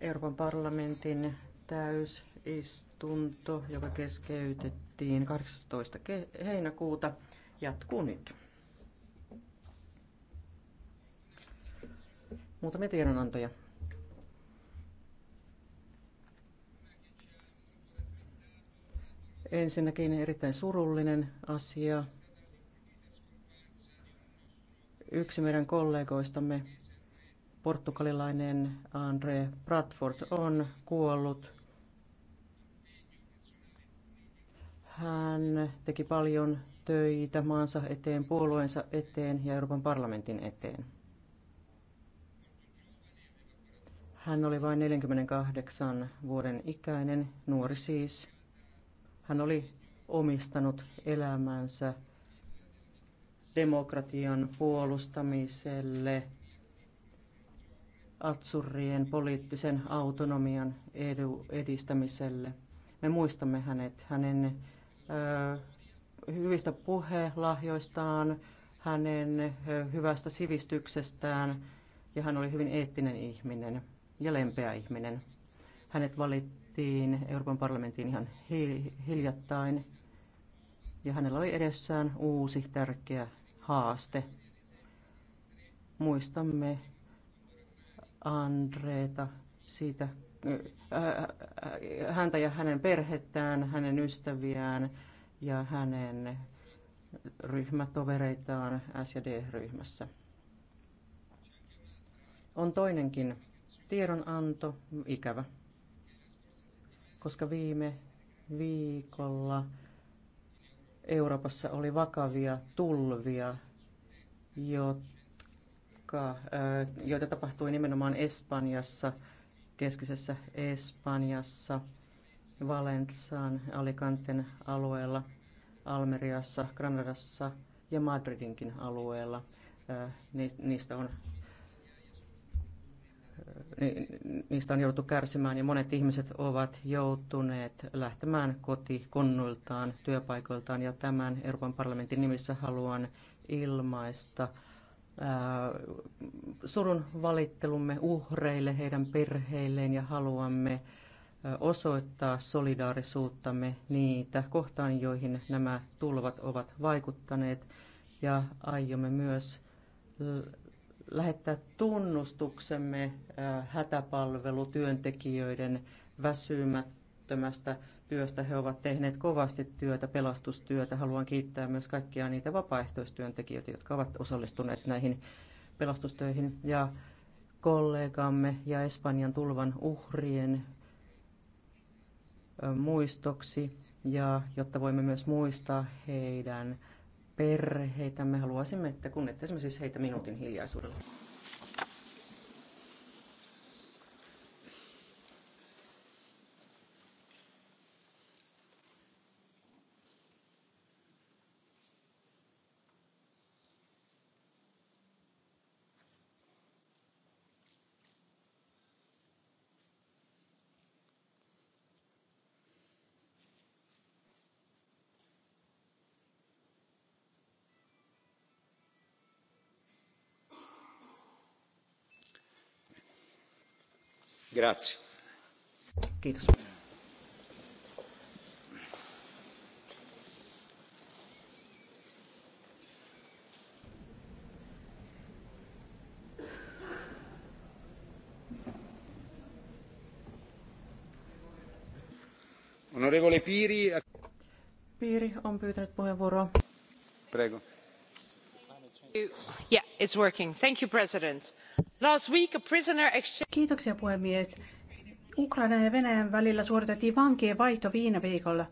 Euroopan parlamentin täysistunto, joka keskeytettiin 18. heinäkuuta, jatkuu nyt. Muutamia tiedonantoja. Ensinnäkin erittäin surullinen asia. Yksi meidän kollegoistamme portugalilainen Andre Bradford on kuollut. Hän teki paljon töitä maansa eteen, puolueensa eteen ja Euroopan parlamentin eteen. Hän oli vain 48 vuoden ikäinen, nuori siis. Hän oli omistanut elämänsä demokratian puolustamiselle – Atsurien poliittisen autonomian edu, edistämiselle. Me muistamme hänet, hänen ö, hyvistä puhelahjoistaan, hänen ö, hyvästä sivistyksestään ja hän oli hyvin eettinen ihminen ja lempeä ihminen. Hänet valittiin Euroopan parlamenttiin ihan hi- hiljattain ja hänellä oli edessään uusi tärkeä haaste. Muistamme Andreeta siitä, äh, äh, häntä ja hänen perhettään, hänen ystäviään ja hänen ryhmätovereitaan SD-ryhmässä. On toinenkin tiedonanto, ikävä, koska viime viikolla Euroopassa oli vakavia tulvia, jotka taakkaa, joita tapahtui nimenomaan Espanjassa, keskisessä Espanjassa, Valentsaan, Alicanten alueella, Almeriassa, Granadassa ja Madridinkin alueella. Niistä on niistä on jouduttu kärsimään ja monet ihmiset ovat joutuneet lähtemään koti konnuiltaan, työpaikoiltaan ja tämän Euroopan parlamentin nimissä haluan ilmaista surun valittelumme uhreille, heidän perheilleen ja haluamme osoittaa solidaarisuuttamme niitä kohtaan, joihin nämä tulvat ovat vaikuttaneet. Ja aiomme myös lähettää tunnustuksemme hätäpalvelutyöntekijöiden väsymättömästä työstä. He ovat tehneet kovasti työtä, pelastustyötä. Haluan kiittää myös kaikkia niitä vapaaehtoistyöntekijöitä, jotka ovat osallistuneet näihin pelastustöihin. Ja kollegamme ja Espanjan tulvan uhrien muistoksi ja jotta voimme myös muistaa heidän perheitämme, haluaisimme, että kunnioittaisimme siis heitä minuutin hiljaisuudella. Grazie. Kiitos. Onorevole Piiri. on pyytänyt puheenvuoroa. Prego. Yeah, it's working. Thank you, President Kiitoksia puhemies. Ukraina ja Venäjän välillä suoritettiin vankien vaihto viime viikolla.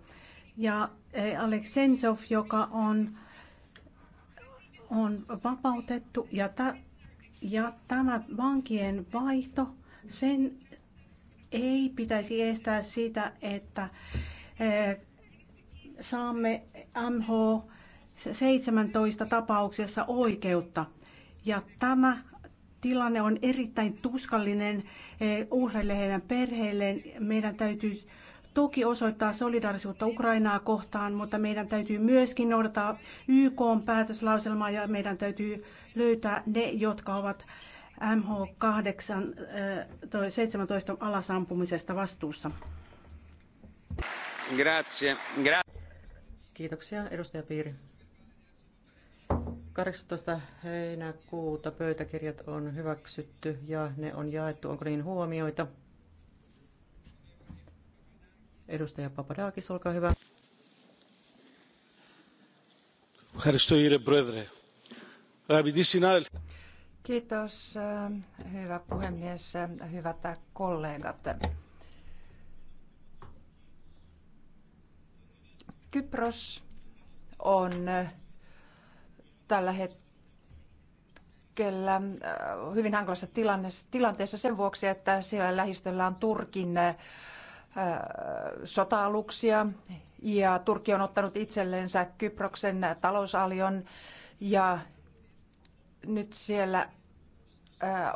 Ja eh, Aleksensov, joka on, on vapautettu ja, ta, ja tämä vankien vaihto, sen ei pitäisi estää sitä, että eh, saamme MH 17 tapauksessa oikeutta. Ja tämä tilanne on erittäin tuskallinen eh, uhreille heidän perheilleen. Meidän täytyy toki osoittaa solidaarisuutta Ukrainaa kohtaan, mutta meidän täytyy myöskin noudattaa YK päätöslauselmaa ja meidän täytyy löytää ne, jotka ovat MH17 eh, alasampumisesta vastuussa. Grazie. Grazie. Kiitoksia, edustaja Piiri. 18. heinäkuuta pöytäkirjat on hyväksytty ja ne on jaettu. Onko niin huomioita? Edustaja Papadakis, olkaa hyvä. Kiitos, äh, hyvä puhemies, äh, hyvät kollegat. Kypros on tällä hetkellä äh, hyvin hankalassa tilanteessa sen vuoksi, että siellä lähistöllä on Turkin äh, sota-aluksia ja Turkki on ottanut itsellensä Kyproksen talousalion ja nyt siellä äh,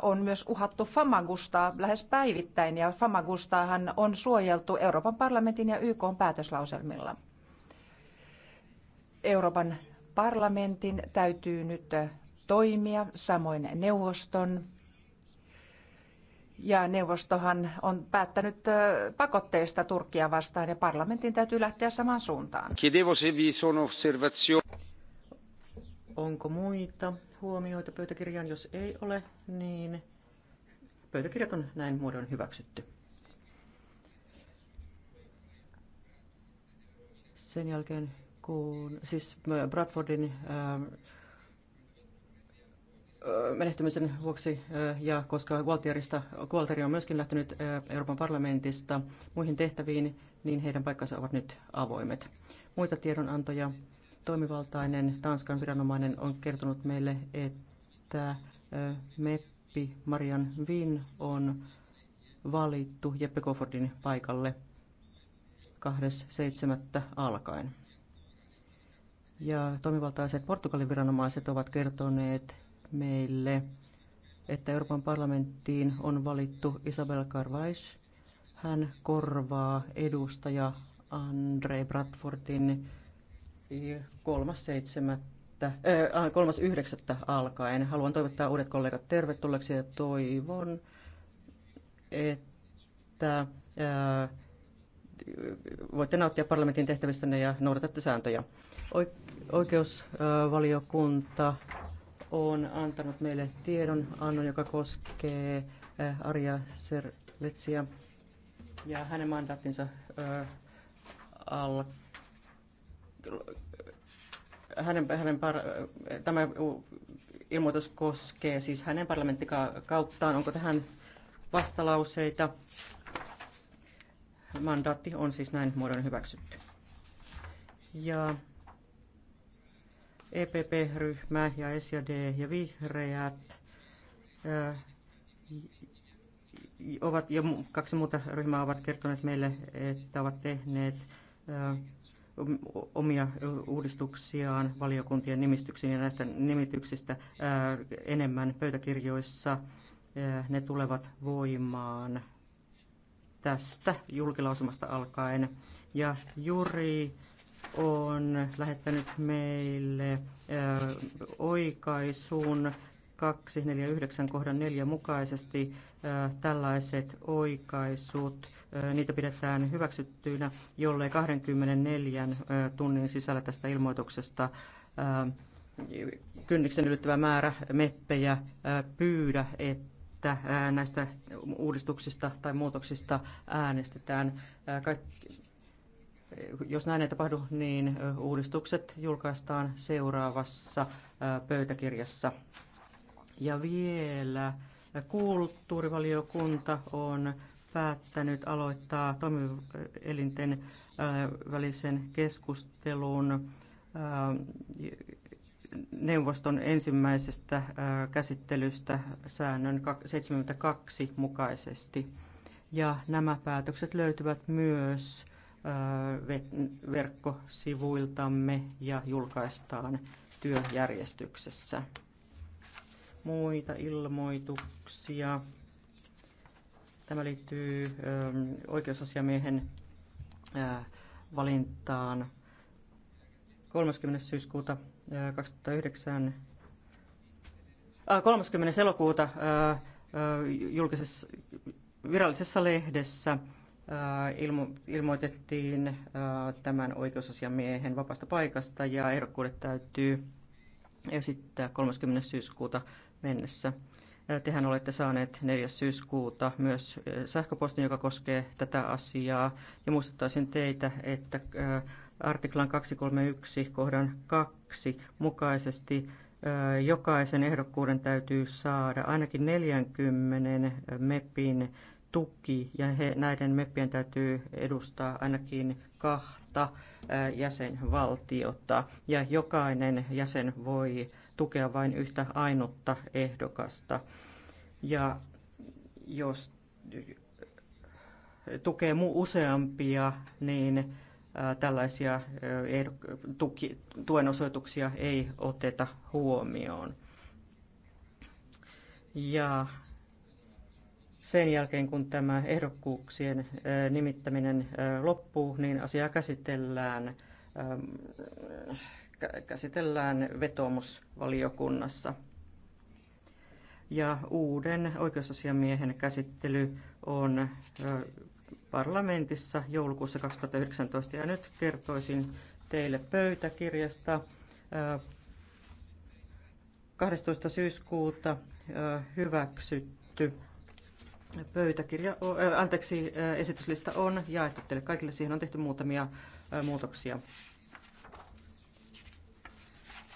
on myös uhattu Famagusta lähes päivittäin ja Famagustahan on suojeltu Euroopan parlamentin ja YK päätöslauselmilla. Euroopan Parlamentin täytyy nyt toimia, samoin neuvoston. Ja neuvostohan on päättänyt pakotteista Turkia vastaan ja parlamentin täytyy lähteä samaan suuntaan. Onko muita huomioita pöytäkirjaan? Jos ei ole, niin pöytäkirjat on näin muodon hyväksytty. Sen jälkeen kun, siis Bradfordin menehtymisen vuoksi ja koska Walterista, Walteri on myöskin lähtenyt Euroopan parlamentista muihin tehtäviin, niin heidän paikkansa ovat nyt avoimet. Muita tiedonantoja. Toimivaltainen Tanskan viranomainen on kertonut meille, että Meppi Marian Vin on valittu Jeppe Kofordin paikalle 2.7. alkaen ja toimivaltaiset Portugalin viranomaiset ovat kertoneet meille, että Euroopan parlamenttiin on valittu Isabel Carvais. Hän korvaa edustaja Andre Bradfordin 3.9. Äh, äh, alkaen. Haluan toivottaa uudet kollegat tervetulleeksi ja toivon, että äh, voitte nauttia parlamentin tehtävistänne ja noudatatte sääntöjä. Oikeusvaliokunta on antanut meille tiedon annon, joka koskee äh, Arja Servetsiä ja hänen mandaattinsa äh, alla hänen, hänen par, äh, tämä ilmoitus koskee siis hänen parlamenttikauttaan. Onko tähän vastalauseita? Mandaatti on siis näin muodon hyväksytty. Ja EPP-ryhmä ja SJD ja vihreät ovat, ja kaksi muuta ryhmää ovat kertoneet meille, että ovat tehneet omia uudistuksiaan valiokuntien nimistyksiin ja näistä nimityksistä enemmän pöytäkirjoissa. Ne tulevat voimaan tästä julkilausumasta alkaen. Ja Juri on lähettänyt meille äh, oikaisuun 249 kohdan 4 mukaisesti äh, tällaiset oikaisut. Äh, niitä pidetään hyväksyttyinä, jollei 24 tunnin sisällä tästä ilmoituksesta kynnyksen ylittävä määrä meppejä pyydä, että että näistä uudistuksista tai muutoksista äänestetään. Kaikki, jos näin ei tapahdu, niin uudistukset julkaistaan seuraavassa pöytäkirjassa. Ja vielä kulttuurivaliokunta on päättänyt aloittaa toimielinten välisen keskustelun neuvoston ensimmäisestä käsittelystä säännön 72 mukaisesti. Ja nämä päätökset löytyvät myös verkkosivuiltamme ja julkaistaan työjärjestyksessä. Muita ilmoituksia. Tämä liittyy oikeusasiamiehen valintaan 30. syyskuuta 2009 30. elokuuta julkisessa virallisessa lehdessä ilmoitettiin tämän oikeusasiamiehen vapaasta paikasta ja ehdokkuudet täytyy esittää 30. syyskuuta mennessä. Tehän olette saaneet 4. syyskuuta myös sähköpostin, joka koskee tätä asiaa. Ja muistuttaisin teitä, että artiklan 231 kohdan 2 mukaisesti jokaisen ehdokkuuden täytyy saada ainakin 40 MEPin tuki ja he, näiden meppien täytyy edustaa ainakin kahta jäsenvaltiota ja jokainen jäsen voi tukea vain yhtä ainutta ehdokasta. Ja jos tukee useampia, niin tällaisia tuki, tuen osoituksia ei oteta huomioon. Ja sen jälkeen, kun tämä ehdokkuuksien nimittäminen loppuu, niin asiaa käsitellään, käsitellään vetoomusvaliokunnassa. Ja uuden oikeusasiamiehen käsittely on parlamentissa joulukuussa 2019. Ja nyt kertoisin teille pöytäkirjasta 12. syyskuuta hyväksytty pöytäkirja, anteeksi, esityslista on jaettu teille kaikille. Siihen on tehty muutamia muutoksia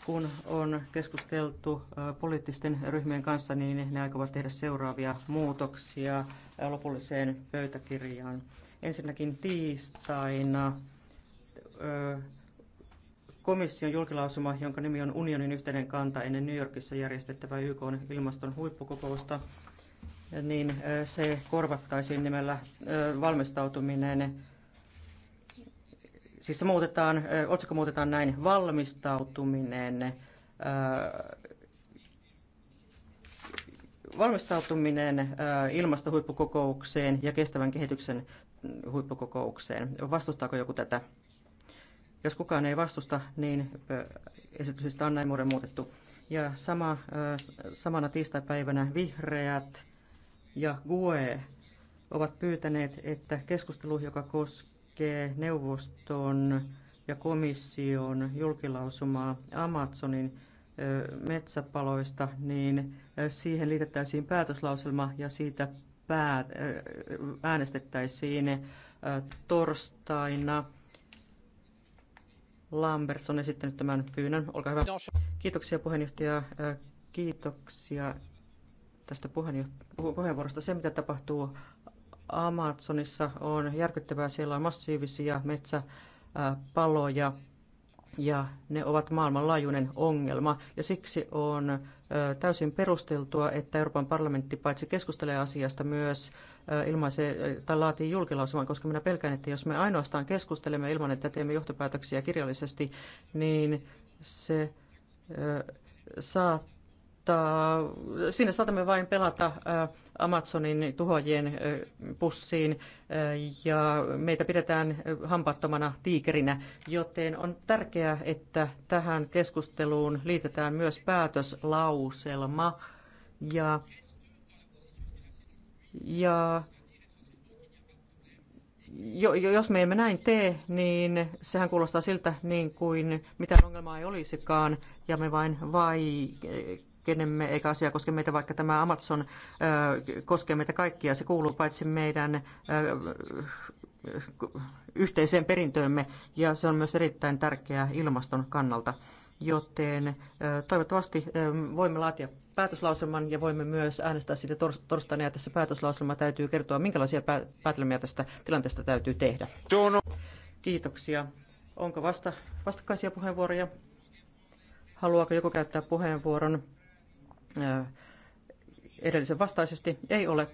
kun on keskusteltu poliittisten ryhmien kanssa, niin ne aikovat tehdä seuraavia muutoksia lopulliseen pöytäkirjaan. Ensinnäkin tiistaina komission julkilausuma, jonka nimi on Unionin yhteinen kanta ennen New Yorkissa järjestettävää YK ilmaston huippukokousta, niin se korvattaisiin nimellä valmistautuminen siis se muutetaan, otsikko muutetaan näin, valmistautuminen, valmistautuminen ilmastohuippukokoukseen ja kestävän kehityksen huippukokoukseen. Vastustaako joku tätä? Jos kukaan ei vastusta, niin esityksestä on näin muuten muutettu. Ja sama, samana tiistaipäivänä vihreät ja GUE ovat pyytäneet, että keskustelu, joka koskee koskee neuvoston ja komission julkilausumaa Amazonin metsäpaloista, niin siihen liitettäisiin päätöslauselma ja siitä pää, äänestettäisiin torstaina. Lamberts on esittänyt tämän pyynnön. Olkaa hyvä. Kiitoksia puheenjohtaja. Kiitoksia tästä puheenvuorosta. Se, mitä tapahtuu Amazonissa on järkyttävää. Siellä on massiivisia metsäpaloja ja ne ovat maailmanlaajuinen ongelma. Ja siksi on täysin perusteltua, että Euroopan parlamentti paitsi keskustelee asiasta myös ilmaisee tai laatii julkilausuman, koska minä pelkään, että jos me ainoastaan keskustelemme ilman, että teemme johtopäätöksiä kirjallisesti, niin se saattaa mutta äh, siinä saatamme vain pelata äh, Amazonin tuhojien äh, pussiin ja meitä pidetään hampattomana tiikerinä, joten on tärkeää, että tähän keskusteluun liitetään myös päätöslauselma ja, ja jos me emme näin tee, niin sehän kuulostaa siltä, niin kuin mitään ongelmaa ei olisikaan, ja me vain vai kenemme, eikä asia koske meitä, vaikka tämä Amazon koskee meitä kaikkia. Se kuuluu paitsi meidän yhteiseen perintöömme ja se on myös erittäin tärkeää ilmaston kannalta. Joten toivottavasti voimme laatia päätöslauselman ja voimme myös äänestää siitä torstaina. Ja tässä päätöslauselma täytyy kertoa, minkälaisia päätelmiä tästä tilanteesta täytyy tehdä. Kiitoksia. Onko vasta, vastakkaisia puheenvuoroja? Haluaako joku käyttää puheenvuoron? edellisen vastaisesti ei ole.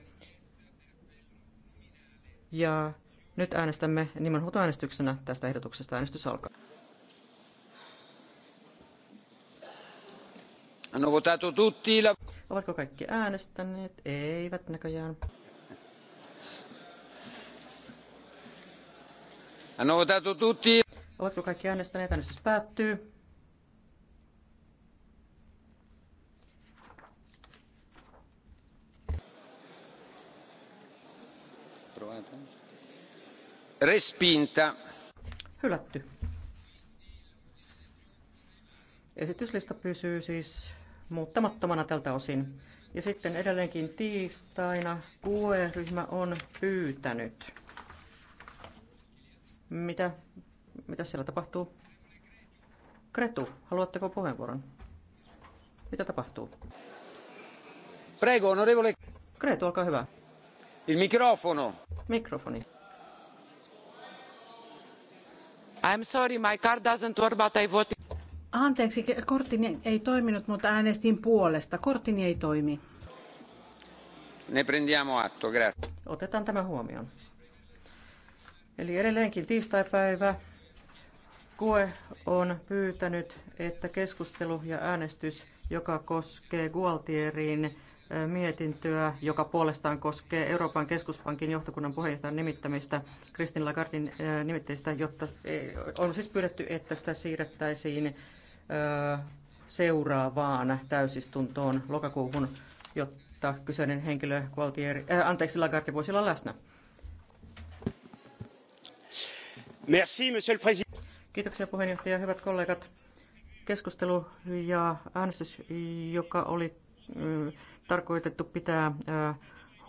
Ja nyt äänestämme nimenhuutoäänestyksenä tästä ehdotuksesta. Äänestys alkaa. Hanno votato tutti la... Ovatko kaikki äänestäneet? Eivät näköjään. Hanno votato tutti. Ovatko kaikki äänestäneet? Äänestys päättyy. Respinta. Hylätty. Esityslista pysyy siis muuttamattomana tältä osin. Ja sitten edelleenkin tiistaina QE-ryhmä on pyytänyt. Mitä, mitä siellä tapahtuu? Kretu, haluatteko puheenvuoron? Mitä tapahtuu? Prego, onorevole. Kretu, olkaa hyvä. Il microfono. I'm sorry, my card doesn't work, but I voted. Anteeksi, korttini ei toiminut, mutta äänestin puolesta. Korttini ei toimi. Ne prendiamo atto, grazie. Otetaan tämä huomioon. Eli edelleenkin tiistaipäivä. Kue on pyytänyt, että keskustelu ja äänestys, joka koskee Gualtierin mietintöä, joka puolestaan koskee Euroopan keskuspankin johtokunnan puheenjohtajan nimittämistä, Kristin Lagardin äh, nimittämistä, jotta äh, on siis pyydetty, että sitä siirrettäisiin äh, seuraavaan täysistuntoon lokakuuhun, jotta kyseinen henkilö, Gualtieri, äh, anteeksi, Lagarde voisi olla läsnä. Merci, monsieur le président. Kiitoksia puheenjohtaja, hyvät kollegat. Keskustelu ja äänestys, joka oli tarkoitettu pitää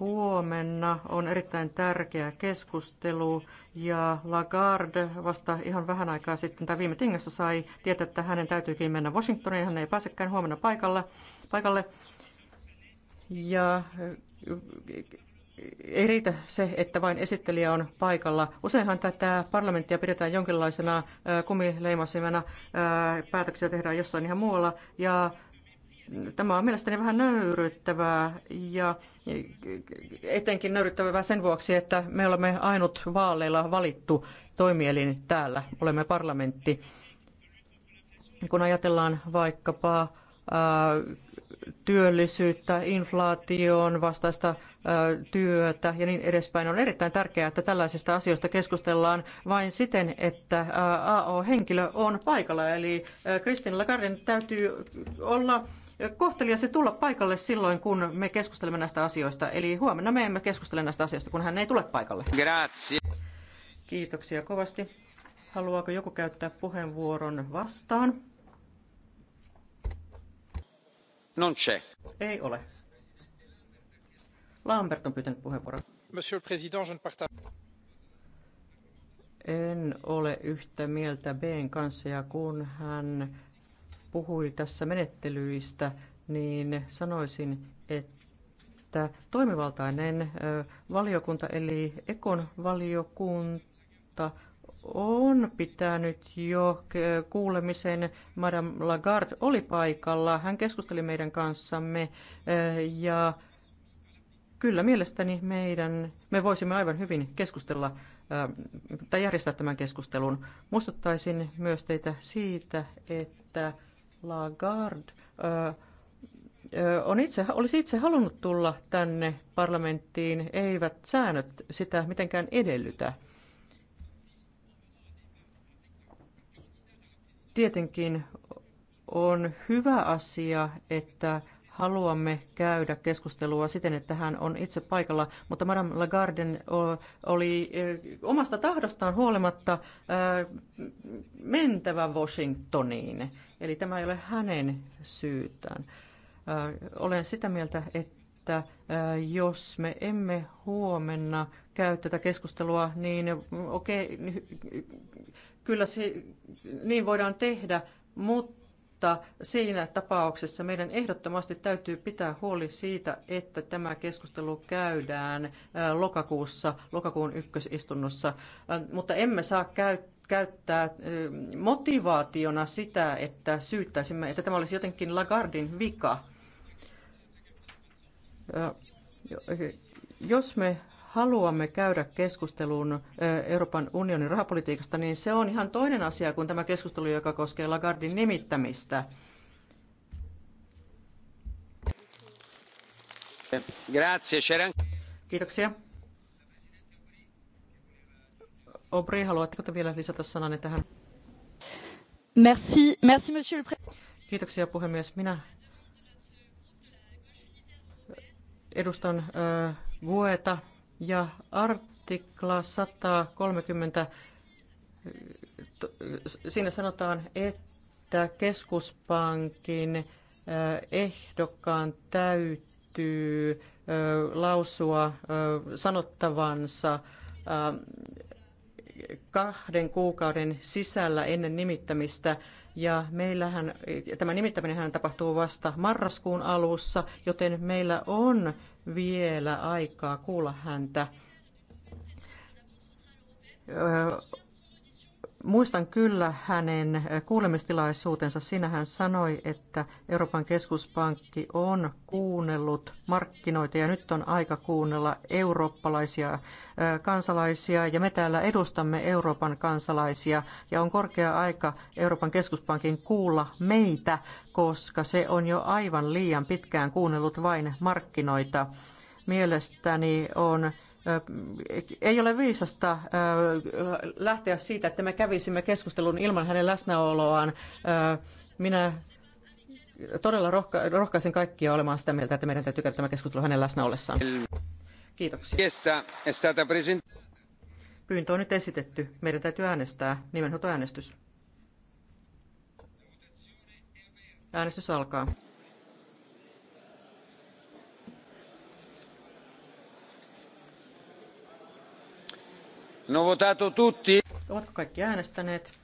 huomenna. On erittäin tärkeä keskustelu ja Lagarde vasta ihan vähän aikaa sitten tai viime tingassa sai tietää, että hänen täytyykin mennä Washingtoniin. Hän ei pääsekään huomenna paikalle. paikalle. Ja ei riitä se, että vain esittelijä on paikalla. Useinhan tätä parlamenttia pidetään jonkinlaisena kumileimasimena, päätöksiä tehdään jossain ihan muualla, ja Tämä on mielestäni vähän nöyryttävää ja etenkin nöyryttävää sen vuoksi, että me olemme ainut vaaleilla valittu toimielin täällä, olemme parlamentti. Kun ajatellaan vaikkapa työllisyyttä, inflaatioon vastaista työtä ja niin edespäin. On erittäin tärkeää, että tällaisista asioista keskustellaan vain siten, että AO-henkilö on paikalla. Eli Kristin Lagarden täytyy olla kohteliasi tulla paikalle silloin, kun me keskustelemme näistä asioista. Eli huomenna me emme keskustele näistä asioista, kun hän ei tule paikalle. Grazie. Kiitoksia kovasti. Haluaako joku käyttää puheenvuoron vastaan? Non c'è. Ei ole. Lambert on pyytänyt puheenvuoron. Monsieur le Président, je ne partage... En ole yhtä mieltä Bn kanssa ja kun hän puhui tässä menettelyistä, niin sanoisin, että toimivaltainen valiokunta eli Ekon valiokunta on pitänyt jo kuulemisen. Madame Lagarde oli paikalla. Hän keskusteli meidän kanssamme ja kyllä mielestäni meidän, me voisimme aivan hyvin keskustella tai järjestää tämän keskustelun. Muistuttaisin myös teitä siitä, että Lagarde on itse, olisi itse halunnut tulla tänne parlamenttiin, eivät säännöt sitä mitenkään edellytä. Tietenkin on hyvä asia, että haluamme käydä keskustelua siten, että hän on itse paikalla, mutta Madame Lagarde oli omasta tahdostaan huolimatta mentävä Washingtoniin. Eli tämä ei ole hänen syytään. Olen sitä mieltä, että jos me emme huomenna käy tätä keskustelua, niin okei, okay, kyllä se, niin voidaan tehdä, mutta mutta siinä tapauksessa meidän ehdottomasti täytyy pitää huoli siitä, että tämä keskustelu käydään lokakuussa, lokakuun ykkösistunnossa, mutta emme saa käyttää käyttää motivaationa sitä, että syyttäisimme, että tämä olisi jotenkin Lagardin vika. Jos me haluamme käydä keskustelun Euroopan unionin rahapolitiikasta, niin se on ihan toinen asia kuin tämä keskustelu, joka koskee Lagardin nimittämistä. Kiitoksia. Aubry, haluatteko te vielä lisätä sananne tähän? Merci, merci monsieur le Kiitoksia puhemies. Minä edustan äh, Gueta ja artikla 130, siinä sanotaan, että keskuspankin äh, ehdokkaan täytyy äh, lausua äh, sanottavansa kahden kuukauden sisällä ennen nimittämistä ja meillähän, tämä nimittäminen tapahtuu vasta marraskuun alussa, joten meillä on vielä aikaa kuulla häntä Muistan kyllä hänen eh, kuulemistilaisuutensa. Siinä hän sanoi, että Euroopan keskuspankki on kuunnellut markkinoita ja nyt on aika kuunnella eurooppalaisia eh, kansalaisia. Ja me täällä edustamme Euroopan kansalaisia ja on korkea aika Euroopan keskuspankin kuulla meitä, koska se on jo aivan liian pitkään kuunnellut vain markkinoita. Mielestäni on ei ole viisasta lähteä siitä, että me kävisimme keskustelun ilman hänen läsnäoloaan. Minä todella rohka- rohkaisen kaikkia olemaan sitä mieltä, että meidän täytyy käydä tämä keskustelu hänen läsnä Kiitoksia. Pyyntö on nyt esitetty. Meidän täytyy äänestää. Nimenhoitoäänestys. Äänestys alkaa. No votato tutti. Ovatko kaikki äänestäneet?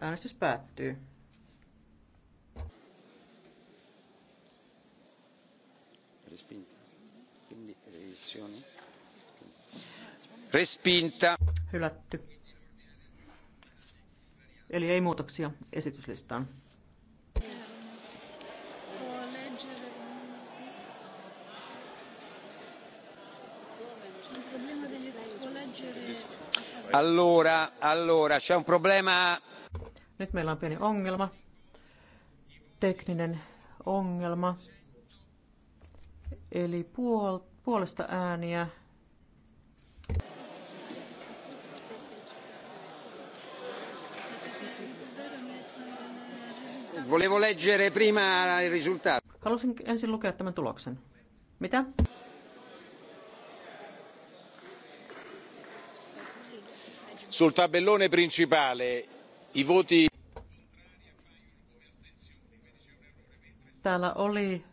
Äänestys päättyy. Respinta. Hylätty. Eli ei muutoksia esityslistaan. Nyt meillä on pieni ongelma. Tekninen ongelma. Eli puol- puolesta ääniä. Volevo leggere prima il risultato. Halusin ensin lukea tämän tuloksen. Mitä? sul tabellone principale i voti. täällä oli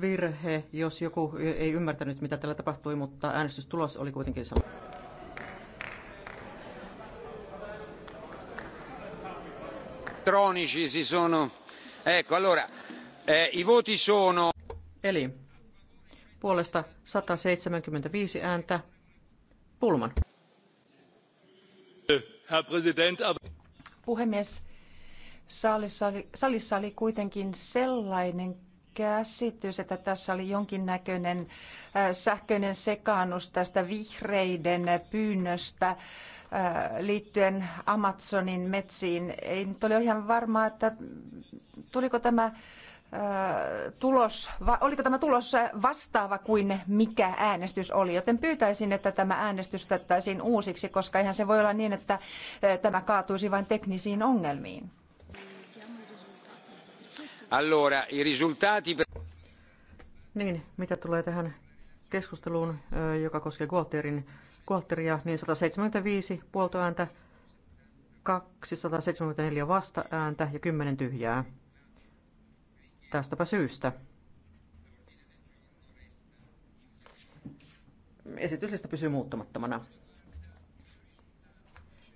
virhe jos joku ei ymmärtänyt mitä täällä tapahtui mutta äänestystulos oli kuitenkin sama. elettronici si sono ecco allora eh, i voti sono eli puolesta 175 ääntä Pulman. Puhemies, salissa oli, salissa oli kuitenkin sellainen käsitys, että tässä oli jonkinnäköinen äh, sähköinen sekaannus tästä vihreiden pyynnöstä äh, liittyen Amazonin metsiin. Ei nyt ole ihan varmaa, että tuliko tämä tulos, oliko tämä tulos vastaava kuin mikä äänestys oli, joten pyytäisin, että tämä äänestys otettaisiin uusiksi, koska eihän se voi olla niin, että tämä kaatuisi vain teknisiin ongelmiin. Allora, i risultati... Niin, mitä tulee tähän keskusteluun, joka koskee Gualterin, Gualteria, niin 175 puoltoääntä, 274 vastaääntä ja 10 tyhjää. Tästäpä syystä esityslista pysyy muuttumattomana.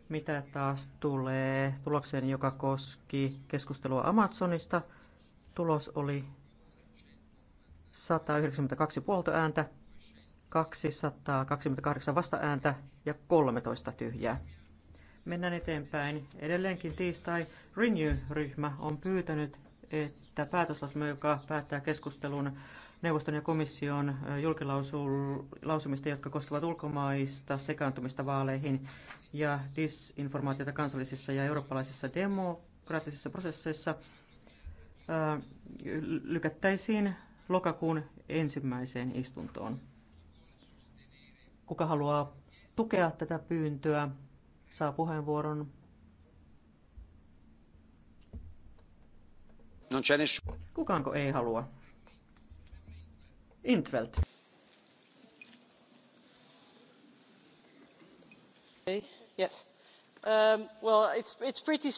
Mitä taas tulee tulokseen, joka koski keskustelua Amazonista, tulos oli 192 puoltoääntä, 228 vastaääntä ja 13 tyhjää. Mennään eteenpäin. Edelleenkin tiistai Renew-ryhmä on pyytänyt että päätöslausuma, joka päättää keskustelun neuvoston ja komission julkilausumista, jotka koskevat ulkomaista sekaantumista vaaleihin ja disinformaatiota kansallisissa ja eurooppalaisissa demokraattisissa prosesseissa, lykättäisiin lokakuun ensimmäiseen istuntoon. Kuka haluaa tukea tätä pyyntöä, saa puheenvuoron. Non c'è nessuno. Kukaanko ei halua? Intvelt? Okay. Yes. Um, well, it's, it's pretty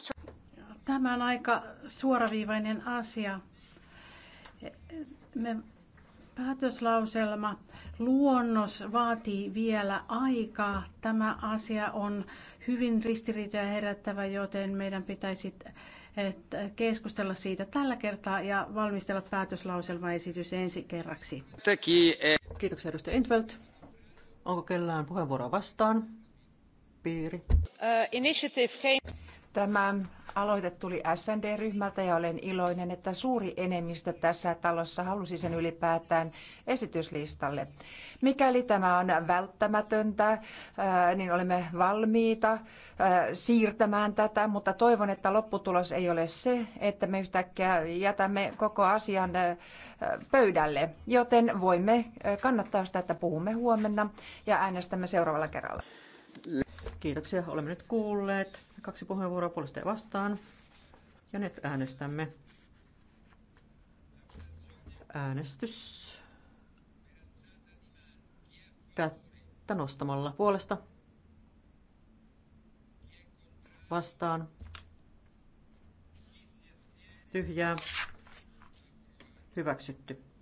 Tämä on aika suoraviivainen asia. Me päätöslauselma luonnos vaatii vielä aikaa. Tämä asia on hyvin ristiriitoja herättävä, joten meidän pitäisi Äh, keskustella siitä tällä kertaa ja valmistella päätöslauselmaesitys ensi kerraksi. Eh. Kiitoksia edustaja Intveld. Onko kellään puheenvuoroa vastaan? Piiri. Uh, Tämä aloite tuli SND-ryhmältä ja olen iloinen, että suuri enemmistö tässä talossa halusi sen ylipäätään esityslistalle. Mikäli tämä on välttämätöntä, äh, niin olemme valmiita äh, siirtämään tätä, mutta toivon, että lopputulos ei ole se, että me yhtäkkiä jätämme koko asian äh, pöydälle, joten voimme kannattaa sitä, että puhumme huomenna ja äänestämme seuraavalla kerralla. Kiitoksia. Olemme nyt kuulleet Kaksi puheenvuoroa puolesta ja vastaan. Ja nyt äänestämme. Äänestys. Kättä nostamalla puolesta. Vastaan. Tyhjää. Hyväksytty.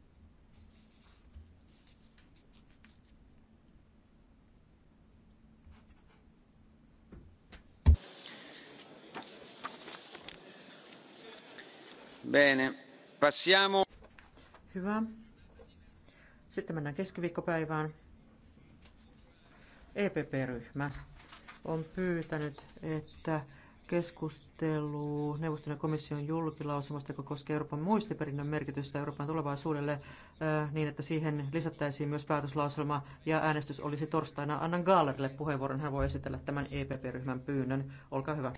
Bene. Passiamo. Hyvä. Sitten mennään keskiviikkopäivään. EPP-ryhmä on pyytänyt, että keskustelu neuvoston ja komission julkilausumasta, joka koskee Euroopan muistiperinnön merkitystä Euroopan tulevaisuudelle, niin että siihen lisättäisiin myös päätöslauselma ja äänestys olisi torstaina. Annan Gaalerille puheenvuoron, hän voi esitellä tämän EPP-ryhmän pyynnön. Olkaa hyvä.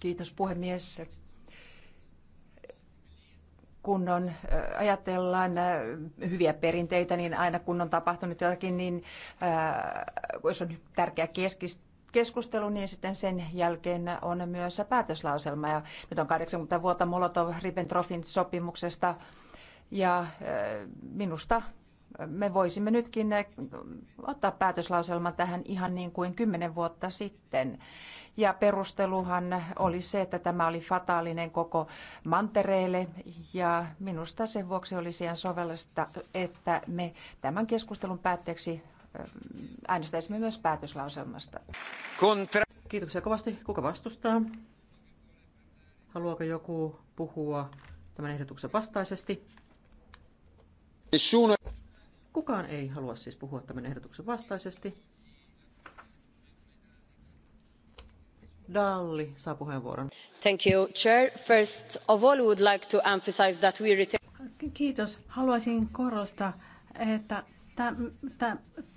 Kiitos puhemies. Kun äh, ajatellaan äh, hyviä perinteitä, niin aina kun on tapahtunut jotakin, niin jos äh, on tärkeä keskustelu, niin sitten sen jälkeen on myös päätöslauselma. Ja nyt on kahdeksankymmentä vuotta Molotov-Ribbentrofin sopimuksesta ja minusta me voisimme nytkin ottaa päätöslauselman tähän ihan niin kuin kymmenen vuotta sitten. Ja perusteluhan oli se, että tämä oli fataalinen koko mantereelle ja minusta sen vuoksi olisi ihan sovellista, että me tämän keskustelun päätteeksi ähm, äänestäisimme myös päätöslauselmasta. Kontra. Kiitoksia kovasti. Kuka vastustaa? Haluaako joku puhua tämän ehdotuksen vastaisesti? Kukaan ei halua siis puhua tämän ehdotuksen vastaisesti. Thank you, Chair. First of all, would like to that we Kiitos. Haluaisin korostaa, että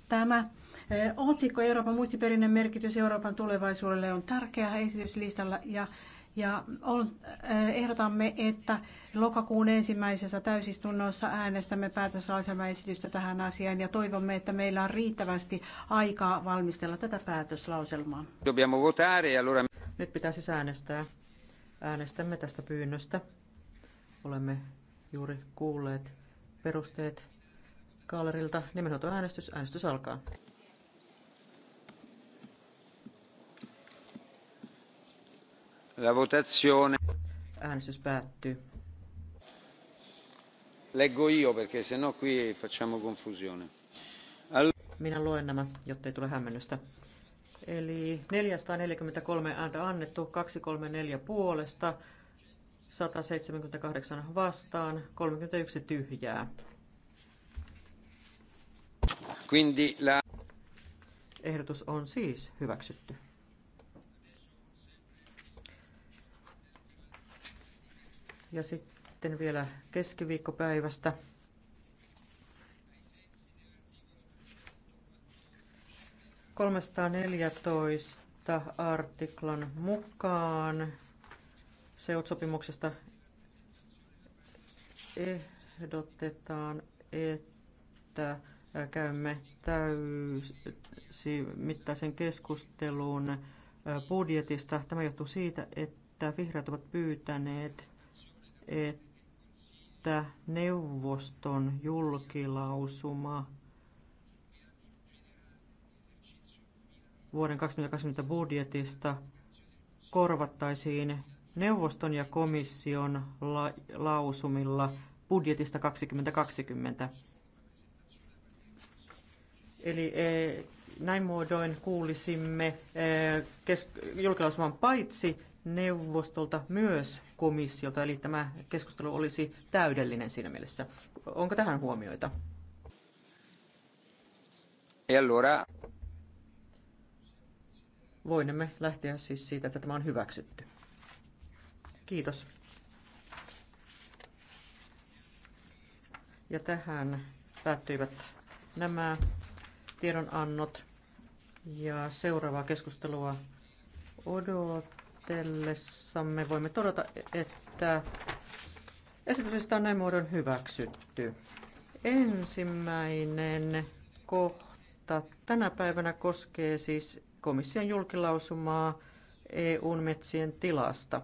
tämä e, otsikko Euroopan muistiperinnön merkitys Euroopan tulevaisuudelle on tärkeä esityslistalla ja ja eh, ehdotamme, että lokakuun ensimmäisessä täysistunnossa äänestämme päätöslauselmaesitystä tähän asiaan ja toivomme, että meillä on riittävästi aikaa valmistella tätä päätöslauselmaa. E Nyt pitäisi siis äänestää. Äänestämme tästä pyynnöstä. Olemme juuri kuulleet perusteet Kaalerilta. Nimenhoitoäänestys. Äänestys alkaa. Äänestys päättyy. Leggo io perché sennò qui facciamo confusione. Minä luen nämä, jotta ei tule hämmennystä. Eli 443 ääntä annettu, 234 puolesta, 178 vastaan, 31 tyhjää. Quindi la... Ehdotus on siis hyväksytty. ja sitten vielä keskiviikkopäivästä. Kolmesataaneljätoista artiklan mukaan seutsopimuksesta ehdotetaan, että käymme täysimittaisen keskustelun budjetista. Tämä johtuu siitä, että vihreät ovat pyytäneet että neuvoston julkilausuma vuoden 2020 budjetista korvattaisiin neuvoston ja komission la- lausumilla budjetista 2020. Eli e, näin muodoin kuulisimme e, kes- julkilausuman paitsi neuvostolta myös komissiolta, eli tämä keskustelu olisi täydellinen siinä mielessä. Onko tähän huomioita? E allora. Voinemme lähteä siis siitä, että tämä on hyväksytty. Kiitos. Ja tähän päättyivät nämä tiedonannot. Ja seuraavaa keskustelua odot ajatellessamme voimme todeta, että esityksestä on näin muodon hyväksytty. Ensimmäinen kohta tänä päivänä koskee siis komission julkilausumaa EUn metsien tilasta.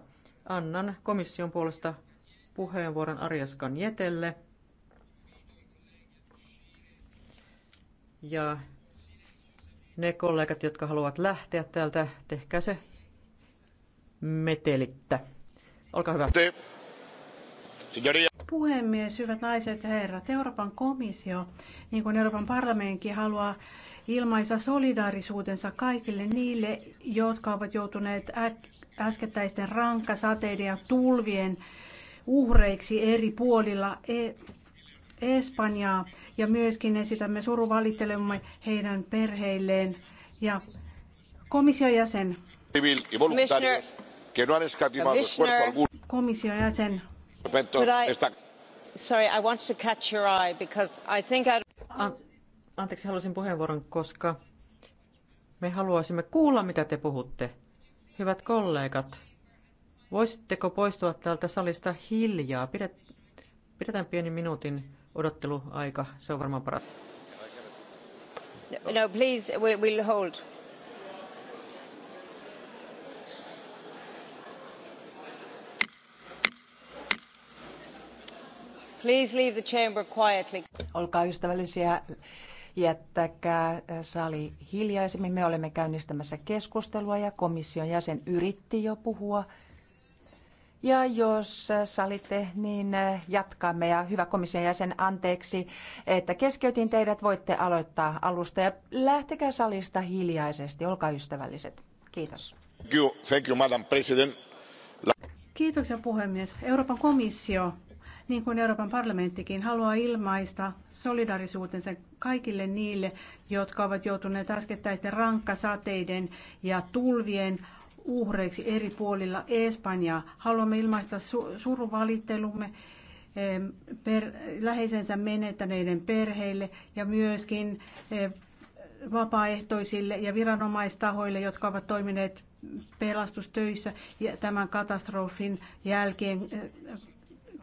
Annan komission puolesta puheenvuoron Arjaskan Jetelle. Ja ne kollegat, jotka haluavat lähteä täältä, tehkää se metelittä. Olkaa hyvä. Puhemies, hyvät naiset ja herrat, Euroopan komissio, niin kuin Euroopan parlamentti haluaa ilmaisa solidaarisuutensa kaikille niille, jotka ovat joutuneet äskettäisten rankkasateiden ja tulvien uhreiksi eri puolilla e- Espanjaa ja myöskin esitämme suruvalittelemme heidän perheilleen ja komission jäsen que no han escatimado esfuerzo alguno. Komission jäsen. Sorry, I want to catch your eye because I think I... Ah, anteeksi, halusin puheenvuoron, koska me haluaisimme kuulla, mitä te puhutte. Hyvät kollegat, voisitteko poistua täältä salista hiljaa? Pidet, pidetään pieni minuutin odotteluaika, se on varmaan paras. No, no please, we'll hold. Please leave the chamber quietly. Olkaa ystävällisiä, jättäkää sali hiljaisemmin. Me olemme käynnistämässä keskustelua ja komission jäsen yritti jo puhua. Ja jos salitte, niin jatkamme. Ja hyvä komission jäsen, anteeksi, että keskeytin teidät. Voitte aloittaa alusta ja lähtekää salista hiljaisesti. Olkaa ystävälliset. Kiitos. Thank you, thank you, Madam President. Kiitoksia puhemies. Euroopan komissio niin kuin Euroopan parlamenttikin, haluaa ilmaista solidarisuutensa kaikille niille, jotka ovat joutuneet äskettäisten rankkasateiden ja tulvien uhreiksi eri puolilla Espanjaa. Haluamme ilmaista su- suruvalittelumme per- läheisensä menettäneiden perheille ja myöskin vapaaehtoisille ja viranomaistahoille, jotka ovat toimineet pelastustöissä ja tämän katastrofin jälkeen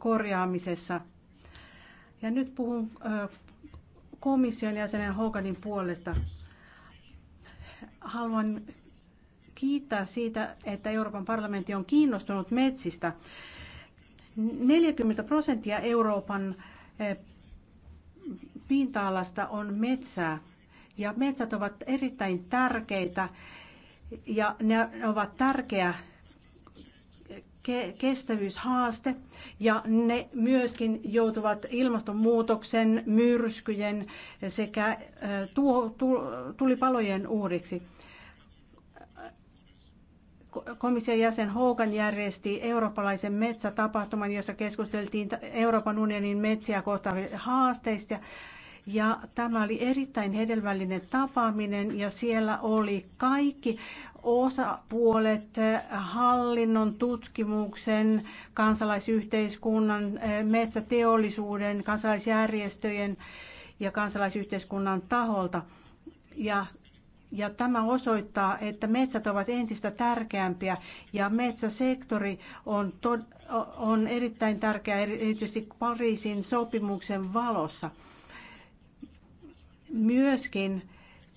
korjaamisessa. Ja nyt puhun komission jäsenen Hoganin puolesta. Haluan kiittää siitä, että Euroopan parlamentti on kiinnostunut metsistä. 40 prosenttia Euroopan pinta-alasta on metsää ja metsät ovat erittäin tärkeitä ja ne ovat tärkeä kestävyyshaaste ja ne myöskin joutuvat ilmastonmuutoksen, myrskyjen sekä tuo, tulipalojen uuriksi. Komission jäsen Hogan järjesti eurooppalaisen metsätapahtuman, jossa keskusteltiin Euroopan unionin metsiä kohtaavista haasteista ja tämä oli erittäin hedelmällinen tapaaminen ja siellä oli kaikki osapuolet, hallinnon, tutkimuksen, kansalaisyhteiskunnan, metsäteollisuuden, kansalaisjärjestöjen ja kansalaisyhteiskunnan taholta. Ja ja tämä osoittaa, että metsät ovat entistä tärkeämpiä ja metsäsektori on, to, on erittäin tärkeä erityisesti Pariisin sopimuksen valossa. Myöskin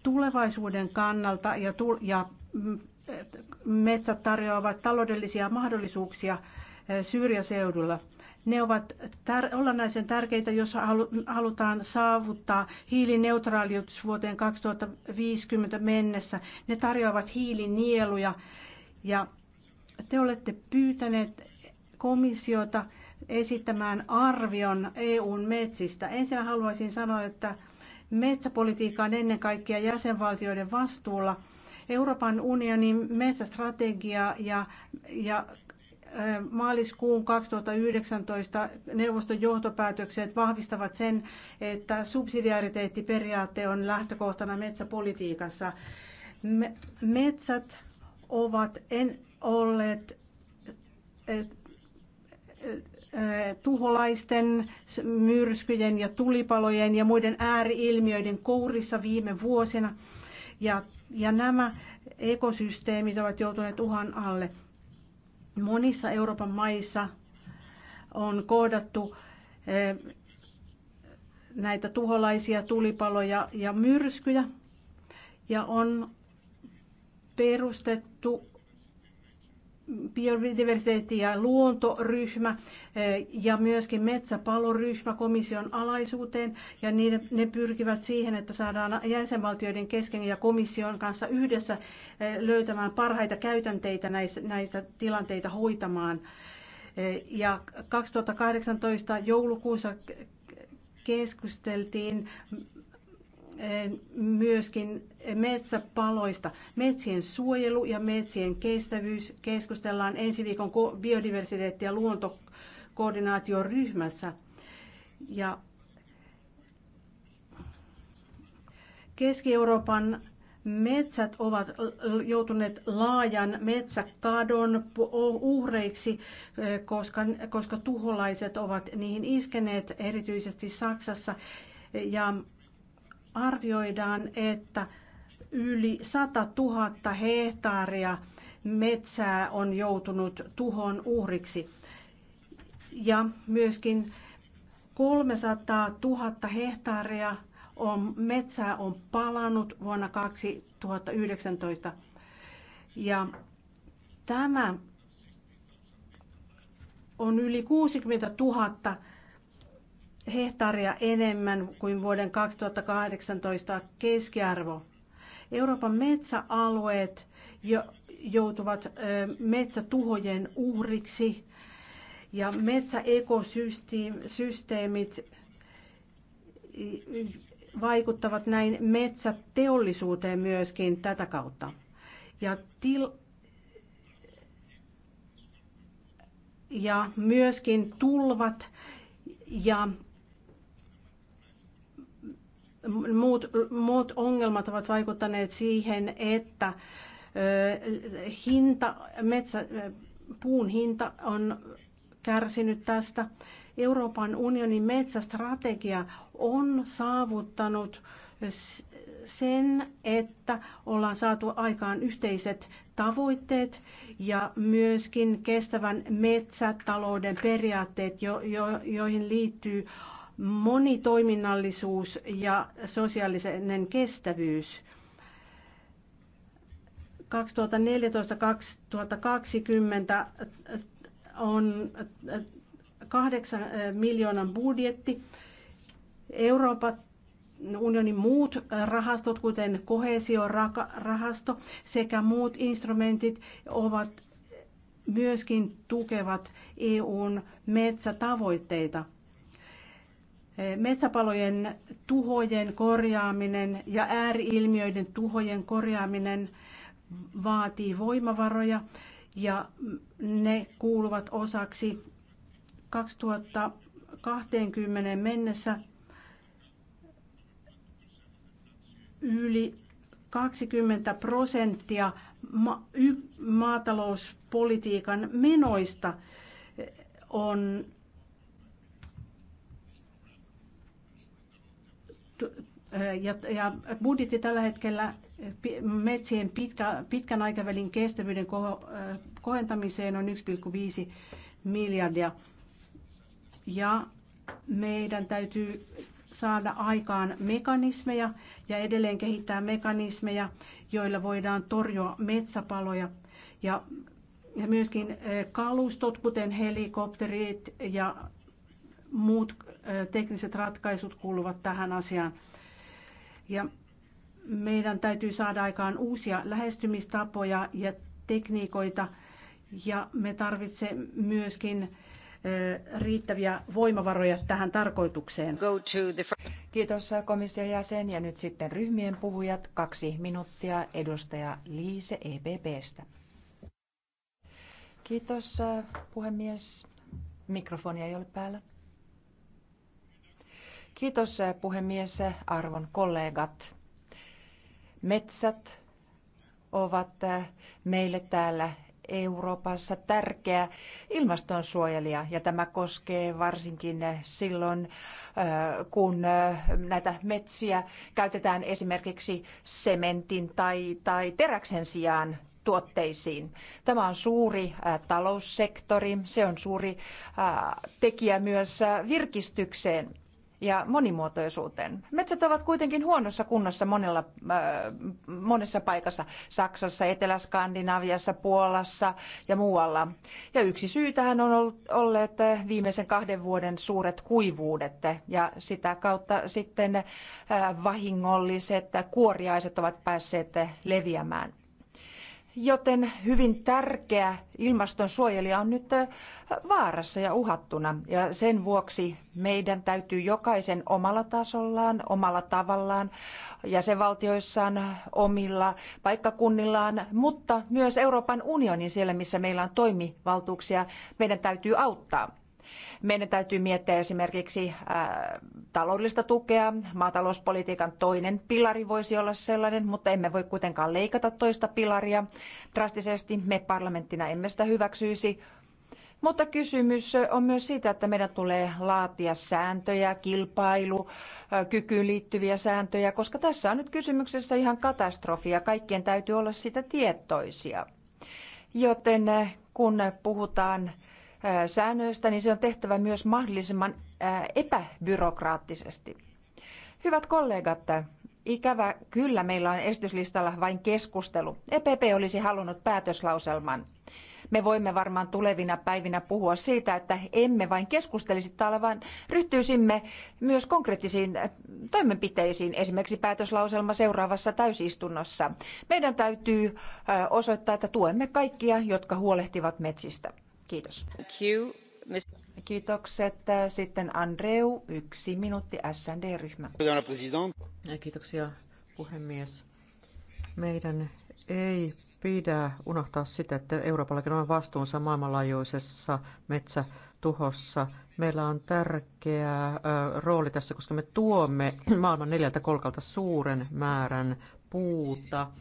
tulevaisuuden kannalta ja, ja metsät tarjoavat taloudellisia mahdollisuuksia syrjäseudulla. Ne ovat tär- olennaisen tärkeitä, jos halutaan saavuttaa hiilineutraaliutus vuoteen 2050 mennessä. Ne tarjoavat hiilinieluja ja te olette pyytäneet komissiota esittämään arvion EUn metsistä. Ensin haluaisin sanoa, että metsäpolitiikka on ennen kaikkea jäsenvaltioiden vastuulla – Euroopan unionin metsästrategia ja, ja maaliskuun 2019 neuvoston johtopäätökset vahvistavat sen, että subsidiariteettiperiaate on lähtökohtana metsäpolitiikassa. Metsät ovat en olleet tuholaisten, myrskyjen ja tulipalojen ja muiden ääriilmiöiden kourissa viime vuosina. Ja ja nämä ekosysteemit ovat joutuneet uhan alle. Monissa Euroopan maissa on kohdattu eh, näitä tuholaisia tulipaloja ja myrskyjä ja on perustettu biodiversiteetti- ja luontoryhmä eh, ja myöskin metsäpaloryhmä komission alaisuuteen. Ja niiden, ne pyrkivät siihen, että saadaan jäsenvaltioiden kesken ja komission kanssa yhdessä eh, löytämään parhaita käytänteitä näistä tilanteita hoitamaan. Eh, ja 2018 joulukuussa keskusteltiin Eh, myöskin metsäpaloista. Metsien suojelu ja metsien kestävyys keskustellaan ensi viikon biodiversiteetti- ja luontokoordinaatioryhmässä. Ja Keski-Euroopan metsät ovat joutuneet laajan metsäkadon uhreiksi, eh, koska, koska tuholaiset ovat niihin iskeneet erityisesti Saksassa. Ja Arvioidaan, että yli 100 000 hehtaaria metsää on joutunut tuhon uhriksi. Ja myöskin 300 000 hehtaaria on, metsää on palannut vuonna 2019. Ja tämä on yli 60 000 hehtaaria enemmän kuin vuoden 2018 keskiarvo. Euroopan metsäalueet joutuvat metsätuhojen uhriksi ja metsäekosysteemit vaikuttavat näin metsäteollisuuteen myöskin tätä kautta. Ja, til, ja myöskin tulvat ja muut, muut ongelmat ovat vaikuttaneet siihen, että hinta, metsä, puun hinta on kärsinyt tästä. Euroopan unionin metsästrategia on saavuttanut sen, että ollaan saatu aikaan yhteiset tavoitteet ja myöskin kestävän metsätalouden periaatteet, jo, jo, joihin liittyy monitoiminnallisuus ja sosiaalinen kestävyys. 2014-2020 on kahdeksan miljoonan budjetti. Euroopan unionin muut rahastot, kuten kohesiorahasto sekä muut instrumentit ovat myöskin tukevat EUn metsätavoitteita – Metsäpalojen tuhojen korjaaminen ja ääriilmiöiden tuhojen korjaaminen vaatii voimavaroja ja ne kuuluvat osaksi 2020 mennessä yli 20 prosenttia maatalouspolitiikan menoista on ja, ja budjetti tällä hetkellä metsien pitkä, pitkän aikavälin kestävyyden kohentamiseen on 1,5 miljardia. Ja meidän täytyy saada aikaan mekanismeja ja edelleen kehittää mekanismeja, joilla voidaan torjua metsäpaloja ja ja myöskin kalustot, kuten helikopterit ja muut tekniset ratkaisut kuuluvat tähän asiaan. Ja meidän täytyy saada aikaan uusia lähestymistapoja ja tekniikoita ja me tarvitsemme myöskin riittäviä voimavaroja tähän tarkoitukseen. Kiitos komission jäsen ja nyt sitten ryhmien puhujat. Kaksi minuuttia edustaja Liise EPPstä. Kiitos puhemies. mikrofonia ei ole päällä. Kiitos eh, puhemies, eh, arvon kollegat. Metsät ovat eh, meille täällä Euroopassa tärkeä ilmastonsuojelija ja tämä koskee varsinkin silloin, kun näitä metsiä käytetään esimerkiksi sementin tai, tai teräksen sijaan tuotteisiin. Tämä on suuri taloussektori, se on suuri tekijä myös virkistykseen ja monimuotoisuuteen. Metsät ovat kuitenkin huonossa kunnossa monella, äh, monessa paikassa, Saksassa, Etelä-Skandinaviassa, Puolassa ja muualla. Ja yksi syy tähän on ollut, olleet äh, viimeisen kahden vuoden suuret kuivuudet ja sitä kautta sitten äh, vahingolliset äh, kuoriaiset ovat päässeet äh, leviämään joten hyvin tärkeä ilmaston on nyt äh, vaarassa ja uhattuna. Ja sen vuoksi meidän täytyy jokaisen omalla tasollaan, omalla tavallaan, jäsenvaltioissaan, omilla paikkakunnillaan, mutta myös Euroopan unionin siellä, missä meillä on toimivaltuuksia, meidän täytyy auttaa. Meidän täytyy miettiä esimerkiksi äh, taloudellista tukea. Maatalouspolitiikan toinen pilari voisi olla sellainen, mutta emme voi kuitenkaan leikata toista pilaria drastisesti. Me parlamenttina emme sitä hyväksyisi. Mutta kysymys on myös siitä, että meidän tulee laatia sääntöjä, kilpailu, äh, kykyyn liittyviä sääntöjä, koska tässä on nyt kysymyksessä ihan katastrofi ja kaikkien täytyy olla sitä tietoisia. Joten äh, kun puhutaan säännöistä, niin se on tehtävä myös mahdollisimman epäbyrokraattisesti. Hyvät kollegat, ikävä kyllä meillä on esityslistalla vain keskustelu. EPP olisi halunnut päätöslauselman. Me voimme varmaan tulevina päivinä puhua siitä, että emme vain keskustelisi täällä, vaan ryhtyisimme myös konkreettisiin toimenpiteisiin, esimerkiksi päätöslauselma seuraavassa täysistunnossa. Meidän täytyy osoittaa, että tuemme kaikkia, jotka huolehtivat metsistä. Kiitos. Kiitokset. Sitten Andreu, yksi minuutti SND-ryhmä. Kiitoksia puhemies. Meidän ei pidä unohtaa sitä, että Euroopallakin on vastuunsa maailmanlaajuisessa metsätuhossa. Meillä on tärkeä rooli tässä, koska me tuomme maailman neljältä kolkalta suuren määrän puuta.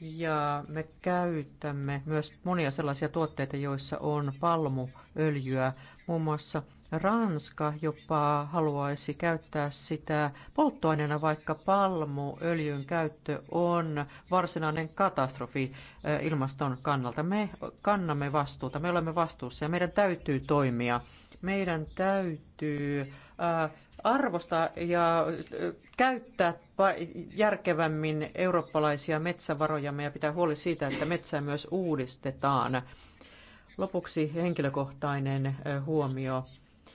Ja me käytämme myös monia sellaisia tuotteita, joissa on palmuöljyä. Muun muassa Ranska jopa haluaisi käyttää sitä polttoaineena, vaikka palmuöljyn käyttö on varsinainen katastrofi eh, ilmaston kannalta. Me kannamme vastuuta, me olemme vastuussa ja meidän täytyy toimia. Meidän täytyy Äh, arvostaa ja äh, käyttää järkevämmin eurooppalaisia metsävarojamme ja pitää huoli siitä, että metsää myös uudistetaan. Lopuksi henkilökohtainen äh, huomio.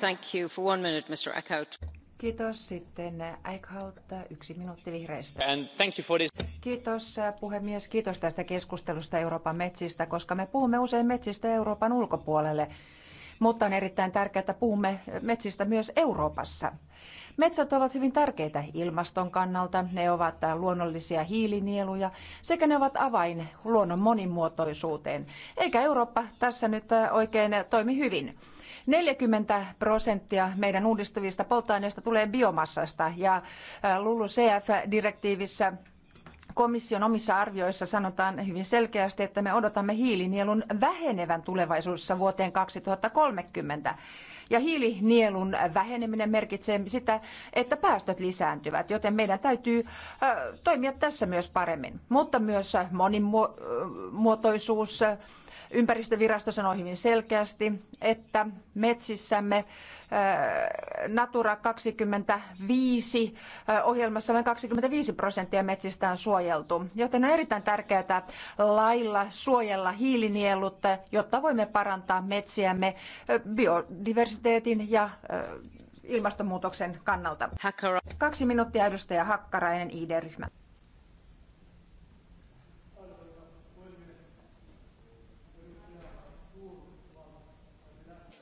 arvoisa Kiitos. Sitten yksi minuutti vihreistä. And thank you for this. Kiitos puhemies, kiitos tästä keskustelusta Euroopan metsistä, koska me puhumme usein metsistä Euroopan ulkopuolelle. Mutta on erittäin tärkeää, että puhumme metsistä myös Euroopassa. Metsät ovat hyvin tärkeitä ilmaston kannalta, ne ovat luonnollisia hiilinieluja sekä ne ovat avain luonnon monimuotoisuuteen. Eikä Eurooppa tässä nyt oikein toimi hyvin. 40 prosenttia meidän uudistuvista polttoaineista tulee biomassasta ja LULUCF-direktiivissä komission omissa arvioissa sanotaan hyvin selkeästi, että me odotamme hiilinielun vähenevän tulevaisuudessa vuoteen 2030. Ja hiilinielun väheneminen merkitsee sitä, että päästöt lisääntyvät, joten meidän täytyy toimia tässä myös paremmin. Mutta myös monimuotoisuus, Ympäristövirasto sanoi hyvin selkeästi, että metsissämme äh, Natura 25 äh, ohjelmassa vain 25 prosenttia metsistä on suojeltu, joten on erittäin tärkeää lailla suojella hiilinielut, jotta voimme parantaa metsiämme äh, biodiversiteetin ja ilmastonmuutoksen kannalta. Kaksi minuuttia edustaja Hakkarainen, ID-ryhmä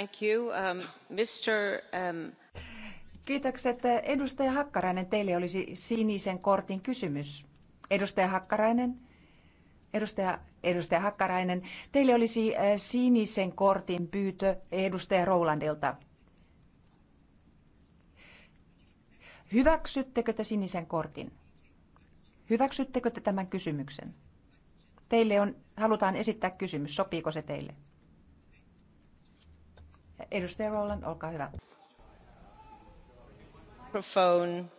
Um, um, Kiitokset. Edustaja Hakkarainen, teille olisi sinisen kortin kysymys. Edustaja Hakkarainen, edustaja, edustaja Hakkarainen, teille olisi äh, sinisen kortin pyytö edustaja Rolandilta. Hyväksyttekö te sinisen kortin? Hyväksyttekö te tämän kysymyksen? Teille on, halutaan esittää kysymys, sopiiko se teille? Edustaja Rowland, olkaa hyvä. Mikrofon.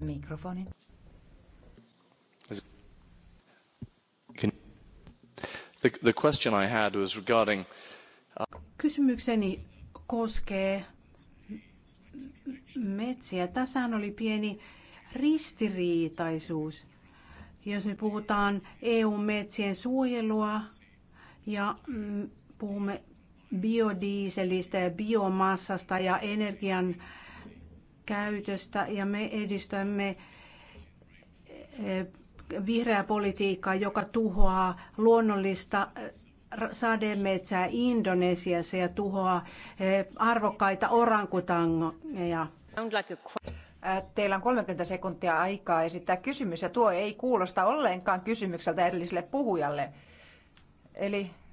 Mikrofoni. The, the question I had was regarding... Uh, Kysymykseni koskee metsiä. Tässähän oli pieni ristiriitaisuus. Jos me puhutaan EU-metsien suojelua ja puhumme biodieselistä ja biomassasta ja energian käytöstä ja me edistämme eh, vihreää politiikkaa, joka tuhoaa luonnollista eh, sademetsää Indonesiassa ja tuhoaa eh, arvokkaita orankutangoja. Äh, teillä on 30 sekuntia aikaa esittää kysymys ja tuo ei kuulosta ollenkaan kysymykseltä edelliselle puhujalle. Eli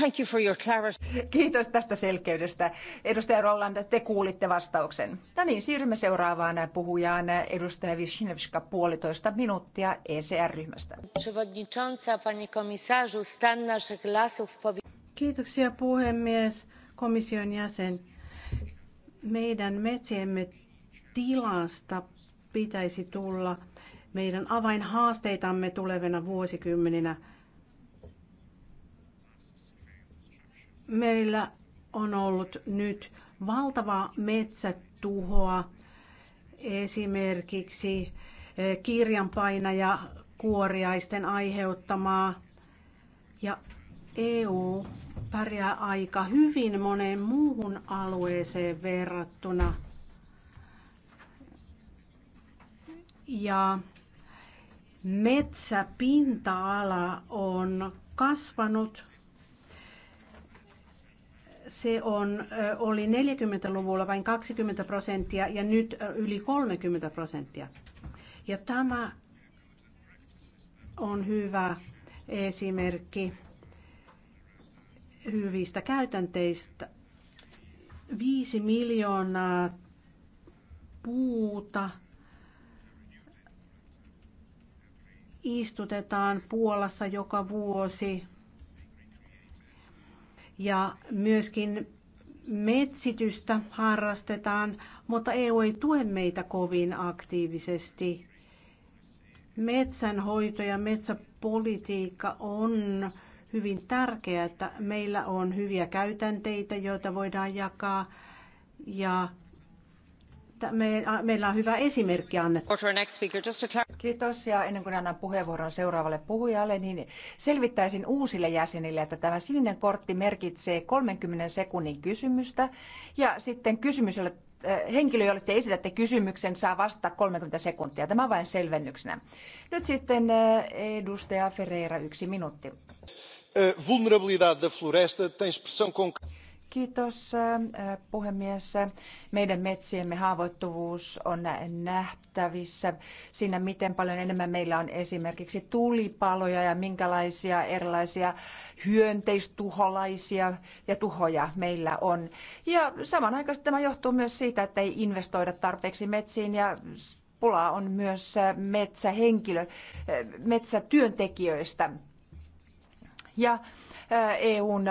Thank you for your clarity. Kiitos tästä selkeydestä. Edustaja Rolland, te kuulitte vastauksen. No niin, siirrymme seuraavaan puhujaan. Edustaja Vishnevska, puolitoista minuuttia ECR-ryhmästä. Kiitoksia puhemies, komission jäsen. Meidän metsiemme tilasta pitäisi tulla meidän avainhaasteitamme tulevina vuosikymmeninä – Meillä on ollut nyt valtavaa metsätuhoa. Esimerkiksi eh, kirjanpainaja kuoriaisten aiheuttamaa. Ja EU pärjää aika hyvin moneen muuhun alueeseen verrattuna. Ja metsäpinta-ala on kasvanut se on, oli 40-luvulla vain 20 prosenttia ja nyt yli 30 prosenttia. Ja tämä on hyvä esimerkki hyvistä käytänteistä. 5 miljoonaa puuta istutetaan Puolassa joka vuosi ja myöskin metsitystä harrastetaan, mutta EU ei tue meitä kovin aktiivisesti. Metsänhoito ja metsäpolitiikka on hyvin tärkeää, että meillä on hyviä käytänteitä, joita voidaan jakaa ja me, meillä on hyvä esimerkki annettu. Kiitos. Ja ennen kuin annan puheenvuoron seuraavalle puhujalle, niin selvittäisin uusille jäsenille, että tämä sininen kortti merkitsee 30 sekunnin kysymystä. Ja sitten kysymys, jolle, äh, henkilö, jolle te esitätte kysymyksen, saa vastata 30 sekuntia. Tämä vain selvennyksenä. Nyt sitten äh, edustaja Ferreira, yksi minuutti. Äh, vulnerabilidade da floresta tem expressão concreta Kiitos puhemies. Meidän metsiemme haavoittuvuus on nähtävissä siinä, miten paljon enemmän meillä on esimerkiksi tulipaloja ja minkälaisia erilaisia hyönteistuholaisia ja tuhoja meillä on. Ja samanaikaisesti tämä johtuu myös siitä, että ei investoida tarpeeksi metsiin ja pulaa on myös metsähenkilö, metsätyöntekijöistä. Ja EUn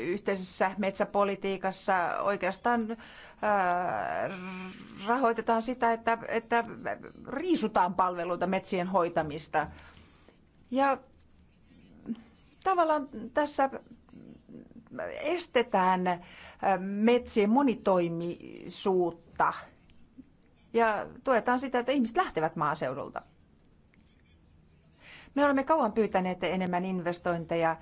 yhteisessä metsäpolitiikassa oikeastaan rahoitetaan sitä, että, että riisutaan palveluita metsien hoitamista. Ja tavallaan tässä estetään metsien monitoimisuutta ja tuetaan sitä, että ihmiset lähtevät maaseudulta. Me olemme kauan pyytäneet enemmän investointeja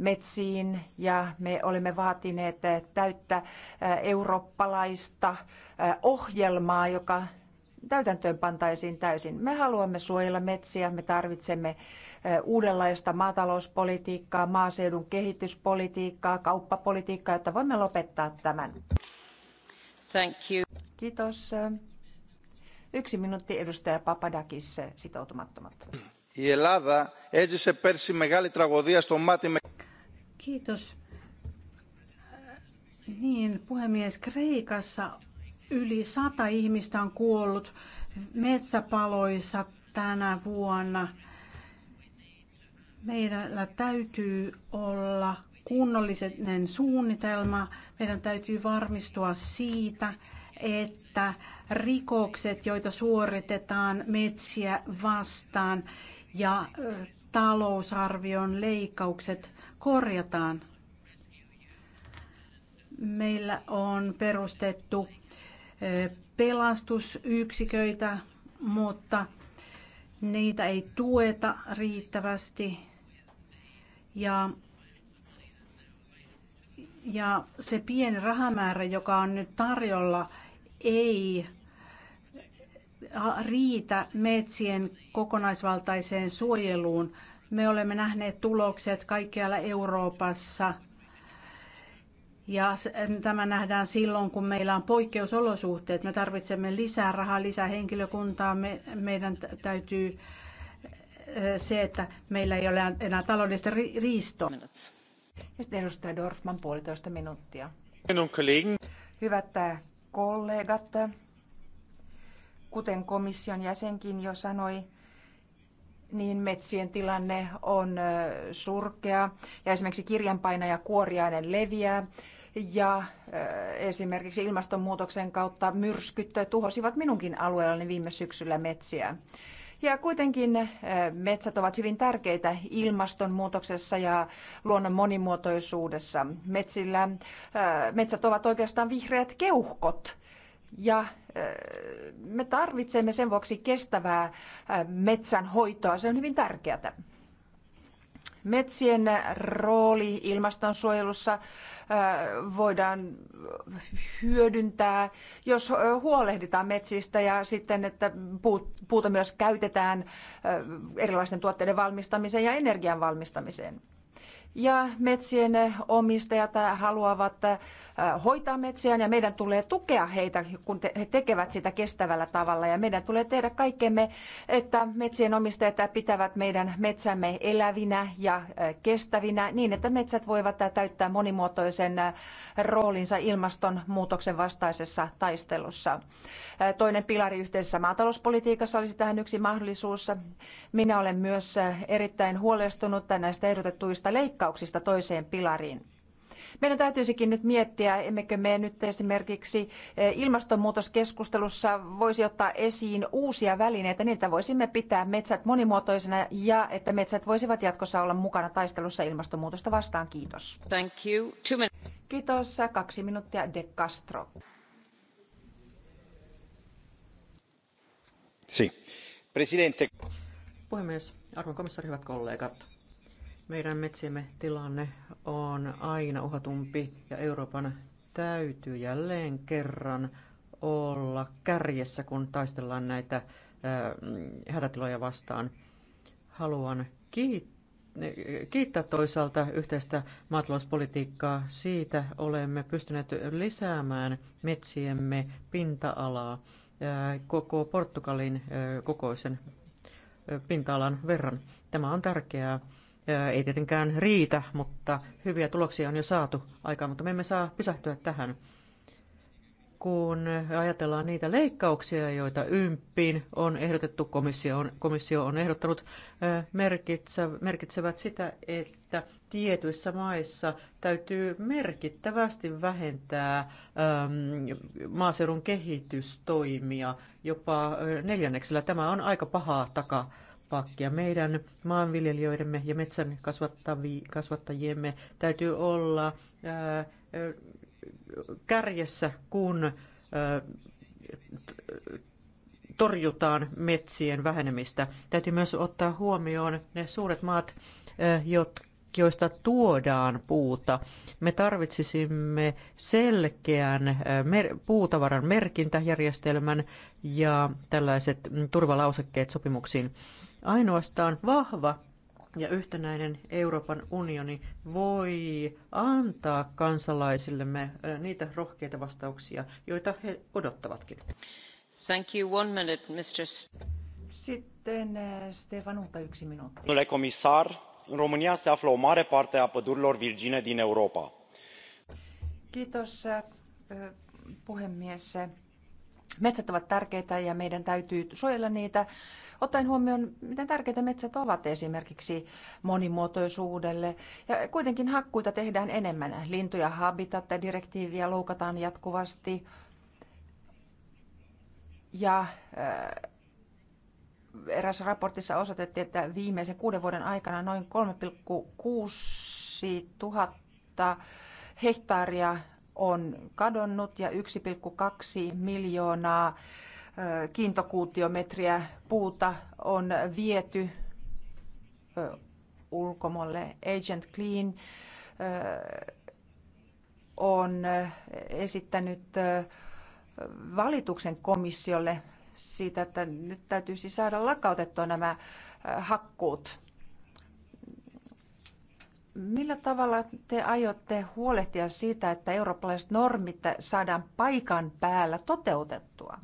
metsiin ja me olemme vaatineet eh, täyttä eh, eurooppalaista eh, ohjelmaa, joka täytäntöön pantaisiin täysin. Me haluamme suojella metsiä, me tarvitsemme uudenlaista maatalouspolitiikkaa, maaseudun kehityspolitiikkaa, kauppapolitiikkaa, jotta voimme lopettaa tämän. Thank you. Kiitos. Yksi minuutti edustaja Papadakis sitoutumattomat. Η Ελλάδα έζησε πέρσι μεγάλη τραγωδία στο μάτι Kiitos. Niin, puhemies, Kreikassa yli sata ihmistä on kuollut metsäpaloissa tänä vuonna. Meillä täytyy olla kunnollinen suunnitelma. Meidän täytyy varmistua siitä, että rikokset, joita suoritetaan metsiä vastaan ja talousarvion leikkaukset korjataan. Meillä on perustettu pelastusyksiköitä, mutta niitä ei tueta riittävästi. Ja, ja se pieni rahamäärä, joka on nyt tarjolla, ei riitä metsien kokonaisvaltaiseen suojeluun. Me olemme nähneet tulokset kaikkialla Euroopassa. Ja tämä nähdään silloin, kun meillä on poikkeusolosuhteet. Me tarvitsemme lisää rahaa, lisää henkilökuntaa. Me, meidän täytyy se, että meillä ei ole enää taloudellista riistoa. Ja sitten edustaja Dorfman puolitoista minuuttia. Hyvät äh, kollegat, äh, kuten komission jäsenkin jo sanoi, niin metsien tilanne on surkea ja esimerkiksi kirjanpainaja kuoriainen leviää ja esimerkiksi ilmastonmuutoksen kautta myrskyt tuhosivat minunkin alueellani viime syksyllä metsiä. Ja kuitenkin metsät ovat hyvin tärkeitä ilmastonmuutoksessa ja luonnon monimuotoisuudessa. Metsillä, metsät ovat oikeastaan vihreät keuhkot ja äh, me tarvitsemme sen vuoksi kestävää äh, metsänhoitoa. Se on hyvin tärkeää. Metsien rooli ilmastonsuojelussa äh, voidaan hyödyntää, jos huolehditaan metsistä ja sitten, että puuta myös käytetään erilaisten tuotteiden valmistamiseen ja energian valmistamiseen ja metsien omistajat haluavat äh, hoitaa metsiään ja meidän tulee tukea heitä, kun he tekevät sitä kestävällä tavalla ja meidän tulee tehdä kaikkemme, että metsien omistajat pitävät meidän metsämme elävinä ja äh, kestävinä niin, että metsät voivat täyttää monimuotoisen äh, roolinsa ilmastonmuutoksen vastaisessa taistelussa. Toinen pilari yhteisessä maatalouspolitiikassa olisi tähän yksi mahdollisuus. Minä olen myös erittäin huolestunut näistä ehdotetuista leikkauksista leikkauksista toiseen pilariin. Meidän täytyisikin nyt miettiä, emmekö me nyt esimerkiksi eh, ilmastonmuutoskeskustelussa voisi ottaa esiin uusia välineitä, niitä voisimme pitää metsät monimuotoisena ja että metsät voisivat jatkossa olla mukana taistelussa ilmastonmuutosta vastaan. Kiitos. Thank you. Two Kiitos. Kaksi minuuttia De Castro. Si. Presidente. Puhemies, arvon komissaari, hyvät kollegat. Meidän metsiemme tilanne on aina uhatumpi ja Euroopan täytyy jälleen kerran olla kärjessä, kun taistellaan näitä äh, hätätiloja vastaan. Haluan kiittää kiittää toisaalta yhteistä maatalouspolitiikkaa. Siitä olemme pystyneet lisäämään metsiemme pinta-alaa koko Portugalin kokoisen pinta-alan verran. Tämä on tärkeää ei tietenkään riitä, mutta hyviä tuloksia on jo saatu aikaan, mutta me emme saa pysähtyä tähän. Kun ajatellaan niitä leikkauksia, joita ympiin on ehdotettu, komissio on, komissio on ehdottanut, merkitsevät sitä, että tietyissä maissa täytyy merkittävästi vähentää maaseudun kehitystoimia jopa neljänneksellä. Tämä on aika pahaa takaa pakkia. Meidän maanviljelijöidemme ja metsän kasvattajiemme täytyy olla ää, kärjessä, kun ää, torjutaan metsien vähenemistä. Täytyy myös ottaa huomioon ne suuret maat, ää, jotka joista tuodaan puuta. Me tarvitsisimme selkeän mer- puutavaran merkintäjärjestelmän ja tällaiset mm, turvalausekkeet sopimuksiin. Ainoastaan vahva ja yhtenäinen Euroopan unioni voi antaa kansalaisillemme äh, niitä rohkeita vastauksia, joita he odottavatkin. Thank you. One minute, Mr. Sitten äh, Stefan Uta, yksi minuutti. Domnule comisar, în România se află o mare parte a pădurilor virgine din Europa. Kiitos äh, puhemies. Metsät ovat tärkeitä ja meidän täytyy suojella niitä ottaen huomioon, miten tärkeitä metsät ovat esimerkiksi monimuotoisuudelle. Ja kuitenkin hakkuita tehdään enemmän. Lintuja habitat-direktiiviä loukataan jatkuvasti. Ja äh, eräs raportissa osoitettiin, että viimeisen kuuden vuoden aikana noin 3,6 tuhatta hehtaaria on kadonnut ja 1,2 miljoonaa kiintokuutiometriä puuta on viety ulkomolle. Agent Clean on esittänyt valituksen komissiolle siitä, että nyt täytyisi saada lakautettua nämä hakkuut. Millä tavalla te aiotte huolehtia siitä, että eurooppalaiset normit saadaan paikan päällä toteutettua?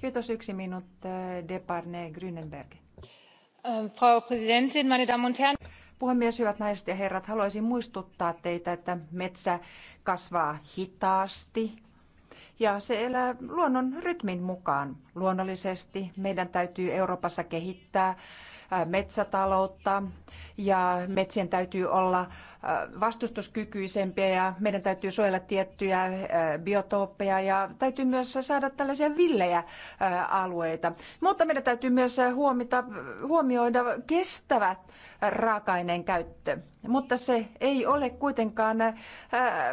Kiitos yksi Grünenberg. Ähm, Frau Präsidentin, meine Damen und Herren. Puhemies, hyvät naiset ja herrat, haluaisin muistuttaa teitä, että metsä kasvaa hitaasti, ja se elää luonnon rytmin mukaan. Luonnollisesti meidän täytyy Euroopassa kehittää äh, metsätaloutta, ja metsien täytyy olla äh, vastustuskykyisempiä ja meidän täytyy suojella tiettyjä äh, biotooppeja ja täytyy myös saada tällaisia villejä äh, alueita. Mutta meidän täytyy myös huomita, huomioida kestävä raaka-aineen käyttö. Mutta se ei ole kuitenkaan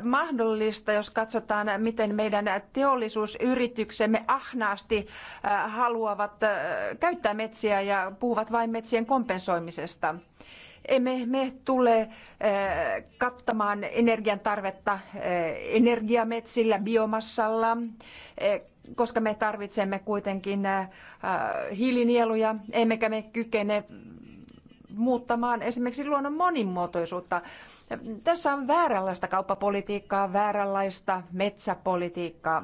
mahdollista, jos katsotaan, miten meidän teollisuusyrityksemme ahnaasti haluavat käyttää metsiä ja puhuvat vain metsien kompensoimisesta. Emme me tule eh, kattamaan energian tarvetta eh, energiametsillä, biomassalla, eh, koska me tarvitsemme kuitenkin hiilinieluja, emmekä me kykene muuttamaan esimerkiksi luonnon monimuotoisuutta. Tässä on vääränlaista kauppapolitiikkaa, vääränlaista metsäpolitiikkaa.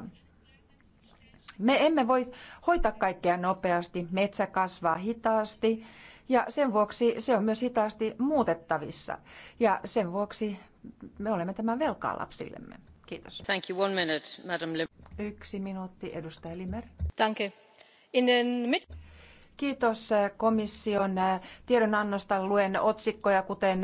Me emme voi hoitaa kaikkea nopeasti. Metsä kasvaa hitaasti ja sen vuoksi se on myös hitaasti muutettavissa. Ja sen vuoksi me olemme tämän velkaa lapsillemme. Kiitos. Thank you. One minute, Madam Yksi minuutti, edustaja Limer. Danke. In den... Kiitos komission tiedonannosta. Luen otsikkoja, kuten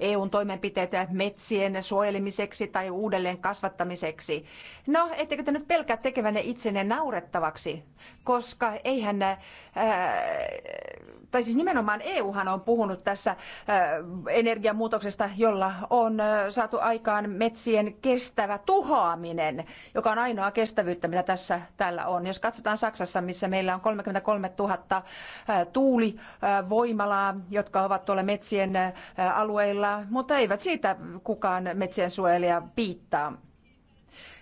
EUn toimenpiteet metsien suojelemiseksi tai uudelleen kasvattamiseksi. No, ettekö te nyt pelkää tekevänne itsenne naurettavaksi, koska eihän, ää, tai siis nimenomaan EUhan on puhunut tässä ää, energiamuutoksesta, jolla on ää, saatu aikaan metsien kestävä tuhoaminen, joka on ainoa kestävyyttä, mitä tässä täällä on. Jos katsotaan Saksassa, missä meillä on 33 000 tuulivoimalaa, jotka ovat tuolla metsien alueilla, mutta eivät siitä kukaan metsien suojelija piittaa.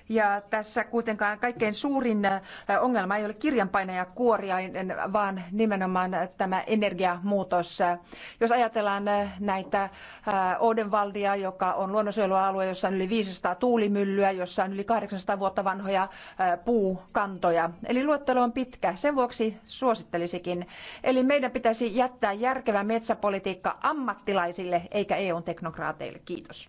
Ja tässä kuitenkaan kaikkein suurin äh, ongelma ei ole kirjanpainajakuoriainen, vaan nimenomaan tämä energiamuutos. Jos ajatellaan äh, näitä äh, Odenvaldia, joka on luonnonsuojelualue, jossa on yli 500 tuulimyllyä, jossa on yli 800 vuotta vanhoja puukantoja. Eli luettelo on pitkä. Sen vuoksi suosittelisikin. Eli meidän pitäisi jättää järkevä metsäpolitiikka ammattilaisille eikä EUn teknokraateille. Kiitos.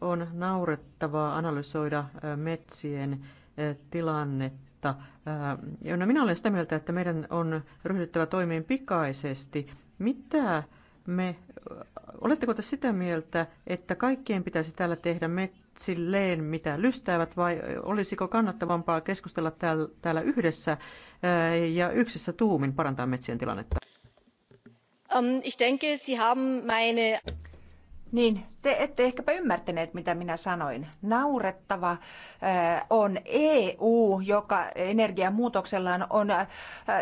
On naurettavaa analysoida metsien tilannetta. Ja no, minä olen sitä mieltä, että meidän on ryhdyttävä toimeen pikaisesti. Mitä me, oletteko te sitä mieltä, että kaikkien pitäisi täällä tehdä metsilleen, mitä lystäävät, vai olisiko kannattavampaa keskustella täällä, täällä yhdessä ja yksissä tuumin parantaa metsien tilannetta? Um, ich denke, Sie haben meine niin te ette ehkäpä ymmärtäneet, mitä minä sanoin. Naurettava on EU, joka energiamuutoksellaan on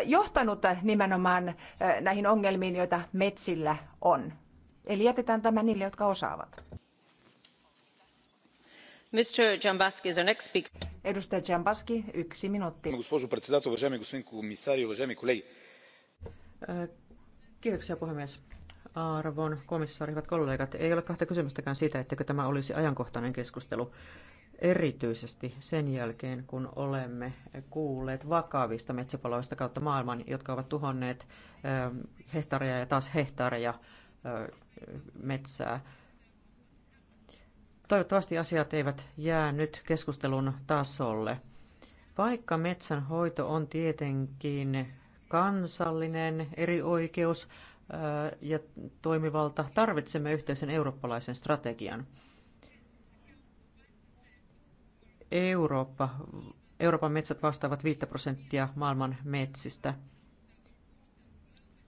johtanut nimenomaan näihin ongelmiin, joita metsillä on. Eli jätetään tämä niille, jotka osaavat. Edustaja Jambaski, yksi next speaker. Edustaja Jambaski, yksi minuutti. Kiitoksia puhemies arvon komissaari, hyvät kollegat, ei ole kahta kysymystäkään siitä, etteikö tämä olisi ajankohtainen keskustelu. Erityisesti sen jälkeen, kun olemme kuulleet vakavista metsäpaloista kautta maailman, jotka ovat tuhonneet ähm, hehtaareja ja taas hehtaareja äh, metsää. Toivottavasti asiat eivät jää nyt keskustelun tasolle. Vaikka metsänhoito on tietenkin kansallinen eri oikeus, ja toimivalta. Tarvitsemme yhteisen eurooppalaisen strategian. Eurooppa, Euroopan metsät vastaavat 5 prosenttia maailman metsistä.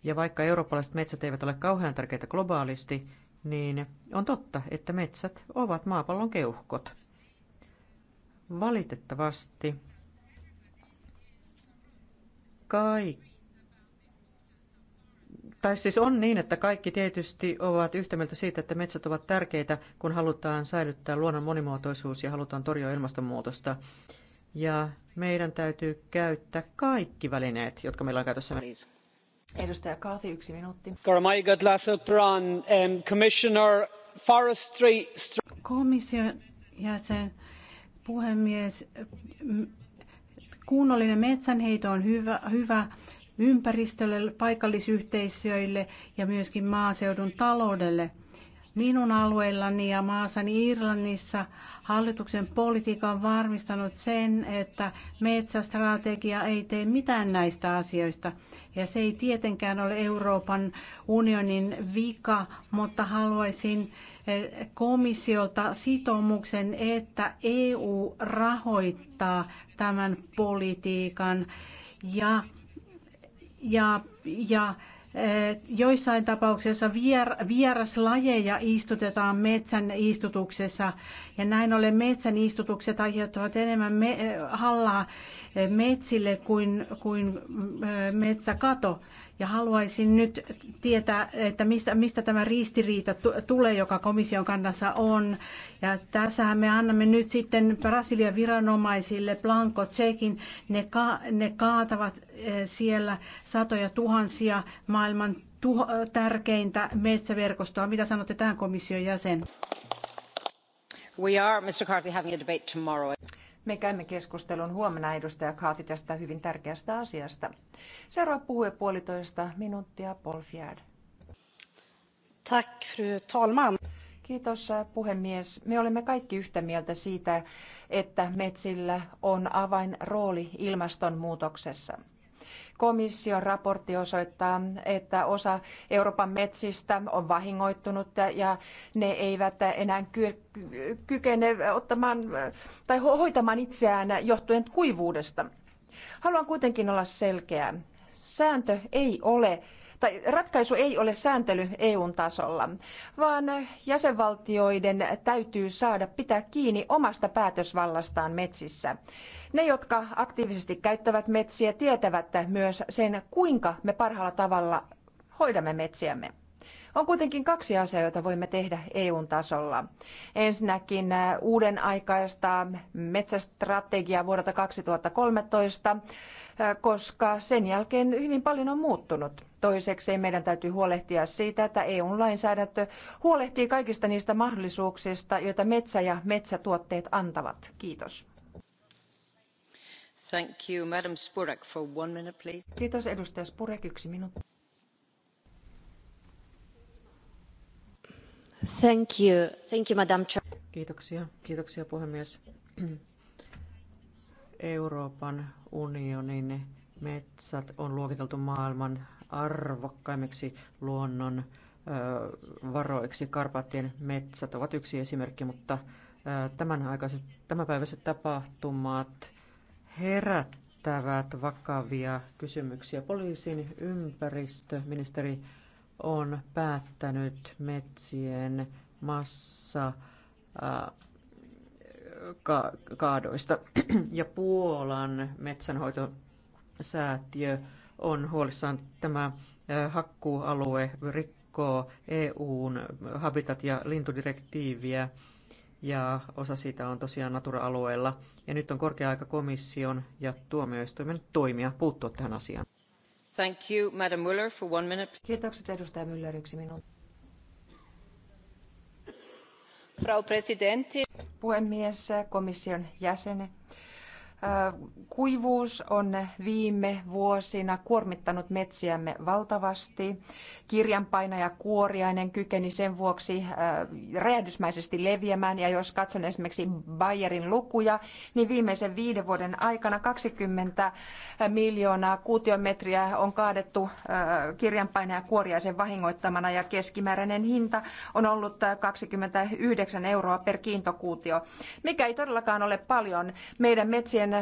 Ja vaikka eurooppalaiset metsät eivät ole kauhean tärkeitä globaalisti, niin on totta, että metsät ovat maapallon keuhkot. Valitettavasti kaikki tai siis on niin, että kaikki tietysti ovat yhtä mieltä siitä, että metsät ovat tärkeitä, kun halutaan säilyttää luonnon monimuotoisuus ja halutaan torjua ilmastonmuutosta. Ja meidän täytyy käyttää kaikki välineet, jotka meillä on käytössä. Edustaja Kaati, yksi minuutti. Um, forestry... Komission jäsen, puhemies, kunnollinen metsänheito on hyvä, hyvä ympäristölle, paikallisyhteisöille ja myöskin maaseudun taloudelle. Minun alueellani ja maassani Irlannissa hallituksen politiikka on varmistanut sen, että metsästrategia ei tee mitään näistä asioista. Ja se ei tietenkään ole Euroopan unionin vika, mutta haluaisin eh, komissiolta sitoumuksen, että EU rahoittaa tämän politiikan ja ja, ja eh, Joissain tapauksissa vier, vieraslajeja istutetaan metsän istutuksessa ja näin ollen metsän istutukset aiheuttavat enemmän me, eh, hallaa eh, metsille kuin, kuin metsäkato. Ja haluaisin nyt tietää, että mistä, mistä tämä ristiriita tulee, joka komission kannassa on. Ja tässähän me annamme nyt sitten Brasilian viranomaisille Blanco tsekin. Ne, ka, ne kaatavat eh, siellä satoja tuhansia maailman tuho, tärkeintä metsäverkostoa. Mitä sanotte tähän komission jäsen? We are, Mr. Carthy, having a debate tomorrow. Me käymme keskustelun huomenna edustaja Kaati tästä hyvin tärkeästä asiasta. Seuraava puhuja puolitoista minuuttia, Paul Fjärd. Tack, fru talman. Kiitos puhemies. Me olemme kaikki yhtä mieltä siitä, että metsillä on avainrooli ilmastonmuutoksessa. Komission raportti osoittaa, että osa Euroopan metsistä on vahingoittunut ja ne eivät enää kykene ottamaan tai hoitamaan itseään johtuen kuivuudesta. Haluan kuitenkin olla selkeä. Sääntö ei ole mutta ratkaisu ei ole sääntely EUn tasolla, vaan jäsenvaltioiden täytyy saada pitää kiinni omasta päätösvallastaan metsissä. Ne, jotka aktiivisesti käyttävät metsiä, tietävät myös sen, kuinka me parhaalla tavalla hoidamme metsiämme. On kuitenkin kaksi asiaa, joita voimme tehdä EUn tasolla. Ensinnäkin äh, uuden aikaista metsästrategiaa vuodelta 2013, äh, koska sen jälkeen hyvin paljon on muuttunut. Toiseksi meidän täytyy huolehtia siitä, että EU-lainsäädäntö huolehtii kaikista niistä mahdollisuuksista, joita metsä ja metsätuotteet antavat. Kiitos. Thank you, Madam Spurek, for one minute, please. Kiitos, edustaja Spurek, yksi minuutti. Thank you. Thank you, Madam Kiitoksia. Kiitoksia, puhemies. Euroopan unionin metsät on luokiteltu maailman arvokkaimmiksi luonnon varoiksi. Karpaattien metsät ovat yksi esimerkki, mutta tämän aikaiset, tämänpäiväiset tapahtumat herättävät vakavia kysymyksiä. Poliisin ympäristöministeri on päättänyt metsien massa kaadoista. Ja Puolan metsänhoitosäätiö on huolissaan. Tämä hakkuualue rikkoo EUn habitat- ja lintudirektiiviä ja osa siitä on tosiaan Natura-alueella. Ja nyt on korkea aika komission ja tuomioistuimen toimia puuttua tähän asiaan. Thank you, Madam Müller, for one minute. Kiitokset edustaja Müller, yksi minuutti. Frau Puhemies, komission jäsen. Kuivuus on viime vuosina kuormittanut metsiämme valtavasti. Kirjanpainaja kuoriainen kykeni sen vuoksi räjähdysmäisesti leviämään. Ja jos katson esimerkiksi Bayerin lukuja, niin viimeisen viiden vuoden aikana 20 miljoonaa kuutiometriä on kaadettu kirjanpainaja kuoriaisen vahingoittamana ja keskimääräinen hinta on ollut 29 euroa per kiintokuutio, mikä ei todellakaan ole paljon. Meidän metsien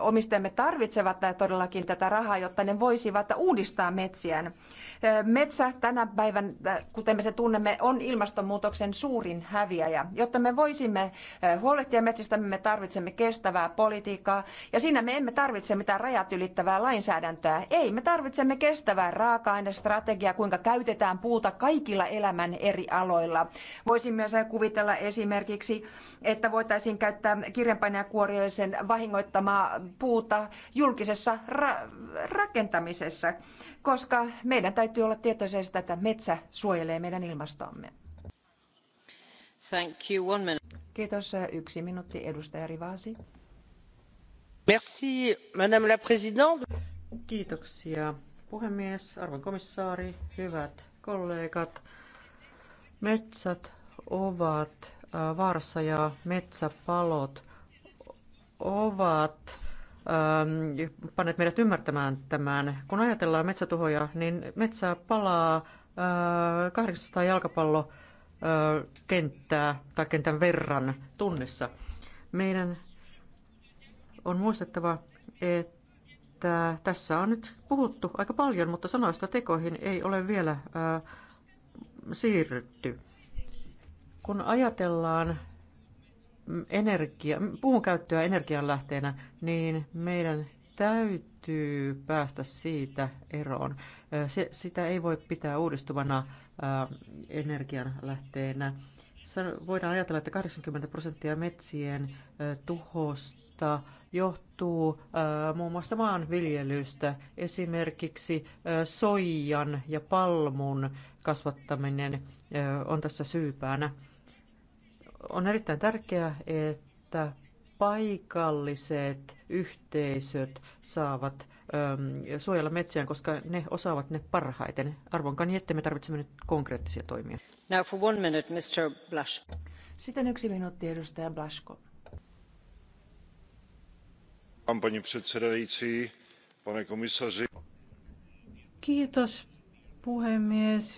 omistajamme tarvitsevat todellakin tätä rahaa, jotta ne voisivat uudistaa metsiään. Metsä tänä päivän, kuten me se tunnemme, on ilmastonmuutoksen suurin häviäjä. Jotta me voisimme huolehtia metsistämme, me tarvitsemme kestävää politiikkaa ja siinä me emme tarvitse mitään rajat ylittävää lainsäädäntöä. Ei, me tarvitsemme kestävää raaka-ainestrategiaa, kuinka käytetään puuta kaikilla elämän eri aloilla. Voisin myös kuvitella esimerkiksi, että voitaisiin käyttää kirjanpainajakuorioisen vahingoittamista polttamaa puuta julkisessa ra- rakentamisessa, koska meidän täytyy olla tietoisia sitä, että metsä suojelee meidän ilmastoamme. Thank you. One minute. Kiitos. Yksi minuutti, edustaja Rivasi. Merci, madame la présidente. Kiitoksia, puhemies, arvon komissaari, hyvät kollegat. Metsät ovat äh, vaarassa ja metsäpalot ovat ähm, panneet meidät ymmärtämään tämän. Kun ajatellaan metsätuhoja, niin metsää palaa 800 äh, jalkapallokenttää äh, tai kentän verran tunnissa. Meidän on muistettava, että tässä on nyt puhuttu aika paljon, mutta sanoista tekoihin ei ole vielä äh, siirrytty. Kun ajatellaan energia, puun käyttöä energianlähteenä, niin meidän täytyy päästä siitä eroon. Se, sitä ei voi pitää uudistuvana energianlähteenä. Voidaan ajatella, että 80 prosenttia metsien tuhosta johtuu muun muassa maanviljelystä. Esimerkiksi soijan ja palmun kasvattaminen on tässä syypäänä on erittäin tärkeää, että paikalliset yhteisöt saavat äm, suojella metsiään, koska ne osaavat ne parhaiten. Arvon että me tarvitsemme nyt konkreettisia toimia. Now for one minute, Mr. Blush. Sitten yksi minuutti, edustaja Blasko. Pani pane Kiitos puhemies,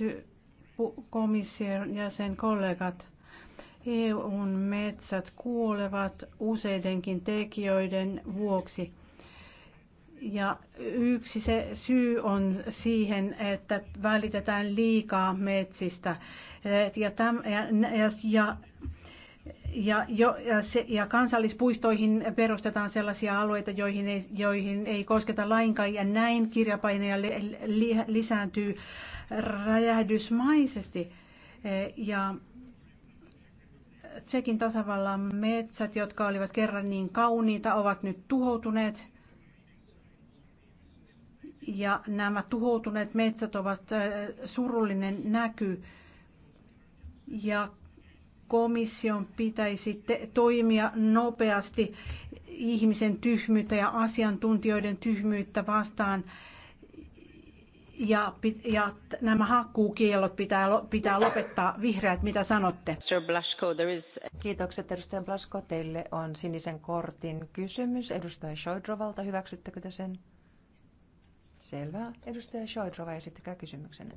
komission kollegat. EUn metsät kuolevat useidenkin tekijöiden vuoksi. Ja yksi se syy on siihen, että välitetään liikaa metsistä. Ja, täm, ja, ja, ja, jo, ja, se, ja kansallispuistoihin perustetaan sellaisia alueita, joihin ei, joihin ei kosketa lainkaan, ja näin kirjapaineja li, li, lisääntyy räjähdysmaisesti. Ja Tsekin tasavallan metsät, jotka olivat kerran niin kauniita, ovat nyt tuhoutuneet. Ja nämä tuhoutuneet metsät ovat surullinen näky. Ja komission pitäisi toimia nopeasti ihmisen tyhmyyttä ja asiantuntijoiden tyhmyyttä vastaan ja, ja nämä hakkuukielot pitää, pitää lopettaa. Vihreät, mitä sanotte? Sir Blasko, there is... Kiitokset edustaja Blasko. Teille on sinisen kortin kysymys edustaja Shoidrovalta. Hyväksyttekö te sen? Selvä. Edustaja Shoidrova, esittäkää kysymyksenne.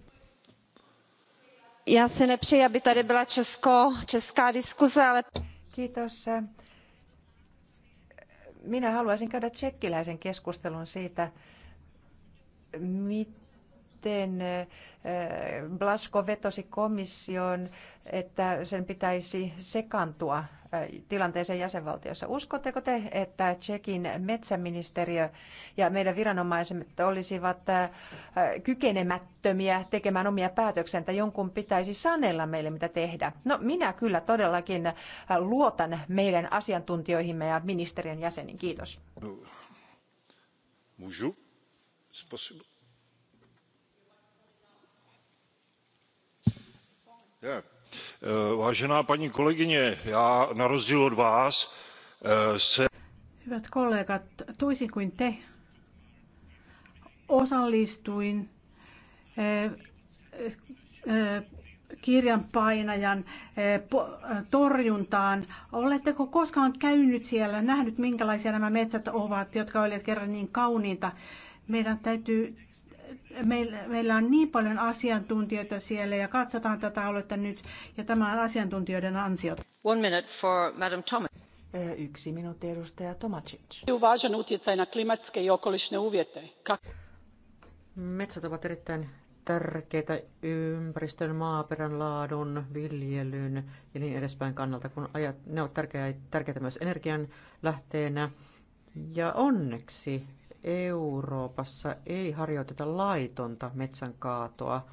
Ja se nepřeji, aby tady byla Česko, česká diskuze, ale... Kiitos. Minä haluaisin käydä tsekkiläisen keskustelun siitä, mit, miten Blasko vetosi komission, että sen pitäisi sekantua tilanteeseen jäsenvaltiossa. Uskotteko te, että Tsekin metsäministeriö ja meidän viranomaiset olisivat kykenemättömiä tekemään omia päätöksiä, että jonkun pitäisi sanella meille, mitä tehdä? No minä kyllä todellakin luotan meidän asiantuntijoihimme ja ministeriön jäseniin. Kiitos. Bonjour. Eh, vážená paní kolegyně, já na rozdíl od vás eh, se... Hyvät kollegat, toisin kuin te, osallistuin eh, kirjanpainajan torjuntaan. Oletteko koskaan käynyt siellä, nähnyt minkälaisia nämä metsät ovat, jotka olivat kerran niin kauniita? Meidän täytyy meillä, meillä on niin paljon asiantuntijoita siellä ja katsotaan tätä aloitetta nyt ja tämä on asiantuntijoiden ansiot. One minute for Madam Thomas. Yksi minuutti edustaja Tomacic. Važan utjecaj na klimatske i okolišne uvjete. Metsät ovat erittäin tärkeitä ympäristön, maaperän laadun, viljelyn ja niin edespäin kannalta, kun ajat, ne ovat tärkeitä, tärkeitä myös energian lähteenä. Ja onneksi Euroopassa ei harjoiteta laitonta metsänkaatoa.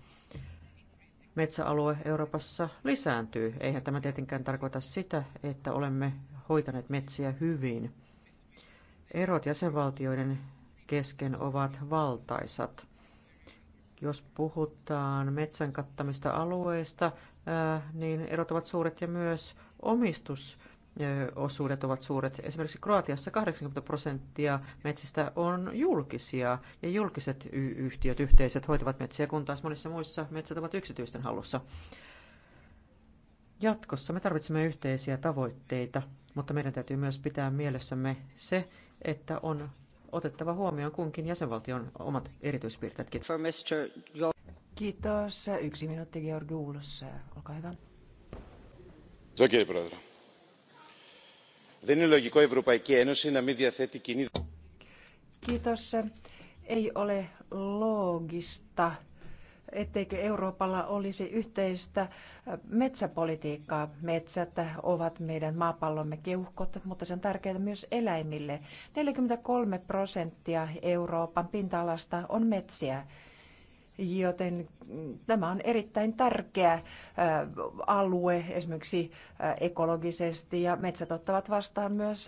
Metsäalue Euroopassa lisääntyy. Eihän tämä tietenkään tarkoita sitä, että olemme hoitaneet metsiä hyvin. Erot jäsenvaltioiden kesken ovat valtaisat. Jos puhutaan metsän kattamista alueista, niin erot ovat suuret ja myös omistus osuudet ovat suuret. Esimerkiksi Kroatiassa 80 prosenttia metsistä on julkisia ja julkiset yhtiöt, yhteiset hoitavat metsiä, kun taas monissa muissa metsät ovat yksityisten hallussa. Jatkossa me tarvitsemme yhteisiä tavoitteita, mutta meidän täytyy myös pitää mielessämme se, että on otettava huomioon kunkin jäsenvaltion omat erityispiirteetkin. Kiitos. Yksi minuutti Georgioulos. Olkaa hyvä. Sekin, Δεν είναι λογικό η Ευρωπαϊκή Ένωση να μην διαθέτει κοινή... Kiitos. Ei ole loogista, etteikö Euroopalla olisi yhteistä metsäpolitiikkaa. Metsät ovat meidän maapallomme keuhkot, mutta se on tärkeää myös eläimille. 43 prosenttia Euroopan pinta-alasta on metsiä joten tämä on erittäin tärkeä alue esimerkiksi ekologisesti ja metsät ottavat vastaan myös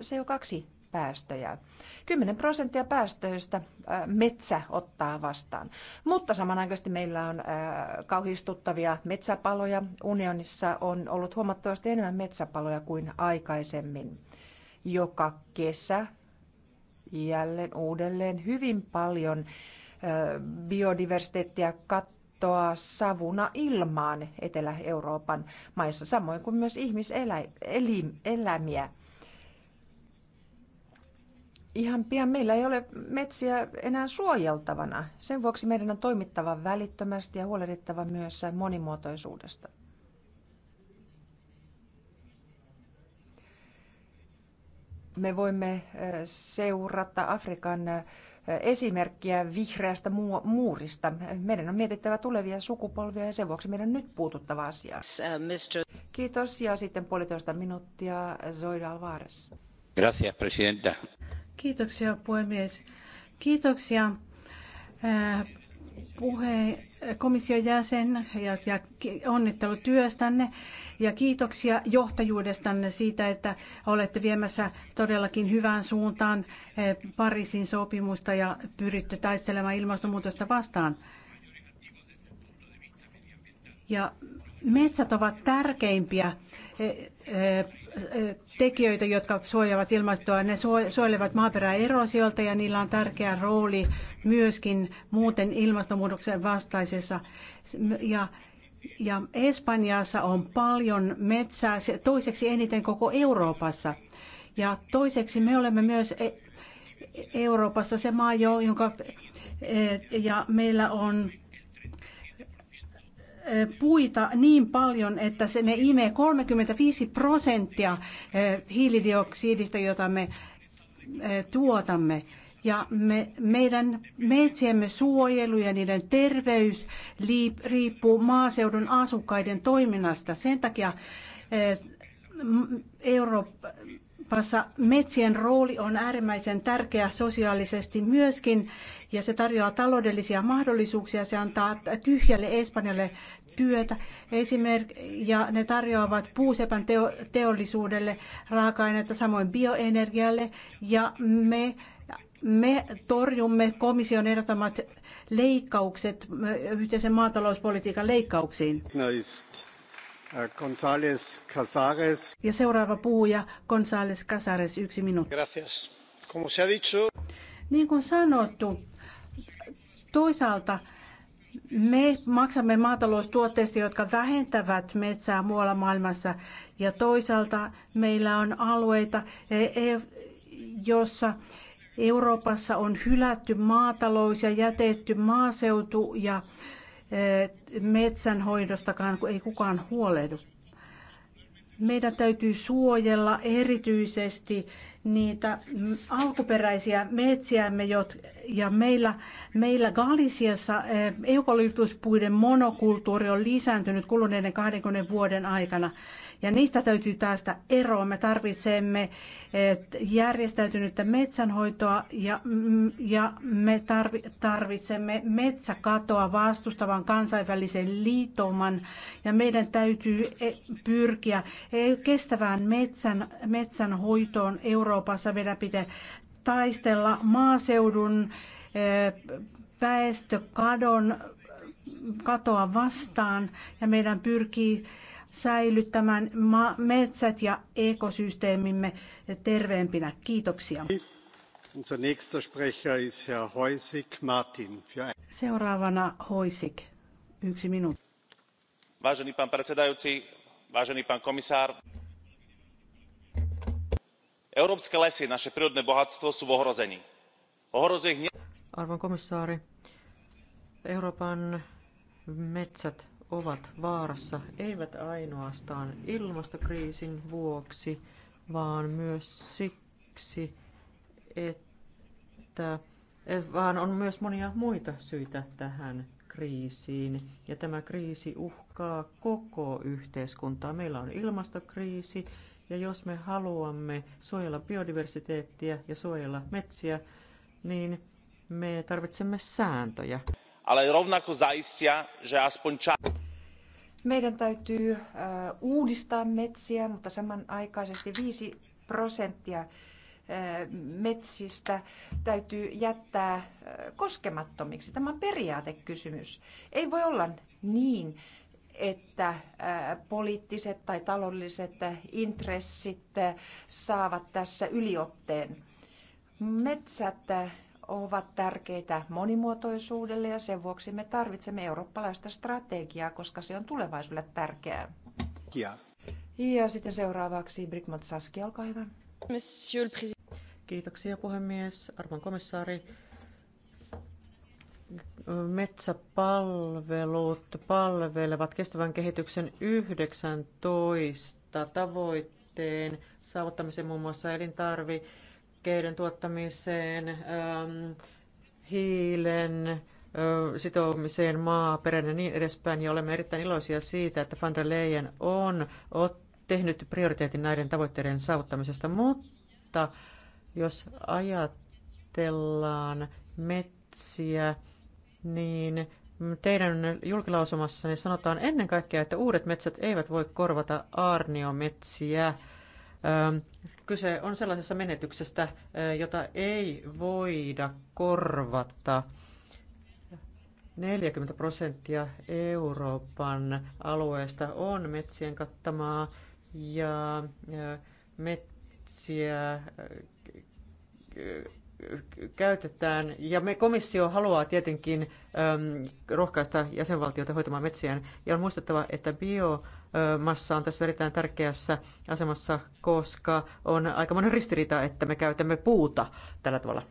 CO2 päästöjä. 10 prosenttia päästöistä metsä ottaa vastaan. Mutta samanaikaisesti meillä on kauhistuttavia metsäpaloja. Unionissa on ollut huomattavasti enemmän metsäpaloja kuin aikaisemmin. Joka kesä jälleen uudelleen hyvin paljon biodiversiteettiä kattoa savuna ilmaan Etelä-Euroopan maissa, samoin kuin myös ihmiselämiä. Ihan pian meillä ei ole metsiä enää suojeltavana. Sen vuoksi meidän on toimittava välittömästi ja huolehdittava myös monimuotoisuudesta. me voimme seurata Afrikan esimerkkiä vihreästä muurista. Meidän on mietittävä tulevia sukupolvia ja sen vuoksi meidän on nyt puututtava asiaan. Uh, Kiitos ja sitten puolitoista minuuttia Zoida Alvarez. Gracias, presidenta. Kiitoksia puhemies. Kiitoksia puhe, komission jäsen ja, ja onnittelut työstänne ja kiitoksia johtajuudestanne siitä, että olette viemässä todellakin hyvään suuntaan eh, Pariisin sopimusta ja pyritte taistelemaan ilmastonmuutosta vastaan. Ja metsät ovat tärkeimpiä Eh, eh, tekijöitä, jotka suojaavat ilmastoa. Ne suojelevat maaperää erosiolta ja niillä on tärkeä rooli myöskin muuten ilmastonmuutoksen vastaisessa. Ja ja Espanjassa on paljon metsää, toiseksi eniten koko Euroopassa. Ja toiseksi me olemme myös e, Euroopassa se maa, jonka eh, ja meillä on puita niin paljon, että se ne imee 35 prosenttia hiilidioksidista, jota me tuotamme. Ja me, meidän metsiemme suojelu ja niiden terveys liip, riippuu maaseudun asukkaiden toiminnasta. Sen takia Eurooppa, Euroopassa metsien rooli on äärimmäisen tärkeä sosiaalisesti myöskin ja se tarjoaa taloudellisia mahdollisuuksia, se antaa tyhjälle Espanjalle työtä esimerk, ja ne tarjoavat puusepän teo, teollisuudelle raaka-ainetta, samoin bioenergialle ja me me torjumme komission ehdottamat leikkaukset yhteisen maatalouspolitiikan leikkauksiin. Näistä. Äh, González Casares. Ja seuraava puhuja, González Casares, yksi minuutti. Gracias. Como se ha dicho... Niin kuin sanottu, toisaalta me maksamme maataloustuotteista, jotka vähentävät metsää muualla maailmassa. Ja toisaalta meillä on alueita, e, e, jossa Euroopassa on hylätty maatalous ja jätetty maaseutu ja metsänhoidostakaan ei kukaan huolehdu. Meidän täytyy suojella erityisesti niitä alkuperäisiä metsiämme, ja meillä, meillä Galisiassa eh, eukalyptuspuiden monokulttuuri on lisääntynyt kuluneiden 20 vuoden aikana ja niistä täytyy päästä eroon. Me tarvitsemme eh, järjestäytynyttä metsänhoitoa ja, mm, ja me tarvitsemme metsäkatoa vastustavan kansainvälisen liitoman ja meidän täytyy eh, pyrkiä eh, kestävään metsän, metsänhoitoon Euroopassa. Meidän pitää taistella maaseudun väestökadon katoa vastaan ja meidän pyrkii säilyttämään metsät ja ekosysteemimme terveempinä. Kiitoksia. Unser nächster Sprecher ist Herr Heusig Martin. Für... Seuraavana Hoisik. Yksi minuutti. Vážený pán predsedajúci, vážený pán komisár, Európske lesy, naše prírodné bohatstvo sú v ohrození. Ohrozuje ich... Arvon komissaari, Euroopan metsät ovat vaarassa eivät ainoastaan ilmastokriisin vuoksi, vaan myös siksi, että vaan on myös monia muita syitä tähän kriisiin. Ja tämä kriisi uhkaa koko yhteiskuntaa. Meillä on ilmastokriisi, ja jos me haluamme suojella biodiversiteettiä ja suojella metsiä, niin me tarvitsemme sääntöjä. Ale rovnako zaistia, że aspoň meidän täytyy uudistaa metsiä, mutta samanaikaisesti 5 prosenttia metsistä täytyy jättää koskemattomiksi. Tämä on periaatekysymys. Ei voi olla niin, että poliittiset tai taloudelliset intressit saavat tässä yliotteen. Metsät ovat tärkeitä monimuotoisuudelle ja sen vuoksi me tarvitsemme eurooppalaista strategiaa, koska se on tulevaisuudelle tärkeää. Ja, ja sitten seuraavaksi Brickmont Saski, olkaa hyvä. Kiitoksia puhemies, arvon komissaari. Metsäpalvelut palvelevat kestävän kehityksen 19 tavoitteen saavuttamisen muun muassa elintarvi lääkkeiden tuottamiseen, ähm, hiilen sitoumiseen maaperän ja niin edespäin. Ja olemme erittäin iloisia siitä, että van der Leyen on tehnyt prioriteetin näiden tavoitteiden saavuttamisesta. Mutta jos ajatellaan metsiä, niin teidän julkilausumassanne sanotaan ennen kaikkea, että uudet metsät eivät voi korvata aarniometsiä. metsiä Kyse on sellaisesta menetyksestä, jota ei voida korvata. 40 prosenttia Euroopan alueesta on metsien kattamaa ja metsiä käytetään. Ja me komissio haluaa tietenkin rohkaista jäsenvaltioita hoitamaan metsiään. Ja on muistettava, että bio massa on tässä erittäin tärkeässä asemassa, koska on aika monen ristiriita, että me käytämme puuta tällä tavalla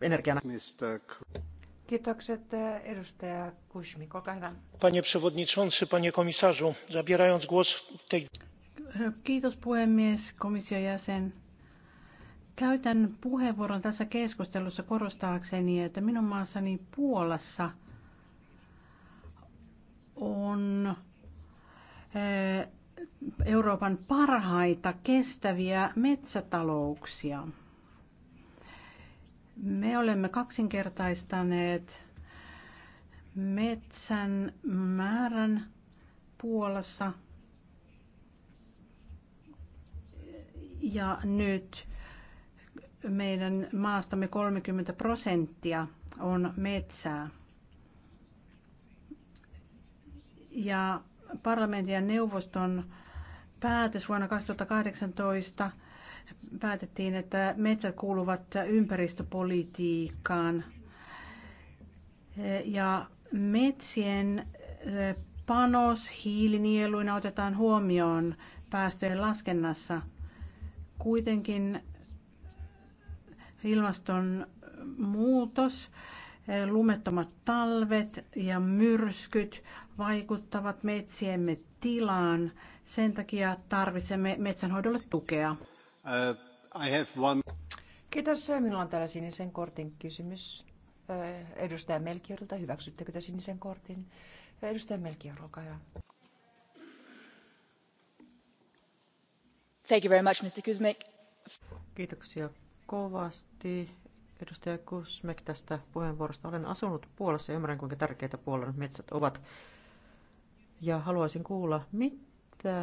energiana. Kiitokset edustaja Kushmik, olkaa hyvä. Panie przewodniczący, panie komisarzu, zabierając głos tej... Kiitos puhemies, komission jäsen. Käytän puheenvuoron tässä keskustelussa korostaakseni, että minun maassani Puolassa on Euroopan parhaita kestäviä metsätalouksia. Me olemme kaksinkertaistaneet metsän määrän Puolassa ja nyt meidän maastamme 30 prosenttia on metsää. Ja parlamentin ja neuvoston päätös vuonna 2018 päätettiin, että metsät kuuluvat ympäristöpolitiikkaan. Ja metsien eh, panos hiilinieluina otetaan huomioon päästöjen laskennassa. Kuitenkin ilmaston muutos, eh, lumettomat talvet ja myrskyt vaikuttavat metsiemme tilaan. Sen takia tarvitsemme metsänhoidolle tukea. Uh, I have one... Kiitos. Minulla on täällä sinisen kortin kysymys. Uh, edustaja Melkiorilta, hyväksyttekö te sinisen kortin? Uh, edustaja Melkior, olkaa hyvä. Thank you very much, Mr. Kuzmek. Kiitoksia kovasti. Edustaja Kusmek tästä puheenvuorosta. Olen asunut Puolassa ja ymmärrän, kuinka tärkeitä Puolan metsät ovat ja haluaisin kuulla, mitä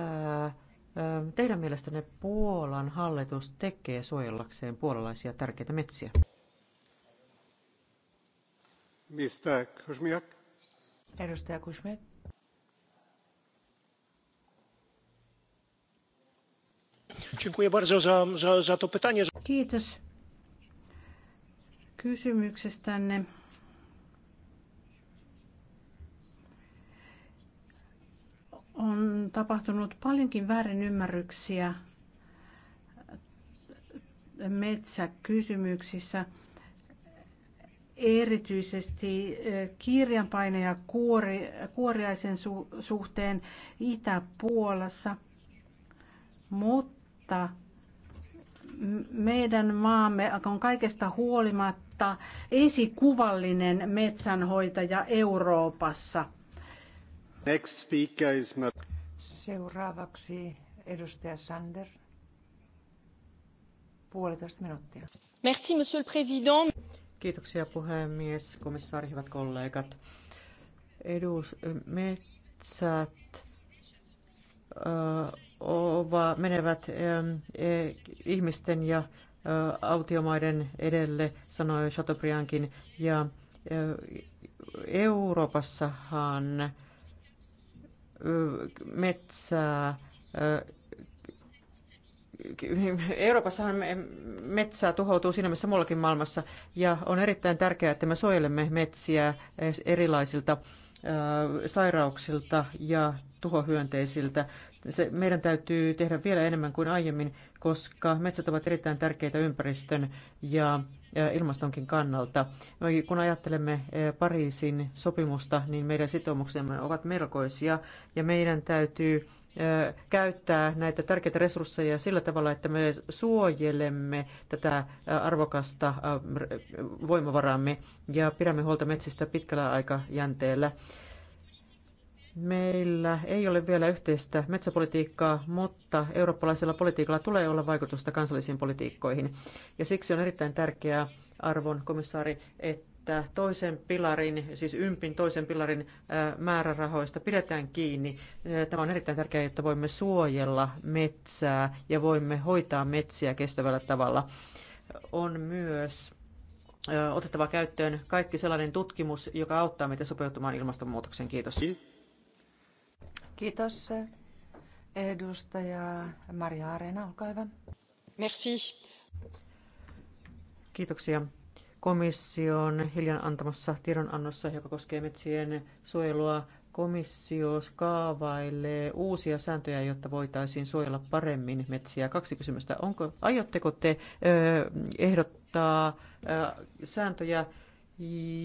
teidän mielestänne Puolan hallitus tekee suojellakseen puolalaisia tärkeitä metsiä? Mistä Kusmiak? Edustaja Kusmiak. Dziękuję bardzo za, za, za to pytanie. Kiitos kysymyksestänne. on tapahtunut paljonkin väärinymmärryksiä metsäkysymyksissä. Erityisesti e, kirjanpaineja kuori, kuoriaisen su- suhteen Itä-Puolassa. Mutta meidän maamme on kaikesta huolimatta esikuvallinen metsänhoitaja Euroopassa – Seuraavaksi edustaja Puolitoista minuuttia. monsieur le président. Kiitoksia puhemies, komissaari, hyvät kollegat. metsät menevät e, ihmisten ja autiomaiden edelle, sanoi Chateaubriandkin. Ja Euroopassahan metsää. Euroopassa metsää tuhoutuu siinä missä muullakin maailmassa, ja on erittäin tärkeää, että me suojelemme metsiä erilaisilta sairauksilta ja tuhohyönteisiltä se, meidän täytyy tehdä vielä enemmän kuin aiemmin, koska metsät ovat erittäin tärkeitä ympäristön ja ilmastonkin kannalta. Kun ajattelemme e, Pariisin sopimusta, niin meidän sitoumuksemme ovat melkoisia ja meidän täytyy e, käyttää näitä tärkeitä resursseja sillä tavalla, että me suojelemme tätä e, arvokasta voimavaraamme ja pidämme huolta metsistä pitkällä aikajänteellä. Meillä ei ole vielä yhteistä metsäpolitiikkaa, mutta eurooppalaisella politiikalla tulee olla vaikutusta kansallisiin politiikkoihin. Ja siksi on erittäin tärkeää, arvon komissaari, että toisen pilarin, siis ympin toisen pilarin määrärahoista pidetään kiinni. Tämä on erittäin tärkeää, jotta voimme suojella metsää ja voimme hoitaa metsiä kestävällä tavalla. On myös otettava käyttöön kaikki sellainen tutkimus, joka auttaa meitä sopeutumaan ilmastonmuutokseen. Kiitos. Kiitos. Edustaja Maria Arena, olkaa hyvä. Merci. Kiitoksia. Komission hiljan antamassa tiedonannossa, joka koskee metsien suojelua, komissio kaavailee uusia sääntöjä, jotta voitaisiin suojella paremmin metsiä. Kaksi kysymystä. Onko, aiotteko te ö, ehdottaa ö, sääntöjä,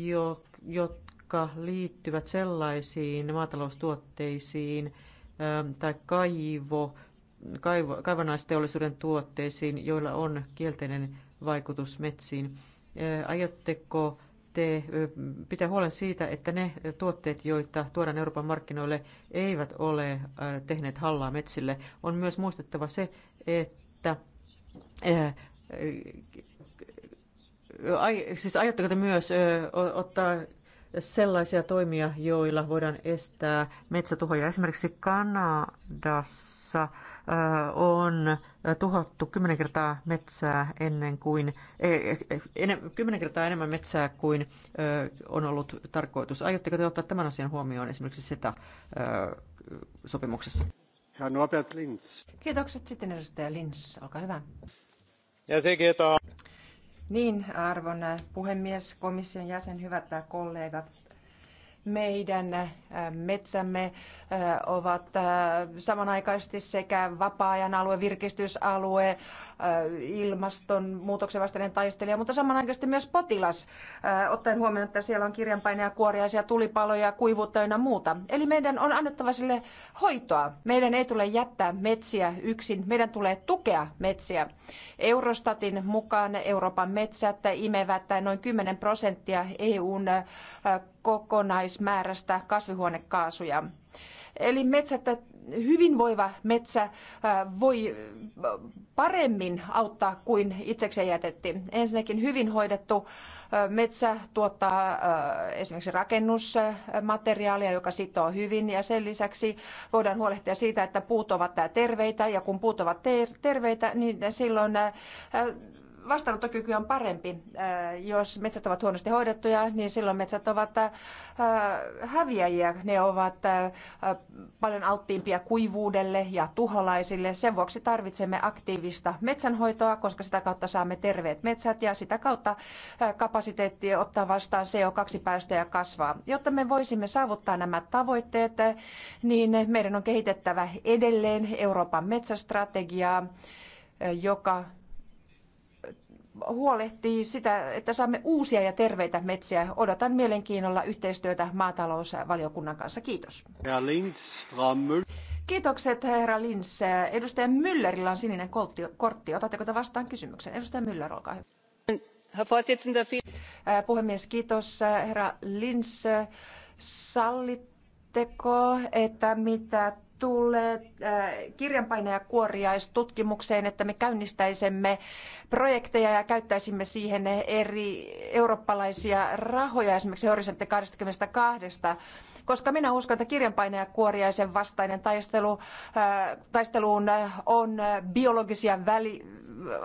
jo, jo, jotka liittyvät sellaisiin maataloustuotteisiin ähm, tai kaivo, kaivo, kaivannaisteollisuuden tuotteisiin, joilla on kielteinen vaikutus metsiin. Äh, aiotteko te pitää huolen siitä, että ne tuotteet, joita tuodaan Euroopan markkinoille, eivät ole äh, tehneet hallaa metsille. On myös muistettava se, että äh, Ai, siis aiotteko te myös ottaa sellaisia toimia, joilla voidaan estää metsätuhoja. Esimerkiksi Kanadassa on tuhottu kymmenen kertaa metsää ennen kuin, e, e, kymmenen kertaa enemmän metsää kuin on ollut tarkoitus. Aiotteko te ottaa tämän asian huomioon esimerkiksi sitä sopimuksessa? Herr Norbert Linz. Kiitokset sitten edustaja Linz, olkaa hyvä. Ja se kiitos. Niin, arvon puhemies, komission jäsen, hyvät kollegat meidän äh, metsämme äh, ovat äh, samanaikaisesti sekä vapaa-ajan alue, virkistysalue, ilmastonmuutoksen vastainen taistelija, mutta samanaikaisesti myös potilas, ottaen huomioon, että siellä on kirjanpaineja, kuoriaisia, tulipaloja, kuivuutta ja muuta. Eli meidän on annettava sille hoitoa. Meidän ei tule jättää metsiä yksin, meidän tulee tukea metsiä. Eurostatin mukaan Euroopan metsät imevät noin 10 prosenttia EUn kokonaismäärästä kasvihuonekaasuja. Eli metsät, hyvinvoiva metsä äh, voi äh, paremmin auttaa kuin itsekseen jätettiin. Ensinnäkin hyvin hoidettu äh, metsä tuottaa esimerkiksi rakennusmateriaalia, joka sitoo hyvin ja sen lisäksi voidaan huolehtia siitä, että puut ovat terveitä ja kun puut ovat terveitä, niin silloin vastaanottokyky on parempi. Äh, jos metsät ovat huonosti hoidettuja, niin silloin metsät ovat äh, häviäjiä. Ne ovat äh, paljon alttiimpia kuivuudelle ja tuholaisille. Sen vuoksi tarvitsemme aktiivista metsänhoitoa, koska sitä kautta saamme terveet metsät ja sitä kautta kapasiteetti ottaa vastaan CO2-päästöjä kasvaa. Jotta me voisimme saavuttaa nämä tavoitteet, niin meidän on kehitettävä edelleen Euroopan metsästrategiaa, joka huolehtii sitä, että saamme uusia ja terveitä metsiä. Odotan mielenkiinnolla yhteistyötä maatalousvaliokunnan kanssa. Kiitos. Herr Linz, Frau Kiitokset, herra Lins. Edustaja Müllerillä on sininen kortti. Otatteko te vastaan kysymyksen? Edustaja Müller, olkaa hyvä. Puhemies, kiitos. Herra Lins, sallitteko, että mitä tulleet äh, kirjanpainajakuoriaistutkimukseen, että me käynnistäisimme projekteja ja käyttäisimme siihen eri eurooppalaisia rahoja, esimerkiksi Horisontti 22, koska minä uskon, että kirjanpainajakuoriaisen vastainen taistelu, äh, taisteluun on biologisia väli,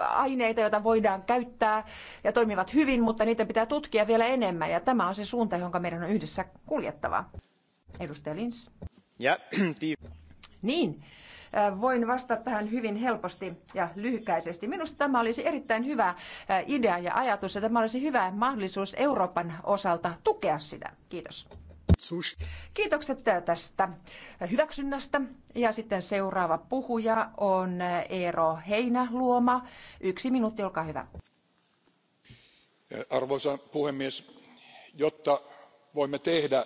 aineita, joita voidaan käyttää ja toimivat hyvin, mutta niitä pitää tutkia vielä enemmän. Ja tämä on se suunta, jonka meidän on yhdessä kuljettava. Edustaja Lins. Ja, Niin, äh, voin vastata tähän hyvin helposti ja lyhykäisesti. Minusta tämä olisi erittäin hyvä äh, idea ja ajatus, ja tämä olisi hyvä mahdollisuus Euroopan osalta tukea sitä. Kiitos. Kiitokset tästä hyväksynnästä. Ja sitten seuraava puhuja on äh, Eero Heinäluoma. Yksi minuutti, olkaa hyvä. Arvoisa puhemies, jotta voimme tehdä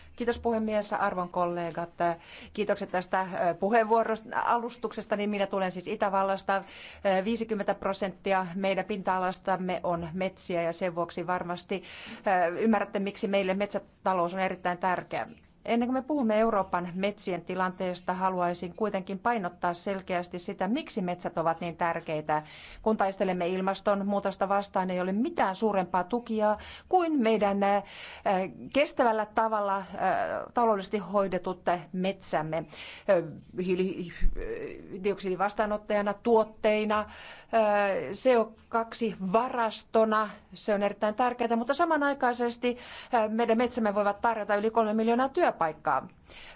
Kiitos puhemies, arvon kollegat. Kiitokset tästä puheenvuorosta, alustuksesta. Niin minä tulen siis Itävallasta. 50 prosenttia meidän pinta-alastamme on metsiä ja sen vuoksi varmasti ymmärrätte, miksi meille metsätalous on erittäin tärkeä. Ennen kuin me puhumme Euroopan metsien tilanteesta, haluaisin kuitenkin painottaa selkeästi sitä, miksi metsät ovat niin tärkeitä. Kun taistelemme ilmastonmuutosta vastaan, ei ole mitään suurempaa tukia kuin meidän äh, kestävällä tavalla äh, taloudellisesti hoidetut metsämme. Äh, Hiilidioksidin vastaanottajana, tuotteina, CO2-varastona, se on erittäin tärkeää, mutta samanaikaisesti meidän metsämme voivat tarjota yli kolme miljoonaa työpaikkaa työpaikkaa.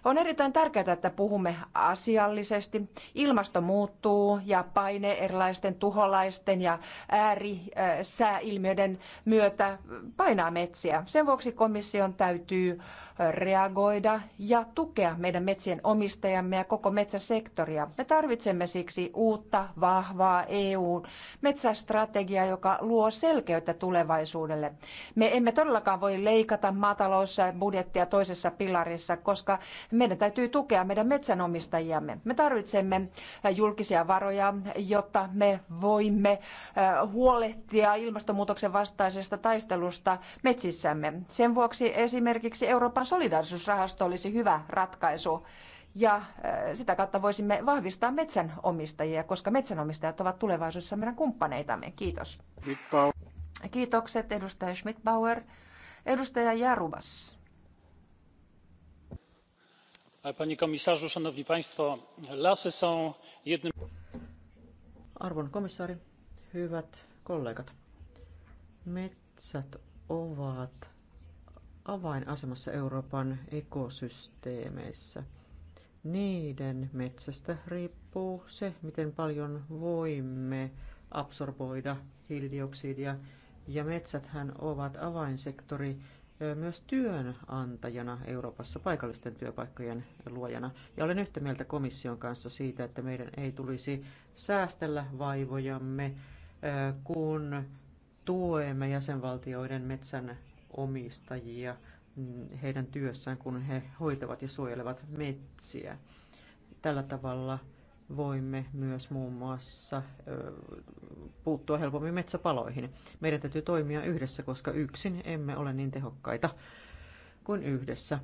On erittäin tärkeää, että puhumme asiallisesti. Ilmasto muuttuu ja paine erilaisten tuholaisten ja äärisääilmiöiden äh, myötä painaa metsiä. Sen vuoksi komission täytyy äh, reagoida ja tukea meidän metsien omistajamme ja koko metsäsektoria. Me tarvitsemme siksi uutta, vahvaa EU-metsästrategiaa, joka luo selkeyttä tulevaisuudelle. Me emme todellakaan voi leikata maatalousbudjettia toisessa pilarissa, koska meidän täytyy tukea meidän metsänomistajiamme. Me tarvitsemme julkisia varoja, jotta me voimme huolehtia ilmastonmuutoksen vastaisesta taistelusta metsissämme. Sen vuoksi esimerkiksi Euroopan solidaarisuusrahasto olisi hyvä ratkaisu ja sitä kautta voisimme vahvistaa metsänomistajia, koska metsänomistajat ovat tulevaisuudessa meidän kumppaneitamme. Kiitos. Kiitokset edustaja Schmidbauer. Edustaja Jarubas panie komisarzu! szanowni państwo! lasy są jednym. arvon komissaari hyvät kollegat metsät ovat avainasemassa euroopan ekosysteemeissä. niiden metsästä riippuu se miten paljon voimme absorboida hiilidioksidia ja metsäthän ovat avainsektori myös työnantajana Euroopassa paikallisten työpaikkojen luojana. Ja olen yhtä mieltä komission kanssa siitä, että meidän ei tulisi säästellä vaivojamme, kun tuemme jäsenvaltioiden metsän omistajia mm, heidän työssään, kun he hoitavat ja suojelevat metsiä. Tällä tavalla voimme myös muun muassa puuttua helpommin metsäpaloihin. Meidän täytyy toimia yhdessä, koska yksin emme ole niin tehokkaita kuin yhdessä.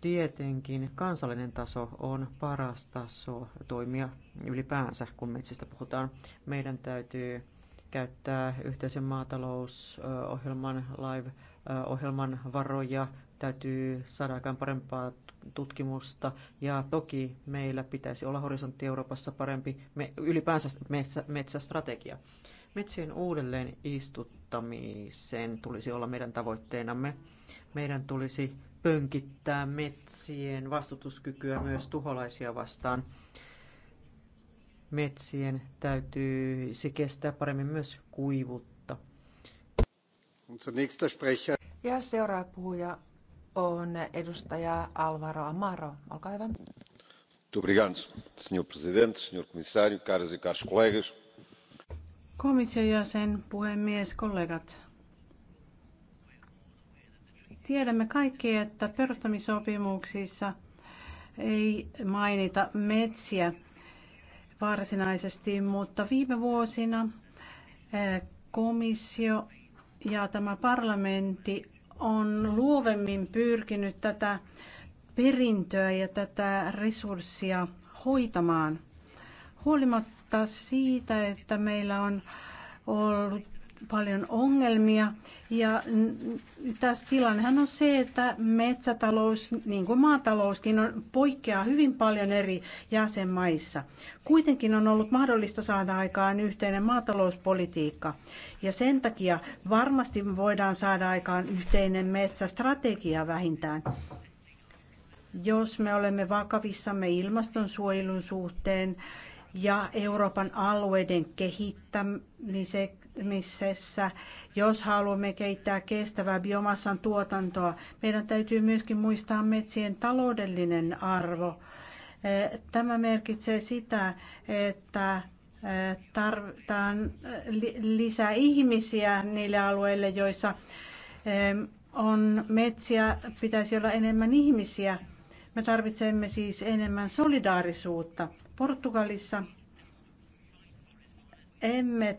Tietenkin kansallinen taso on paras taso toimia ylipäänsä, kun metsistä puhutaan. Meidän täytyy käyttää yhteisen maatalousohjelman, live-ohjelman varoja, täytyy saada aikaan parempaa tutkimusta ja toki meillä pitäisi olla horisontti Euroopassa parempi me, ylipäänsä metsä, metsästrategia. Metsien uudelleen istuttamisen tulisi olla meidän tavoitteenamme. Meidän tulisi pönkittää metsien vastutuskykyä myös tuholaisia vastaan. Metsien täytyy se kestää paremmin myös kuivuutta. Ja seuraava puhuja on edustaja Alvaro Amaro. Olkaa hyvä. Obrigado, senhor presidente, senhor comissário, caras e caros colegas. Komission jäsen, puhemies, kollegat. Tiedämme kaikki, että perustamisopimuksissa ei mainita metsiä varsinaisesti, mutta viime vuosina eh, komissio ja tämä parlamentti on luovemmin pyrkinyt tätä perintöä ja tätä resurssia hoitamaan. Huolimatta siitä, että meillä on ollut paljon ongelmia. Ja tässä tilannehan on se, että metsätalous, niin kuin maatalouskin, on, poikkeaa hyvin paljon eri jäsenmaissa. Kuitenkin on ollut mahdollista saada aikaan yhteinen maatalouspolitiikka. Ja sen takia varmasti voidaan saada aikaan yhteinen metsästrategia vähintään. Jos me olemme vakavissamme ilmastonsuojelun suhteen ja Euroopan alueiden kehittämiseksi, kehittämisessä, jos haluamme kehittää kestävää biomassan tuotantoa. Meidän täytyy myöskin muistaa metsien taloudellinen arvo. Eh, tämä merkitsee sitä, että eh, tarvitaan lisää ihmisiä niille alueille, joissa eh, on metsiä, pitäisi olla enemmän ihmisiä. Me tarvitsemme siis enemmän solidaarisuutta. Portugalissa emme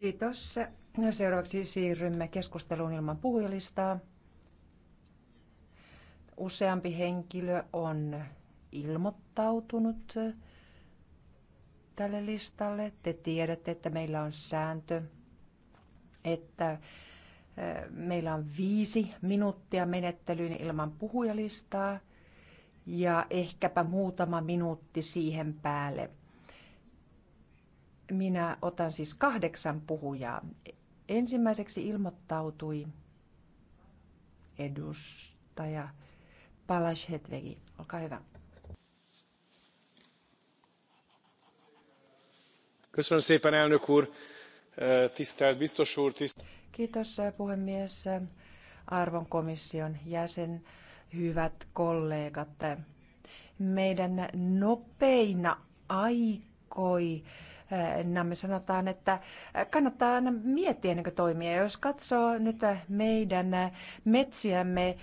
Kiitos. Seuraavaksi siirrymme keskusteluun ilman puhujalistaa. Useampi henkilö on ilmoittautunut tälle listalle. Te tiedätte, että meillä on sääntö, että eh, meillä on viisi minuuttia menettelyyn ilman puhujalistaa ja ehkäpä muutama minuutti siihen päälle minä otan siis kahdeksan puhujaa. Ensimmäiseksi ilmoittautui edustaja Palash Hetvegi. Olkaa hyvä. Kiitos puhemies, arvon komission jäsen, hyvät kollegat. Meidän nopeina aikoi me sanotaan, että kannattaa aina miettiä ennen kuin toimia. Jos katsoo nyt meidän metsiämme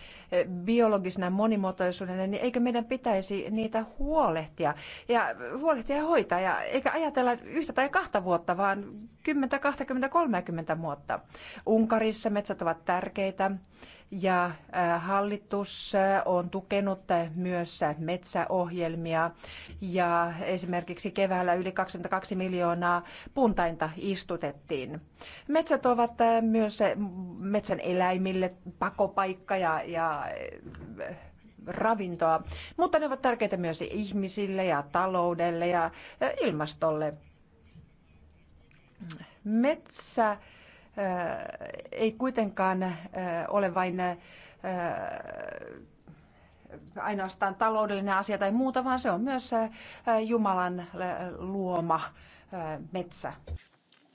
biologisena monimuotoisuudena, niin eikö meidän pitäisi niitä huolehtia ja huolehtia ja hoitaa, ja eikä ajatella yhtä tai kahta vuotta, vaan 10, 20, 30 vuotta. Unkarissa metsät ovat tärkeitä ja hallitus on tukenut myös metsäohjelmia ja esimerkiksi keväällä yli 22 miljoonaa puntainta istutettiin. Metsät ovat myös metsän eläimille pakopaikka ja, ja ravintoa, mutta ne ovat tärkeitä myös ihmisille ja taloudelle ja ilmastolle. Metsä ei kuitenkaan ole vain ainoastaan taloudellinen asia tai muuta, vaan se on myös Jumalan luoma metsä.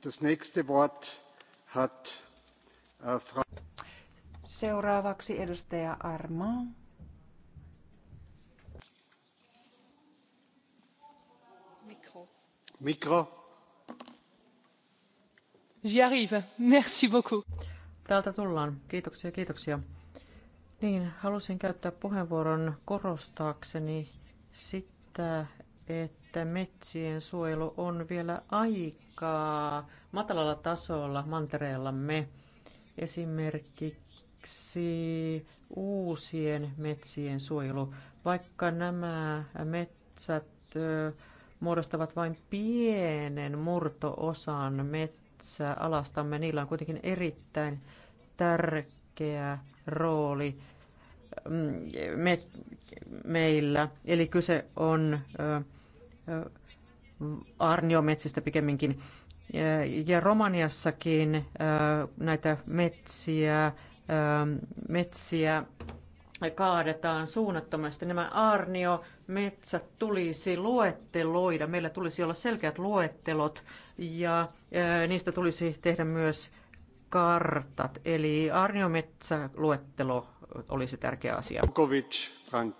Das nächste Wort hat äh, Frau... Seuraavaksi edustaja Arma. Mikro. Mikro. J'y arrive. Merci beaucoup. Täältä tullaan. Kiitoksia, kiitoksia. Niin, halusin käyttää puheenvuoron korostaakseni sitä, että metsien suojelu on vielä aikaa matalalla tasolla mantereellamme. Esimerkiksi uusien metsien suojelu. Vaikka nämä metsät muodostavat vain pienen murtoosan metsiä, metsää alastamme, niillä on kuitenkin erittäin tärkeä rooli mm, me, meillä. Eli kyse on arniometsistä pikemminkin. Ja Romaniassakin näitä metsiä, metsiä kaadetaan suunnattomasti. Nämä arnio-metsät tulisi luetteloida. Meillä tulisi olla selkeät luettelot ja niistä tulisi tehdä myös kartat. Eli arnio luettelo olisi tärkeä asia. Pokovic, Frank.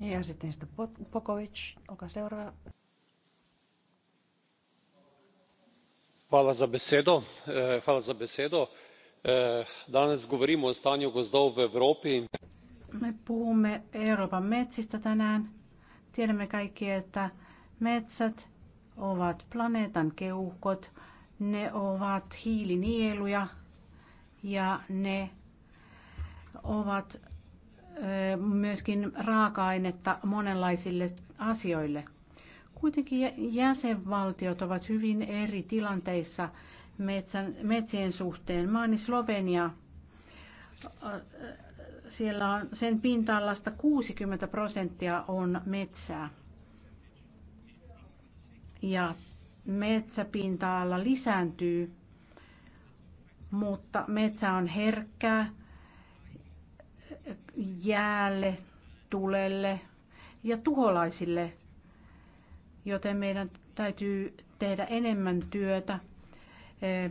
Ja sitten sitä Pokovic, olkaa seuraava. Hvala za besedo. E, hvala za besedo. E, danes govorimo o stanju gozdov v Evropi. Me puhumme Euroopan metsistä tänään. Tiedämme kaikki, että metsät ovat planeetan keuhkot, ne ovat hiilinieluja ja ne ovat myöskin raaka-ainetta monenlaisille asioille. Kuitenkin jäsenvaltiot ovat hyvin eri tilanteissa metsän, metsien suhteen. Maani Slovenia siellä on, sen pinta-alasta 60 prosenttia on metsää. Ja metsäpinta-ala lisääntyy, mutta metsä on herkkää jäälle, tulelle ja tuholaisille, joten meidän täytyy tehdä enemmän työtä eh,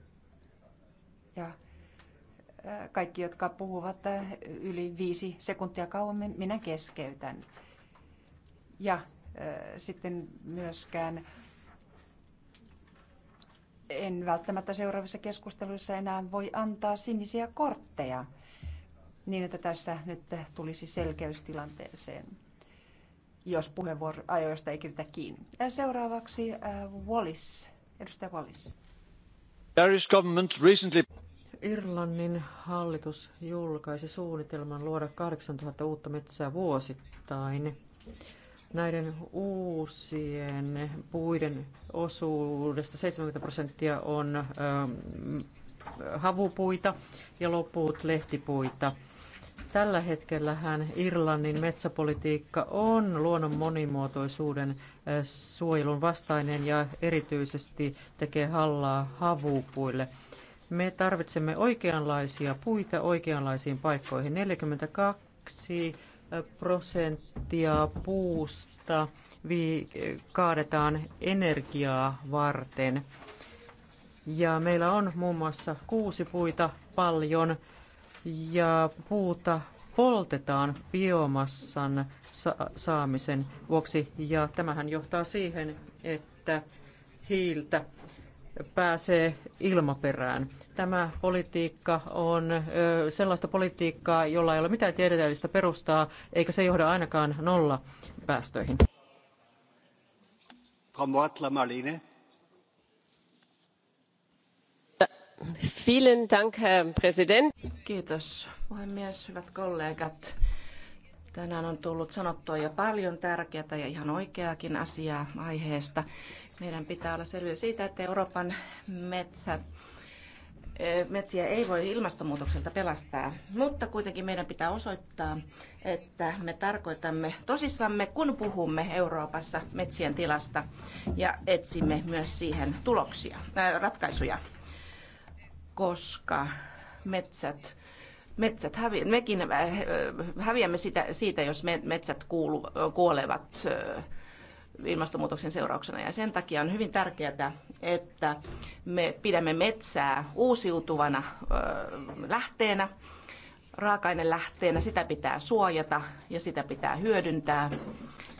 ja kaikki, jotka puhuvat yli viisi sekuntia kauemmin, minä keskeytän. Ja sitten myöskään en välttämättä seuraavissa keskusteluissa enää voi antaa sinisiä kortteja niin, että tässä nyt tulisi selkeys tilanteeseen, jos puheenvuoroajoista ei kirjoita kiinni. Ja seuraavaksi Wallis, edustaja Wallis. The Irish government recently... Irlannin hallitus julkaisi suunnitelman luoda 8000 uutta metsää vuosittain. Näiden uusien puiden osuudesta 70 prosenttia on havupuita ja loput lehtipuita. Tällä hetkellähän Irlannin metsäpolitiikka on luonnon monimuotoisuuden suojelun vastainen ja erityisesti tekee hallaa havupuille. Me tarvitsemme oikeanlaisia puita oikeanlaisiin paikkoihin. 42 prosenttia puusta kaadetaan energiaa varten. Ja meillä on muun muassa puita paljon ja puuta poltetaan biomassan saamisen vuoksi. Ja tämähän johtaa siihen, että hiiltä pääsee ilmaperään. Tämä politiikka on sellaista politiikkaa, jolla ei ole mitään tieteellistä perustaa, eikä se johda ainakaan nolla päästöihin. Herr Präsident! Kiitos puhemies, hyvät kollegat. Tänään on tullut sanottua jo paljon tärkeää ja ihan oikeaakin asiaa aiheesta. Meidän pitää olla selvillä siitä, että Euroopan metsät metsiä ei voi ilmastonmuutokselta pelastaa, mutta kuitenkin meidän pitää osoittaa, että me tarkoitamme tosissamme, kun puhumme Euroopassa metsien tilasta ja etsimme myös siihen tuloksia, ää, ratkaisuja, koska metsät Metsät hävi, mekin häviämme sitä, siitä, jos metsät kuulu, kuolevat ilmastonmuutoksen seurauksena. Ja sen takia on hyvin tärkeää, että me pidämme metsää uusiutuvana lähteenä, raaka-ainelähteenä. Sitä pitää suojata ja sitä pitää hyödyntää.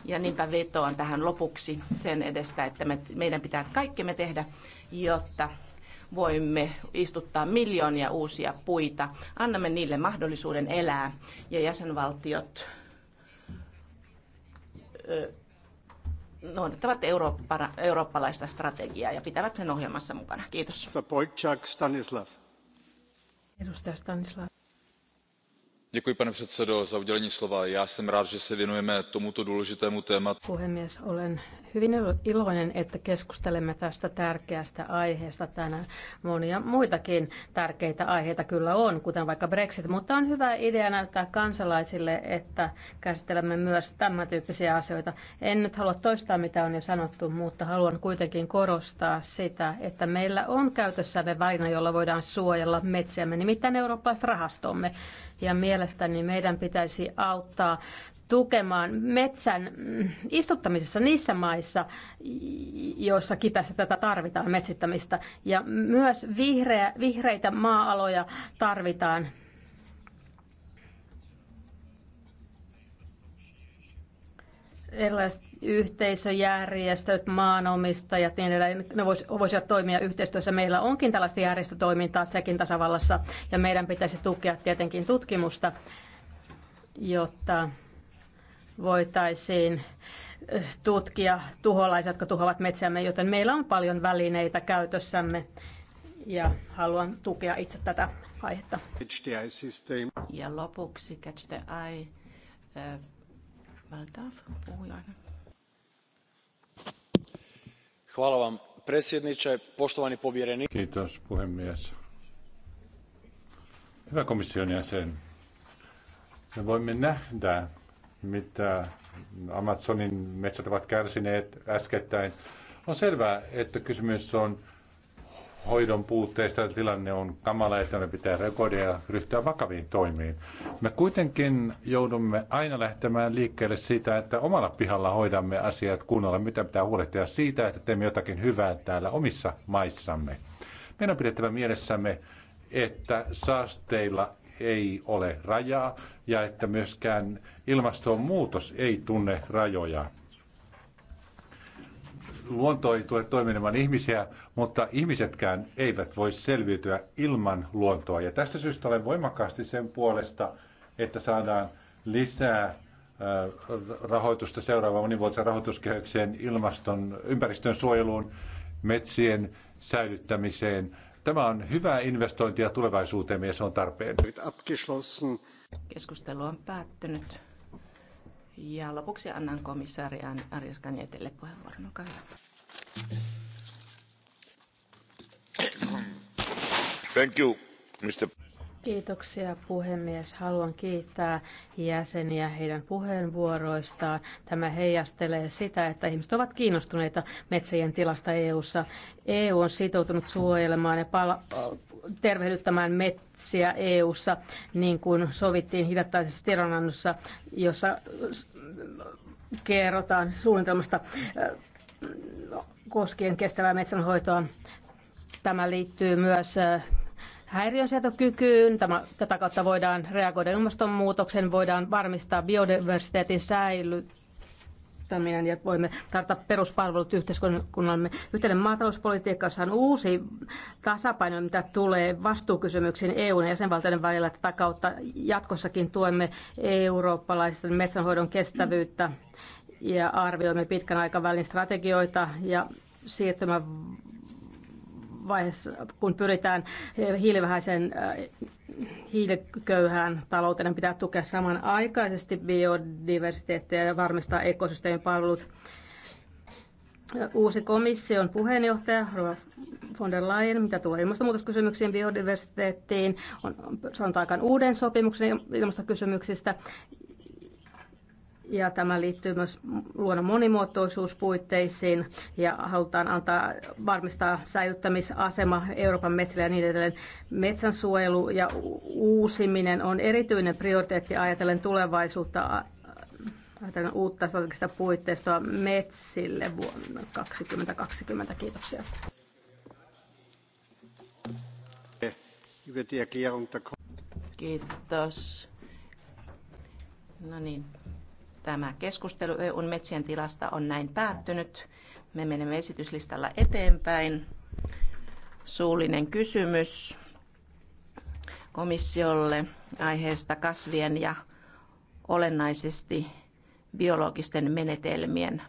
Ja niinpä vetoan tähän lopuksi sen edestä, että me, meidän pitää kaikkemme tehdä, jotta voimme istuttaa miljoonia uusia puita. Annamme niille mahdollisuuden elää ja jäsenvaltiot noudattavat eurooppa, eurooppalaista strategiaa ja pitävät sen ohjelmassa mukana. Kiitos. Stanislav. Edustaja Stanislav. Děkuji, pane předsedo, za udělení slova. Já jsem rád, že se věnujeme tomuto důležitému tématu. Puhemies, olen hyvin iloinen, että keskustelemme tästä tärkeästä aiheesta tänään. Monia muitakin tärkeitä aiheita kyllä on, kuten vaikka Brexit, mutta on hyvä idea näyttää kansalaisille, että käsittelemme myös tämän tyyppisiä asioita. En nyt halua toistaa, mitä on jo sanottu, mutta haluan kuitenkin korostaa sitä, että meillä on käytössämme väline, jolla voidaan suojella metsiämme, nimittäin eurooppalaiset rahastomme. Ja mielestäni meidän pitäisi auttaa tukemaan metsän mm, istuttamisessa niissä maissa, joissa kipässä tätä tarvitaan metsittämistä. Ja myös vihreä, vihreitä maa-aloja tarvitaan erilaiset yhteisöjärjestöt, maanomistajat, niin edelleen, ne vois, toimia yhteistyössä. Meillä onkin tällaista järjestötoimintaa Tsekin tasavallassa ja meidän pitäisi tukea tietenkin tutkimusta, jotta voitaisiin tutkia tuholaiset, jotka tuhoavat metsämme, joten meillä on paljon välineitä käytössämme ja haluan tukea itse tätä aihetta. Ja lopuksi Catch the Eye. Valtav, puhujana. Hvala poštovani povjerenik. Kiitos puhemies. Hyvä komission jäsen. Me voimme nähdä, mitä Amazonin metsät ovat kärsineet äskettäin. On selvää, että kysymys on hoidon puutteista, tilanne on kamala, että me pitää rekordia ja ryhtyä vakaviin toimiin. Me kuitenkin joudumme aina lähtemään liikkeelle siitä, että omalla pihalla hoidamme asiat kunnolla, mitä pitää huolehtia siitä, että teemme jotakin hyvää täällä omissa maissamme. Meidän on pidettävä mielessämme, että saasteilla ei ole rajaa ja että myöskään ilmastonmuutos ei tunne rajoja. Luonto ei tule toimimaan ihmisiä, mutta ihmisetkään eivät voi selviytyä ilman luontoa. Ja tästä syystä olen voimakkaasti sen puolesta, että saadaan lisää äh, rahoitusta seuraavaan monivuotisen rahoituskehykseen, ilmaston, ympäristön suojeluun, metsien säilyttämiseen. Tämä on hyvää investointia tulevaisuuteen ja se on tarpeen. Keskustelu on päättynyt. Ja lopuksi annan komissaari Arjas Kanjetille puheenvuoron. Olkaa hyvä. Thank you, Mr. Kiitoksia puhemies. Haluan kiittää jäseniä heidän puheenvuoroistaan. Tämä heijastelee sitä, että ihmiset ovat kiinnostuneita metsien tilasta EU:ssa. EU on sitoutunut suojelemaan ja pala- tervehdyttämään metsiä EU:ssa, niin kuin sovittiin hidattaisessa tiedonannossa, jossa kerrotaan suunnitelmasta äh, koskien kestävää metsänhoitoa. Tämä liittyy myös äh, häiriönsietokykyyn. Tämä, tätä kautta voidaan reagoida ilmastonmuutokseen, voidaan varmistaa biodiversiteetin säilyttäminen ja voimme tarttaa peruspalvelut yhteiskunnallamme. Yhteinen maatalouspolitiikka on uusi tasapaino, mitä tulee vastuukysymyksiin EUn ja jäsenvaltioiden välillä. Tätä kautta jatkossakin tuemme eurooppalaisten metsänhoidon kestävyyttä ja arvioimme pitkän aikavälin strategioita ja siirtymä vaiheessa, kun pyritään eh, hiilivähäiseen eh, hiiliköyhään talouteen, pitää tukea samanaikaisesti biodiversiteettiä ja varmistaa ekosysteemipalvelut. Eh, uusi komission puheenjohtaja von der Leyen, mitä tulee ilmastonmuutoskysymyksiin, biodiversiteettiin, on saanut aikaan uuden sopimuksen ilmastokysymyksistä ja tämä liittyy myös luonnon monimuotoisuuspuitteisiin ja halutaan antaa varmistaa säilyttämisasema Euroopan metsille ja niin edelleen. Metsänsuojelu ja uusiminen on erityinen prioriteetti ajatellen tulevaisuutta ajatellen uutta strategista puitteistoa metsille vuonna 2020. Kiitoksia. Kiitos. No niin, Tämä keskustelu EUn metsien tilasta on näin päättynyt. Me menemme esityslistalla eteenpäin. Suullinen kysymys komissiolle aiheesta kasvien ja olennaisesti biologisten menetelmien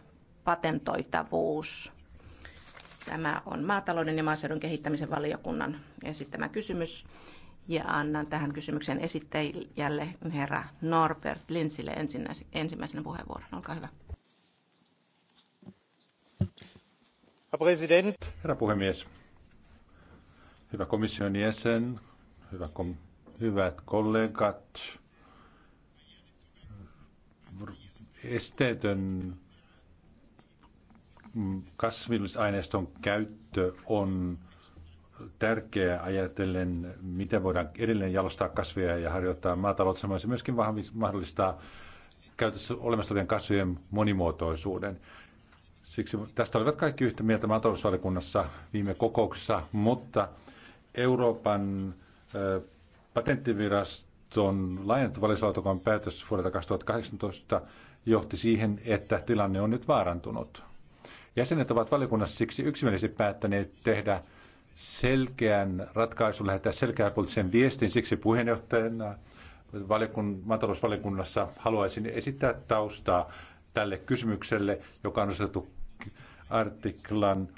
patentoitavuus. Tämä on maatalouden ja maaseudun kehittämisen valiokunnan esittämä kysymys ja annan tähän kysymyksen esittäjälle herra Norbert Linsille ensimmäisenä puheenvuoron. Olkaa hyvä. Herra puhemies, hyvä komission jäsen, hyvä kom- hyvät kollegat, esteetön kasvillisaineiston käyttö on tärkeää ajatellen, miten voidaan edelleen jalostaa kasveja ja harjoittaa maataloutta. Samoin se myöskin mahdollistaa käytössä olemassa olevien kasvien monimuotoisuuden. Siksi tästä olivat kaikki yhtä mieltä maatalousvaliokunnassa viime kokouksessa, mutta Euroopan patenttiviraston laajennettu valitusvaltakunnan päätös vuodelta 2018 johti siihen, että tilanne on nyt vaarantunut. Jäsenet ovat valiokunnassa siksi yksimielisesti päättäneet tehdä selkeän ratkaisun, lähettää selkeän poliittisen viestin. Siksi puheenjohtajana valiokunnan, maatalousvaliokunnassa haluaisin esittää taustaa tälle kysymykselle, joka on osoitettu artiklan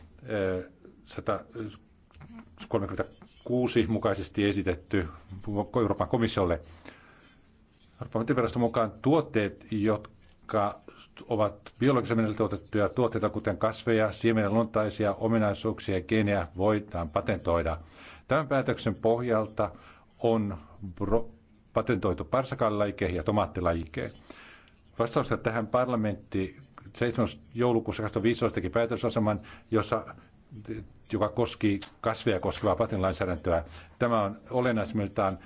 136 eh, mukaisesti esitetty Euroopan komissiolle. Arpamenttiviraston mukaan tuotteet, jotka ovat biologisen otettuja tuotteita, kuten kasveja, siemenen luontaisia ominaisuuksia ja geenejä voidaan patentoida. Tämän päätöksen pohjalta on patentoitu parsakallajike ja tomaattilajike. Vastauksena tähän parlamentti 7. joulukuussa 2015 teki päätösaseman, jossa joka koski kasveja koskevaa patentilainsäädäntöä. Tämä on olennaisemmiltaan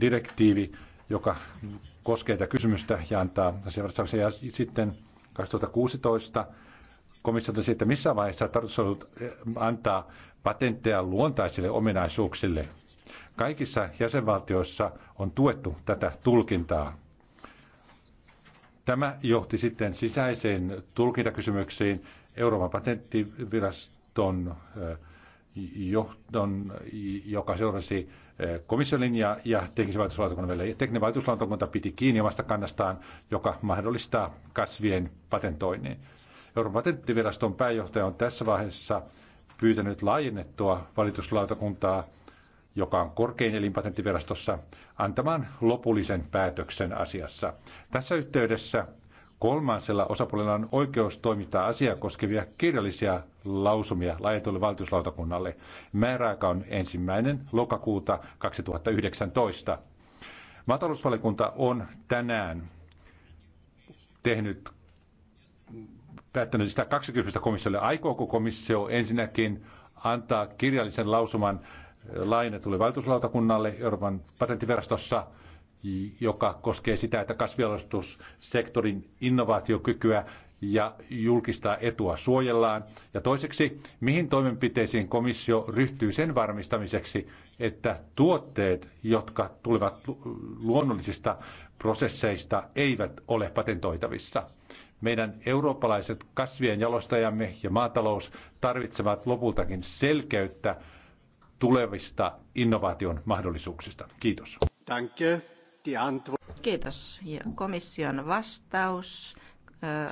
direktiivi, joka koskee tätä kysymystä ja antaa asiavastauksen. Ja sitten 2016 on siitä, missä vaiheessa tarkoitus ollut eh, antaa patentteja luontaisille ominaisuuksille. Kaikissa jäsenvaltioissa on tuettu tätä tulkintaa. Tämä johti sitten sisäiseen tulkintakysymyksiin Euroopan patenttiviraston eh, johdon, joka seurasi eh, komission ja, ja teknisen valituslautakunnan välillä. Tekninen valituslautakunta piti kiinni omasta kannastaan, joka mahdollistaa kasvien patentoinnin. Euroopan patenttiviraston pääjohtaja on tässä vaiheessa pyytänyt laajennettua valituslautakuntaa, joka on korkein elin patenttivirastossa, antamaan lopullisen päätöksen asiassa. Tässä yhteydessä Kolmansella osapuolella on oikeus toimittaa asiaa koskevia kirjallisia lausumia laajentuille valtuuslautakunnalle. Määräaika on ensimmäinen lokakuuta 2019. Maatalousvaliokunta on tänään tehnyt päättänyt sitä 20 komissiolle. Aikooko komissio ensinnäkin antaa kirjallisen lausuman laajennetulle valtuuslautakunnalle Euroopan patenttivirastossa – joka koskee sitä, että kasvialustussektorin innovaatiokykyä ja julkista etua suojellaan? Ja toiseksi, mihin toimenpiteisiin komissio ryhtyy sen varmistamiseksi, että tuotteet, jotka tulevat luonnollisista prosesseista, eivät ole patentoitavissa? Meidän eurooppalaiset kasvien jalostajamme ja maatalous tarvitsevat lopultakin selkeyttä tulevista innovaation mahdollisuuksista. Kiitos. Danke. Kiitos. Ja komission vastaus,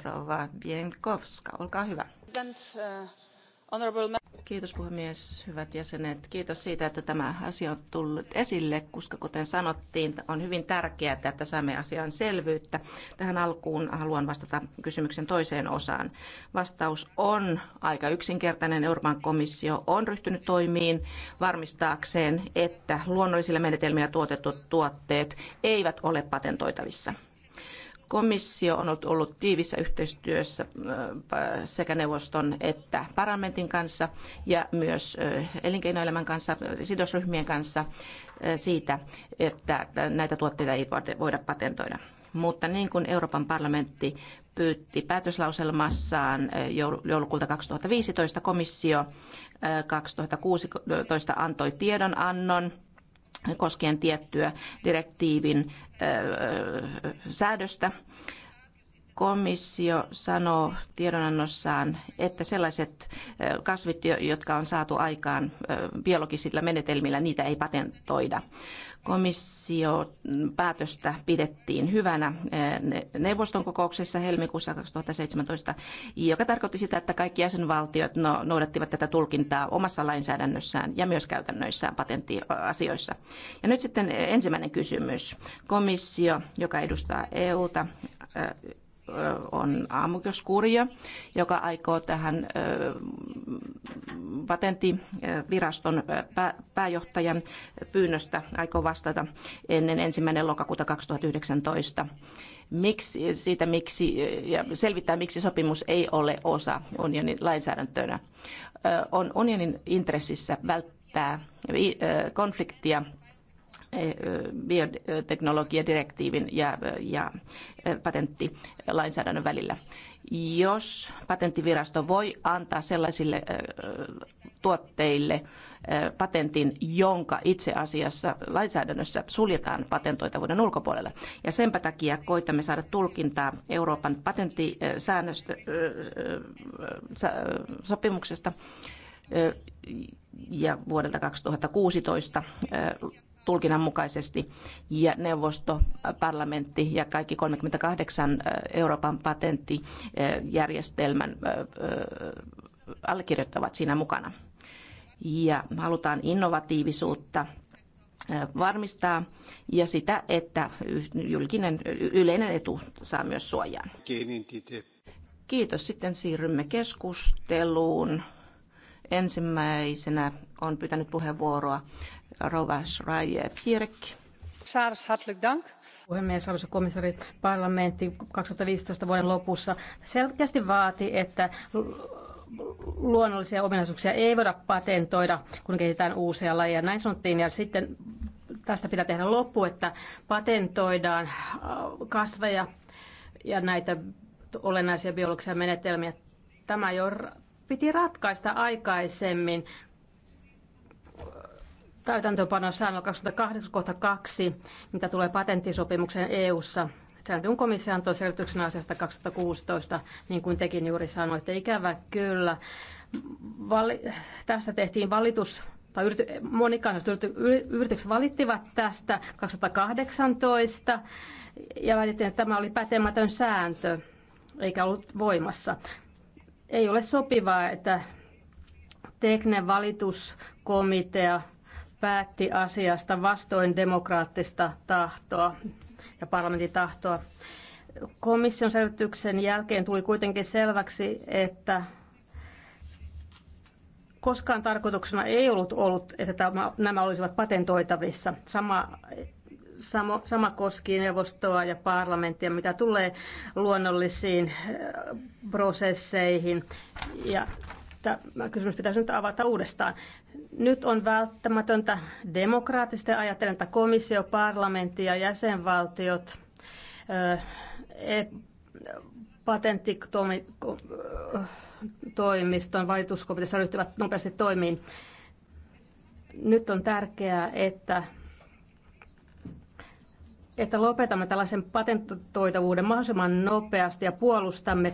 Rova Bienkowska, olkaa hyvä. Kiitos puhemies, hyvät jäsenet. Kiitos siitä, että tämä asia on tullut esille, koska kuten sanottiin, on hyvin tärkeää, että saamme asian selvyyttä. Tähän alkuun haluan vastata kysymyksen toiseen osaan. Vastaus on aika yksinkertainen. Euroopan komissio on ryhtynyt toimiin varmistaakseen, että luonnollisilla menetelmillä tuotetut tuotteet eivät ole patentoitavissa. Komissio on ollut tiivissä yhteistyössä sekä neuvoston että parlamentin kanssa ja myös elinkeinoelämän kanssa, sidosryhmien kanssa siitä, että näitä tuotteita ei voida patentoida. Mutta niin kuin Euroopan parlamentti pyytti päätöslauselmassaan joulukuulta 2015, komissio 2016 antoi tiedonannon koskien tiettyä direktiivin säädöstä. Komissio sanoo tiedonannossaan, että sellaiset kasvit, jotka on saatu aikaan biologisilla menetelmillä, niitä ei patentoida komissio mm, päätöstä pidettiin hyvänä eh, neuvoston kokouksessa helmikuussa 2017, joka tarkoitti sitä, että kaikki jäsenvaltiot no, noudattivat tätä tulkintaa omassa lainsäädännössään ja myös käytännöissään patenttiasioissa. Ja nyt sitten ensimmäinen kysymys. Komissio, joka edustaa EUta, eh, on aamukoskuria, joka aikoo tähän patenttiviraston pääjohtajan pyynnöstä aikoo vastata ennen ensimmäinen lokakuuta 2019 miksi, siitä miksi, ja selvittää, miksi sopimus ei ole osa unionin lainsäädäntöä. On unionin intressissä välttää konfliktia bioteknologiadirektiivin ja, ja patenttilainsäädännön välillä. Jos patenttivirasto voi antaa sellaisille tuotteille patentin, jonka itse asiassa lainsäädännössä suljetaan patentoitavuuden ulkopuolelle. Ja senpä takia koitamme saada tulkintaa Euroopan patenttisopimuksesta ja vuodelta 2016 tulkinnan mukaisesti. Ja neuvosto, parlamentti ja kaikki 38 Euroopan patenttijärjestelmän allekirjoittavat siinä mukana. Ja halutaan innovatiivisuutta varmistaa ja sitä, että julkinen, yleinen etu saa myös suojaan. Kiitos. Sitten siirrymme keskusteluun. Ensimmäisenä on pyytänyt puheenvuoroa arvoisa puhemies, arvoisa komissari, parlamentti 2015 vuoden lopussa selkeästi vaati, että luonnollisia ominaisuuksia ei voida patentoida, kun kehitetään uusia lajeja. Näin sanottiin ja sitten tästä pitää tehdä loppu, että patentoidaan äh, kasveja ja näitä olennaisia biologisia menetelmiä. Tämä jo piti ratkaista aikaisemmin, täytäntöönpano säännöllä 28 kohta 2, mitä tulee patenttisopimukseen EU-ssa. Sääntön komissio antoi selityksen asiasta 2016, niin kuin tekin juuri sanoitte. Ikävä kyllä. Vali- tässä tehtiin valitus tai yrity, monikansalliset yritykset valittivat tästä 2018 ja väitettiin, että tämä oli pätemätön sääntö eikä ollut voimassa. Ei ole sopivaa, että tekninen valituskomitea päätti asiasta vastoin demokraattista tahtoa ja parlamentin tahtoa. Komission selvityksen jälkeen tuli kuitenkin selväksi, että koskaan tarkoituksena ei ollut ollut, että tämä, nämä olisivat patentoitavissa. Sama, sama, sama koski neuvostoa ja parlamenttia, mitä tulee luonnollisiin prosesseihin. Ja että kysymys pitäisi nyt avata uudestaan. Nyt on välttämätöntä demokraattisesti ajatellen, että komissio, parlamentti ja jäsenvaltiot e, patenttitoimiston valituskomiteassa ryhtyvät nopeasti toimiin. Nyt on tärkeää, että että lopetamme tällaisen patentoitavuuden mahdollisimman nopeasti ja puolustamme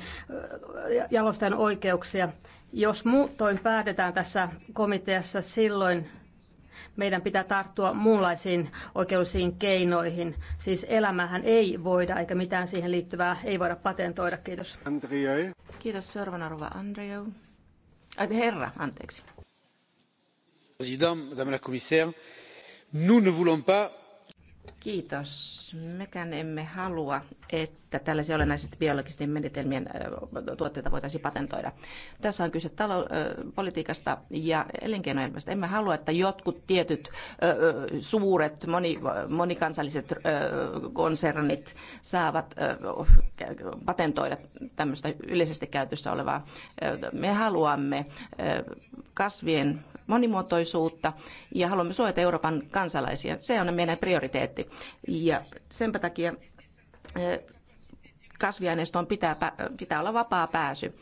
jalostajan oikeuksia jos muutoin päätetään tässä komiteassa, silloin meidän pitää tarttua muunlaisiin oikeudellisiin keinoihin. Siis elämähän ei voida, eikä mitään siihen liittyvää ei voida patentoida. Kiitos. Andrieu. Kiitos seuraavana Rova Andreu. Ai, herra, anteeksi. madame la commissaire, nous ne voulons pas Kiitos. Mekään emme halua, että että tällaisia olennaisesti biologisten menetelmien tuotteita voitaisiin patentoida. Tässä on kyse talo politiikasta ja elinkeinoelämästä. Emme halua, että jotkut tietyt suuret moni, monikansalliset konsernit saavat patentoida tämmöistä yleisesti käytössä olevaa. Me haluamme kasvien monimuotoisuutta ja haluamme suojata Euroopan kansalaisia. Se on meidän prioriteetti. Ja senpä takia kasviaineistoon pitää, pitää olla vapaa pääsy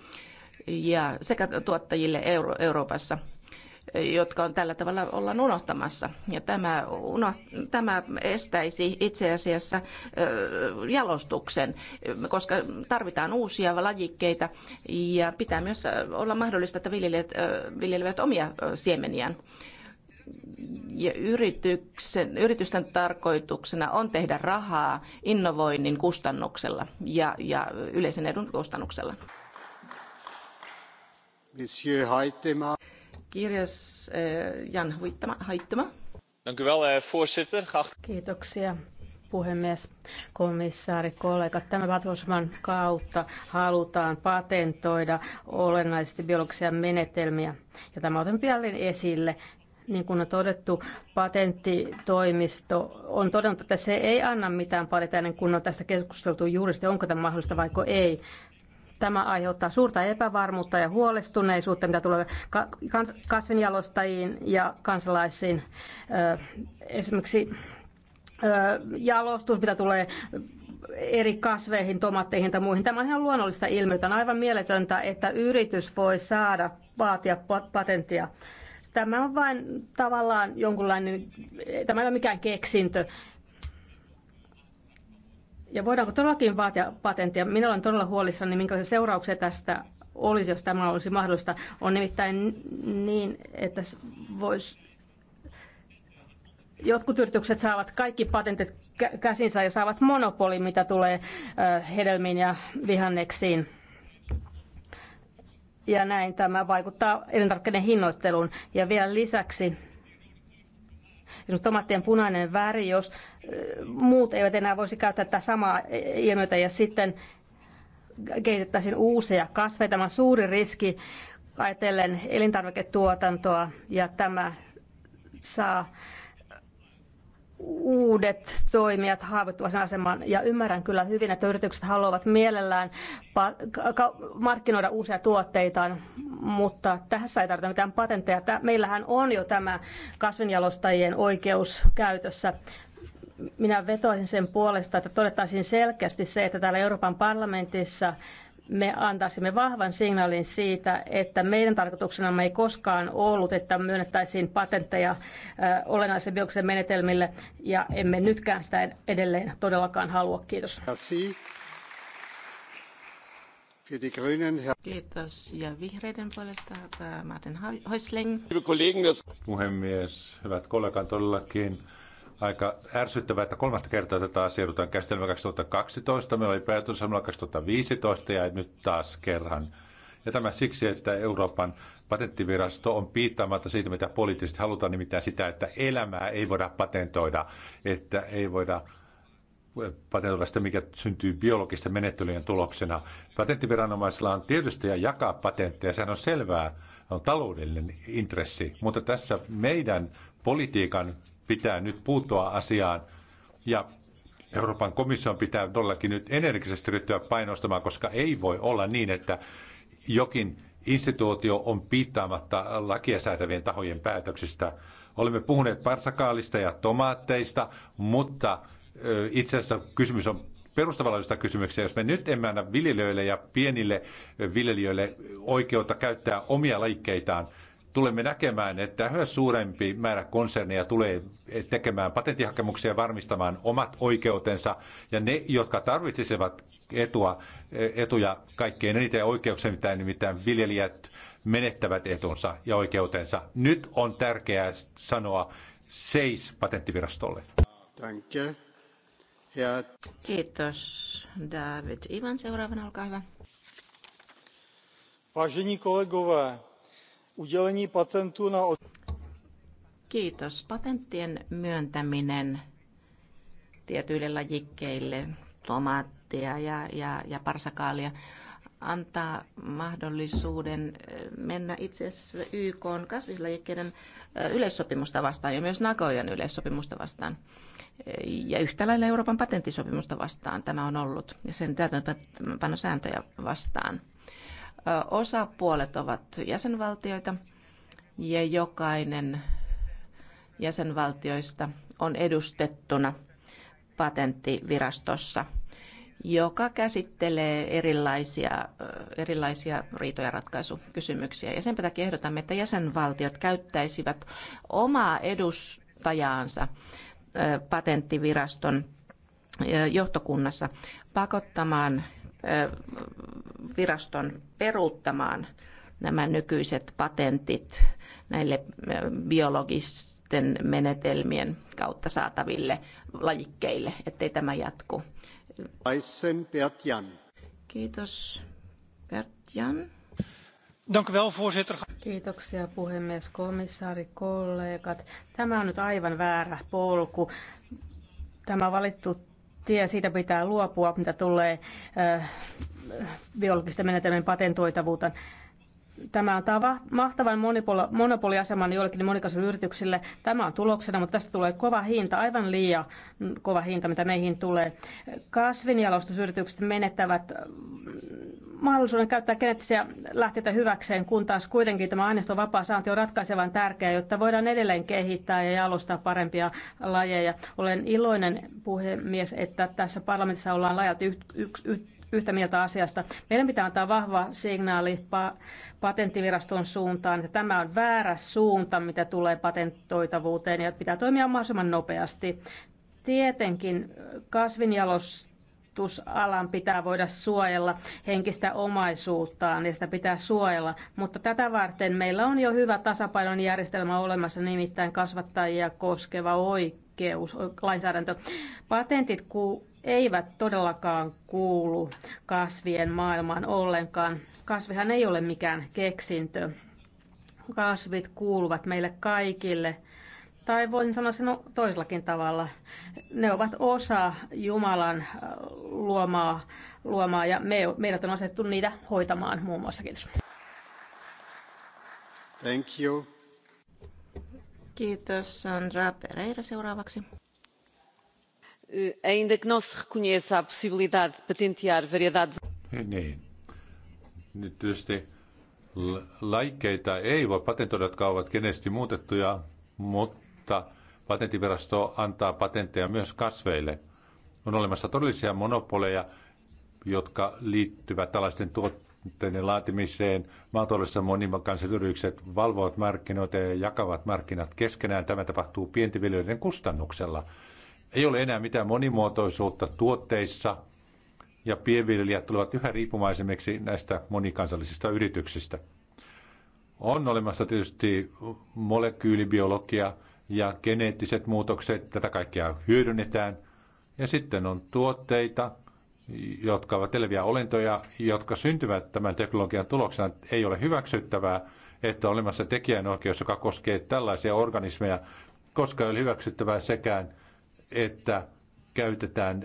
ja sekä tuottajille Euro- Euroopassa jotka on tällä tavalla ollaan unohtamassa. Ja tämä, uno, tämä estäisi itse asiassa jalostuksen, koska tarvitaan uusia lajikkeita ja pitää myös olla mahdollista, että viljelijät viljelevät omia siemeniään ja yrityksen, yritysten tarkoituksena on tehdä rahaa innovoinnin kustannuksella ja, ja yleisen edun kustannuksella. Monsieur Kirjas eh, Jan Huittama. Haittama. Eh, voorzitter. Kiitoksia, puhemies, komissaari, kollegat. Tämä Vatvoisman kautta halutaan patentoida olennaisesti biologisia menetelmiä. Ja tämä otan pian esille. Niin kuin on todettu, patenttitoimisto on todennut, että se ei anna mitään paljon kun on tästä keskusteltu juristi, onko tämä mahdollista vai ei. Tämä aiheuttaa suurta epävarmuutta ja huolestuneisuutta, mitä tulee kasvinjalostajiin ja kansalaisiin. Esimerkiksi jalostus, mitä tulee eri kasveihin, tomatteihin tai muihin. Tämä on ihan luonnollista ilmiötä. On aivan mieletöntä, että yritys voi saada vaatia patenttia Tämä on vain tavallaan jonkunlainen, tämä ei ole mikään keksintö. Ja voidaanko todellakin vaatia patenttia? Minä olen todella huolissani, minkälaisia seurauksia tästä olisi, jos tämä olisi mahdollista. On nimittäin niin, että voisi jotkut yritykset saavat kaikki patentit käsinsä ja saavat monopoli, mitä tulee hedelmiin ja vihanneksiin ja näin tämä vaikuttaa elintarvikkeiden hinnoitteluun. Ja vielä lisäksi tomaattien punainen väri, jos muut eivät enää voisi käyttää tätä samaa ilmiötä ja sitten kehitettäisiin uusia kasveja. Tämä on suuri riski ajatellen elintarviketuotantoa ja tämä saa uudet toimijat haavoittuvassa asemaan. Ja ymmärrän kyllä hyvin, että yritykset haluavat mielellään markkinoida uusia tuotteitaan, mutta tässä ei tarvita mitään patentteja. Meillähän on jo tämä kasvinjalostajien oikeus käytössä minä vetoisin sen puolesta, että todettaisiin selkeästi se, että täällä Euroopan parlamentissa me antaisimme vahvan signaalin siitä, että meidän tarkoituksena ei koskaan ollut, että myönnettäisiin patentteja olennaisen biologisen menetelmille, ja emme nytkään sitä edelleen todellakaan halua. Kiitos. Kiitos. Ja vihreiden puolesta äh, Martin Häusling. Puhemies, hyvät kollegat, todellakin aika ärsyttävää, että kolmasta kertaa tätä asiaa joudutaan käsittelemään 2012, meillä oli päätös 2015 ja nyt taas kerran. Ja tämä siksi, että Euroopan patenttivirasto on piittaamatta siitä, mitä poliittisesti halutaan, nimittäin niin sitä, että elämää ei voida patentoida, että ei voida patentoida sitä, mikä syntyy biologisten menettelyjen tuloksena. Patenttiviranomaisilla on tietysti ja jakaa patentteja, sehän on selvää, on taloudellinen intressi, mutta tässä meidän politiikan pitää nyt puuttua asiaan ja Euroopan komission pitää todellakin nyt energisesti ryhtyä painostamaan, koska ei voi olla niin, että jokin instituutio on piittaamatta lakia säätävien tahojen päätöksistä. Olemme puhuneet parsakaalista ja tomaatteista, mutta itse asiassa kysymys on perustavanlaisista kysymyksiä. Jos me nyt emme anna viljelijöille ja pienille viljelijöille oikeutta käyttää omia laikkeitaan, tulemme näkemään, että yhä suurempi määrä konserneja tulee tekemään patenttihakemuksia varmistamaan omat oikeutensa, ja ne, jotka tarvitsisivat etua, etuja kaikkein eniten oikeuksia, mitä nimittäin viljelijät menettävät etunsa ja oikeutensa. Nyt on tärkeää sanoa seis patenttivirastolle. Danke. Ja... Kiitos. David Ivan, seuraavana olkaa hyvä. Vážení kolegové, udělení patentu na... Kiitos. Patenttien myöntäminen tietyille lajikkeille, tomaattia ja, ja, ja parsakaalia, antaa mahdollisuuden eh, mennä itse asiassa YK kasvislajikkeiden eh, yleissopimusta vastaan ja myös Nagojan yleissopimusta vastaan. Eh, ja yhtä lailla Euroopan patenttisopimusta vastaan tämä on ollut ja sen täytäntöönpanosääntöjä vastaan osapuolet ovat jäsenvaltioita ja jokainen jäsenvaltioista on edustettuna patenttivirastossa, joka käsittelee erilaisia, erilaisia riitoja ratkaisukysymyksiä. Ja sen takia ehdotamme, että jäsenvaltiot käyttäisivät omaa edustajaansa patenttiviraston johtokunnassa pakottamaan viraston peruuttamaan nämä nykyiset patentit näille biologisten menetelmien kautta saataville lajikkeille, ettei tämä jatku. Kiitos, Bertjan. wel, voorzitter. Kiitoksia puhemies, komissaari, kollegat. Tämä on nyt aivan väärä polku. Tämä valittu ja siitä pitää luopua, mitä tulee äh, biologisten menetelmien patentoitavuuteen. Tämä antaa mahtavan monopoliaseman joillekin monikaisille yrityksille. Tämä on tuloksena, mutta tästä tulee kova hinta, aivan liian kova hinta, mitä meihin tulee. Kasvinjalostusyritykset menettävät mm, mahdollisuuden käyttää geneettisiä lähteitä hyväkseen, kun taas kuitenkin tämä aineiston vapaa saanti on ratkaisevan tärkeää, jotta voidaan edelleen kehittää ja jalostaa parempia lajeja. Olen iloinen puhemies, että tässä parlamentissa ollaan laajalti yksi. yh- yh- yhtä mieltä asiasta. Meidän pitää antaa vahva signaali patenttiviraston suuntaan, että tämä on väärä suunta, mitä tulee patentoitavuuteen ja pitää toimia mahdollisimman nopeasti. Tietenkin kasvinjalos alan pitää voida suojella henkistä omaisuuttaan ja sitä pitää suojella, mutta tätä varten meillä on jo hyvä tasapainon järjestelmä olemassa, nimittäin kasvattajia koskeva oikeus, lainsäädäntö. Patentit ku, eivät todellakaan kuulu kasvien maailmaan ollenkaan. Kasvihan ei ole mikään keksintö. Kasvit kuuluvat meille kaikille. Tai voin sanoa sen toisellakin tavalla. Ne ovat osa Jumalan äh, luomaa, luomaa ja me, meidät on asettu niitä hoitamaan muun muassa. Kiitos. Thank you. Kiitos Sandra Pereira seuraavaksi. Eh, ainda que não se reconheça a possibilidade de patentear variedades... Niin. Nyt tietysti laikkeita ei voi patentoida, jotka ovat geneesti muutettuja, mutta patenttivirasto antaa patentteja myös kasveille. On olemassa todellisia monopoleja, jotka liittyvät tällaisten tuotteiden laatimiseen. Maatollisessa monikansalliset yritykset valvovat markkinoita ja jakavat markkinat keskenään. Tämä tapahtuu pientiviljelijöiden kustannuksella. Ei ole enää mitään monimuotoisuutta tuotteissa ja pienviljelijät tulevat yhä riippumaisemmiksi näistä monikansallisista yrityksistä. On olemassa tietysti molekyylibiologia ja geneettiset muutokset, tätä kaikkea hyödynnetään. Ja sitten on tuotteita, jotka ovat eläviä olentoja, jotka syntyvät tämän teknologian tuloksena. Ei ole hyväksyttävää, että on olemassa tekijänoikeus, joka koskee tällaisia organismeja, koska ei ole hyväksyttävää sekään, että käytetään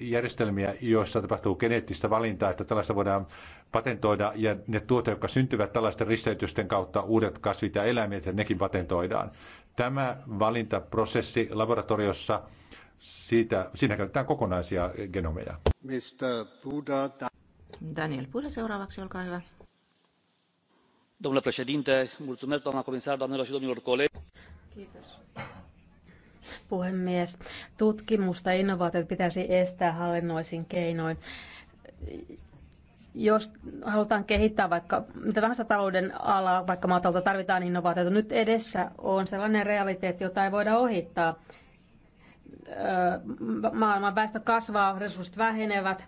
järjestelmiä, joissa tapahtuu geneettistä valintaa, että tällaista voidaan patentoida ja ne tuote, jotka syntyvät tällaisten risteytysten kautta, uudet kasvit ja eläimet, ja nekin patentoidaan. Tämä valintaprosessi laboratoriossa, siitä, siinä käytetään kokonaisia genomeja. Mr. Buda, Daniel Puda seuraavaksi, olkaa hyvä. Domnule președinte, mulțumesc, doamna comisar, doamnelor și domnilor colegi. Kiitos puhemies. Tutkimusta ja innovaatiot pitäisi estää hallinnoisin keinoin. Jos halutaan kehittää vaikka mitä tahansa talouden alaa, vaikka maatalta tarvitaan innovaatiota, nyt edessä on sellainen realiteetti, jota ei voida ohittaa. Maailman väestö kasvaa, resurssit vähenevät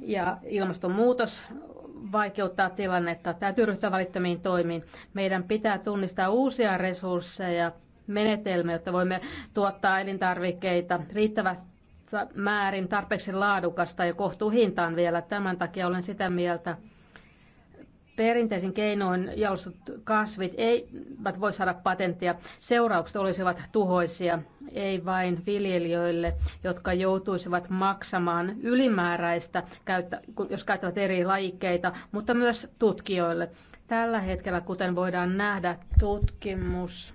ja ilmastonmuutos vaikeuttaa tilannetta. Täytyy ryhtyä välittömiin toimiin. Meidän pitää tunnistaa uusia resursseja menetelmä, jotta voimme tuottaa elintarvikkeita riittävästi määrin tarpeeksi laadukasta ja kohtuuhintaan vielä. Tämän takia olen sitä mieltä, perinteisin keinoin jalostut kasvit eivät voi saada patenttia. Seuraukset olisivat tuhoisia, ei vain viljelijöille, jotka joutuisivat maksamaan ylimääräistä, jos käyttävät eri lajikkeita, mutta myös tutkijoille. Tällä hetkellä, kuten voidaan nähdä, tutkimus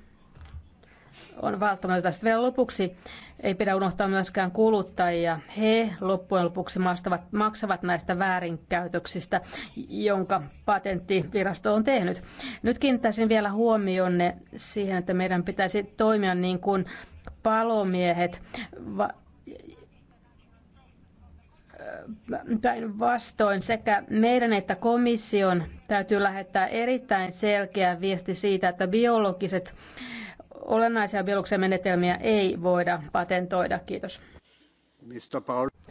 on välttämätöntä. Sitten vielä lopuksi ei pidä unohtaa myöskään kuluttajia. He loppujen lopuksi maastavat, maksavat näistä väärinkäytöksistä, jonka patenttivirasto on tehnyt. Nyt kiinnittäisin vielä huomionne siihen, että meidän pitäisi toimia niin kuin palomiehet vastoin sekä meidän että komission täytyy lähettää erittäin selkeä viesti siitä, että biologiset olennaisia biologisia menetelmiä ei voida patentoida. Kiitos.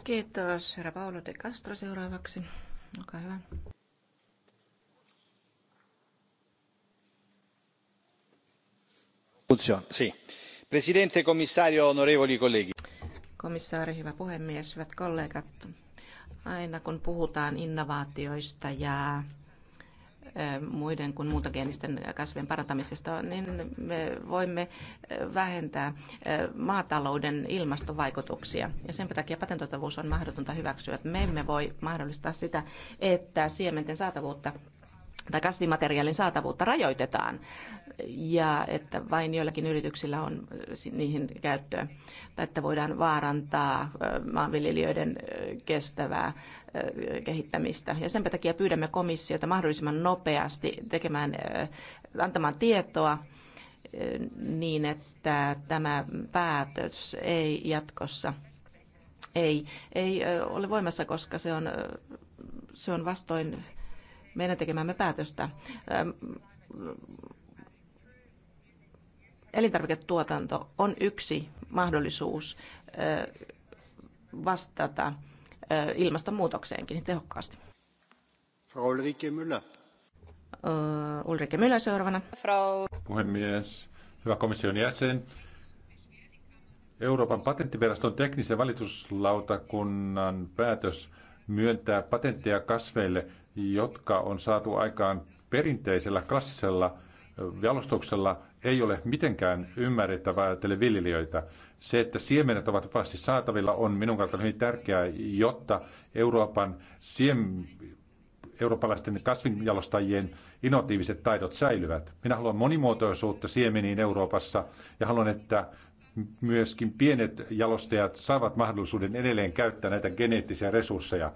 Kiitos, herra Paolo de Castro seuraavaksi. Olkaa hyvä. Presidente, komissario, onorevoli kollegi. Komissaari, hyvä puhemies, hyvät kollegat. Aina kun puhutaan innovaatioista ja muiden kuin muuntogeenisten kasvien parantamisesta, niin me voimme vähentää maatalouden ilmastovaikutuksia. Ja sen takia patentoitavuus on mahdotonta hyväksyä. Me emme voi mahdollistaa sitä, että siementen saatavuutta tai kasvimateriaalin saatavuutta rajoitetaan ja että vain joillakin yrityksillä on äh, niihin käyttöä, tai että voidaan vaarantaa äh, maanviljelijöiden äh, kestävää kehittämistä. Ja sen takia pyydämme komissiota mahdollisimman nopeasti tekemään, antamaan tietoa niin, että tämä päätös ei jatkossa ei, ei ole voimassa, koska se on, se on vastoin meidän tekemämme päätöstä. Elintarviketuotanto on yksi mahdollisuus vastata ilmastonmuutokseenkin tehokkaasti. Frau Ulrike Müller. Uh, Ulrike Müller seuraavana. Frau. Puhemies, hyvä komission jäsen. Euroopan patenttiviraston teknisen valituslautakunnan päätös myöntää patentteja kasveille jotka on saatu aikaan perinteisellä klassisella jalostuksella, ei ole mitenkään ymmärrettävää ajatellen viljelijöitä. Se, että siemenet ovat vapaasti saatavilla, on minun kannalta hyvin tärkeää, jotta Euroopan siem, eurooppalaisten kasvinjalostajien innovatiiviset taidot säilyvät. Minä haluan monimuotoisuutta siemeniin Euroopassa ja haluan, että myöskin pienet jalostajat saavat mahdollisuuden edelleen käyttää näitä geneettisiä resursseja.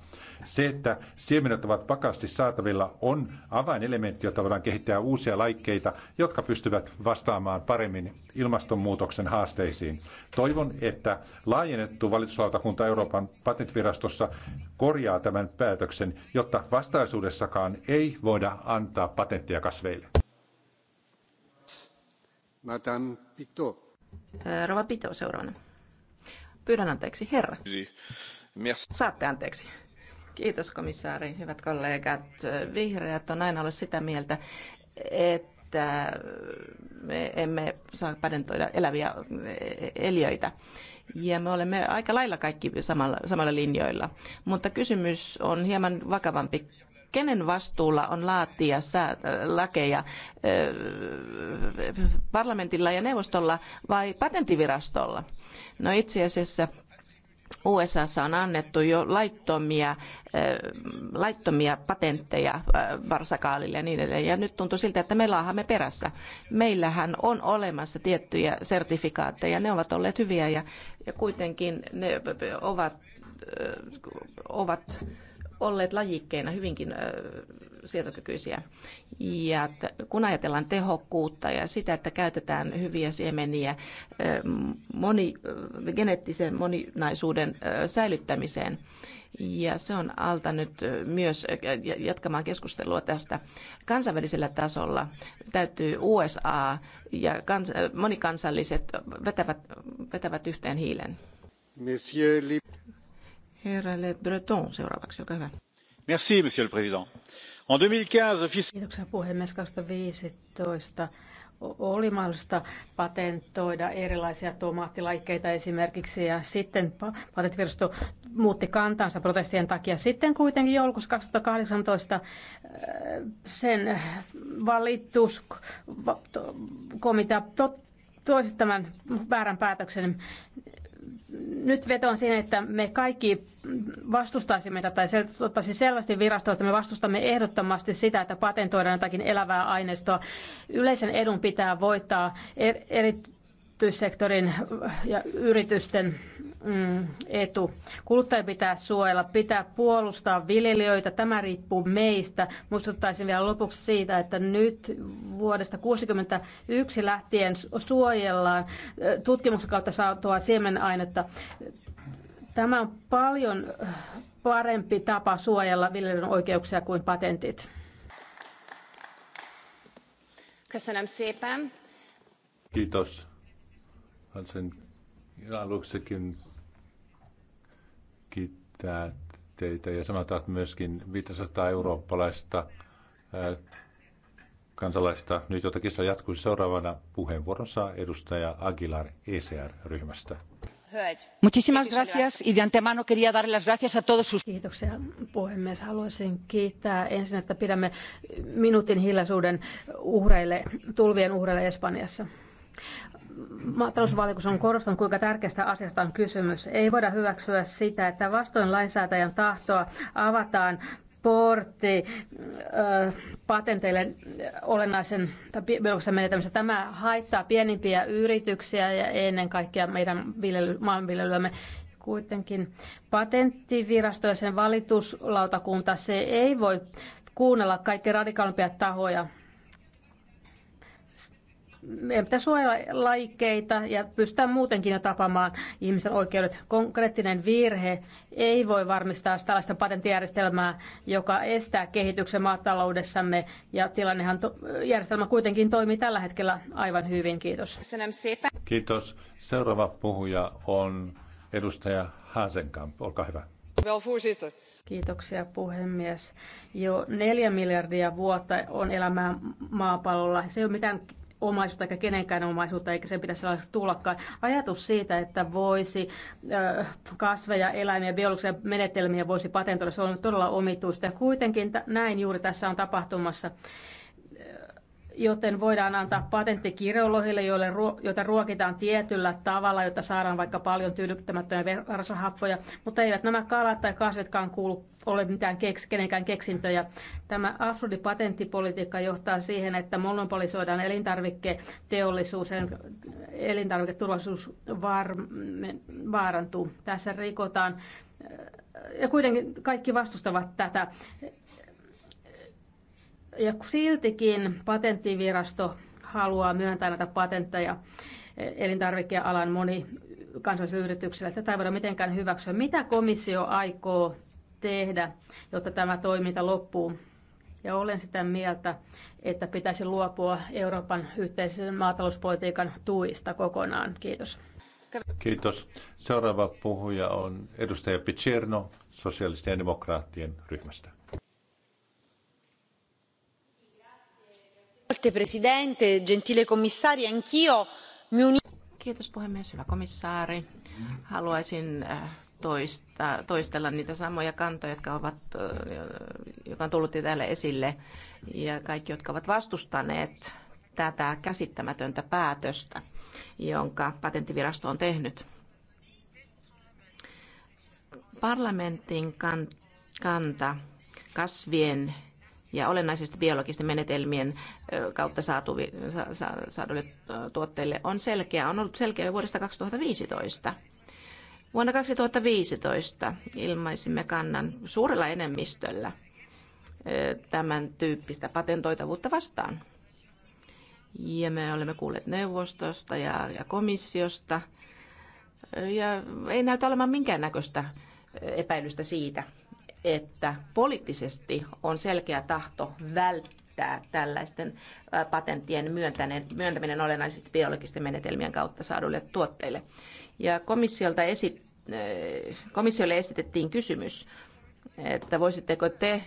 Se, että siemenet ovat vakaasti saatavilla, on avainelementti, jota voidaan kehittää uusia laikkeita, jotka pystyvät vastaamaan paremmin ilmastonmuutoksen haasteisiin. Toivon, että laajennettu valituslautakunta Euroopan patentvirastossa korjaa tämän päätöksen, jotta vastaisuudessakaan ei voida antaa patenttia kasveille. Madame Pitot Rova Pito seuraavana. Pyydän anteeksi, herra. Saatte anteeksi. Kiitos komissaari, hyvät kollegat. Vihreät on aina ollut sitä mieltä, että me emme saa patentoida eläviä e, eliöitä. Ja me olemme aika lailla kaikki samalla, samalla linjoilla. Mutta kysymys on hieman vakavampi Kenen vastuulla on laatia lakeja äh, parlamentilla ja neuvostolla vai patenttivirastolla? No itse asiassa USAssa on annettu jo laittomia, äh, laittomia patentteja äh, varsakaalille ja niin edelleen. Ja nyt tuntuu siltä, että me laahamme perässä. Meillähän on olemassa tiettyjä sertifikaatteja. Ne ovat olleet hyviä ja, ja kuitenkin ne ovat, ovat olleet lajikkeina hyvinkin sietokykyisiä. Ja kun ajatellaan tehokkuutta ja sitä, että käytetään hyviä siemeniä moni, geneettisen moninaisuuden säilyttämiseen, ja se on altanut myös jatkamaan keskustelua tästä kansainvälisellä tasolla. Täytyy USA ja kans, monikansalliset vetävät, vetävät yhteen hiilen. Herra Le Breton seuraavaksi, olkaa hyvä. Merci, monsieur le président. En 2015, Kiitoksia puhemies 2015 oli mahdollista patentoida erilaisia tomaattilaikkeita esimerkiksi ja sitten patenttivirasto muutti kantansa protestien takia. Sitten kuitenkin joulukuussa 2018 äh, sen valituskomitea toisi tämän väärän päätöksen nyt vetoan siihen, että me kaikki vastustaisimme tätä tai ottaisi selvästi virastoa, että me vastustamme ehdottomasti sitä, että patentoidaan jotakin elävää aineistoa. Yleisen edun pitää voittaa er- erityissektorin ja yritysten mm, etu. Kuluttaja pitää suojella, pitää puolustaa viljelijöitä, tämä riippuu meistä. Muistuttaisin vielä lopuksi siitä, että nyt vuodesta 1961 lähtien suojellaan eh, tutkimuksen kautta saatua siemenainetta. Tämä on paljon eh, parempi tapa suojella viljelijöiden oikeuksia kuin patentit. Kiitos. Haluaisin aluksikin kiittää teitä ja sanotaan että myöskin 500 eurooppalaista kansalaista. Nyt jotakin saa jatkuisi seuraavana puheenvuoronsa edustaja Aguilar ECR-ryhmästä. Muchísimas gracias y de antemano quería darle las gracias a todos sus... Kiitoksia puhemies. Haluaisin kiittää ensin, että pidämme minuutin hiljaisuuden uhreille, tulvien uhreille Espanjassa maatalousvaliokunta on korostanut, kuinka tärkeästä asiasta on kysymys. Ei voida hyväksyä sitä, että vastoin lainsäätäjän tahtoa avataan portti ö, patenteille olennaisen biologisen menetelmässä. Tämä haittaa pienimpiä yrityksiä ja ennen kaikkea meidän viljely, maanviljelyämme kuitenkin patenttivirasto ja sen valituslautakunta, se ei voi kuunnella kaikkein radikaalimpia tahoja meidän pitää suojella laikkeita ja pystytään muutenkin jo tapamaan ihmisten oikeudet. Konkreettinen virhe ei voi varmistaa tällaista patenttijärjestelmää, joka estää kehityksen maataloudessamme. Ja tilannehan to- järjestelmä kuitenkin toimii tällä hetkellä aivan hyvin. Kiitos. Kiitos. Seuraava puhuja on edustaja Hasenkamp. Olkaa hyvä. Kiitoksia puhemies. Jo neljä miljardia vuotta on elämää maapallolla. Se ei ole mitään omaisuutta eikä kenenkään omaisuutta, eikä sen pitäisi sellaista tullakaan. Ajatus siitä, että voisi kasveja, eläimiä, biologisia menetelmiä voisi patentoida, se on todella omituista. Ja kuitenkin näin juuri tässä on tapahtumassa joten voidaan antaa patentti kirjolohille, joille, joita ruokitaan tietyllä tavalla, jotta saadaan vaikka paljon tyydyttämättömiä rasvahappoja, mutta eivät nämä kalat tai kasvitkaan kuulu ole mitään keks, kenenkään keksintöjä. Tämä absurdi patenttipolitiikka johtaa siihen, että monopolisoidaan elintarviketeollisuus, elintarviketurvallisuus var, vaarantuu. Tässä rikotaan ja kuitenkin kaikki vastustavat tätä. Ja siltikin patenttivirasto haluaa myöntää näitä patentteja e, elintarvikealan moni kansallisille yrityksille. Tätä ei voida mitenkään hyväksyä. Mitä komissio aikoo tehdä, jotta tämä toiminta loppuu? Ja olen sitä mieltä, että pitäisi luopua Euroopan yhteisen maatalouspolitiikan tuista kokonaan. Kiitos. Kiitos. Seuraava puhuja on edustaja Picerno sosiaalisten ja demokraattien ryhmästä. arvoisa puhemies anch'io komissaari. Haluaisin äh, toistella niitä samoja kantoja, jotka ovat, äh, joka jo tullut täällä esille. Ja kaikki, jotka ovat vastustaneet tätä käsittämätöntä päätöstä, jonka patenttivirasto on tehnyt. Parlamentin kanta kasvien ja olennaisesti biologisten menetelmien kautta saatuvi, sa, sa, saaduille tuotteille on selkeä. On ollut selkeä jo vuodesta 2015. Vuonna 2015 ilmaisimme kannan suurella enemmistöllä tämän tyyppistä patentoitavuutta vastaan. Ja me olemme kuulleet neuvostosta ja, ja komissiosta. Ja ei näytä olemaan minkäännäköistä epäilystä siitä, että poliittisesti on selkeä tahto välttää tällaisten patenttien myöntäminen olennaisesti biologisten menetelmien kautta saaduille tuotteille. Ja komissiolta esi- komissiolle esitettiin kysymys, että voisitteko te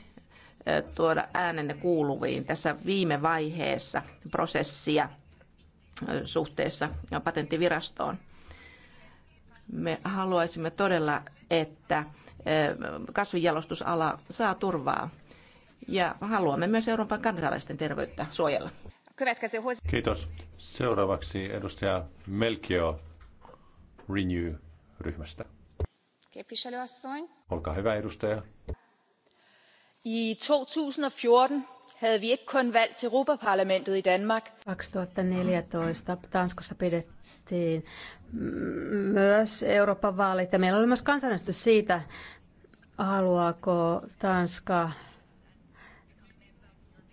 tuoda äänenne kuuluviin tässä viime vaiheessa prosessia suhteessa patenttivirastoon. Me haluaisimme todella, että kasvinjalostusala saa turvaa. Ja haluamme myös Euroopan kansalaisten terveyttä suojella. Kiitos. Seuraavaksi edustaja Melkio Renew-ryhmästä. Olkaa hyvä, edustaja. I 2014 havde vi ikke kun valg til Europaparlamentet i Danmark. 2014 Tanskassa pidettiin pidettiin myös Euroopan vaalit ja meillä oli myös kansanäänestys siitä, haluaako Tanska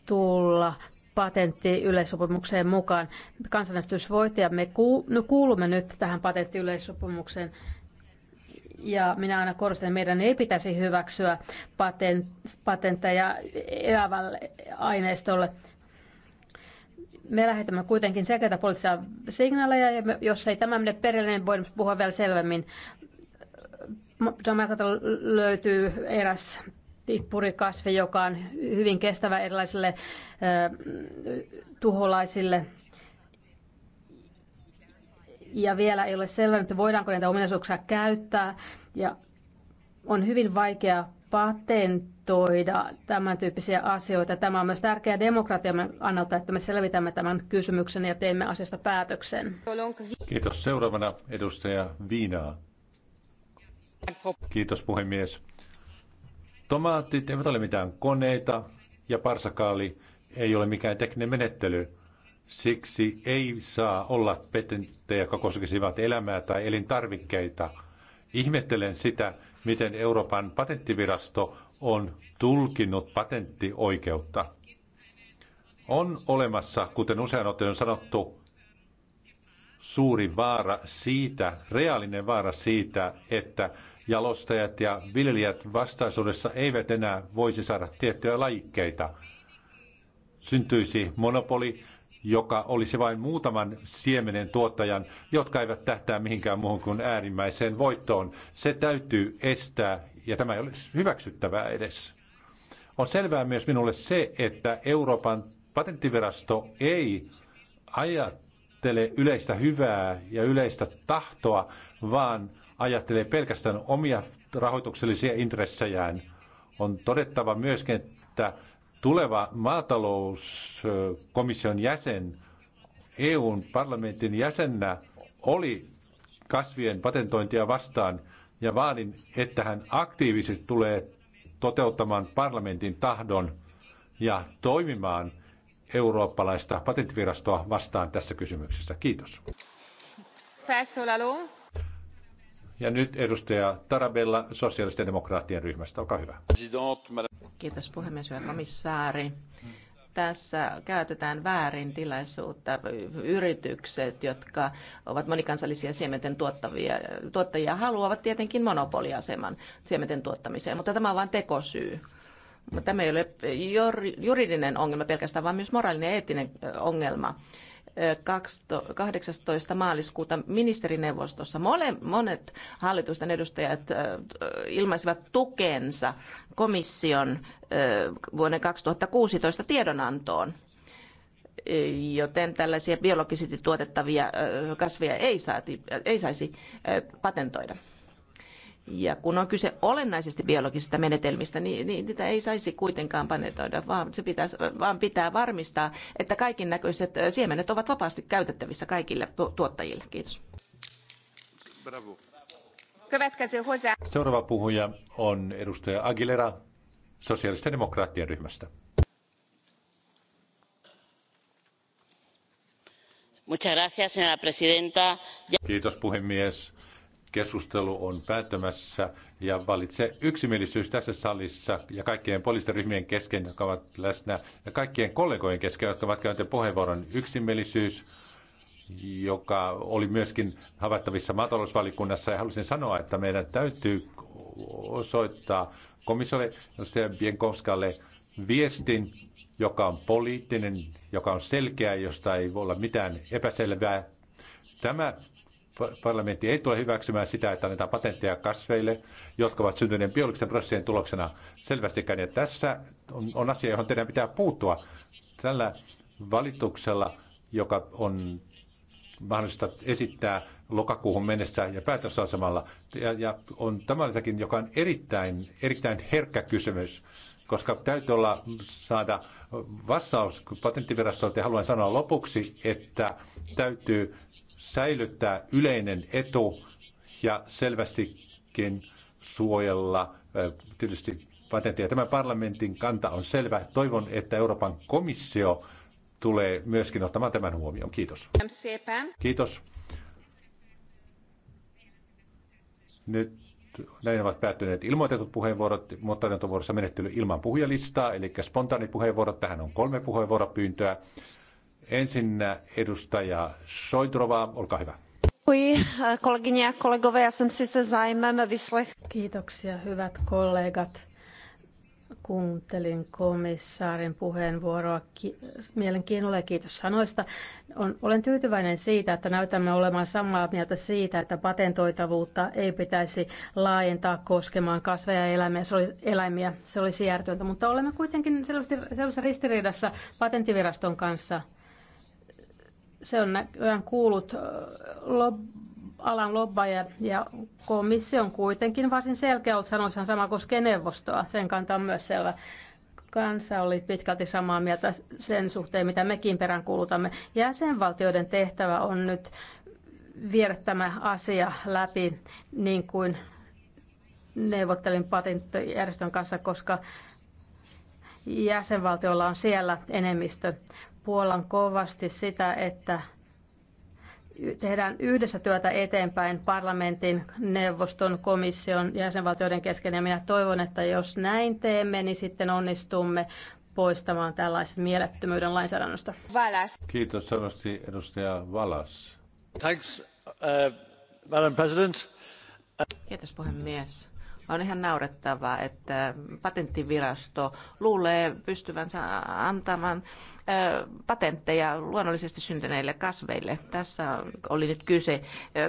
tulla patenttiyleissopimukseen mukaan. Kansanäänestys voitti ja me no kuulumme nyt tähän patenttiyleissopimukseen. Ja minä aina korostan, että meidän ei pitäisi hyväksyä patentteja elävälle aineistolle me lähetämme kuitenkin sekä poliittisia signaaleja, ja jos ei tämä mene perille, niin voidaan puhua vielä selvemmin. Jamaikalta löytyy eräs pippurikasvi, joka on hyvin kestävä erilaisille tuholaisille. Ja vielä ei ole selvää, että voidaanko näitä ominaisuuksia käyttää. Ja on hyvin vaikea patentoida tämän tyyppisiä asioita. Tämä on myös tärkeää demokratiamme annalta, että me selvitämme tämän kysymyksen ja teemme asiasta päätöksen. Kiitos. Seuraavana edustaja Viinaa. Kiitos puhemies. Tomaatit eivät ole mitään koneita ja parsakaali ei ole mikään tekninen menettely. Siksi ei saa olla petenttejä, jotka koskisivat elämää tai elintarvikkeita. Ihmettelen sitä, miten Euroopan patenttivirasto on tulkinnut patenttioikeutta. On olemassa, kuten usein on sanottu, suuri vaara siitä, reaalinen vaara siitä, että jalostajat ja viljelijät vastaisuudessa eivät enää voisi saada tiettyjä lajikkeita. Syntyisi monopoli, joka olisi vain muutaman siemenen tuottajan, jotka eivät tähtää mihinkään muuhun kuin äärimmäiseen voittoon. Se täytyy estää, ja tämä ei ole hyväksyttävää edes. On selvää myös minulle se, että Euroopan patenttivirasto ei ajattele yleistä hyvää ja yleistä tahtoa, vaan ajattelee pelkästään omia rahoituksellisia intressejään. On todettava myöskin, että tuleva maatalouskomission jäsen EUn parlamentin jäsennä oli kasvien patentointia vastaan ja vaadin, että hän aktiivisesti tulee toteuttamaan parlamentin tahdon ja toimimaan eurooppalaista patenttivirastoa vastaan tässä kysymyksessä. Kiitos. Ja nyt edustaja Tarabella sosiaalisten demokraattien ryhmästä. Olkaa hyvä. Kiitos puhemies ja komissaari. Tässä käytetään väärin tilaisuutta. Yritykset, jotka ovat monikansallisia siementen tuottavia, tuottajia, haluavat tietenkin monopoliaseman siementen tuottamiseen, mutta tämä on vain tekosyy tämä ei ole juridinen ongelma pelkästään, vaan myös moraalinen ja eettinen ongelma. 18. maaliskuuta ministerineuvostossa monet hallitusten edustajat ilmaisivat tukensa komission vuonna 2016 tiedonantoon joten tällaisia biologisesti tuotettavia kasveja ei, saati, ei saisi patentoida. Ja kun on kyse olennaisesti biologisista menetelmistä, niin, niin niitä ei saisi kuitenkaan panetoida, vaan, se pitäisi, vaan pitää varmistaa, että kaikin näköiset siemenet ovat vapaasti käytettävissä kaikille tuottajille. Kiitos. Bravo. Seuraava puhuja on edustaja Aguilera sosiaalisten demokraattien ryhmästä. Kiitos puhemies keskustelu on päättämässä ja valitse yksimielisyys tässä salissa ja kaikkien poliisten ryhmien kesken, jotka ovat läsnä, ja kaikkien kollegojen kesken, jotka ovat käyneet puheenvuoron yksimielisyys, joka oli myöskin havaittavissa maatalousvalikunnassa. Ja halusin sanoa, että meidän täytyy osoittaa komissiolle, edustaja Bienkovskalle, viestin, joka on poliittinen, joka on selkeä, josta ei voi olla mitään epäselvää. Tämä parlamentti ei tule hyväksymään sitä, että annetaan patentteja kasveille, jotka ovat syntyneet biologisten prosessien tuloksena selvästikään. Ja tässä on, on asia, johon teidän pitää puuttua. Tällä valituksella, joka on mahdollista esittää lokakuuhun mennessä ja päätösasemalla. Ja, ja on tämä jotakin, joka on erittäin, erittäin herkkä kysymys, koska täytyy olla saada vastaus patenttivirastolta. Ja haluan sanoa lopuksi, että täytyy säilyttää yleinen etu ja selvästikin suojella tietysti patenttia. Tämä parlamentin kanta on selvä. Toivon, että Euroopan komissio tulee myöskin ottamaan tämän huomioon. Kiitos. Kiitos. Nyt näin ovat päättyneet ilmoitetut puheenvuorot, mutta on vuorossa menettely ilman puhujalistaa, eli spontaanit puheenvuorot. Tähän on kolme puheenvuoropyyntöä. Ensin edustaja Soitrova, olkaa hyvä. Kolegyně ja kolegové, já jsem si se zájmem Kiitoksia, hyvät kollegat. Kuuntelin komissaarin puheenvuoroa ki- mielenkiinnolla ja kiitos sanoista. On, olen tyytyväinen siitä, että näytämme olemaan samaa mieltä siitä, että patentoitavuutta ei pitäisi laajentaa koskemaan kasveja ja eläimiä. Se olisi, eläimiä. Se olisi mutta olemme kuitenkin selvästi, selvästi ristiriidassa patenttiviraston kanssa – se on näköjään kuullut lob, alan lobbaja ja komissio on kuitenkin varsin selkeä ollut sanoissaan sama koskee neuvostoa. Sen kanta on myös selvä. Kansa oli pitkälti samaa mieltä sen suhteen, mitä mekin peräänkuulutamme. Jäsenvaltioiden tehtävä on nyt viedä tämä asia läpi niin kuin neuvottelin patenttijärjestön kanssa, koska jäsenvaltiolla on siellä enemmistö puolan kovasti sitä, että tehdään yhdessä työtä eteenpäin parlamentin, neuvoston, komission ja jäsenvaltioiden kesken. Ja minä toivon, että jos näin teemme, niin sitten onnistumme poistamaan tällaisen mielettömyyden lainsäädännöstä. Valas. Kiitos sanosti edustaja Valas. Thanks, uh, Madam President. Kiitos puhemies. On ihan naurettavaa, että patenttivirasto luulee pystyvänsä antamaan patentteja luonnollisesti syntyneille kasveille. Tässä oli nyt kyse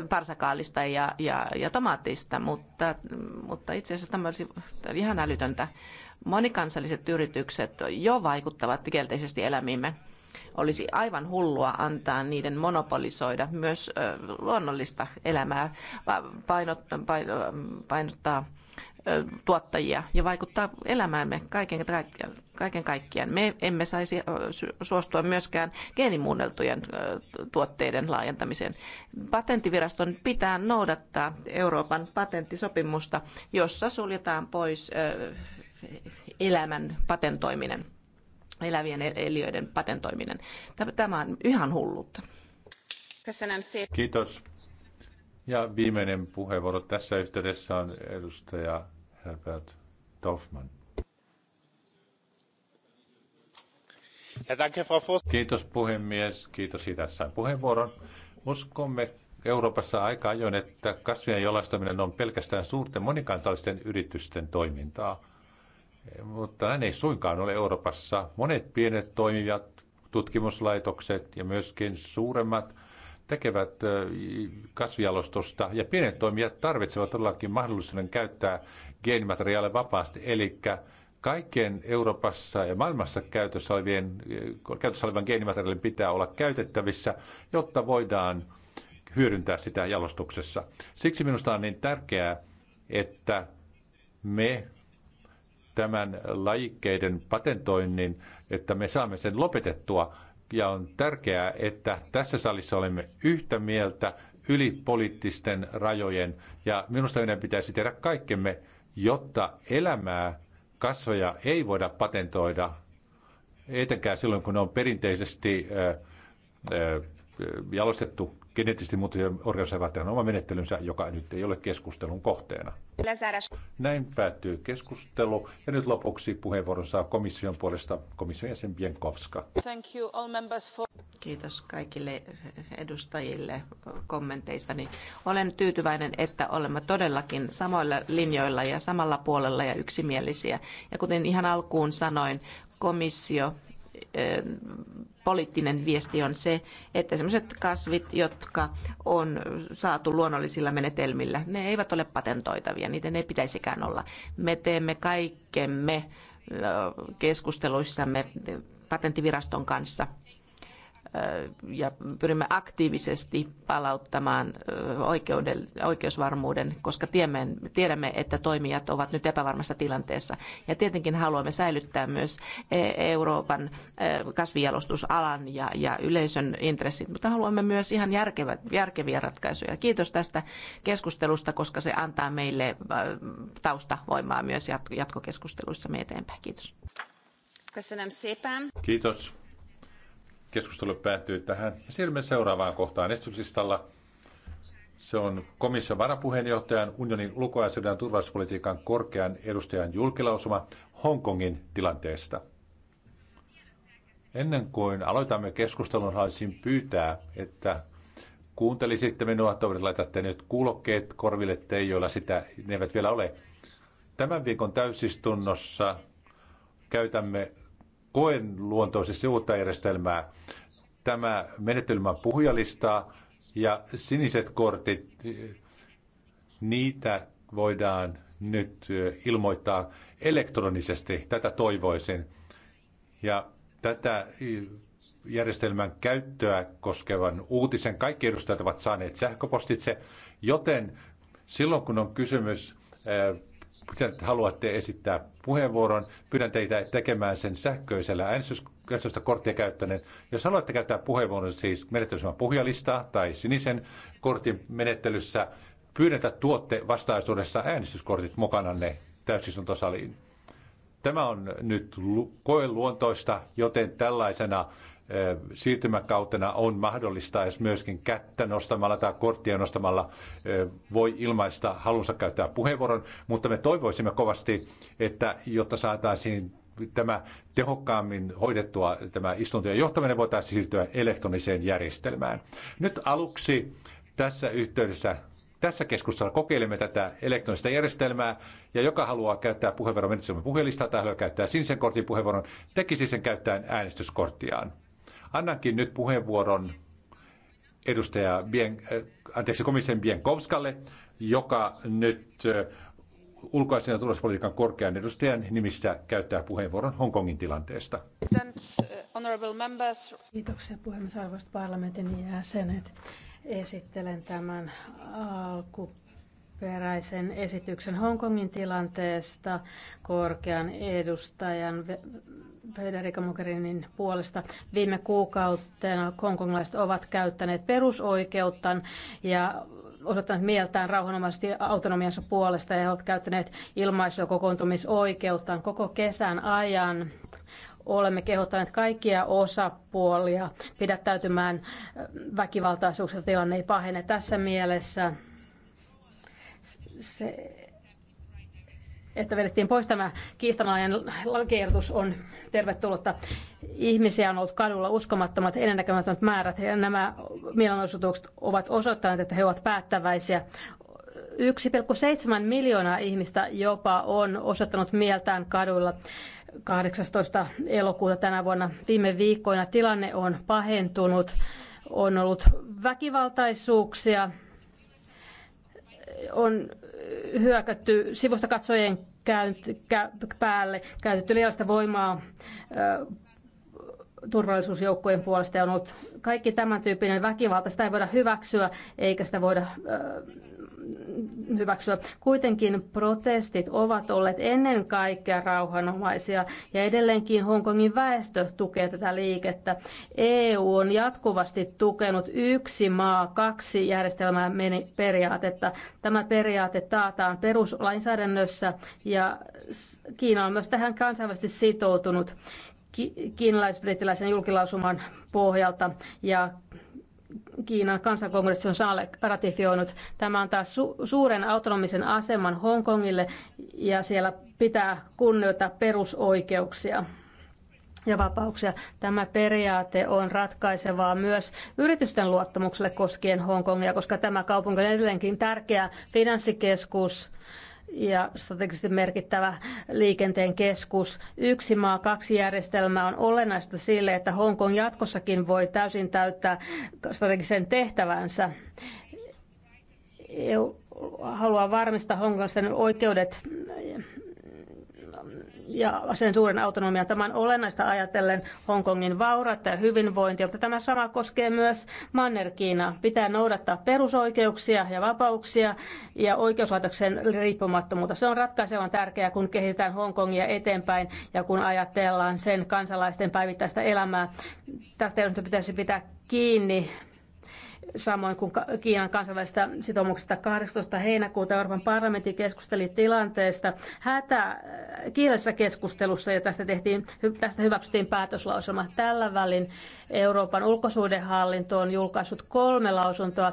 parsakaalista ja, ja, ja tomaatista, mutta, mutta itse asiassa tämä olisi ihan älytöntä. Monikansalliset yritykset jo vaikuttavat kielteisesti elämiimme. Olisi aivan hullua antaa niiden monopolisoida myös luonnollista elämää, painottaa, painottaa tuottajia ja vaikuttaa elämäämme kaiken, kaiken kaikkiaan. Me emme saisi suostua myöskään geenimuunneltujen tuotteiden laajentamiseen. Patenttiviraston pitää noudattaa Euroopan patenttisopimusta, jossa suljetaan pois elämän patentoiminen, elävien e- eliöiden patentoiminen. Tämä on ihan hullutta. Kiitos. Ja viimeinen puheenvuoro tässä yhteydessä on edustaja Herbert Dorfman. Kiitos puhemies, kiitos siitä sain puheenvuoron. Uskomme Euroopassa aika ajoin, että kasvien jolastaminen on pelkästään suurten monikansallisten yritysten toimintaa. Mutta näin ei suinkaan ole Euroopassa. Monet pienet toimijat, tutkimuslaitokset ja myöskin suuremmat tekevät kasvialostusta ja pienet toimijat tarvitsevat todellakin mahdollisuuden käyttää geenimateriaaleja vapaasti. Eli kaikkien Euroopassa ja maailmassa käytössä, olevien, käytössä olevan geenimateriaalin pitää olla käytettävissä, jotta voidaan hyödyntää sitä jalostuksessa. Siksi minusta on niin tärkeää, että me tämän lajikkeiden patentoinnin, että me saamme sen lopetettua ja on tärkeää, että tässä salissa olemme yhtä mieltä yli poliittisten rajojen. Ja minusta meidän pitäisi tehdä kaikkemme, jotta elämää kasvoja ei voida patentoida, etenkään silloin kun ne on perinteisesti jalostettu Geneettisesti muuttuja organismeja varten oma menettelynsä, joka nyt ei ole keskustelun kohteena. Näin päättyy keskustelu. Ja nyt lopuksi puheenvuoron saa komission puolesta komission jäsen Bienkovska. Kiitos kaikille edustajille kommenteista. Olen tyytyväinen, että olemme todellakin samoilla linjoilla ja samalla puolella ja yksimielisiä. Ja kuten ihan alkuun sanoin, komissio poliittinen viesti on se, että sellaiset kasvit, jotka on saatu luonnollisilla menetelmillä, ne eivät ole patentoitavia, niitä ei pitäisikään olla. Me teemme kaikkemme keskusteluissamme patenttiviraston kanssa – ja pyrimme aktiivisesti palauttamaan oikeusvarmuuden, koska tiedämme, että toimijat ovat nyt epävarmassa tilanteessa. Ja tietenkin haluamme säilyttää myös e, Euroopan kasvijalostusalan ja, yleisön intressit, mutta haluamme myös ihan järkeviä ratkaisuja. Kiitos tästä keskustelusta, koska se antaa meille taustavoimaa myös Me eteenpäin. Kiitos. Kiitos. Keskustelu päättyy tähän. Ja siirrymme seuraavaan kohtaan esityslistalla. Se on komission varapuheenjohtajan unionin ulkoasioiden turvallisuuspolitiikan korkean edustajan julkilausuma Hongkongin tilanteesta. Ennen kuin aloitamme keskustelun, haluaisin pyytää, että kuuntelisitte minua. Toivottavasti laitatte nyt kuulokkeet korville te, joilla sitä ne eivät vielä ole. Tämän viikon täysistunnossa käytämme koen luontoisesti uutta järjestelmää. Tämä menetelmä puhujalistaa ja siniset kortit, niitä voidaan nyt ilmoittaa elektronisesti. Tätä toivoisin. Ja tätä järjestelmän käyttöä koskevan uutisen kaikki edustajat ovat saaneet sähköpostitse, joten silloin kun on kysymys haluatte esittää puheenvuoron, pyydän teitä tekemään sen sähköisellä äänestys, korttia käyttäneen. Jos haluatte käyttää puheenvuoron siis menettelysemän puhujalista tai sinisen kortin menettelyssä, että tuotte vastaisuudessa äänestyskortit mukananne täysistuntosaliin. Tämä on nyt koeluontoista, joten tällaisena siirtymäkautena on mahdollista jos myöskin kättä nostamalla tai korttia nostamalla voi ilmaista halunsa käyttää puheenvuoron, mutta me toivoisimme kovasti, että jotta saataisiin tämä tehokkaammin hoidettua tämä istuntojen johtaminen, voitaisiin siirtyä elektroniseen järjestelmään. Nyt aluksi tässä yhteydessä tässä keskustelussa kokeilemme tätä elektronista järjestelmää, ja joka haluaa käyttää puheenvuoron menettelemme puhelista tai haluaa käyttää sinisen kortin puheenvuoron, tekisi sen käyttäen äänestyskorttiaan. Annankin nyt puheenvuoron edustaja Bien, äh, anteeksi, komission Bienkovskalle, joka nyt äh, ulkoisen ja turvallisuuspolitiikan korkean edustajan nimissä käyttää puheenvuoron Hongkongin tilanteesta. Kiitoksia puhemies arvoista parlamentin jäsenet. Esittelen tämän alkuperäisen esityksen Hongkongin tilanteesta korkean edustajan Federica Mogherinin puolesta. Viime kuukautena kongongilaiset ovat käyttäneet perusoikeuttaan ja osoittaneet mieltään rauhanomaisesti autonomiansa puolesta ja he ovat käyttäneet ilmaisua ja kokoontumisoikeuttaan koko kesän ajan. Olemme kehottaneet kaikkia osapuolia pidättäytymään äh, väkivaltaisuuksia, tilanne ei pahene tässä mielessä. Se, että vedettiin pois tämä kiistanalainen lakiehdotus on tervetullutta. Ihmisiä on ollut kadulla uskomattomat, ennennäkemättömät määrät ja nämä mielenosoitukset ovat osoittaneet, että he ovat päättäväisiä 1,7 miljoonaa ihmistä jopa on osoittanut mieltään kaduilla 18. elokuuta tänä vuonna. Viime viikkoina tilanne on pahentunut, on ollut väkivaltaisuuksia, on hyökätty sivusta katsojien käynti, kä, päälle käytetty liiallista voimaa ö, turvallisuusjoukkojen puolesta ja on ollut kaikki tämän tyyppinen väkivalta. Sitä ei voida hyväksyä eikä sitä voida ö, hyväksyä. Kuitenkin protestit ovat olleet ennen kaikkea rauhanomaisia ja edelleenkin Hongkongin väestö tukee tätä liikettä. EU on jatkuvasti tukenut yksi maa, kaksi järjestelmää periaatetta. Tämä periaate taataan peruslainsäädännössä ja Kiina on myös tähän kansainvälisesti sitoutunut kiinalais-brittiläisen julkilausuman pohjalta ja Kiinan kansankongressi on ratifioinut. Tämä antaa su- suuren autonomisen aseman Hongkongille ja siellä pitää kunnioittaa perusoikeuksia ja vapauksia. Tämä periaate on ratkaisevaa myös yritysten luottamukselle koskien Hongkongia, koska tämä kaupunki on edelleenkin tärkeä finanssikeskus ja strategisesti merkittävä liikenteen keskus. Yksi maa, kaksi järjestelmää on olennaista sille, että Hongkong jatkossakin voi täysin täyttää strategisen tehtävänsä. EU haluaa varmistaa Hongkongin oikeudet ja sen suuren autonomian. Tämä on olennaista ajatellen Hongkongin vaurautta ja hyvinvointia, mutta tämä sama koskee myös manner Pitää noudattaa perusoikeuksia ja vapauksia ja oikeuslaitoksen riippumattomuutta. Se on ratkaisevan tärkeää, kun kehitetään Hongkongia eteenpäin ja kun ajatellaan sen kansalaisten päivittäistä elämää. Tästä pitäisi pitää kiinni samoin kuin Kiinan kansainvälistä sitoumuksesta 18. heinäkuuta Euroopan parlamentti keskusteli tilanteesta hätä äh, kiireessä keskustelussa ja tästä, tehtiin, tästä hyväksyttiin päätöslauselma. Tällä välin Euroopan ulkosuhdehallinto on julkaissut kolme lausuntoa.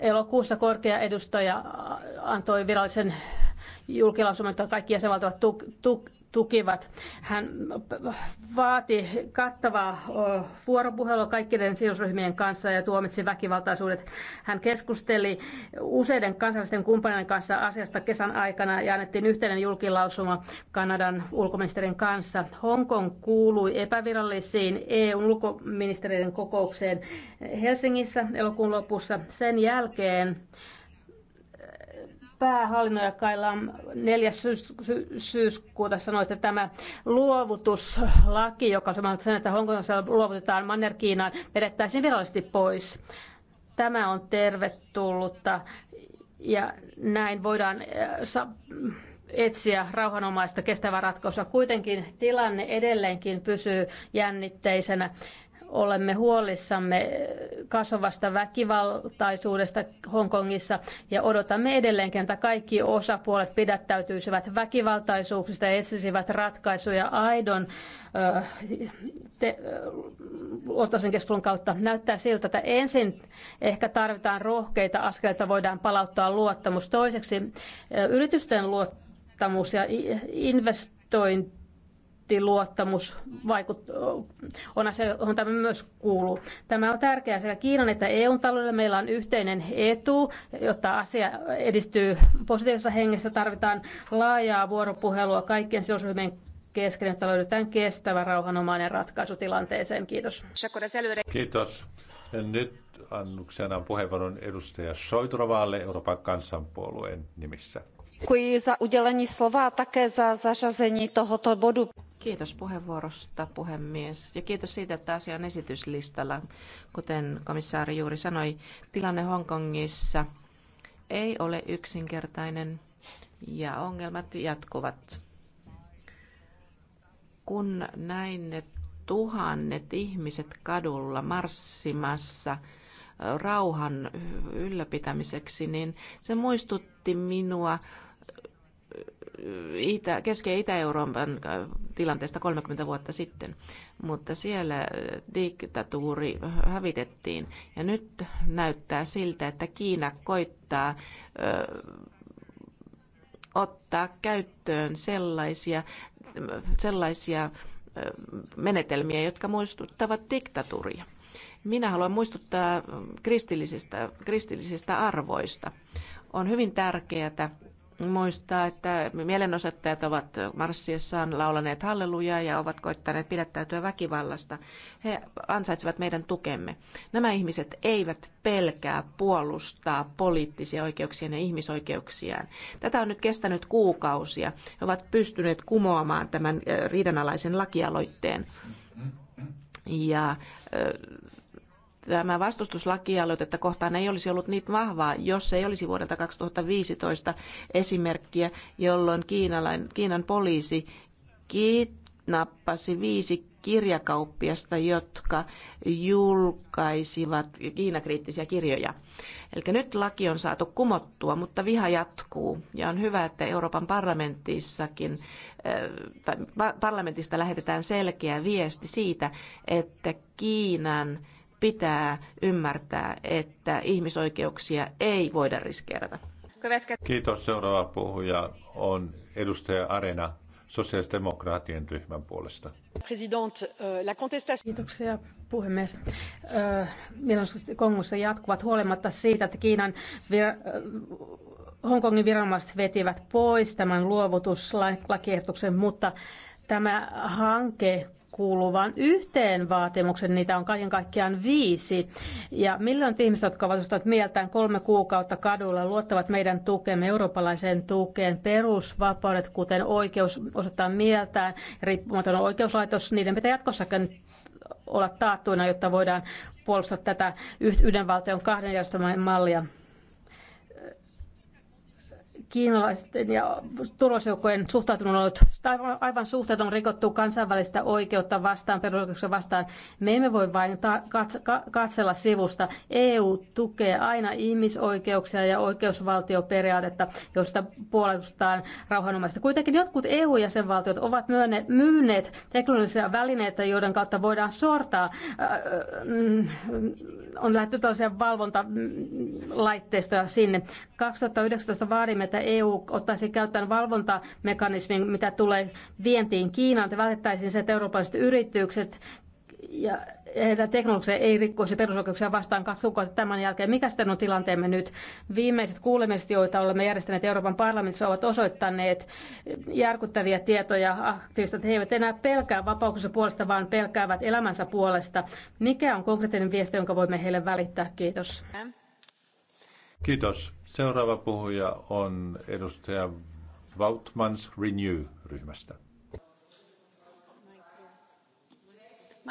Elokuussa korkea edustaja äh, antoi virallisen julkilausuman, että kaikki jäsenvaltiot tuk, tuk, tukivat. Hän vaati kattavaa vuoropuhelua kaikkien sidosryhmien kanssa ja tuomitsi väkivaltaisuudet. Hän keskusteli useiden kansainvälisten kumppaneiden kanssa asiasta kesän aikana ja annettiin yhteinen julkilausuma Kanadan ulkoministerin kanssa. Hongkong kuului epävirallisiin eu ulkoministeriöiden kokoukseen Helsingissä elokuun lopussa. Sen jälkeen päähallinnojakkailla 4. Syys- syyskuuta sanoi, että tämä luovutuslaki, joka on sen, että Hongkongissa luovutetaan Manner-Kiinaan, vedettäisiin virallisesti pois. Tämä on tervetullutta ja näin voidaan äh, etsiä rauhanomaista kestävää ratkaisua. Kuitenkin tilanne edelleenkin pysyy jännitteisenä olemme huolissamme kasvavasta väkivaltaisuudesta Hongkongissa ja odotamme edelleenkin, että kaikki osapuolet pidättäytyisivät väkivaltaisuuksista ja etsisivät ratkaisuja aidon te, luottaisen keskustelun kautta. Näyttää siltä, että ensin ehkä tarvitaan rohkeita askeleita, voidaan palauttaa luottamus. Toiseksi yritysten luottamus ja investointi luottamus vaikut, on asia, johon tämä myös kuuluu. Tämä on tärkeää sekä Kiinan että EUn taloudelle. Meillä on yhteinen etu, jotta asia edistyy positiivisessa hengessä. Tarvitaan laajaa vuoropuhelua kaikkien sidosryhmien kesken, jotta löydetään kestävä rauhanomainen ratkaisu tilanteeseen. Kiitos. Kiitos. Nyt annuksena puheenvuoron edustaja Soiturovaalle Euroopan kansanpuolueen nimissä. Kui za udělení slova, také za zařazení tohoto bodu. Kiitos puheenvuorosta, puhemies. Ja kiitos siitä, että asia on esityslistalla. Kuten komissaari juuri sanoi, tilanne Hongkongissa ei ole yksinkertainen ja ongelmat jatkuvat. Kun näin ne tuhannet ihmiset kadulla marssimassa rauhan ylläpitämiseksi, niin se muistutti minua Itä, Keski- ja Itä-Euroopan äh, tilanteesta 30 vuotta sitten, mutta siellä äh, diktatuuri hävitettiin. Ja nyt näyttää siltä, että Kiina koittaa ö, äh, ottaa käyttöön sellaisia, sellaisia menetelmiä, jotka muistuttavat diktatuuria. Minä haluan muistuttaa kristillisistä, kristillisistä arvoista. On hyvin tärkeää, muistaa, että mielenosoittajat ovat marssiessaan laulaneet halleluja ja ovat koittaneet pidättäytyä väkivallasta. He ansaitsevat meidän tukemme. Nämä ihmiset eivät pelkää puolustaa poliittisia oikeuksia ja ihmisoikeuksiaan. Tätä on nyt kestänyt kuukausia. He ovat pystyneet kumoamaan tämän eh, riidanalaisen lakialoitteen. Ja eh, tämä vastustuslakialoitetta kohtaan ei olisi ollut niin vahvaa, jos ei olisi vuodelta 2015 esimerkkiä, jolloin Kiinalain, Kiinan poliisi kidnappasi viisi kirjakauppiasta, jotka julkaisivat Kiinakriittisiä kirjoja. Eli nyt laki on saatu kumottua, mutta viha jatkuu. Ja on hyvä, että Euroopan parlamentissakin, äh, parlamentista lähetetään selkeä viesti siitä, että Kiinan pitää ymmärtää, että ihmisoikeuksia ei voida riskeerata. Kiitos. Seuraava puhuja on edustaja Arena sosiaalidemokraattien ryhmän puolesta. Äh, Kiitoksia puhemies. Äh, mielenosoitukset Kongossa jatkuvat huolimatta siitä, että Kiinan vir- äh, Hongkongin viranomaiset vetivät pois tämän luovutuslakiehdotuksen, mutta tämä hanke kuuluu vain yhteen vaatimuksen, niitä on kaiken kaikkiaan viisi. Ja miljoonat ihmiset, jotka ovat ostaneet mieltään kolme kuukautta kadulla, luottavat meidän tukemme, eurooppalaiseen tukeen, perusvapaudet, kuten oikeus osoittaa mieltään, riippumaton oikeuslaitos, niiden pitää jatkossakin olla taattuina, jotta voidaan puolustaa tätä yhdenvaltion kahden järjestelmän mallia kiinalaisten ja turvallisuusjoukkojen suhtautuminen on ollut aivan, aivan suhteeton rikottu kansainvälistä oikeutta vastaan, perusoikeuksia vastaan. Me emme voi vain katsella sivusta. EU tukee aina ihmisoikeuksia ja oikeusvaltioperiaatetta, josta puolustetaan rauhanomaisesti. Kuitenkin jotkut EU-jäsenvaltiot ovat myönne, myyneet teknologisia välineitä, joiden kautta voidaan sortaa äh, äh mm, on lähdetty tällaisia valvontalaitteistoja sinne. 2019 vaadimme, että EU ottaisi käyttöön valvontamekanismin, mitä tulee vientiin Kiinaan, että vältettäisiin se, että eurooppalaiset yritykset ja heidän teknologia ei rikkoisi perusoikeuksia vastaan kaksi kuukautta tämän jälkeen. Mikä sitten on tilanteemme nyt? Viimeiset kuulemiset, joita olemme järjestäneet Euroopan parlamentissa, ovat osoittaneet järkyttäviä tietoja että He eivät enää pelkää vapauksensa puolesta, vaan pelkäävät elämänsä puolesta. Mikä on konkreettinen viesti, jonka voimme heille välittää? Kiitos. Kiitos. Seuraava puhuja on edustaja Vautmans Renew-ryhmästä.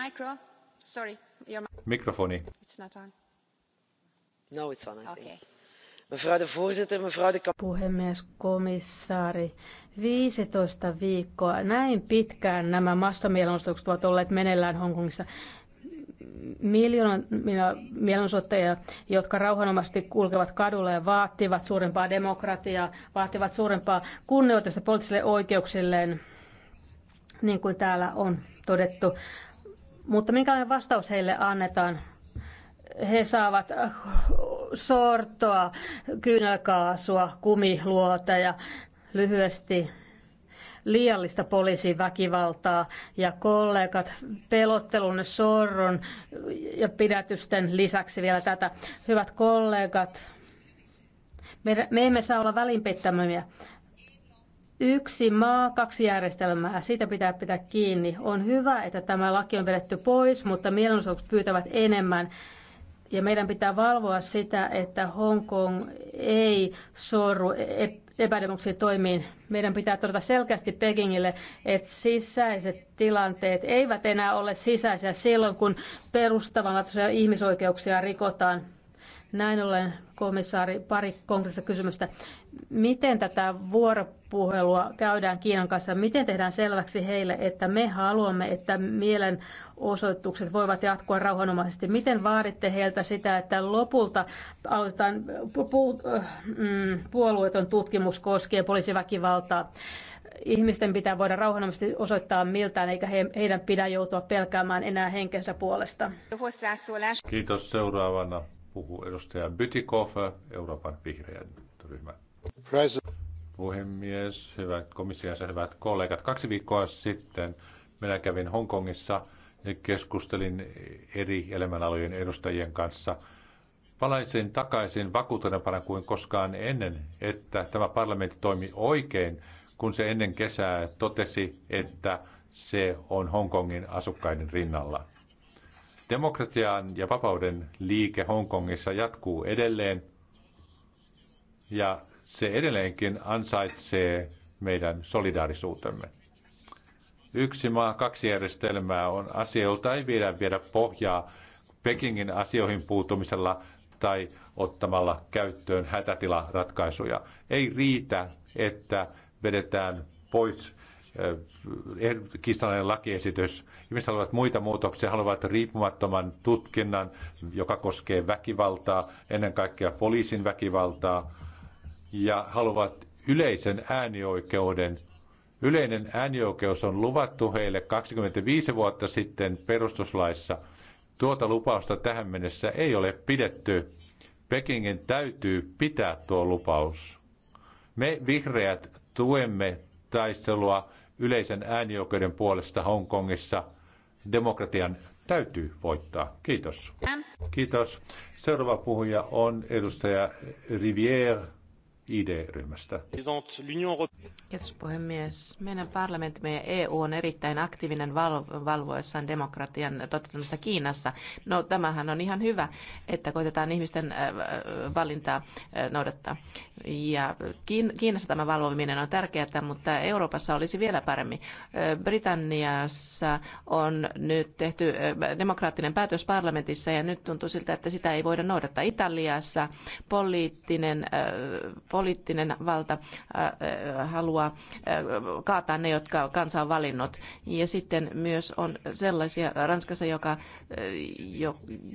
Micro. Sorry. Mikrofoni. No, on, Puhemies, komissaari, 15 viikkoa. Näin pitkään nämä massamielenosoitukset ovat olleet meneillään Hongkongissa Miljoonia mielenosoittajia, jotka rauhanomaisesti kulkevat kadulla ja vaativat suurempaa demokratiaa, vaativat suurempaa kunnioitusta poliittisille oikeuksilleen, niin kuin täällä on todettu. Mutta minkälainen vastaus heille annetaan? He saavat sortoa, kynäkaasua, kumiluota ja lyhyesti liiallista poliisin väkivaltaa ja kollegat pelottelun, sorron ja pidätysten lisäksi vielä tätä. Hyvät kollegat, me, me emme saa olla välinpittämämme. Yksi maa, kaksi järjestelmää. Siitä pitää pitää kiinni. On hyvä, että tämä laki on vedetty pois, mutta mielenosoitukset pyytävät enemmän. Ja meidän pitää valvoa sitä, että Hongkong ei sorru e- epädemoksiin toimiin. Meidän pitää todeta selkeästi Pekingille, että sisäiset tilanteet eivät enää ole sisäisiä silloin, kun perustavanlaatuisia ihmisoikeuksia rikotaan. Näin ollen, komissaari, pari konkreettista kysymystä miten tätä vuoropuhelua käydään Kiinan kanssa, miten tehdään selväksi heille, että me haluamme, että mielenosoitukset voivat jatkua rauhanomaisesti. Miten vaaditte heiltä sitä, että lopulta aloitetaan äh, mm, puolueeton tutkimus koskien poliisiväkivaltaa? Ihmisten pitää voida rauhanomaisesti osoittaa miltään, eikä he, heidän pidä joutua pelkäämään enää henkensä puolesta. Kiitos. Seuraavana puhuu edustaja Bytikoff, Euroopan vihreän ryhmä. Puhemies, hyvät komissiassa hyvät kollegat. Kaksi viikkoa sitten minä kävin Hongkongissa ja keskustelin eri elämänalojen edustajien kanssa. Palaisin takaisin vakuutuneempana kuin koskaan ennen, että tämä parlamentti toimi oikein, kun se ennen kesää totesi, että se on Hongkongin asukkaiden rinnalla. Demokratian ja vapauden liike Hongkongissa jatkuu edelleen ja se edelleenkin ansaitsee meidän solidaarisuutemme. Yksi maa, kaksi järjestelmää on asia, jolta ei viedä viedä pohjaa Pekingin asioihin puuttumisella tai ottamalla käyttöön hätätilaratkaisuja. Ei riitä, että vedetään pois eh, er, kiistanainen lakiesitys. Ihmiset haluavat muita muutoksia, haluavat riippumattoman tutkinnan, joka koskee väkivaltaa, ennen kaikkea poliisin väkivaltaa, ja haluavat yleisen äänioikeuden. Yleinen äänioikeus on luvattu heille 25 vuotta sitten perustuslaissa. Tuota lupausta tähän mennessä ei ole pidetty. Pekingin täytyy pitää tuo lupaus. Me vihreät tuemme taistelua yleisen äänioikeuden puolesta Hongkongissa. Demokratian täytyy voittaa. Kiitos. Kiitos. Seuraava puhuja on edustaja Rivière ID-ryhmästä. Kiitos puhemies. Meidän parlamenttimme ja EU on erittäin aktiivinen valvoessaan demokratian toteutumista Kiinassa. No tämähän on ihan hyvä, että koitetaan ihmisten äh, äh, valintaa äh, noudattaa. Ja Kiinassa tämä valvominen on tärkeää, mutta Euroopassa olisi vielä paremmin. Britanniassa on nyt tehty demokraattinen päätös parlamentissa ja nyt tuntuu siltä, että sitä ei voida noudattaa. Italiassa poliittinen poliittinen valta äh, äh, haluaa äh, kaataa ne, jotka kansa on valinnut. Ja sitten myös on sellaisia Ranskassa, joka,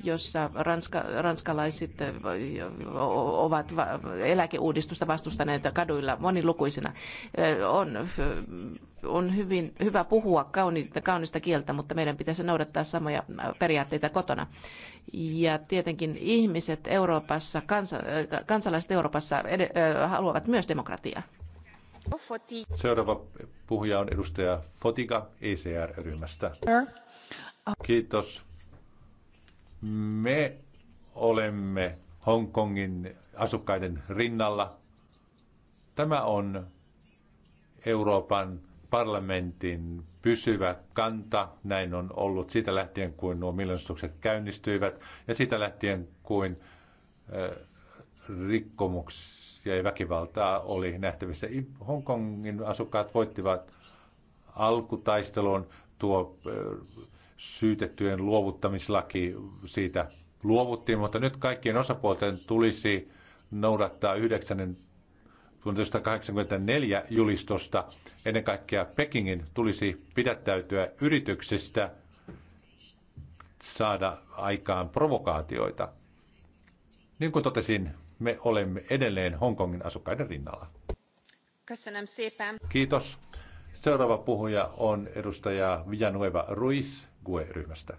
jossa ranska, ranskalaiset ovat eläkeuudistusta vastustaneet kaduilla monilukuisina. On, on hyvin, hyvä puhua kaunista, kaunista kieltä, mutta meidän pitäisi noudattaa samoja periaatteita kotona. Ja tietenkin ihmiset Euroopassa, kansa, äh, kansalaiset Euroopassa ed, ö, äh, haluavat myös demokratiaa. Seuraava puhuja on edustaja Fotiga ECR-ryhmästä. Kiitos. Me olemme Hongkongin asukkaiden rinnalla. Tämä on Euroopan parlamentin pysyvä kanta. Näin on ollut siitä lähtien, kuin nuo mielenostukset käynnistyivät ja siitä lähtien, kuin eh, rikkomuksia ja väkivaltaa oli nähtävissä. Hongkongin asukkaat voittivat alkutaistelun tuo eh, syytettyjen luovuttamislaki siitä luovuttiin, mutta nyt kaikkien osapuolten tulisi noudattaa yhdeksännen 1984 julistosta ennen kaikkea Pekingin tulisi pidättäytyä yrityksistä saada aikaan provokaatioita. Niin kuin totesin, me olemme edelleen Hongkongin asukkaiden rinnalla. Kiitos. Seuraava puhuja on edustaja Villanueva Ruiz GUE-ryhmästä.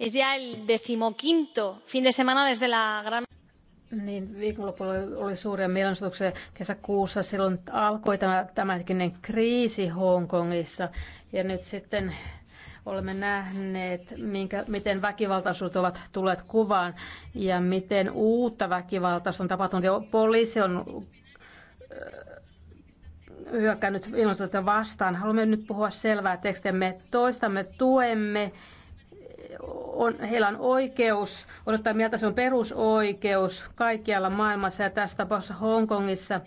Es ya el decimoquinto fin de semana desde la gran... Niin, viikonlopulla oli suuria mielenosoituksia kesäkuussa. Silloin alkoi tämä, tämänhetkinen kriisi Hongkongissa. Ja nyt sitten olemme nähneet, minkä, miten väkivaltaisuudet ovat tulleet kuvaan ja miten uutta väkivaltaisuutta on tapahtunut. Ja poliisi on hyökännyt ilmastotyötä vastaan. Haluamme nyt puhua selvää tekstiä. Me toistamme, tuemme on, heillä on oikeus odottaa mieltä, se on perusoikeus kaikkialla maailmassa ja tässä tapauksessa Hongkongissa.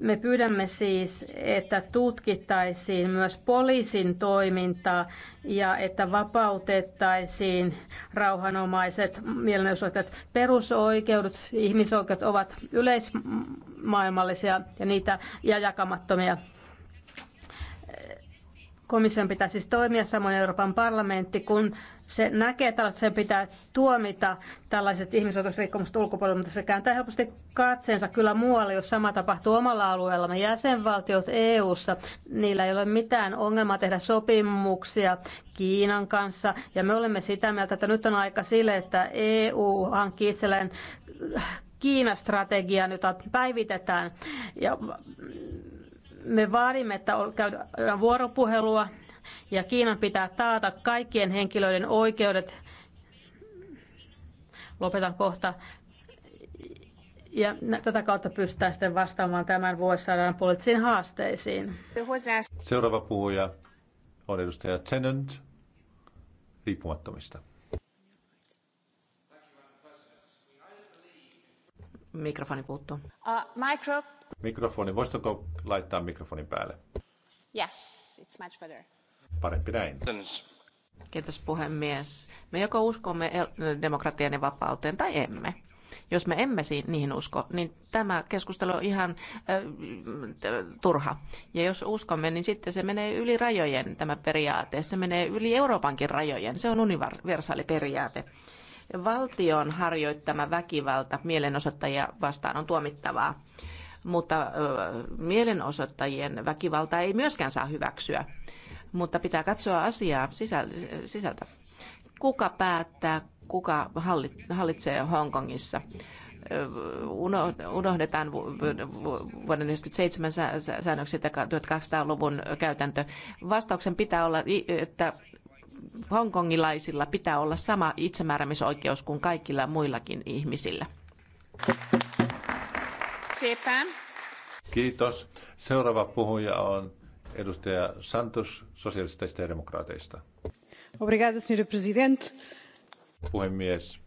Me pyydämme siis, että tutkittaisiin myös poliisin toimintaa ja että vapautettaisiin rauhanomaiset mielenosoittajat. Perusoikeudet, ihmisoikeudet ovat yleismaailmallisia ja niitä ja jakamattomia. Komission pitää siis toimia, samoin Euroopan parlamentti, kun se näkee että sen pitää tuomita tällaiset ihmisoikeusrikkomukset ulkopuolella, mutta se kääntää helposti katseensa kyllä muualle, jos sama tapahtuu omalla alueellamme. Jäsenvaltiot EU-ssa, niillä ei ole mitään ongelmaa tehdä sopimuksia Kiinan kanssa, ja me olemme sitä mieltä, että nyt on aika sille, että EU hankkii itselleen Kiinan strategian, jota päivitetään ja me vaadimme, että käydään vuoropuhelua ja Kiinan pitää taata kaikkien henkilöiden oikeudet. Lopetan kohta. Ja tätä kautta pystytään sitten vastaamaan tämän vuosisadan poliittisiin haasteisiin. Seuraava puhuja on edustaja Tennant riippumattomista. Mikrofoni puuttuu. Uh, micro... Mikrofoni. Voisitko laittaa mikrofonin päälle? Yes, it's much better. Parempi näin. Kiitos puhemies. Me joko uskomme demokratian ja vapauteen tai emme. Jos me emme niihin usko, niin tämä keskustelu on ihan äh, turha. Ja jos uskomme, niin sitten se menee yli rajojen, tämä periaate. Se menee yli Euroopankin rajojen. Se on universaali periaate. Valtion harjoittama väkivalta mielenosoittajia vastaan on tuomittavaa, mutta mielenosoittajien väkivalta ei myöskään saa hyväksyä. Mutta pitää katsoa asiaa sisältä. Kuka päättää, kuka hallitsee Hongkongissa? unohdetaan vuoden 1997 säännökset ja 1800-luvun käytäntö. Vastauksen pitää olla, että hongkongilaisilla pitää olla sama itsemääräämisoikeus kuin kaikilla muillakin ihmisillä. Kiitos. Seuraava puhuja on edustaja Santos sosialisteista ja demokraateista. Obrigada, senhor presidente. Puhemies.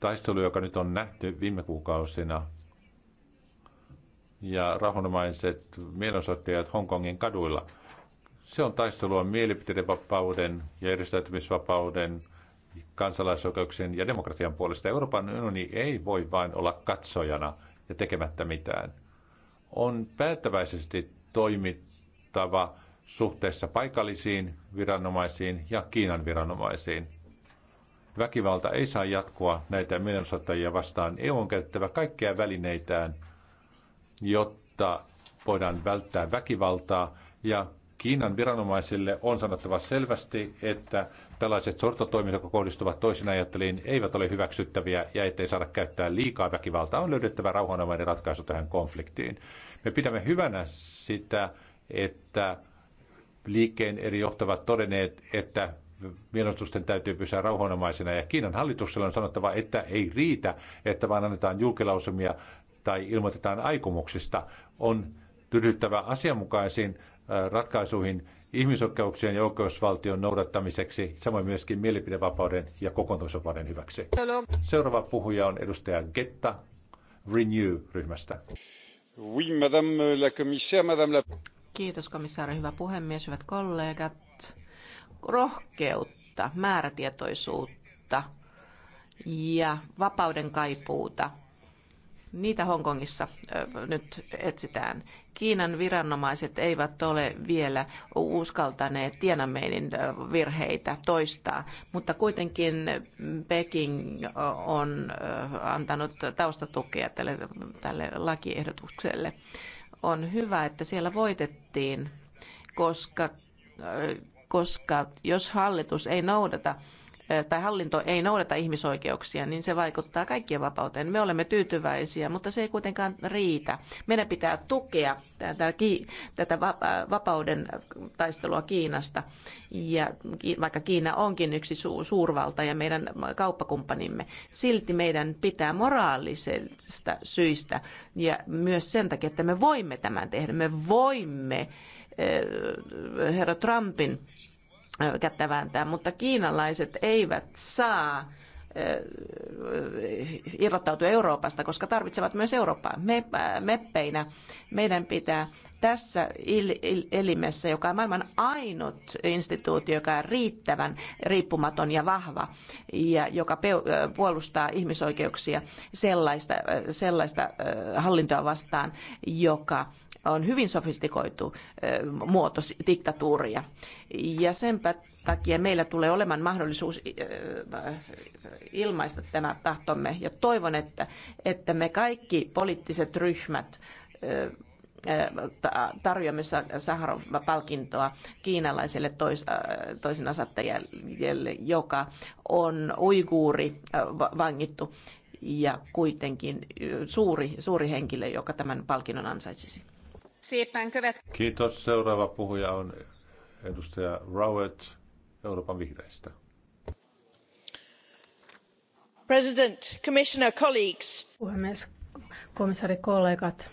Taistelu, joka nyt on nähty viime kuukausina, ja rahunomaiset mielenosoittajat Hongkongin kaduilla – se on taistelua mielipidevapauden ja järjestäytymisvapauden, kansalaisoikeuksien ja demokratian puolesta. Euroopan unioni ei voi vain olla katsojana ja tekemättä mitään. On päättäväisesti toimittava suhteessa paikallisiin viranomaisiin ja Kiinan viranomaisiin. Väkivalta ei saa jatkua näitä mielenosoittajia vastaan. EU on käytettävä kaikkia välineitään, jotta voidaan välttää väkivaltaa ja Kiinan viranomaisille on sanottava selvästi, että tällaiset sortotoimet, jotka kohdistuvat toisin ajatteliin, eivät ole hyväksyttäviä ja ettei saada käyttää liikaa väkivaltaa. On löydettävä rauhanomainen ratkaisu tähän konfliktiin. Me pidämme hyvänä sitä, että liikkeen eri johtavat todenneet, että mielostusten täytyy pysyä rauhanomaisena. Ja Kiinan hallituksella on sanottava, että ei riitä, että vaan annetaan julkilausumia tai ilmoitetaan aikomuksista. On tydyttävä asianmukaisiin ratkaisuihin ihmisoikeuksien ja oikeusvaltion noudattamiseksi, samoin myöskin mielipidevapauden ja kokoontumisvapauden hyväksi. Seuraava puhuja on edustaja Getta Renew-ryhmästä. Oui, madame la commissaire, madame la... Kiitos komissaari, hyvä puhemies, hyvät kollegat. Rohkeutta, määrätietoisuutta ja vapauden kaipuuta Niitä Hongkongissa nyt etsitään. Kiinan viranomaiset eivät ole vielä uskaltaneet Tiananmenin virheitä toistaa, mutta kuitenkin Peking on antanut taustatukea tälle, tälle lakiehdotukselle. On hyvä, että siellä voitettiin, koska, koska jos hallitus ei noudata tai hallinto ei noudata ihmisoikeuksia, niin se vaikuttaa kaikkien vapauteen. Me olemme tyytyväisiä, mutta se ei kuitenkaan riitä. Meidän pitää tukea tätä, tätä vapauden taistelua Kiinasta, ja vaikka Kiina onkin yksi suurvalta ja meidän kauppakumppanimme, silti meidän pitää moraalisesta syistä ja myös sen takia, että me voimme tämän tehdä. Me voimme herra Trumpin kättä vääntää, mutta kiinalaiset eivät saa irrottautua Euroopasta, koska tarvitsevat myös Eurooppaa. meppeinä meidän pitää tässä elimessä, joka on maailman ainut instituutio, joka on riittävän riippumaton ja vahva ja joka puolustaa ihmisoikeuksia sellaista, sellaista hallintoa vastaan, joka on hyvin sofistikoitu muoto diktatuuria. Ja sen takia meillä tulee olemaan mahdollisuus ilmaista tämä tahtomme. Ja toivon, että, että me kaikki poliittiset ryhmät tarjoamme Saharov-palkintoa kiinalaiselle tois, toisen asattajalle, joka on uiguuri vangittu ja kuitenkin suuri, suuri henkilö, joka tämän palkinnon ansaitsisi. Kiitos. Seuraava puhuja on edustaja Rowett Euroopan vihreistä. President, Commissioner, colleagues. Puhemies, komissaari, kollegat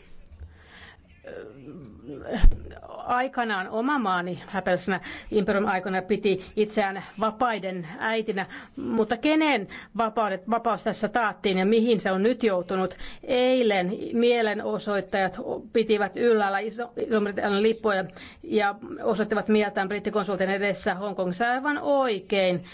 aikanaan oma maani häpeisenä imperium aikana piti itseään vapaiden äitinä, mutta kenen vapaudet, vapaus tässä taattiin ja mihin se on nyt joutunut? Eilen mielenosoittajat pitivät yllä Iso-Britannian lippuja ja osoittivat mieltään brittikonsultin edessä Hongkongissa aivan oikein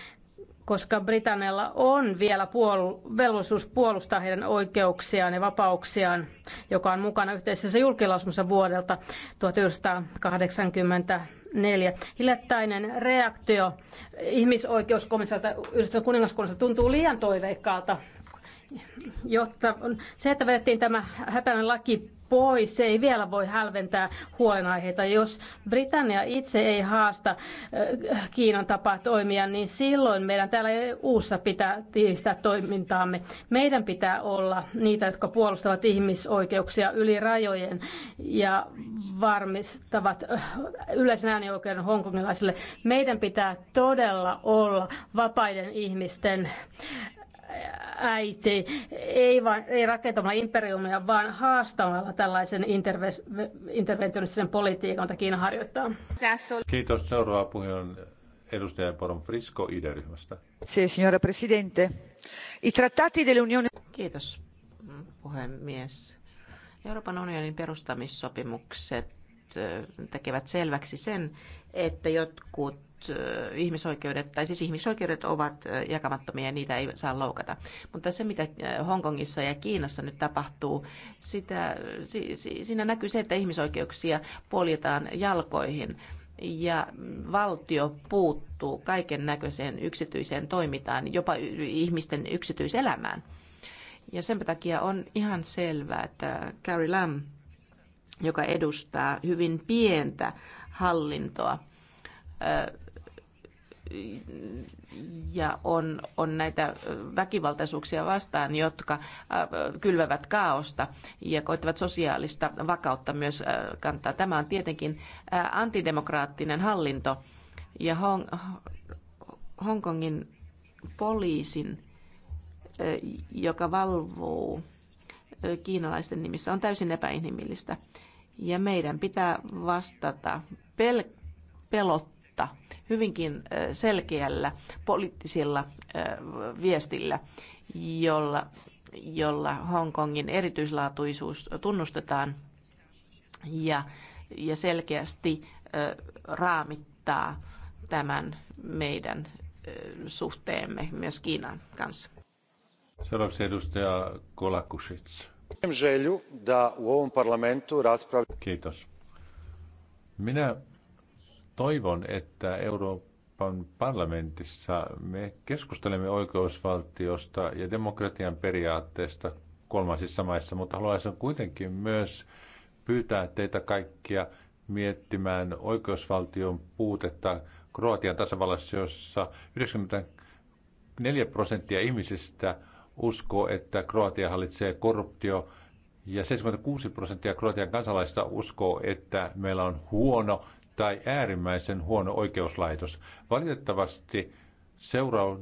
koska Britannialla on vielä puolu- velvollisuus puolustaa heidän oikeuksiaan ja vapauksiaan, joka on mukana yhteisessä julkilausumassa vuodelta 1984. Hiljattainen reaktio ihmisoikeuskomissaalta yhdistetystä kuningaskunnasta tuntuu liian toiveikkaalta jotta se, että vedettiin tämä hätäinen laki pois, se ei vielä voi hälventää huolenaiheita. Jos Britannia itse ei haasta Kiinan tapaa toimia, niin silloin meidän täällä EU-ssa pitää tiivistää toimintaamme. Meidän pitää olla niitä, jotka puolustavat ihmisoikeuksia yli rajojen ja varmistavat yleisen äänioikeuden hongkongilaisille. Meidän pitää todella olla vapaiden ihmisten äiti, ei, vaan, ei rakentamalla imperiumia, vaan haastamalla tällaisen interve- interventionistisen politiikan, jota Kiina harjoittaa. Kiitos. Seuraava puhe on edustaja Poron Frisco ID-ryhmästä. signora Presidente. I trattati dell'Unione... Kiitos, puhemies. Euroopan unionin perustamissopimukset eh, tekevät selväksi sen, että jotkut ihmisoikeudet, tai siis ihmisoikeudet ovat jakamattomia ja niitä ei saa loukata. Mutta se, mitä Hongkongissa ja Kiinassa nyt tapahtuu, sitä, siinä näkyy se, että ihmisoikeuksia poljetaan jalkoihin ja valtio puuttuu kaiken näköiseen yksityiseen toimintaan, jopa ihmisten yksityiselämään. Ja sen takia on ihan selvää, että Carrie Lam, joka edustaa hyvin pientä hallintoa, ja on, on näitä väkivaltaisuuksia vastaan, jotka äh, kylvävät kaaosta ja koittavat sosiaalista vakautta myös äh, kantaa. Tämä on tietenkin äh, antidemokraattinen hallinto ja Hong, Hongkongin poliisin, joka valvoo kiinalaisten nimissä, on täysin epäinhimillistä. Ja meidän pitää vastata pel- pelot mutta hyvinkin selkeällä poliittisella viestillä, jolla, jolla Hongkongin erityislaatuisuus tunnustetaan ja, ja selkeästi raamittaa tämän meidän suhteemme myös Kiinan kanssa. Seuraavaksi edustaja Kolakusits. Kiitos. Minä toivon, että Euroopan parlamentissa me keskustelemme oikeusvaltiosta ja demokratian periaatteesta kolmansissa maissa, mutta haluaisin kuitenkin myös pyytää teitä kaikkia miettimään oikeusvaltion puutetta Kroatian tasavallassa, jossa 94 prosenttia ihmisistä uskoo, että Kroatia hallitsee korruptio, ja 76 prosenttia Kroatian kansalaista uskoo, että meillä on huono tai äärimmäisen huono oikeuslaitos. Valitettavasti seura-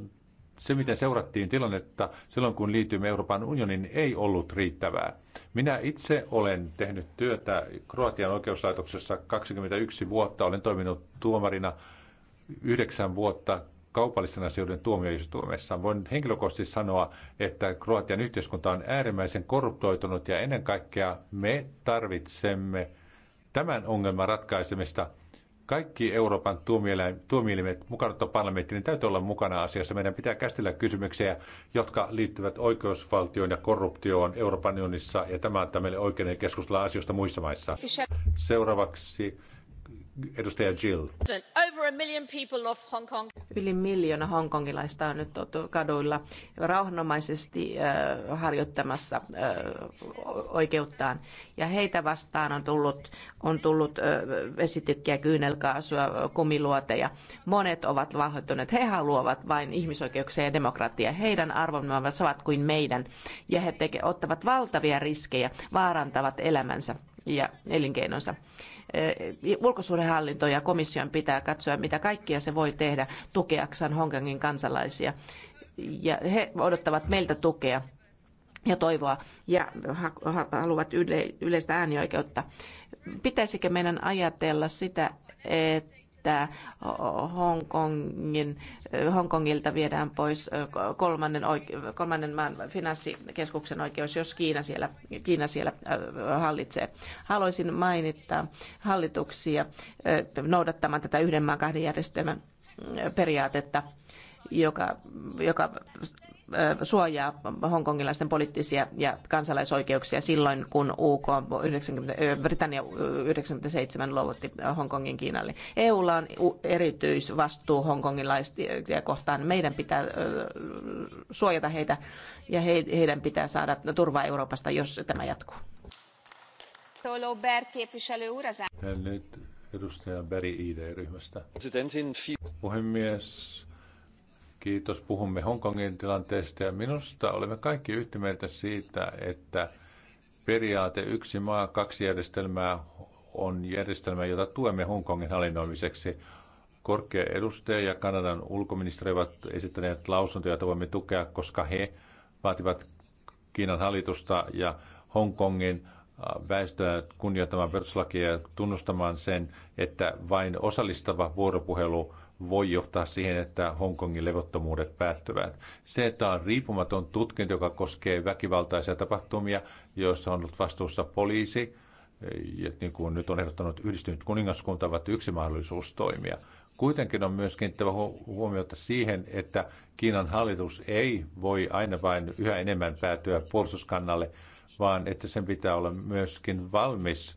se, miten seurattiin tilannetta silloin, kun liityimme Euroopan unionin, ei ollut riittävää. Minä itse olen tehnyt työtä Kroatian oikeuslaitoksessa 21 vuotta. Olen toiminut tuomarina 9 vuotta kaupallisten asioiden tuomioistuimessa. Voin henkilökohtaisesti sanoa, että Kroatian yhteiskunta on äärimmäisen korruptoitunut ja ennen kaikkea me tarvitsemme tämän ongelman ratkaisemista – kaikki Euroopan tuomielimet, on parlamentti, niin täytyy olla mukana asiassa. Meidän pitää käsitellä kysymyksiä, jotka liittyvät oikeusvaltioon ja korruptioon Euroopan unionissa, ja tämä antaa meille oikeuden keskustella asioista muissa maissa. Seuraavaksi Yli miljoona hongkongilaista on nyt kaduilla rauhanomaisesti äh, harjoittamassa äh, oikeuttaan. Ja heitä vastaan on tullut, on tullut äh, vesitykkiä, kyynelkaasua, kumiluoteja. Monet ovat vahoittuneet. He haluavat vain ihmisoikeuksia ja demokratiaa. Heidän arvomaailmansa ovat kuin meidän. Ja he teke, ottavat valtavia riskejä, vaarantavat elämänsä ja elinkeinonsa. Ulkosuhdehallinto ja komission pitää katsoa, mitä kaikkia se voi tehdä tukeakseen Hongkongin kansalaisia. Ja he odottavat meiltä tukea ja toivoa ja haluavat yle, yleistä äänioikeutta. Pitäisikö meidän ajatella sitä, että että Hongkongin, Hongkongilta viedään pois kolmannen, oike- kolmannen maan finanssikeskuksen oikeus, jos Kiina siellä, Kiina siellä hallitsee. Haluaisin mainita hallituksia noudattamaan tätä yhden maan kahden järjestelmän periaatetta, joka, joka suojaa hongkongilaisten poliittisia ja kansalaisoikeuksia silloin, kun UK 90, Britannia 97 luovutti Hongkongin Kiinalle. EUlla on erityisvastuu hongkongilaisia kohtaan. Meidän pitää suojata heitä ja heidän pitää saada turvaa Euroopasta, jos tämä jatkuu. Ja nyt edustaja Beri ID-ryhmästä. Puhemies, Kiitos. Puhumme Hongkongin tilanteesta ja minusta olemme kaikki yhtä mieltä siitä, että periaate yksi maa, kaksi järjestelmää on järjestelmä, jota tuemme Hongkongin hallinnoimiseksi. Korkea edustaja ja Kanadan ulkoministeri ovat esittäneet lausuntoja, joita voimme tukea, koska he vaativat Kiinan hallitusta ja Hongkongin väestöä kunnioittamaan perustuslakia ja tunnustamaan sen, että vain osallistava vuoropuhelu voi johtaa siihen, että Hongkongin levottomuudet päättyvät. Se, että on riippumaton tutkinto, joka koskee väkivaltaisia tapahtumia, joissa on ollut vastuussa poliisi, ja niin kuin nyt on ehdottanut yhdistynyt kuningaskunta, ovat yksi mahdollisuus toimia. Kuitenkin on myös kiinnittävä huomiota siihen, että Kiinan hallitus ei voi aina vain yhä enemmän päätyä puolustuskannalle, vaan että sen pitää olla myöskin valmis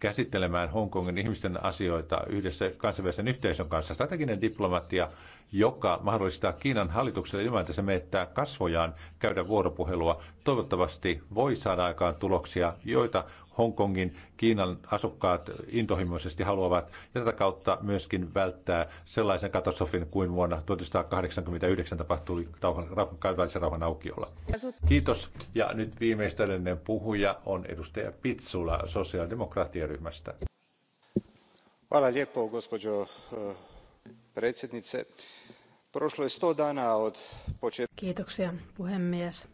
käsittelemään Hongkongin ihmisten asioita yhdessä kansainvälisen yhteisön kanssa. Strateginen diplomatia, joka mahdollistaa Kiinan hallitukselle ilman, että se menettää kasvojaan käydä vuoropuhelua, toivottavasti voi saada aikaan tuloksia, joita Hongkongin Kiinan asukkaat intohimoisesti haluavat ja tätä kautta myöskin välttää sellaisen katastrofin kuin vuonna 1989 tapahtui kansainvälisen rauhan aukiolla. Kiitos. Ja nyt viimeistellinen puhuja on edustaja Pitsula sosiaalidemokraattien ryhmästä. Hvala lijepo, gospođo eh, predsjednice. Prošlo je 100 dana od početka... Kiitoksia, puhemies.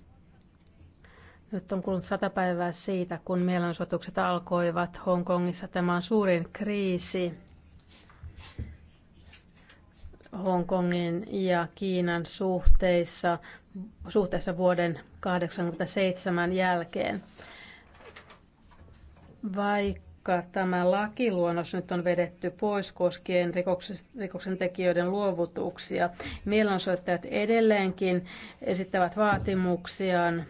Nyt on kulunut sata päivää siitä, kun mielenosoitukset alkoivat Hongkongissa. Tämä on suurin kriisi Hongkongin ja Kiinan suhteissa, suhteessa vuoden 1987 jälkeen. Vaikka tämä lakiluonnos nyt on vedetty pois koskien rikoksentekijöiden luovutuksia, mielenosoittajat edelleenkin esittävät vaatimuksiaan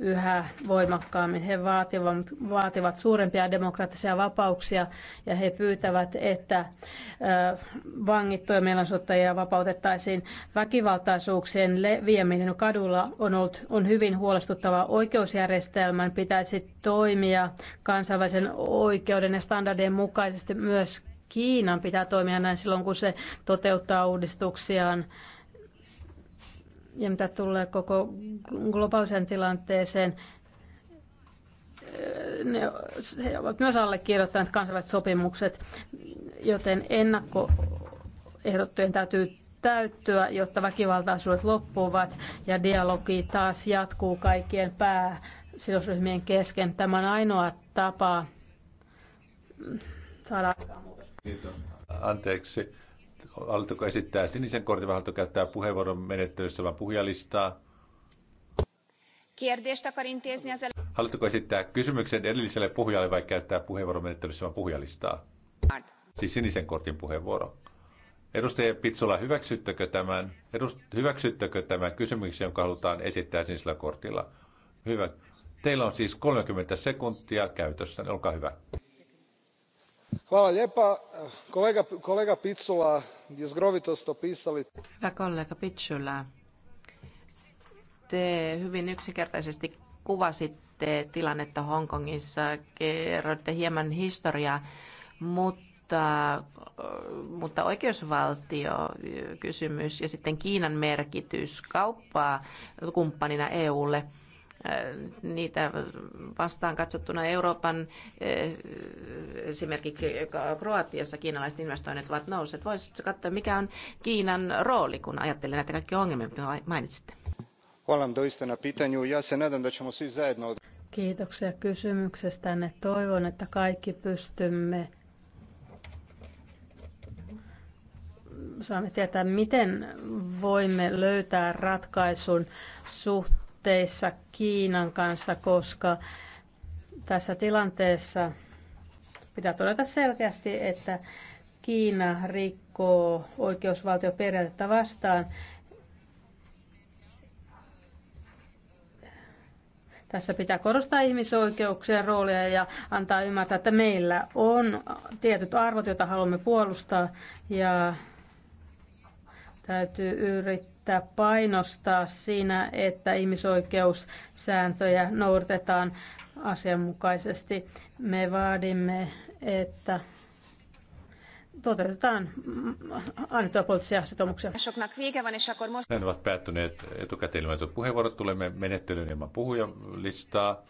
yhä voimakkaammin. He vaativat, vaativat suurempia demokraattisia vapauksia ja he pyytävät, että vangittuja mielenosoittajia vapautettaisiin. Väkivaltaisuuksien leviäminen kadulla on, ollut, on hyvin huolestuttava. Oikeusjärjestelmän pitäisi toimia kansainvälisen oikeuden ja standardien mukaisesti myös Kiinan pitää toimia näin silloin, kun se toteuttaa uudistuksiaan ja mitä tulee koko globaaliseen tilanteeseen, ne, he ovat myös allekirjoittaneet kansainväliset sopimukset, joten ennakkoehdottojen täytyy täyttyä, jotta väkivaltaisuudet loppuvat ja dialogi taas jatkuu kaikkien pääsidosryhmien kesken. Tämä on ainoa tapa saada aikaan muutos. Kiitos. Anteeksi. Haluatteko esittää sinisen kortin vai haluatteko käyttää puheenvuoron menettelyssä vai puhujalistaa? Haluatteko esittää kysymyksen edelliselle puhujalle vai käyttää puheenvuoron menettelyssä vai puhujalistaa? Siis sinisen kortin puheenvuoro. Edustaja Pitsola, hyväksyttekö tämän, edust, hyväksyttekö tämän kysymyksen, jonka halutaan esittää sinisellä kortilla? Hyvä. Teillä on siis 30 sekuntia käytössä. Olkaa hyvä arvoisa puhemies kollega picula jezgrovitost opisali. hyvä kollega picula te hyvin yksinkertaisesti kuvasitte tilannetta hongkongissa kerroitte hieman historiaa mutta, mutta oikeusvaltiokysymys ja sitten Kiinan merkitys kauppaa kumppanina EUlle – niitä vastaan katsottuna Euroopan, esimerkiksi Kroatiassa kiinalaiset investoinnit ovat nousseet. Voisitko katsoa, mikä on Kiinan rooli, kun ajattelee näitä kaikkia ongelmia, mitä mainitsitte? Kiitoksia kysymyksestä. Toivon, että kaikki pystymme saamme tietää, miten voimme löytää ratkaisun suhteen suhteissa Kiinan kanssa, koska tässä tilanteessa pitää todeta selkeästi, että Kiina rikkoo oikeusvaltioperiaatetta vastaan. Tässä pitää korostaa ihmisoikeuksien roolia ja antaa ymmärtää, että meillä on tietyt arvot, joita haluamme puolustaa ja täytyy yrittää yrittää painostaa siinä, että ihmisoikeussääntöjä noudatetaan asianmukaisesti. Me vaadimme, että toteutetaan annettuja poliittisia sitoumuksia. Ne ovat päättyneet etukäteen ilmoitetut puheenvuorot. Tulemme menettelyyn ilman puhujalistaa.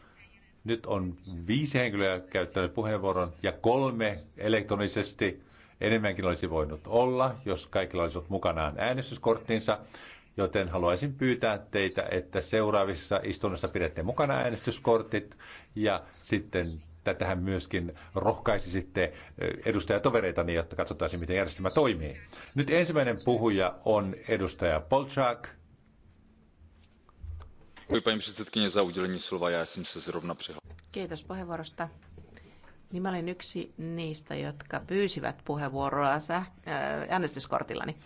Nyt on viisi henkilöä käyttänyt puheenvuoron ja kolme elektronisesti. Enemmänkin olisi voinut olla, jos kaikilla olisi ollut mukanaan äänestyskorttinsa, joten haluaisin pyytää teitä, että seuraavissa istunnossa pidätte mukana äänestyskortit ja sitten tähän myöskin rohkaisi sitten eh, edustajatovereita niin, jotta katsotaan, miten järjestelmä toimii. Nyt ensimmäinen puhuja on edustaja Polchak. Kiitos puheenvuorosta niin mä olin yksi niistä, jotka pyysivät puheenvuoroa säh- äh, äänestyskortillani.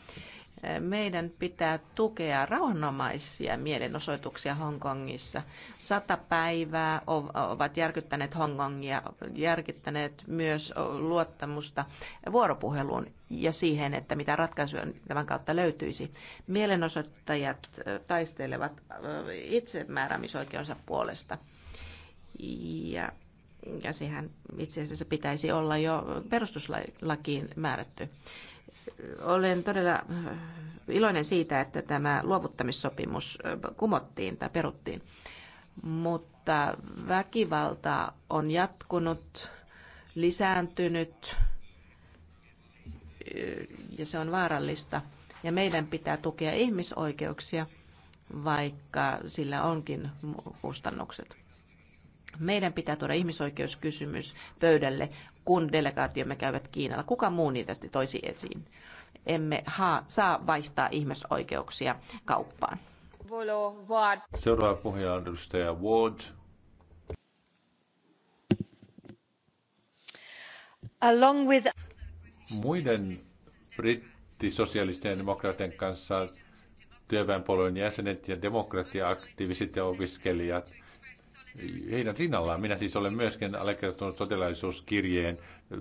Meidän pitää tukea rauhanomaisia mielenosoituksia Hongkongissa. Sata päivää ovat järkyttäneet Hongkongia, järkyttäneet myös luottamusta vuoropuheluun ja siihen, että mitä ratkaisuja tämän kautta löytyisi. Mielenosoittajat äh, taistelevat äh, itsemääräämisoikeudensa puolesta. Ja ja sehän itse asiassa pitäisi olla jo perustuslakiin määrätty. Olen todella äh, iloinen siitä, että tämä luovuttamissopimus äh, kumottiin tai peruttiin, mutta väkivalta on jatkunut, lisääntynyt äh, ja se on vaarallista. Ja meidän pitää tukea ihmisoikeuksia, vaikka sillä onkin kustannukset meidän pitää tuoda ihmisoikeuskysymys pöydälle, kun delegaatiomme käyvät Kiinalla. Kuka muu niitä toisi esiin? Emme ha- saa vaihtaa ihmisoikeuksia kauppaan. Seuraava puhuja on edustaja Ward. Along with... Muiden brittisosialistien ja demokraattien kanssa työväenpuolueen jäsenet ja demokratiaaktiiviset ja opiskelijat – heidän rinnallaan. Minä siis olen myöskin allekirjoittanut sotilaisuuskirjeen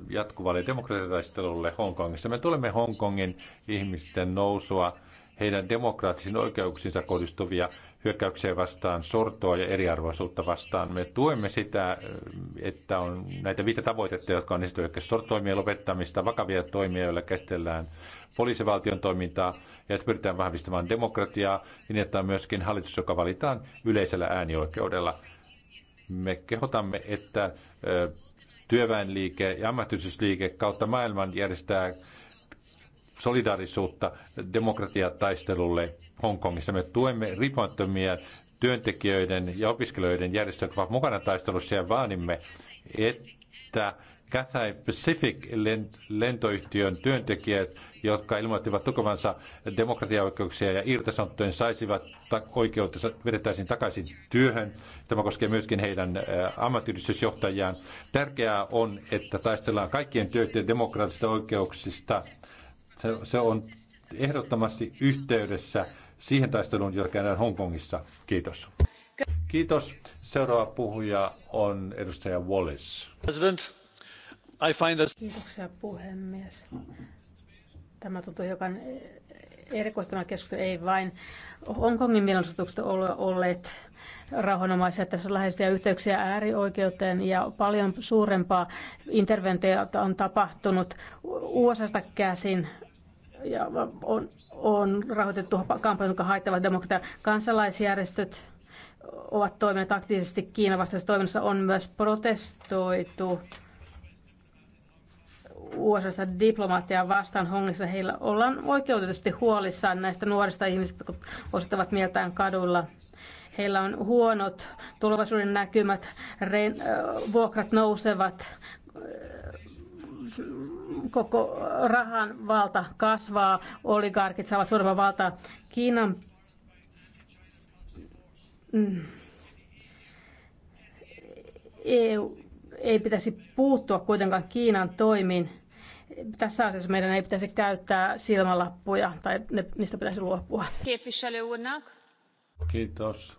jatkuvalle demokratiataistelulle Hongkongissa. Me tulemme Hongkongin ihmisten nousua, heidän demokraattisiin oikeuksiinsa kohdistuvia hyökkäyksiä vastaan, sortoa ja eriarvoisuutta vastaan. Me tuemme sitä, että on näitä viittä tavoitetta, jotka on esitetty, sortoimien lopettamista, vakavia toimia, joilla käsitellään poliisivaltion toimintaa ja että pyritään vahvistamaan demokratiaa, niin että on myöskin hallitus, joka valitaan yleisellä äänioikeudella. Me kehotamme, että työväenliike ja ammattisuusliike kautta maailman järjestää solidaarisuutta demokratiataistelulle Hongkongissa. Me tuemme riippumattomia työntekijöiden ja opiskelijoiden järjestöjä, jotka ovat mukana taistelussa ja vaanimme, että Cathay Pacific-lentoyhtiön työntekijät, jotka ilmoittivat tukevansa demokratiaoikeuksia ja irtisanottujen saisivat oikeutensa, vedettäisiin takaisin työhön. Tämä koskee myöskin heidän ammattiyhdistysjohtajiaan. Tärkeää on, että taistellaan kaikkien työntekijöiden demokraattisista oikeuksista. Se, se on ehdottomasti yhteydessä siihen taisteluun, jota käydään Hongkongissa. Kiitos. Kiitos. Seuraava puhuja on edustaja Wallace. President. I find this... Kiitoksia puhemies. Tämä tuntuu hiukan erikoistana keskustelu, ei vain Hongkongin mielenosoitukset olleet rauhanomaisia. Tässä on läheisiä yhteyksiä äärioikeuteen ja paljon suurempaa interventiota on tapahtunut USAsta käsin ja on, on rahoitettu kampanjat, jotka haittavat demokratiaa. Kansalaisjärjestöt ovat toimineet aktiivisesti Kiinan vastaisessa toiminnassa. On myös protestoitu USA diplomaattia vastaan hongissa. Heillä ollaan oikeutetusti huolissaan näistä nuorista ihmisistä, jotka osittavat mieltään kadulla. Heillä on huonot tulevaisuuden näkymät, rein, vuokrat nousevat, koko rahan valta kasvaa, oligarkit saavat suurempaa valtaa. Kiinan mm, EU ei pitäisi puuttua kuitenkaan Kiinan toimiin tässä asiassa meidän ei pitäisi käyttää silmälappuja tai ne, niistä pitäisi luopua. Kiitos.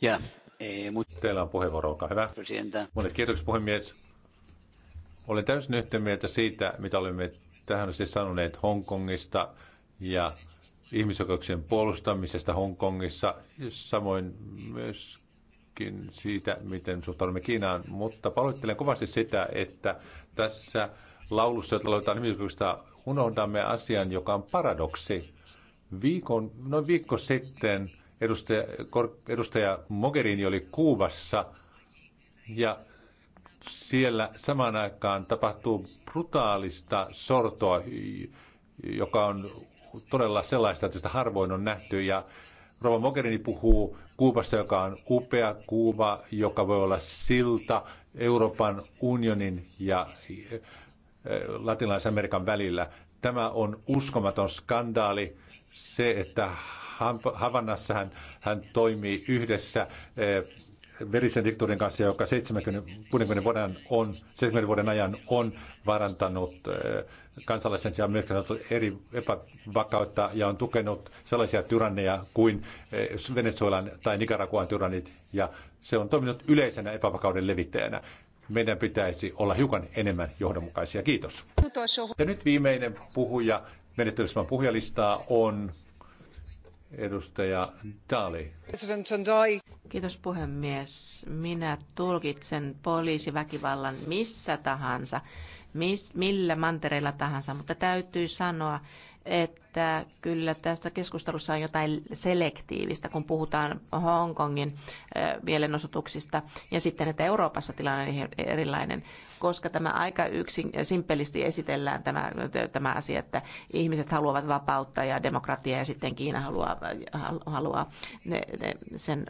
Ja, eh, Teillä on puheenvuoro, olkaa hyvä. Monet kiitokset puhemies. Olen täysin yhtä mieltä siitä, mitä olemme tähän asti sanoneet Hongkongista ja ihmisoikeuksien puolustamisesta Hongkongissa, samoin myös myöskin siitä, miten suhtaudumme Kiinaan, mutta paloittelen kovasti sitä, että tässä laulussa, jota lauletaan nimityksestä, unohdamme asian, joka on paradoksi. Viikon, noin viikko sitten edustaja, edustaja Mogherini oli Kuubassa ja siellä samaan aikaan tapahtuu brutaalista sortoa, joka on todella sellaista, että sitä harvoin on nähty. Ja Rova Mogherini puhuu Kuubasta, joka on upea Kuuba, joka voi olla silta Euroopan unionin ja äh, Latinalaisen Amerikan välillä. Tämä on uskomaton skandaali. Se, että Havannassa hän, hän toimii yhdessä äh, verisen diktuurin kanssa, joka 70, 60 vuoden, on, 70 vuoden ajan on varantanut eh, kansalaisen ja myös eri epävakautta ja on tukenut sellaisia tyranneja kuin eh, Venezuelan tai Nicaraguan tyrannit ja se on toiminut yleisenä epävakauden levittäjänä. Meidän pitäisi olla hiukan enemmän johdonmukaisia. Kiitos. Ja nyt viimeinen puhuja menettelyssä puhujalistaa on Edustaja Dali. Kiitos puhemies. Minä tulkitsen poliisiväkivallan missä tahansa, miss, millä mantereilla tahansa, mutta täytyy sanoa, että että kyllä tästä keskustelussa on jotain selektiivistä, kun puhutaan Hongkongin mielenosoituksista ja sitten, että Euroopassa tilanne on erilainen, koska tämä aika yksin, simpelisti esitellään tämä, tämä asia, että ihmiset haluavat vapautta ja demokratiaa ja sitten Kiina haluaa, haluaa ne, ne, sen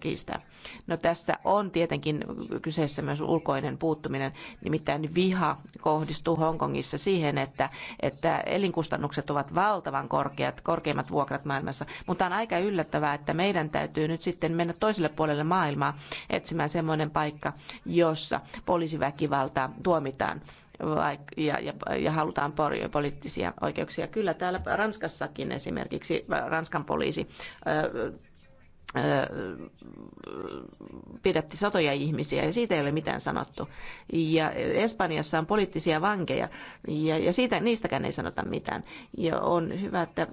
kiistää. No tässä on tietenkin kyseessä myös ulkoinen puuttuminen, nimittäin viha kohdistuu Hongkongissa siihen, että, että elinkustannukset ovat valtavat valtavan korkeat, korkeimmat vuokrat maailmassa. Mutta on aika yllättävää, että meidän täytyy nyt sitten mennä toiselle puolelle maailmaa etsimään semmoinen paikka, jossa poliisiväkivalta tuomitaan ja, ja, ja halutaan poliittisia oikeuksia. Kyllä täällä Ranskassakin esimerkiksi Ranskan poliisi pidätti satoja ihmisiä ja siitä ei ole mitään sanottu. Ja Espanjassa on poliittisia vankeja ja, ja siitä, niistäkään ei sanota mitään. Ja on hyvä, että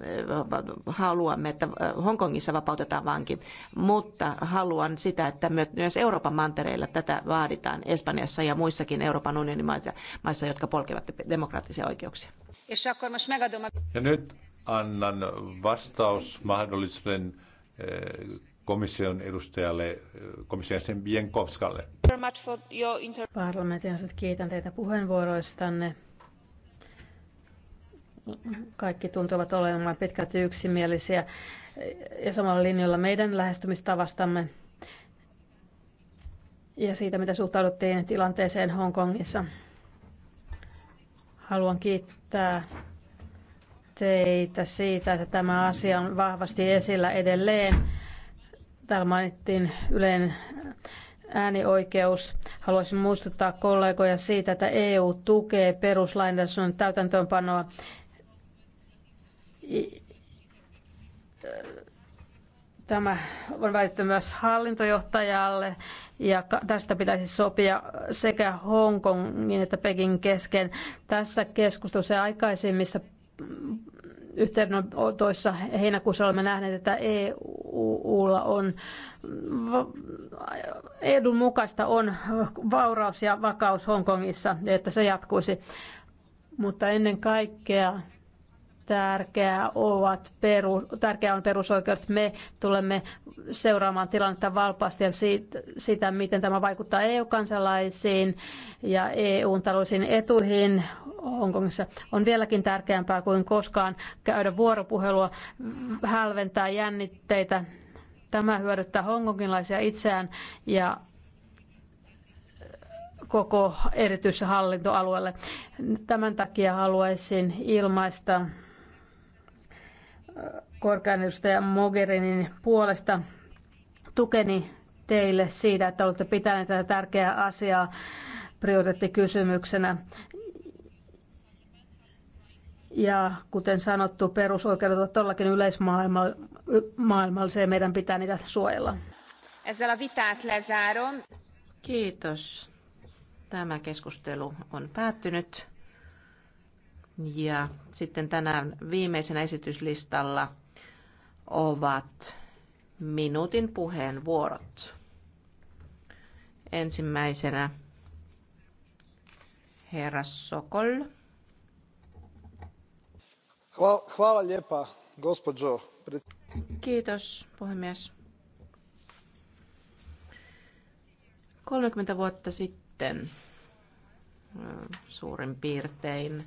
haluamme, että Hongkongissa vapautetaan vanki, mutta haluan sitä, että myös Euroopan mantereilla tätä vaaditaan Espanjassa ja muissakin Euroopan unionin maissa, jotka polkevat demokraattisia oikeuksia. Ja nyt annan vastausmahdollisuuden komission edustajalle, komission sen Bienkovskalle. Parlamentin jäsenet, kiitän teitä puheenvuoroistanne. Kaikki tuntuvat olevan pitkälti yksimielisiä ja samalla linjalla meidän lähestymistavastamme ja siitä, mitä suhtauduttiin tilanteeseen Hongkongissa. Haluan kiittää teitä siitä, että tämä asia on vahvasti esillä edelleen. Täällä mainittiin yleinen äänioikeus. Haluaisin muistuttaa kollegoja siitä, että EU tukee peruslainsäädännön täytäntöönpanoa Tämä on väitetty myös hallintojohtajalle ja tästä pitäisi sopia sekä Hongkongin että Pekin kesken. Tässä keskustelussa ja aikaisemmissa yhteydenotoissa heinäkuussa olemme nähneet, että EUlla on edun mukaista on vauraus ja vakaus Hongkongissa, että se jatkuisi. Mutta ennen kaikkea tärkeää, ovat peru, tärkeää on perusoikeudet. Me tulemme seuraamaan tilannetta valpaasti ja siitä, sitä, miten tämä vaikuttaa EU-kansalaisiin ja EUn taloudellisiin etuihin Hongkongissa. On vieläkin tärkeämpää kuin koskaan käydä vuoropuhelua, hälventää jännitteitä. Tämä hyödyttää hongkongilaisia itseään ja koko erityishallintoalueelle. Tämän takia haluaisin ilmaista korkean edustaja Mogherinin puolesta tukeni teille siitä, että olette pitäneet tätä tärkeää asiaa prioriteettikysymyksenä. Ja kuten sanottu, perusoikeudet ovat todellakin yleismaailmallisia ja meidän pitää niitä suojella. Kiitos. Tämä keskustelu on päättynyt. Ja sitten tänään viimeisenä esityslistalla ovat minuutin puheenvuorot. Ensimmäisenä herra Sokol. Hvala lepa, gospođo. Kiitos, puhemies. 30 vuotta sitten mm, suurin piirtein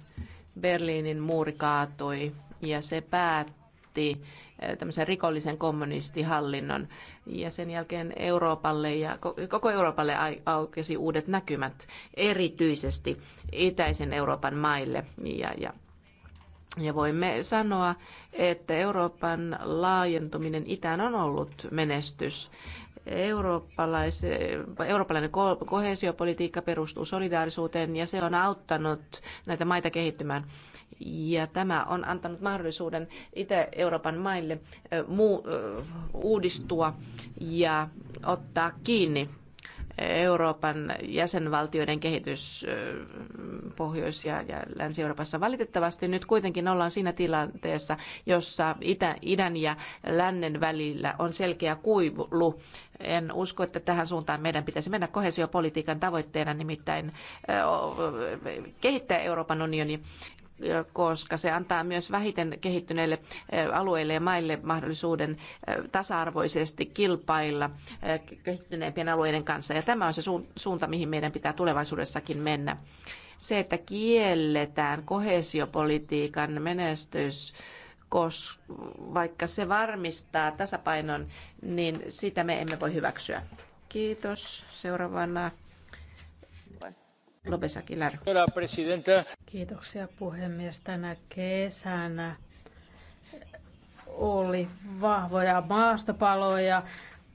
Berliinin muuri kaatui ja se päätti eh, tämmöisen rikollisen kommunistihallinnon. Ja sen jälkeen Euroopalle ja koko Euroopalle aukesi uudet näkymät, erityisesti itäisen Euroopan maille. Ja, ja, ja voimme sanoa, että Euroopan laajentuminen itään on ollut menestys eurooppalainen kohesiopolitiikka perustuu solidaarisuuteen ja se on auttanut näitä maita kehittymään. Ja tämä on antanut mahdollisuuden Itä-Euroopan maille uudistua ja ottaa kiinni Euroopan jäsenvaltioiden kehitys Pohjois- ja, ja Länsi-Euroopassa. Valitettavasti nyt kuitenkin ollaan siinä tilanteessa, jossa itä, idän ja lännen välillä on selkeä kuivulu. En usko, että tähän suuntaan meidän pitäisi mennä kohesiopolitiikan tavoitteena, nimittäin kehittää Euroopan unioni koska se antaa myös vähiten kehittyneille eh, alueille ja maille mahdollisuuden eh, tasa-arvoisesti kilpailla eh, kehittyneempien alueiden kanssa. Ja tämä on se suunta, mihin meidän pitää tulevaisuudessakin mennä. Se, että kielletään kohesiopolitiikan menestys, koska vaikka se varmistaa tasapainon, niin sitä me emme voi hyväksyä. Kiitos. Seuraavana Lopes Aguilar. Kiitoksia puhemies. Tänä kesänä oli vahvoja maastopaloja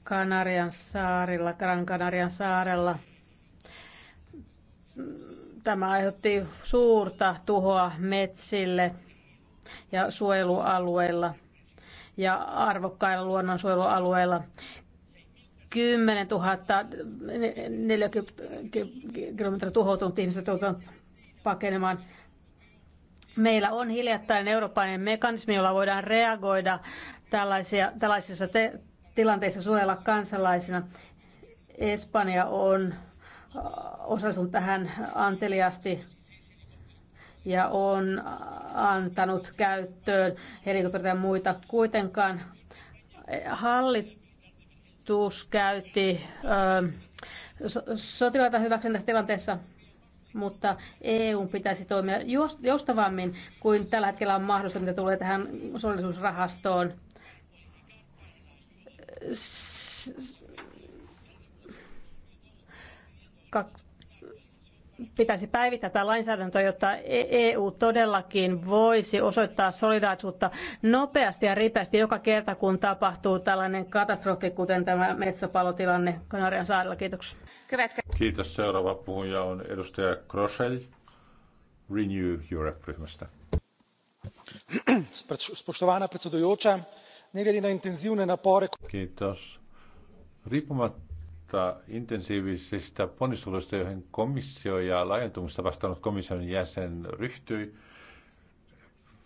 Kanarian saarilla, Gran Kanarian saarella. Tämä aiheutti suurta tuhoa metsille ja suojelualueilla ja arvokkailla luonnonsuojelualueilla. 10 000 kilometriä tuhoutunut ihmiset joutuvat pakenemaan. Meillä on hiljattain eurooppalainen mekanismi, jolla voidaan reagoida tällaisia, tällaisissa te- tilanteissa suojella kansalaisina. Espanja on äh, osallistunut tähän anteliasti ja on äh, antanut käyttöön helikopterita ja muita. Kuitenkaan äh, hallit, hallitus käytti sotilaita hyväkseen tässä tilanteessa, mutta EU pitäisi toimia joustavammin kuin tällä hetkellä on mahdollista, mitä tulee tähän solidisuusrahastoon pitäisi päivittää tätä lainsäädäntöä, jotta EU e todellakin voisi osoittaa solidaarisuutta nopeasti ja ripeästi joka kerta, kun tapahtuu tällainen katastrofi, kuten tämä metsäpalotilanne Kanarian saarella. Kiitoksia. Kiitos. Seuraava puhuja on edustaja Krosel Renew Europe-ryhmästä. Spoštovana predsedujoča, ne glede na intenzivne napore. Kiitos. Riippumatta huolimatta intensiivisistä ponnisteluista, joihin komissio ja laajentumista vastannut komission jäsen ryhtyi,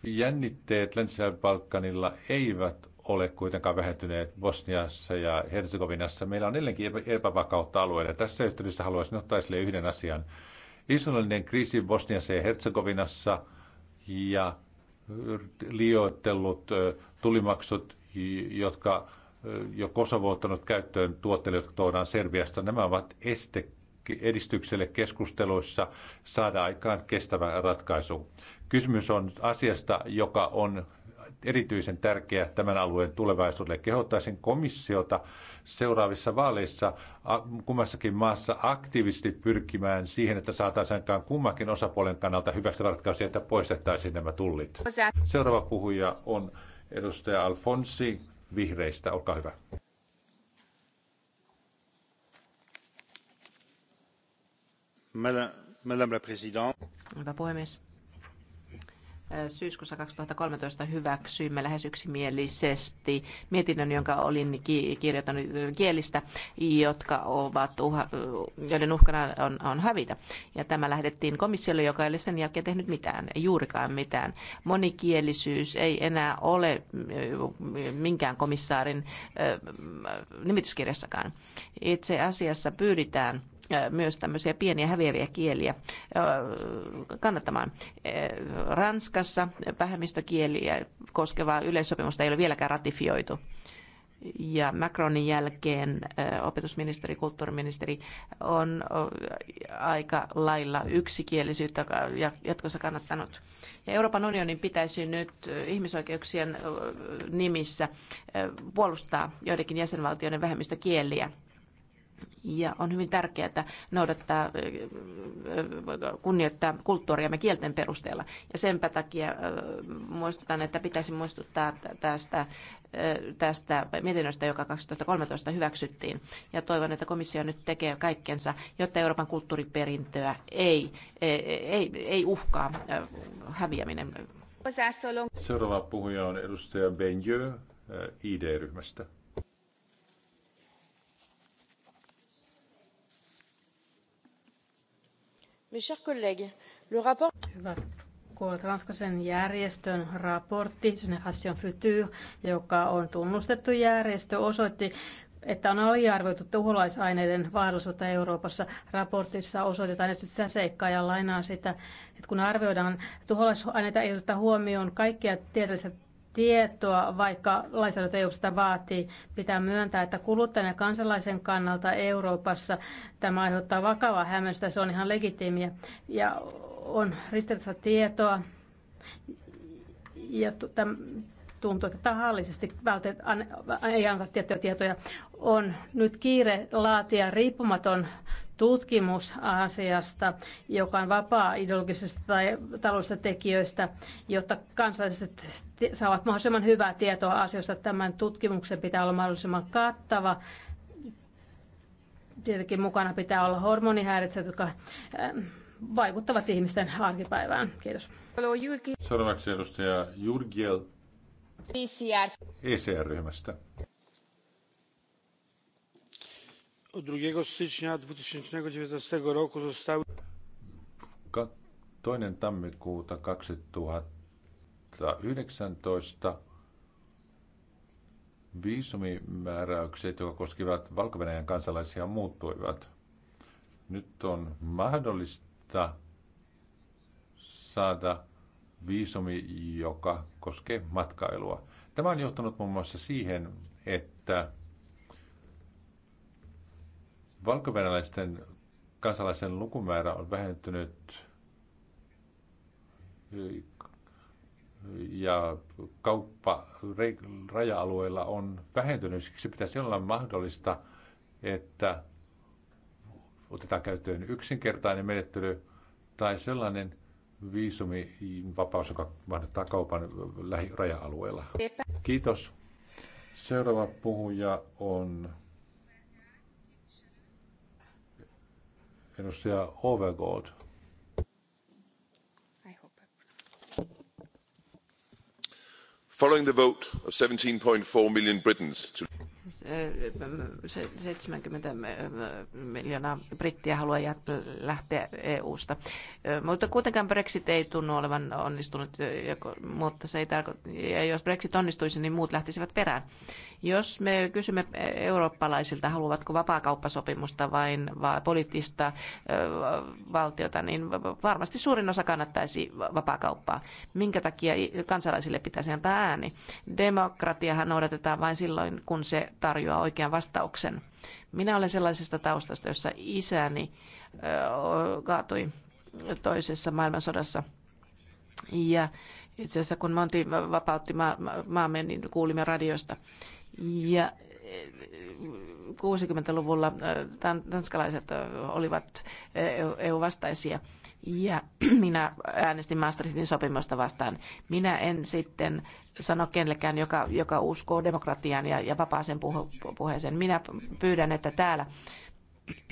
jännitteet Länsi-Balkanilla eivät ole kuitenkaan vähentyneet Bosniassa ja Herzegovinassa. Meillä on edelleenkin epävakautta alueella. Tässä yhteydessä haluaisin ottaa esille yhden asian. Israelinen kriisi Bosniassa ja Herzegovinassa ja liioittelut tulimaksut, jotka jo Kosovo ottanut käyttöön tuotteille, jotka tuodaan Serbiasta. Nämä ovat este edistykselle keskusteluissa saada aikaan kestävä ratkaisu. Kysymys on asiasta, joka on erityisen tärkeä tämän alueen tulevaisuudelle. Kehottaisin komissiota seuraavissa vaaleissa kummassakin maassa aktiivisesti pyrkimään siihen, että saataisiin aikaan kummakin osapuolen kannalta hyvästä ratkaisu, että poistettaisiin nämä tullit. Seuraava puhuja on edustaja Alfonsi vihreistä. Olkaa hyvä. Madame, Madame la Présidente. Hyvä puhemies syyskuussa 2013 hyväksyimme lähes yksimielisesti mietinnön, jonka olin kirjoittanut kielistä, jotka ovat uha, joiden uhkana on, on hävitä. Ja tämä lähetettiin komissiolle, joka ei ole sen jälkeen tehnyt mitään, juurikaan mitään. Monikielisyys ei enää ole minkään komissaarin nimityskirjassakaan. Itse asiassa pyydetään myös tämmöisiä pieniä häviäviä kieliä kannattamaan. Ranskassa vähemmistökieliä koskevaa yleissopimusta ei ole vieläkään ratifioitu. Ja Macronin jälkeen opetusministeri, kulttuuriministeri on aika lailla yksikielisyyttä jatkossa kannattanut. Ja Euroopan unionin pitäisi nyt ihmisoikeuksien nimissä puolustaa joidenkin jäsenvaltioiden vähemmistökieliä ja on hyvin tärkeää että noudattaa, kunnioittaa kulttuuriamme kielten perusteella. Ja senpä takia muistutan, että pitäisi muistuttaa tästä, tästä mietinnöstä, joka 2013 hyväksyttiin. Ja toivon, että komissio nyt tekee kaikkensa, jotta Euroopan kulttuuriperintöä ei, e, ei, ei uhkaa häviäminen. Seuraava puhuja on edustaja Benjö ID-ryhmästä. Mes chers collègues, le rapport... Hyvä kuulet järjestön raportti, Generation Future, joka on tunnustettu järjestö, osoitti, että on aliarvioitu tuholaisaineiden vaarallisuutta Euroopassa. Raportissa osoitetaan nyt sitä seikkaa ja lainaa sitä, että kun arvioidaan tuholaisaineita, ei oteta huomioon kaikkia tieteellisiä tietoa, vaikka lainsäädäntö EU sitä vaatii. Pitää myöntää, että kuluttajan ja kansalaisen kannalta Euroopassa tämä aiheuttaa vakavaa hämmästä, se on ihan legitiimiä. Ja on ristiriitaista tietoa ja tuntuu, että tahallisesti vältet, an, ei anneta tiettyjä tietoja. On nyt kiire laatia riippumaton tutkimus Aasiasta, joka on vapaa ideologisista tai taloudellisista tekijöistä, jotta kansalaiset saavat mahdollisimman hyvää tietoa asioista. Tämän tutkimuksen pitää olla mahdollisimman kattava. Tietenkin mukana pitää olla hormonihäiritsejä, jotka äh, vaikuttavat ihmisten arkipäivään. Kiitos. Seuraavaksi edustaja Jurgiel ECR-ryhmästä. 2 stycznia 2019 roku zostały... Toinen tammikuuta 2019 viisumimääräykset, jotka koskivat valko kansalaisia, muuttuivat. Nyt on mahdollista saada viisumi, joka koskee matkailua. Tämä on johtanut muun muassa siihen, että Valkovenäläisten kansalaisen lukumäärä on vähentynyt ja kauppa raja-alueilla on vähentynyt. Siksi pitäisi olla mahdollista, että otetaan käyttöön yksinkertainen menettely tai sellainen viisumivapaus, joka mahdottaa kaupan lähiraja alueella Kiitos. Seuraava puhuja on Edustaja Overgaard. Following the vote of 17.4 million Britons to 70 miljoonaa brittiä haluaa lähteä EU-sta. Mutta kuitenkaan Brexit ei tunnu olevan onnistunut, mutta se ei tarko- ja jos Brexit onnistuisi, niin muut lähtisivät perään. Jos me kysymme e, eurooppalaisilta, haluavatko vapaakauppasopimusta vai poliittista valtiota, niin varmasti suurin osa kannattaisi vapaakauppaa. Minkä takia kansalaisille pitäisi antaa ääni? Demokratiahan noudatetaan vain silloin, kun se tarjoaa oikean vastauksen. Minä olen sellaisesta taustasta, jossa isäni kaatui toisessa maailmansodassa. Ja itse asiassa kun Monti vapautti maamme, niin kuulimme radiosta ja 60-luvulla eh, eh, tanskalaiset eh, olivat EU-vastaisia ja minä äänestin Maastrichtin sopimusta vastaan. Minä en sitten sano kenellekään, joka, joka uskoo demokratiaan ja, ja vapaaseen puheeseen. Minä pyydän, että täällä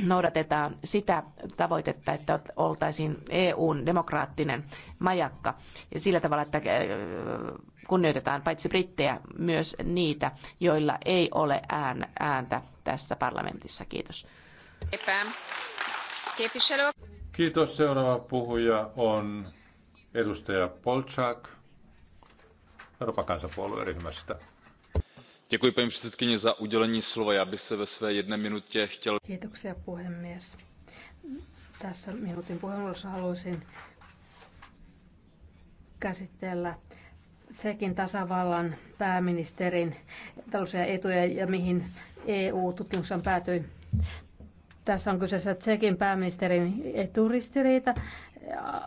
noudatetaan sitä tavoitetta, että oltaisiin EUn demokraattinen majakka ja sillä tavalla, että äh, kunnioitetaan paitsi brittejä, myös niitä, joilla ei ole ääntä tässä parlamentissa. Kiitos. Kiitos. Seuraava puhuja on edustaja Polchak Euroopan kansanpuolueryhmästä paní předsedající já bych se ve své jedné minuutě chtěl. käsitellä Tsekin tasavallan pääministerin tällaisia etuja ja mihin EU-tutkimuksessa päätyi. Tässä on kyseessä Tsekin pääministerin eturistiriita.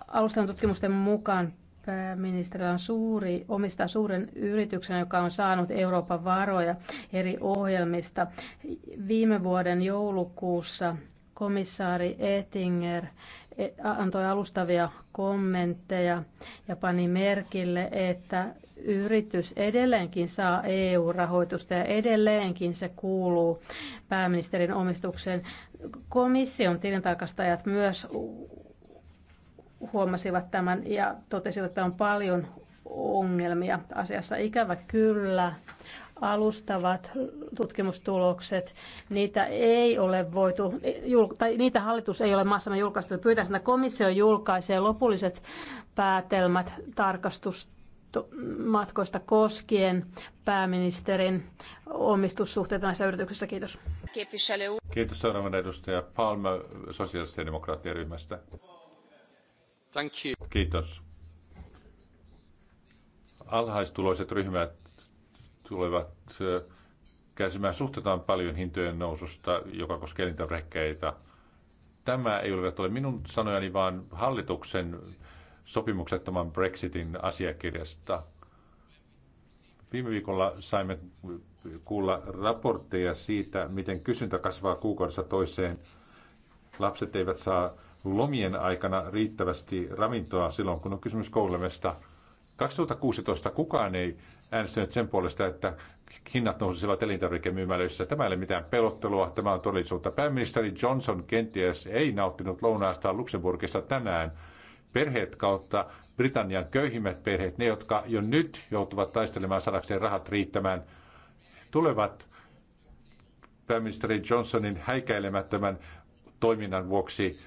Alustan tutkimusten mukaan pääministerillä on suuri, omistaa suuren yrityksen, joka on saanut Euroopan varoja eri ohjelmista. Viime vuoden joulukuussa komissaari Ettinger e, antoi alustavia kommentteja ja pani merkille, että yritys edelleenkin saa EU-rahoitusta ja edelleenkin se kuuluu pääministerin omistukseen. Komission tilintarkastajat myös huomasivat tämän ja totesivat, että on paljon ongelmia asiassa. Ikävä kyllä, alustavat tutkimustulokset, niitä ei ole voitu, tai niitä hallitus ei ole maassamme julkaistu. Pyytäisin, että komissio julkaisee lopulliset päätelmät tarkastusmatkoista koskien pääministerin omistussuhteita näissä yrityksissä. Kiitos. Kiitos seuraavana edustaja Palme sosiaalisten demokraattien ryhmästä. Thank you. Kiitos. Alhaistuloiset ryhmät tulevat kärsimään suhtetaan paljon hintojen noususta, joka koskee elintarvikkeita. Tämä ei ole minun sanojani, vaan hallituksen sopimuksettoman Brexitin asiakirjasta. Viime viikolla saimme kuulla raportteja siitä, miten kysyntä kasvaa kuukaudessa toiseen. Lapset eivät saa lomien aikana riittävästi ravintoa silloin, kun on kysymys koulemesta. 2016 kukaan ei äänestänyt sen puolesta, että hinnat nousisivat elintarvikemyymälöissä. Tämä ei ole mitään pelottelua, tämä on todellisuutta. Pääministeri Johnson kenties ei nauttinut lounaastaan Luxemburgissa tänään. Perheet kautta Britannian köyhimmät perheet, ne jotka jo nyt joutuvat taistelemaan sadakseen rahat riittämään, tulevat pääministeri Johnsonin häikäilemättömän toiminnan vuoksi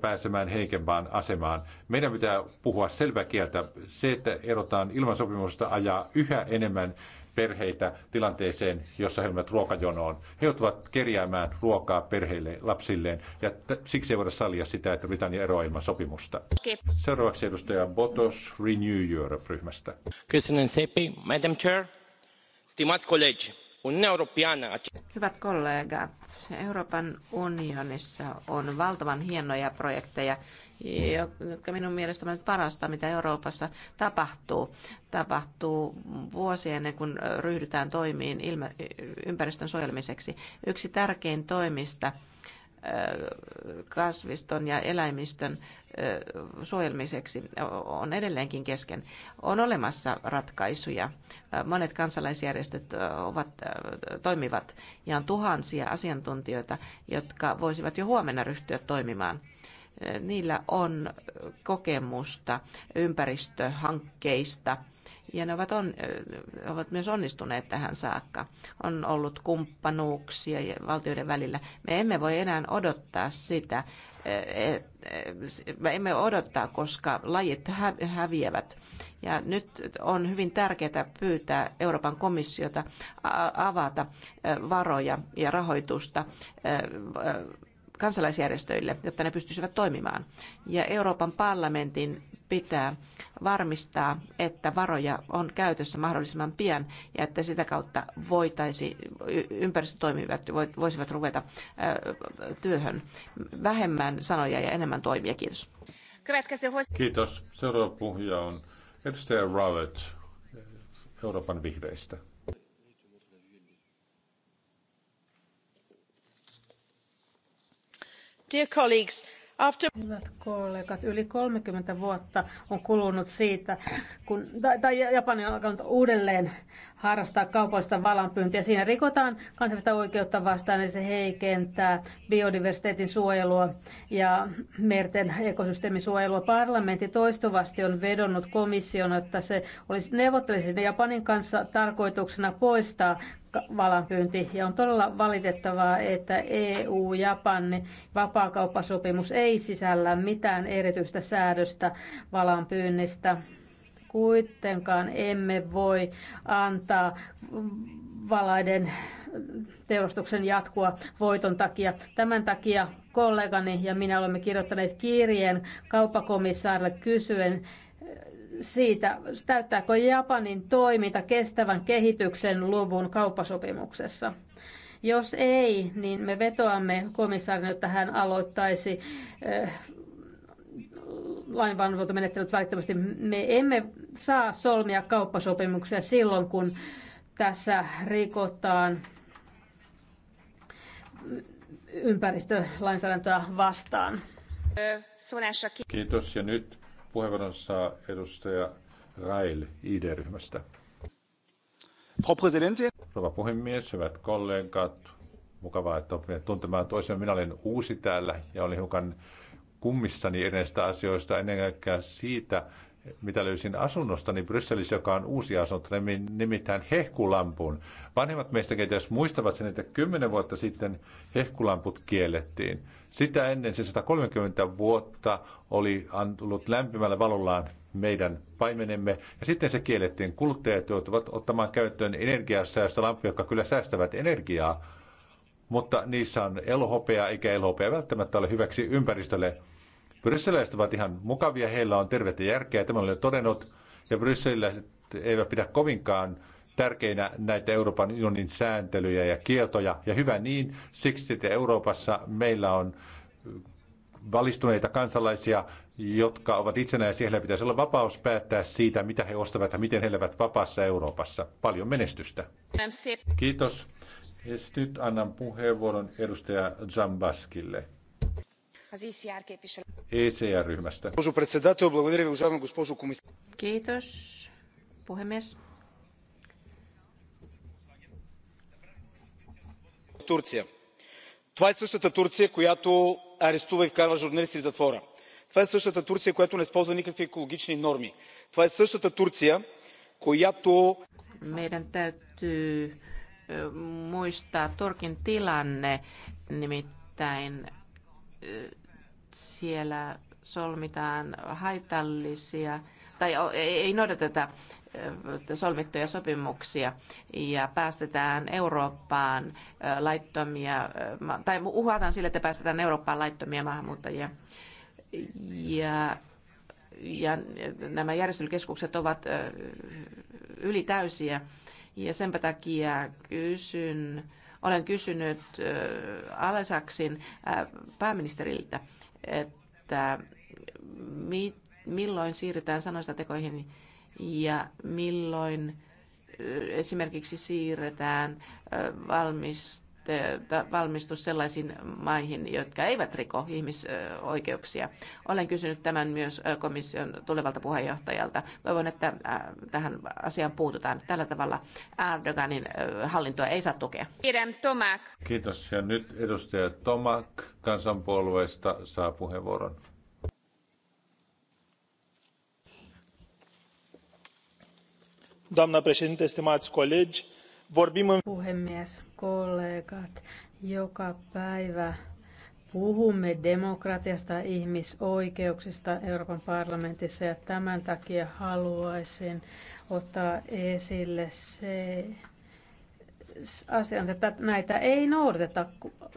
pääsemään heikempään asemaan. Meidän pitää puhua selvä kieltä. Se, että erotaan ilman sopimusta, ajaa yhä enemmän perheitä tilanteeseen, jossa he ovat ruokajonoon. He joutuvat kerjäämään ruokaa perheille, lapsilleen, ja siksi ei voida sallia sitä, että Britannia eroaa ilman sopimusta. Skip. Seuraavaksi edustaja Botos Renew Europe-ryhmästä. Kysynen Madam Chair, stimați kollegi. Hyvät kollegat, Euroopan unionissa on valtavan hienoja projekteja, jotka minun mielestäni on parasta, mitä Euroopassa tapahtuu. Tapahtuu vuosi ennen kuin ryhdytään toimiin ympäristön suojelmiseksi. Yksi tärkein toimista kasviston ja eläimistön suojelmiseksi on edelleenkin kesken. On olemassa ratkaisuja. Monet kansalaisjärjestöt ovat, toimivat ja on tuhansia asiantuntijoita, jotka voisivat jo huomenna ryhtyä toimimaan niillä on kokemusta ympäristöhankkeista ja ne ovat, on, ovat myös onnistuneet tähän saakka. On ollut kumppanuuksia valtioiden välillä. Me emme voi enää odottaa sitä, e, e, me emme odottaa, koska lajit häviävät. Ja nyt on hyvin tärkeää pyytää Euroopan komissiota avata varoja ja rahoitusta kansalaisjärjestöille, jotta ne pystyisivät toimimaan. Ja Euroopan parlamentin pitää varmistaa, että varoja on käytössä mahdollisimman pian ja että sitä kautta voitaisi, ympäristötoimijat voisivat ruveta työhön. Vähemmän sanoja ja enemmän toimia. Kiitos. Kiitos. Seuraava puhuja on edustaja Rowett Euroopan vihreistä. Dear colleagues, After... Hyvät kollegat, yli 30 vuotta on kulunut siitä, kun tai, tai Japani on alkanut uudelleen harrastaa kaupallista valanpyyntiä Siinä rikotaan kansainvälistä oikeutta vastaan niin se heikentää biodiversiteetin suojelua ja merten ekosysteemin suojelua. Parlamentti toistuvasti on vedonnut komission, että se olisi neuvottelisi Japanin kanssa tarkoituksena poistaa valanpyynti. Ja on todella valitettavaa, että EU-Japanin vapaakauppasopimus ei sisällä mitään erityistä säädöstä valanpyynnistä. Kuitenkaan emme voi antaa valaiden teurastuksen jatkua voiton takia. Tämän takia kollegani ja minä olemme kirjoittaneet kirjeen kauppakomissaarille kysyen, siitä, täyttääkö Japanin toiminta kestävän kehityksen luvun kauppasopimuksessa. Jos ei, niin me vetoamme komissaarin, että hän aloittaisi eh, lainvalvontamenettelyt välittömästi. Me emme saa solmia kauppasopimuksia silloin, kun tässä rikotaan ympäristölainsäädäntöä vastaan. Kiitos ja nyt puheenvuoron saa edustaja Rail ID-ryhmästä. Rouva puhemies, hyvät kollegat, mukavaa, että oppineet tuntemaan toisen. Minä olen uusi täällä ja olin hiukan kummissani edestä asioista, ennen kaikkea siitä, mitä löysin asunnostani niin Brysselissä, joka on uusi asunto, nimittäin hehkulampun. Vanhemmat meistä kenties muistavat sen, että kymmenen vuotta sitten hehkulamput kiellettiin. Sitä ennen se 130 vuotta oli antunut lämpimällä valollaan meidän paimenemme, ja sitten se kiellettiin. Kuluttajat joutuvat ottamaan käyttöön energiasäästölampuja, jotka kyllä säästävät energiaa, mutta niissä on elohopea, eikä elohopea välttämättä ole hyväksi ympäristölle. Brysseläiset ovat ihan mukavia, heillä on tervettä järkeä, tämä olen todennut, ja brysseläiset eivät pidä kovinkaan tärkeinä näitä Euroopan unionin sääntelyjä ja kieltoja. Ja hyvä niin, siksi että Euroopassa meillä on valistuneita kansalaisia, jotka ovat itsenäisiä. Heillä pitäisi olla vapaus päättää siitä, mitä he ostavat ja miten he elävät vapaassa Euroopassa. Paljon menestystä. Kiitos. Nyt annan puheenvuoron edustaja Zambaskille. ECR-ryhmästä. Kiitos, puhemies. турция. това е същата турция която арестува и вкарва журналисти в затвора. това е същата турция която не спазва никакви екологични норми. това е същата турция която meidän täytyy muistaa Turkin tilanne, nimittäin siellä solmitaan haitallisia tai ei noudateta solmittuja sopimuksia ja päästetään Eurooppaan laittomia, tai uhataan sille, että päästetään Eurooppaan laittomia maahanmuuttajia. Ja, ja nämä järjestelykeskukset ovat ylitäysiä. Ja senpä takia kysyn, olen kysynyt Alesaksin pääministeriltä, että mit, milloin siirrytään sanoista tekoihin ja milloin esimerkiksi siirretään valmistus sellaisiin maihin, jotka eivät riko ihmisoikeuksia. Olen kysynyt tämän myös komission tulevalta puheenjohtajalta. Toivon, että tähän asiaan puututaan. Tällä tavalla Erdoganin hallintoa ei saa tukea. Tomak. Kiitos. Ja nyt edustaja Tomak kansanpuolueesta saa puheenvuoron. doamnă președintă stimați colegi vorbim în... Puhemies, kollegat, joka päivä puhumme demokratiasta, ihmisoikeuksista Euroopan parlamentissa ja tämän takia haluaisin ottaa esille se asian, että näitä ei noudateta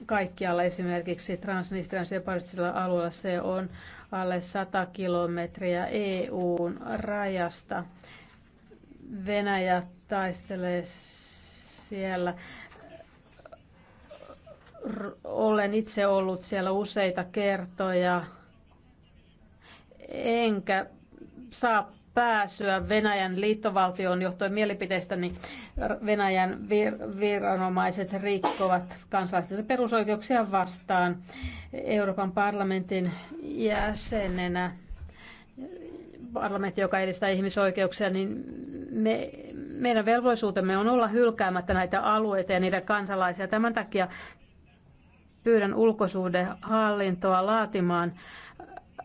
kaikkialla. Esimerkiksi Transnistrian separatistisella alueella se on alle 100 kilometriä EUn rajasta. Venäjä taistelee siellä. Olen itse ollut siellä useita kertoja, enkä saa pääsyä Venäjän liittovaltion johtojen mielipiteistä, niin Venäjän vir- viranomaiset rikkovat kansalaisten perusoikeuksia vastaan Euroopan parlamentin jäsenenä parlamentti, joka edistää ihmisoikeuksia, niin me, meidän velvollisuutemme on olla hylkäämättä näitä alueita ja niiden kansalaisia. Tämän takia pyydän ulkosuhdehallintoa laatimaan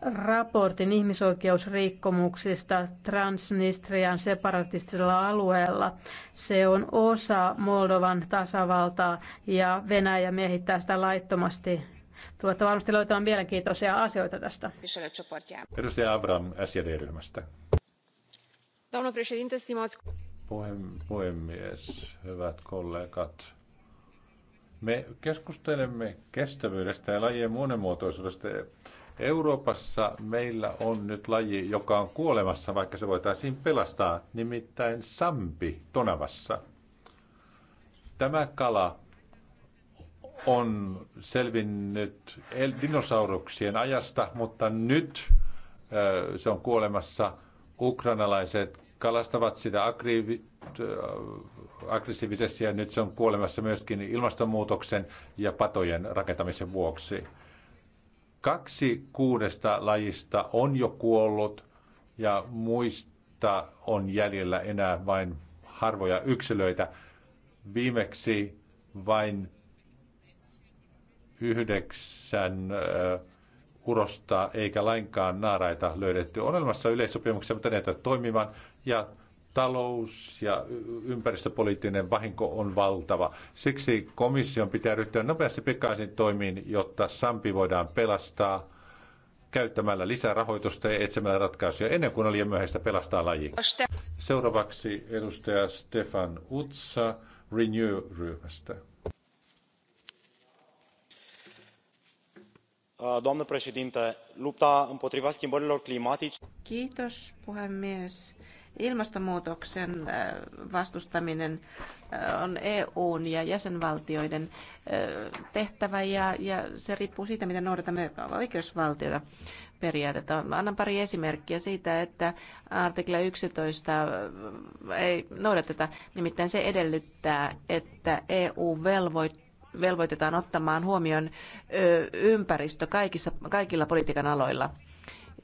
raportin ihmisoikeusrikkomuksista Transnistrian separatistisella alueella. Se on osa Moldovan tasavaltaa ja Venäjä miehittää sitä laittomasti tuota, varmasti löytämään mielenkiintoisia asioita tästä. Edustaja Abram SJD-ryhmästä. Puhemies, hyvät kollegat. Me keskustelemme kestävyydestä ja lajien monimuotoisuudesta. Euroopassa meillä on nyt laji, joka on kuolemassa, vaikka se voitaisiin pelastaa, nimittäin Sampi Tonavassa. Tämä kala on selvinnyt dinosauruksien ajasta, mutta nyt se on kuolemassa. Ukrainalaiset kalastavat sitä aggressiivisesti ja nyt se on kuolemassa myöskin ilmastonmuutoksen ja patojen rakentamisen vuoksi. Kaksi kuudesta lajista on jo kuollut ja muista on jäljellä enää vain harvoja yksilöitä. Viimeksi vain yhdeksän urosta eikä lainkaan naaraita löydetty. On olemassa yleissopimuksia, mutta eivät toimimaan ja talous- ja ympäristöpoliittinen vahinko on valtava. Siksi komission pitää ryhtyä nopeasti pikaisin toimiin, jotta Sampi voidaan pelastaa käyttämällä lisää rahoitusta ja etsimällä ratkaisuja ennen kuin oli myöhäistä pelastaa laji. Seuraavaksi edustaja Stefan Utsa Renew-ryhmästä. Uh, doamnă președintă lupta împotriva schimbărilor climatice. Kiitos puhemies. Ilmastonmuutoksen uh, vastustaminen uh, on EUn ja jäsenvaltioiden tehtävä ja, ja se riippuu siitä, miten noudatamme oikeusvaltiota periaatetta. Annan pari esimerkkiä siitä, että artikla 11 ei noudateta. Nimittäin se edellyttää, että EU velvoittaa velvoitetaan ottamaan huomioon ympäristö kaikissa, kaikilla politiikan aloilla.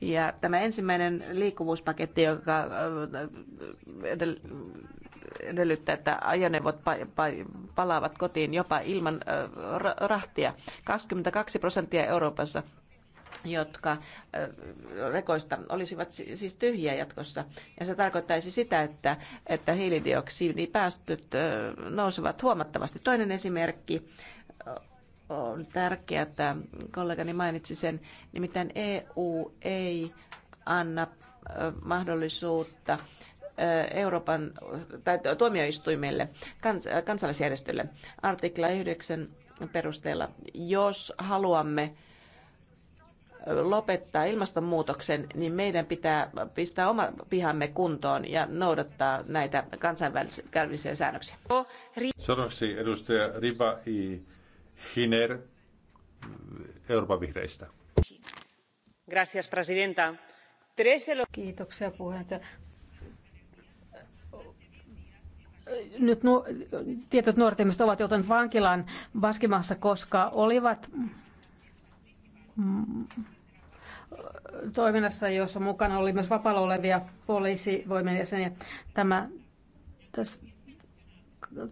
Ja tämä ensimmäinen liikkuvuuspaketti, joka edellyttää, että ajoneuvot palaavat kotiin jopa ilman rahtia. 22 prosenttia Euroopassa jotka rekoista olisivat siis tyhjiä jatkossa. Ja se tarkoittaisi sitä, että, että hiilidioksidipäästöt nousevat huomattavasti. Toinen esimerkki on tärkeää, että kollegani mainitsi sen, nimittäin EU ei anna mahdollisuutta Euroopan tai tuomioistuimille, kans, kansallisjärjestölle artikla 9 perusteella, jos haluamme lopettaa ilmastonmuutoksen, niin meidän pitää pistää oma pihamme kuntoon ja noudattaa näitä kansainvälisiä säännöksiä. Seuraavaksi edustaja Riba I. Hiner Euroopan vihreistä. Gracias, presidenta. Kiitoksia puheenjohtaja. Nyt nu, tietyt nuoret ihmiset ovat joutuneet vankilaan vaskimassa, koska olivat Mm. toiminnassa, jossa mukana oli myös vapaalla olevia poliisivoimien jäseniä. Tämä tässä,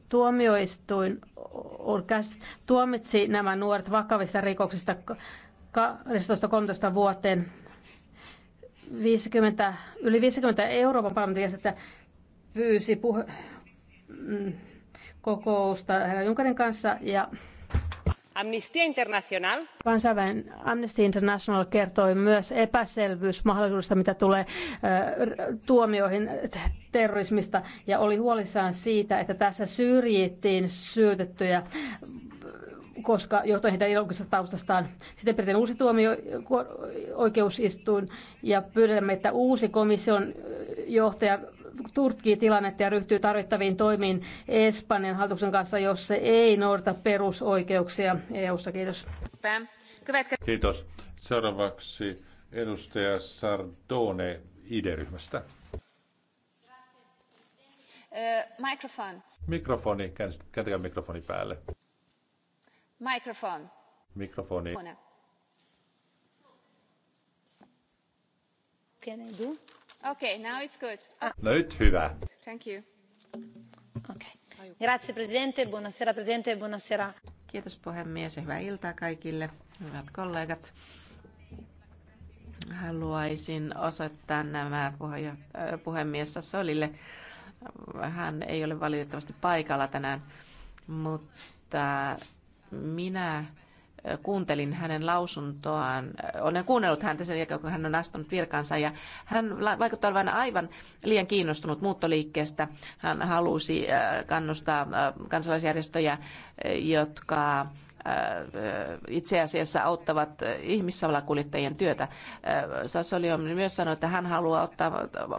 tuomioistuin tuomitsi nämä nuoret vakavista rikoksista 12-13 vuoteen 50, yli 50 Euroopan parlamentin jäsentä pyysi puhe, mm, kokousta herra Junkarin kanssa ja Amnesty International. Kansainvälinen Amnesty International kertoi myös epäselvyys mahdollisuudesta, mitä tulee tuomioihin terrorismista, ja oli huolissaan siitä, että tässä syrjittiin syytettyjä koska johtuen heidän ideologisesta taustastaan. Sitten pidettiin uusi tuomio oikeusistuin ja pyydämme, että uusi komission johtaja tutkii tilannetta ja ryhtyy tarvittaviin toimiin Espanjan hallituksen kanssa, jos se ei noudata perusoikeuksia EU-ssa. Kiitos. Kiitos. Seuraavaksi edustaja Sardone ID-ryhmästä. Äh, mikrofoni, kääntäkää mikrofoni päälle. Mikrofoni. Mikrofoni. Can I do? Okay, now it's good. Nyt no, hyvä. Thank you. Okay. Grazie presidente, buonasera presidente, buonasera. Kiitos puhemies ja hyvää iltaa kaikille, hyvät kollegat. Haluaisin osoittaa nämä äh, puhemies Solille. Hän ei ole valitettavasti paikalla tänään, mutta minä kuuntelin hänen lausuntoaan, olen kuunnellut häntä sen jälkeen, kun hän on astunut virkansa, ja hän vaikuttaa olevan aivan liian kiinnostunut muuttoliikkeestä. Hän halusi kannustaa kansalaisjärjestöjä, jotka Äh, itse asiassa auttavat ihmissalakuljettajien työtä. Äh, Sassoli on myös sanonut, että hän haluaa ottaa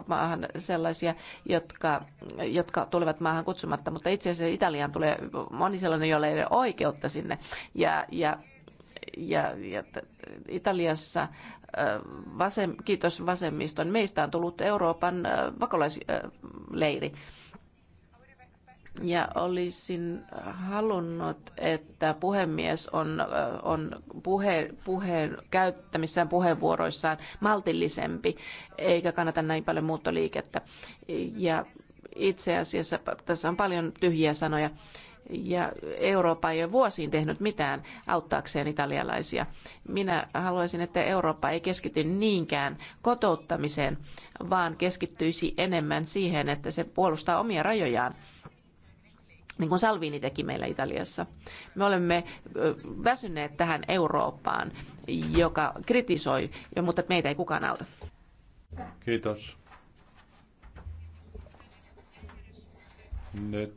maahan sellaisia, jotka, jotka tulevat maahan kutsumatta, mutta itse asiassa Italiaan tulee moni sellainen, jolla ei ole oikeutta sinne. Ja, ja ja, ja Italiassa äh, vasem, kiitos vasemmiston, meistä on tullut Euroopan pakolaisleiri. Äh, ja olisin halunnut, että puhemies on, on puhe, puhe, käyttämissään puheenvuoroissaan maltillisempi, eikä kannata näin paljon muuttoliikettä. Ja itse asiassa tässä on paljon tyhjiä sanoja ja Eurooppa ei ole vuosiin tehnyt mitään auttaakseen italialaisia. Minä haluaisin, että Eurooppa ei keskity niinkään kotouttamiseen, vaan keskittyisi enemmän siihen, että se puolustaa omia rajojaan niin kuin Salvini teki meillä Italiassa. Me olemme väsyneet tähän Eurooppaan, joka kritisoi, mutta meitä ei kukaan auta. Kiitos. Nyt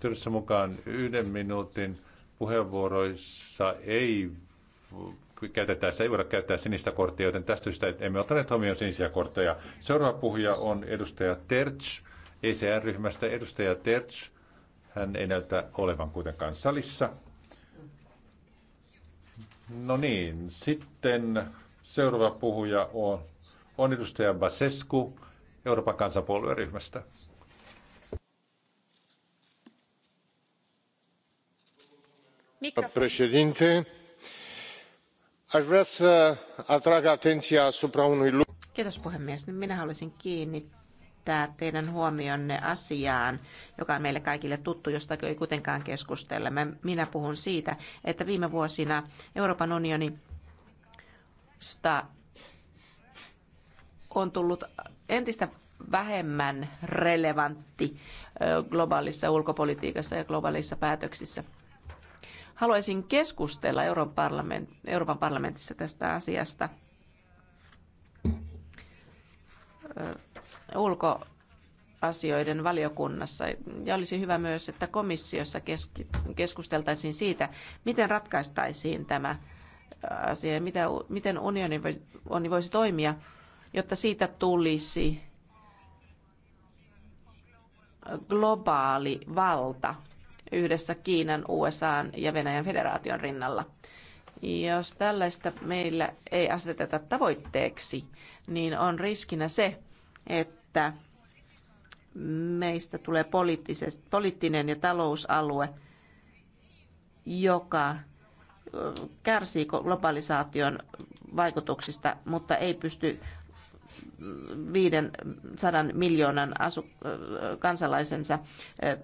työssä mukaan yhden minuutin puheenvuoroissa ei käytetään, ei voida käyttää sinistä korttia, joten tästä syystä emme ottaneet huomioon sinisiä kortteja. Seuraava puhuja on edustaja Terts, ECR-ryhmästä edustaja Terts hän ei näytä olevan kuitenkaan salissa. No niin, sitten seuraava puhuja on, on edustaja Basescu Euroopan kansanpuolueryhmästä. Presidente, Kiitos puhemies. minä haluaisin kiinnittää kiinnittää teidän huomionne asiaan, joka on meille kaikille tuttu, josta ei kuitenkaan keskustella. Minä puhun siitä, että viime vuosina Euroopan unionista on tullut entistä vähemmän relevantti globaalissa ulkopolitiikassa ja globaalissa päätöksissä. Haluaisin keskustella Euroopan parlamentissa tästä asiasta ulkoasioiden valiokunnassa. Ja olisi hyvä myös, että komissiossa keskusteltaisiin siitä, miten ratkaistaisiin tämä asia ja mitä, miten unioni voisi toimia, jotta siitä tulisi globaali valta yhdessä Kiinan, USA ja Venäjän federaation rinnalla. Jos tällaista meillä ei aseteta tavoitteeksi, niin on riskinä se, että että meistä tulee poliittinen ja talousalue, joka kärsii globalisaation vaikutuksista, mutta ei pysty 500 miljoonan asu- kansalaisensa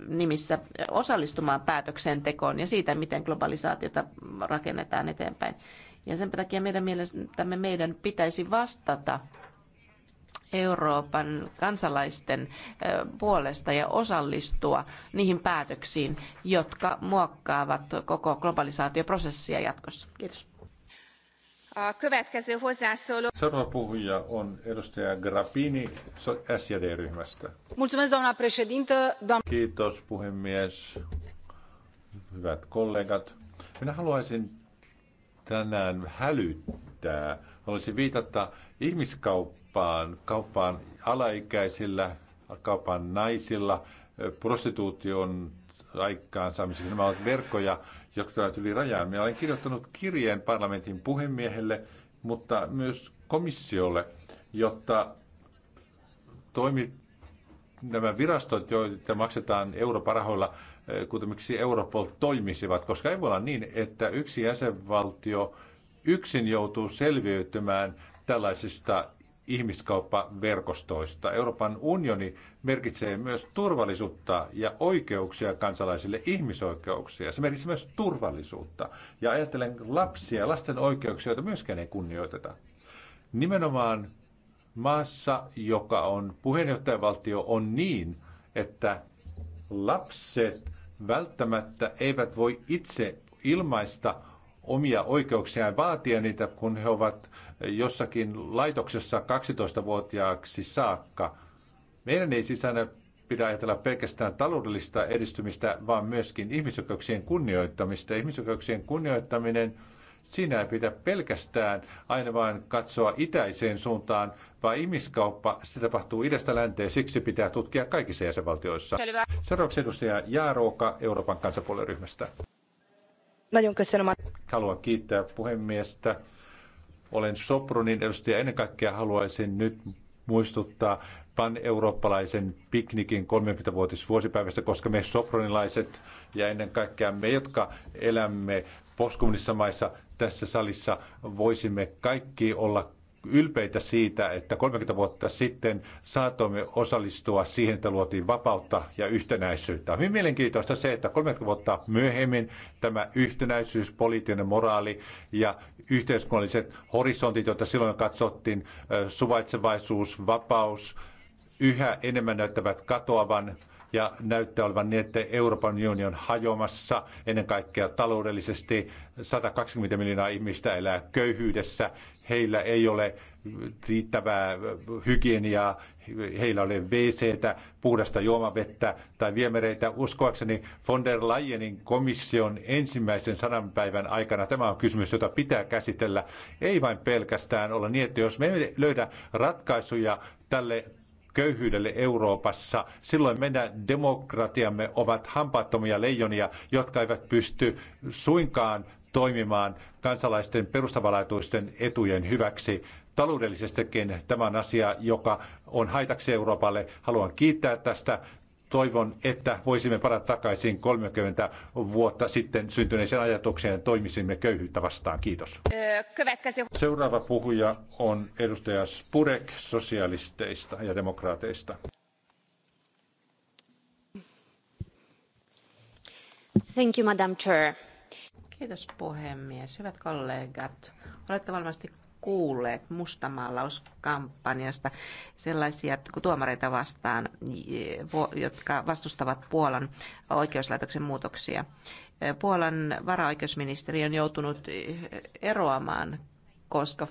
nimissä osallistumaan päätöksentekoon ja siitä, miten globalisaatiota rakennetaan eteenpäin. Ja sen takia meidän mielestämme meidän pitäisi vastata Euroopan kansalaisten puolesta ja osallistua niihin päätöksiin, jotka muokkaavat koko globalisaatioprosessia jatkossa. Kiitos. Seuraava puhuja on edustaja Grappini SJD-ryhmästä. Kiitos puhemies. Hyvät kollegat. Minä haluaisin tänään hälyttää. Haluaisin viitata ihmiskauppaan kauppaan, kauppaan alaikäisillä, kauppaan naisilla, prostituution aikaansaamiseksi. Nämä ovat verkkoja, jotka ovat yli rajan. Minä olen kirjoittanut kirjeen parlamentin puhemiehelle, mutta myös komissiolle, jotta toimi nämä virastot, joita maksetaan europarahoilla, kuten miksi Europol toimisivat, koska ei voi olla niin, että yksi jäsenvaltio yksin joutuu selviytymään tällaisista ihmiskauppaverkostoista. Euroopan unioni merkitsee myös turvallisuutta ja oikeuksia kansalaisille, ihmisoikeuksia. Se merkitsee myös turvallisuutta. Ja ajattelen lapsia, lasten oikeuksia, joita myöskään ei kunnioiteta. Nimenomaan maassa, joka on puheenjohtajavaltio, on niin, että lapset välttämättä eivät voi itse ilmaista omia oikeuksiaan vaatia niitä, kun he ovat jossakin laitoksessa 12-vuotiaaksi saakka. Meidän ei sisänä pidä ajatella pelkästään taloudellista edistymistä, vaan myöskin ihmisoikeuksien kunnioittamista. Ihmisoikeuksien kunnioittaminen siinä ei pidä pelkästään aina vain katsoa itäiseen suuntaan, vaan ihmiskauppa, se tapahtuu idästä länteen, siksi pitää tutkia kaikissa jäsenvaltioissa. Selvä. Seuraavaksi edustaja Jaarouka Euroopan ryhmästä. Haluan kiittää puhemiestä olen Sopronin edustaja. Ennen kaikkea haluaisin nyt muistuttaa pan-eurooppalaisen piknikin 30-vuotisvuosipäivästä, koska me sopronilaiset ja ennen kaikkea me, jotka elämme postkommunissa maissa tässä salissa, voisimme kaikki olla ylpeitä siitä, että 30 vuotta sitten saatoimme osallistua siihen, että luotiin vapautta ja yhtenäisyyttä. hyvin mielenkiintoista se, että 30 vuotta myöhemmin tämä yhtenäisyys, poliittinen moraali ja yhteiskunnalliset horisontit, joita silloin katsottiin, suvaitsevaisuus, vapaus, yhä enemmän näyttävät katoavan ja näyttää olevan niin, että Euroopan unioni on hajoamassa ennen kaikkea taloudellisesti. 120 miljoonaa ihmistä elää köyhyydessä, heillä ei ole riittävää hygieniaa, heillä ei ole wc puhdasta juomavettä tai viemereitä. Uskoakseni von der Leyenin komission ensimmäisen sadan päivän aikana tämä on kysymys, jota pitää käsitellä. Ei vain pelkästään olla niin, että jos me emme löydä ratkaisuja tälle köyhyydelle Euroopassa, silloin meidän demokratiamme ovat hampaattomia leijonia, jotka eivät pysty suinkaan toimimaan kansalaisten perustavalaituisten etujen hyväksi. Taloudellisestikin tämä on asia, joka on haitaksi Euroopalle. Haluan kiittää tästä toivon, että voisimme palata takaisin 30 vuotta sitten syntyneeseen ajatukseen ja toimisimme köyhyyttä vastaan. Kiitos. Seuraava puhuja on edustaja Spurek sosialisteista ja demokraateista. Thank you, Madam Chair. Kiitos puhemies. Hyvät kollegat, olette varmasti kuulleet mustamaalauskampanjasta sellaisia tuomareita vastaan, jotka vastustavat Puolan oikeuslaitoksen muutoksia. Puolan varaoikeusministeri on joutunut eroamaan koska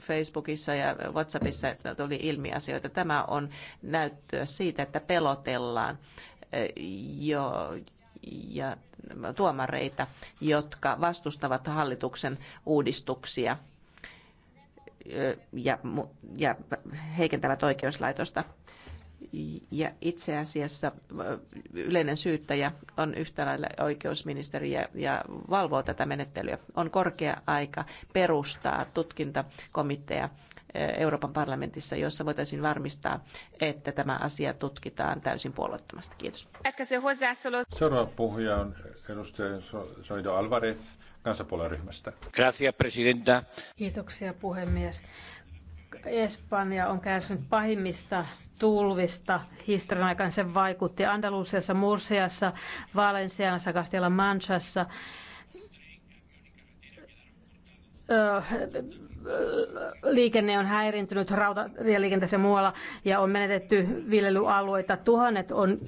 Facebookissa ja WhatsAppissa tuli ilmi asioita. Tämä on näyttöä siitä, että pelotellaan jo, ja tuomareita, jotka vastustavat hallituksen uudistuksia ja, ja heikentävät oikeuslaitosta. Ja itse asiassa yleinen syyttäjä on yhtä lailla oikeusministeri ja, ja valvoo tätä menettelyä. On korkea aika perustaa tutkintakomitea Euroopan parlamentissa, jossa voitaisiin varmistaa, että tämä asia tutkitaan täysin puolueettomasti. Kiitos. Seuraava puhuja on edustaja Soido Alvarez kansanpuolueryhmästä. Gracias, Kiitoksia, puhemies. Espanja on kärsinyt pahimmista tulvista historian aikana. Se vaikutti Andalusiassa, Mursiassa, Valensiassa, Castilla Manchassa liikenne on häirintynyt rautatieliikenteessä muualla ja on menetetty viljelyalueita. Tuhannet on,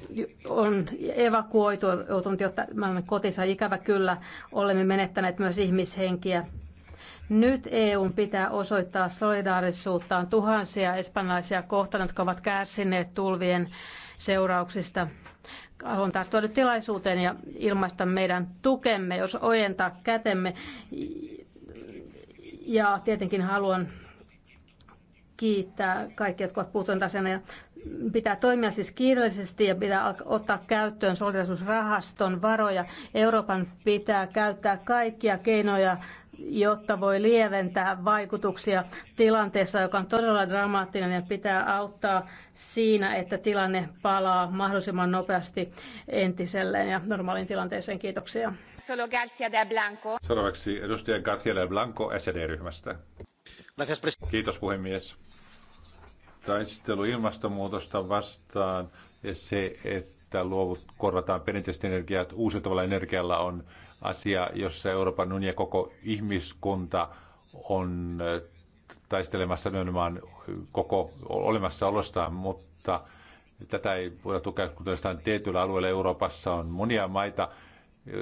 on evakuoitu, joutunut jottamaan kotinsa. Ikävä kyllä olemme menettäneet myös ihmishenkiä. Nyt EUn pitää osoittaa solidaarisuuttaan tuhansia espanjalaisia kohtaan, jotka ovat kärsineet tulvien seurauksista. Haluan tarttua tilaisuuteen ja ilmaista meidän tukemme, jos ojentaa kätemme ja tietenkin haluan kiittää kaikkia, jotka ovat puuttuneet asiana. Ja pitää toimia siis kiireellisesti ja pitää ottaa käyttöön solidarisuusrahaston varoja. Euroopan pitää käyttää kaikkia keinoja jotta voi lieventää vaikutuksia tilanteessa, joka on todella dramaattinen ja pitää auttaa siinä, että tilanne palaa mahdollisimman nopeasti entiselleen ja normaaliin tilanteeseen. Kiitoksia. Solo de Blanco. Seuraavaksi edustaja Garcia de Blanco sd ryhmästä Kiitos puhemies. Taistelu ilmastonmuutosta vastaan ja se, että luovut korvataan perinteiset energiat uusiutuvalla energialla on asia, jossa Euroopan unioni ja koko ihmiskunta on äh, taistelemassa nimenomaan koko olemassaolostaan, mutta tätä ei voida tukea, kun tietyillä alueilla Euroopassa on monia maita,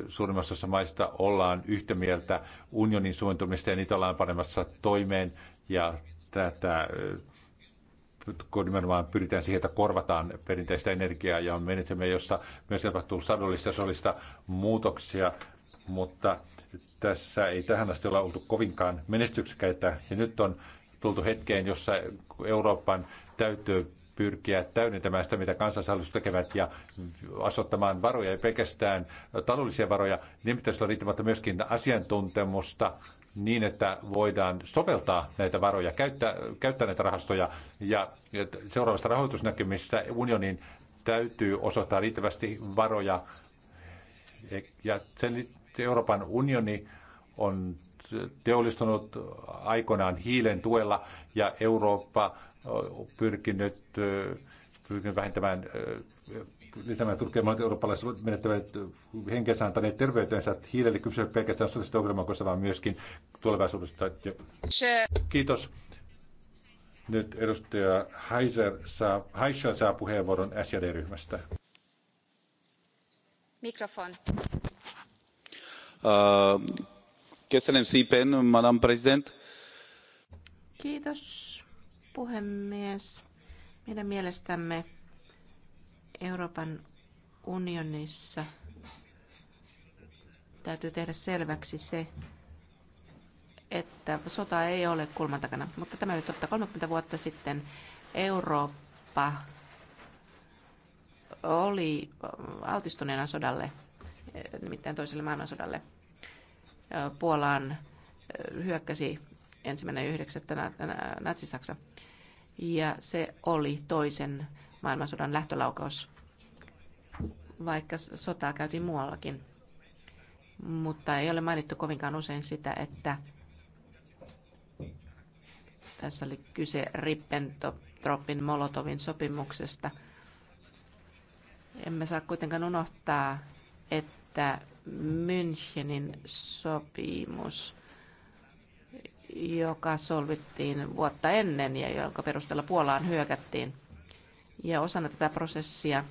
suurimmassa osassa maista ollaan yhtä mieltä unionin suuntumista ja niitä ollaan panemassa toimeen ja tätä äh, kun nimenomaan pyritään siihen, että korvataan perinteistä energiaa ja on menetelmiä, jossa myös tapahtuu sadollista solista muutoksia mutta tässä ei tähän asti olla oltu kovinkaan menestyksekäitä. Ja nyt on tultu hetkeen, jossa Euroopan täytyy pyrkiä täydentämään sitä, mitä kansallishallitus tekevät ja asottamaan varoja, ei pelkästään taloudellisia varoja, niin pitäisi olla riittämättä myöskin asiantuntemusta niin, että voidaan soveltaa näitä varoja, käyttää, käyttää näitä rahastoja ja, seuraavassa rahoitusnäkymissä unionin täytyy osoittaa riittävästi varoja ja sen Euroopan unioni on teollistunut aikoinaan hiilen tuella ja Eurooppa on pyrkinyt, pyrkinyt vähentämään lisäämään monet eurooppalaiset menettävät henkensä antaneet terveytensä. Hiilelle kysyä pelkästään sosiaalista ongelmakoista, vaan myöskin tulevaisuudesta. Kiitos. Nyt edustaja Heiser saa, Heischer saa puheenvuoron SJD-ryhmästä. Mikrofon. Kesselem äh, Madam President. Kiitos, puhemies. Meidän mielestämme Euroopan unionissa täytyy tehdä selväksi se, että sota ei ole kulman takana. Mutta tämä oli totta. 30 vuotta sitten Eurooppa oli altistuneena sodalle nimittäin toiselle maailmansodalle. Puolaan hyökkäsi ensimmäinen yhdeksättä Natsi-Saksa. Ja se oli toisen maailmansodan lähtölaukaus, vaikka sotaa käytiin muuallakin. Mutta ei ole mainittu kovinkaan usein sitä, että tässä oli kyse Rippentropin Molotovin sopimuksesta. Emme saa kuitenkaan unohtaa että Münchenin sopimus, joka solvittiin vuotta ennen ja jonka perusteella Puolaan hyökättiin. Ja osana tätä prosessia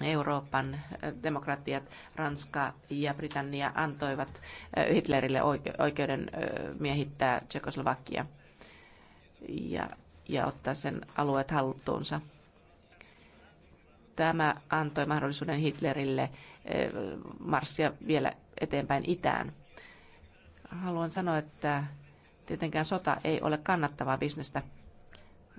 Euroopan äh, demokratiat, Ranska ja Britannia antoivat äh, Hitlerille oikeuden äh, miehittää Tsekoslovakia ja, ja ottaa sen alueet haltuunsa. Tämä antoi mahdollisuuden Hitlerille eh, marssia vielä eteenpäin itään. Haluan sanoa, että tietenkään sota ei ole kannattavaa bisnestä,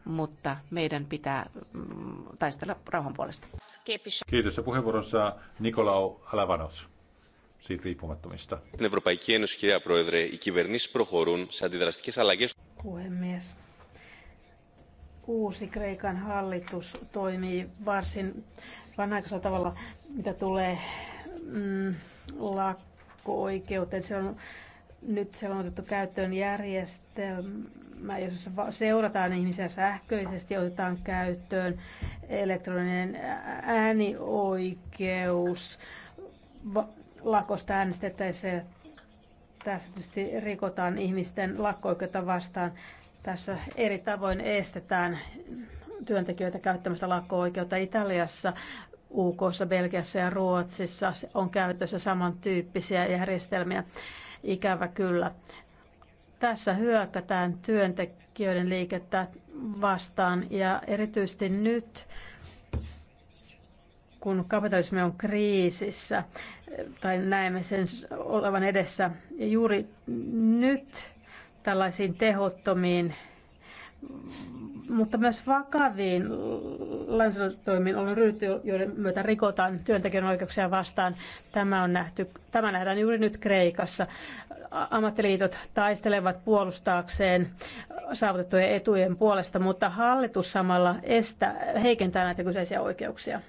mutta meidän pitää mm, taistella rauhan puolesta. Kiitos. Ja puheenvuoronsa Nikolau Alavanos siitä riippumattomista. Puhemies uusi Kreikan hallitus toimii varsin vanhaikaisella tavalla, mitä tulee mm, lakko-oikeuteen. Siellä on, nyt siellä on otettu käyttöön järjestelmä, jossa seurataan ihmisiä sähköisesti, otetaan käyttöön elektroninen äänioikeus, va- lakosta äänestettäessä tässä tietysti rikotaan ihmisten lakko-oikeutta vastaan. Tässä eri tavoin estetään työntekijöitä käyttämästä lakko-oikeutta Italiassa. UK, Belgiassa ja Ruotsissa on käytössä samantyyppisiä järjestelmiä. Ikävä kyllä. Tässä hyökätään työntekijöiden liikettä vastaan ja erityisesti nyt, kun kapitalismi on kriisissä tai näemme sen olevan edessä. Ja juuri nyt tällaisiin tehottomiin, mutta myös vakaviin lainsäädäntötoimiin on ryhty, joiden myötä rikotaan työntekijän oikeuksia vastaan. Tämä, on nähty, tämä nähdään juuri nyt Kreikassa. Ammattiliitot taistelevat puolustaakseen saavutettujen etujen puolesta, mutta hallitus samalla estää, heikentää näitä kyseisiä oikeuksia.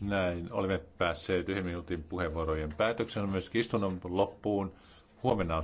Näin, olemme päässeet yhden minuutin puheenvuorojen päätöksen myös istunnon loppuun. Huomenna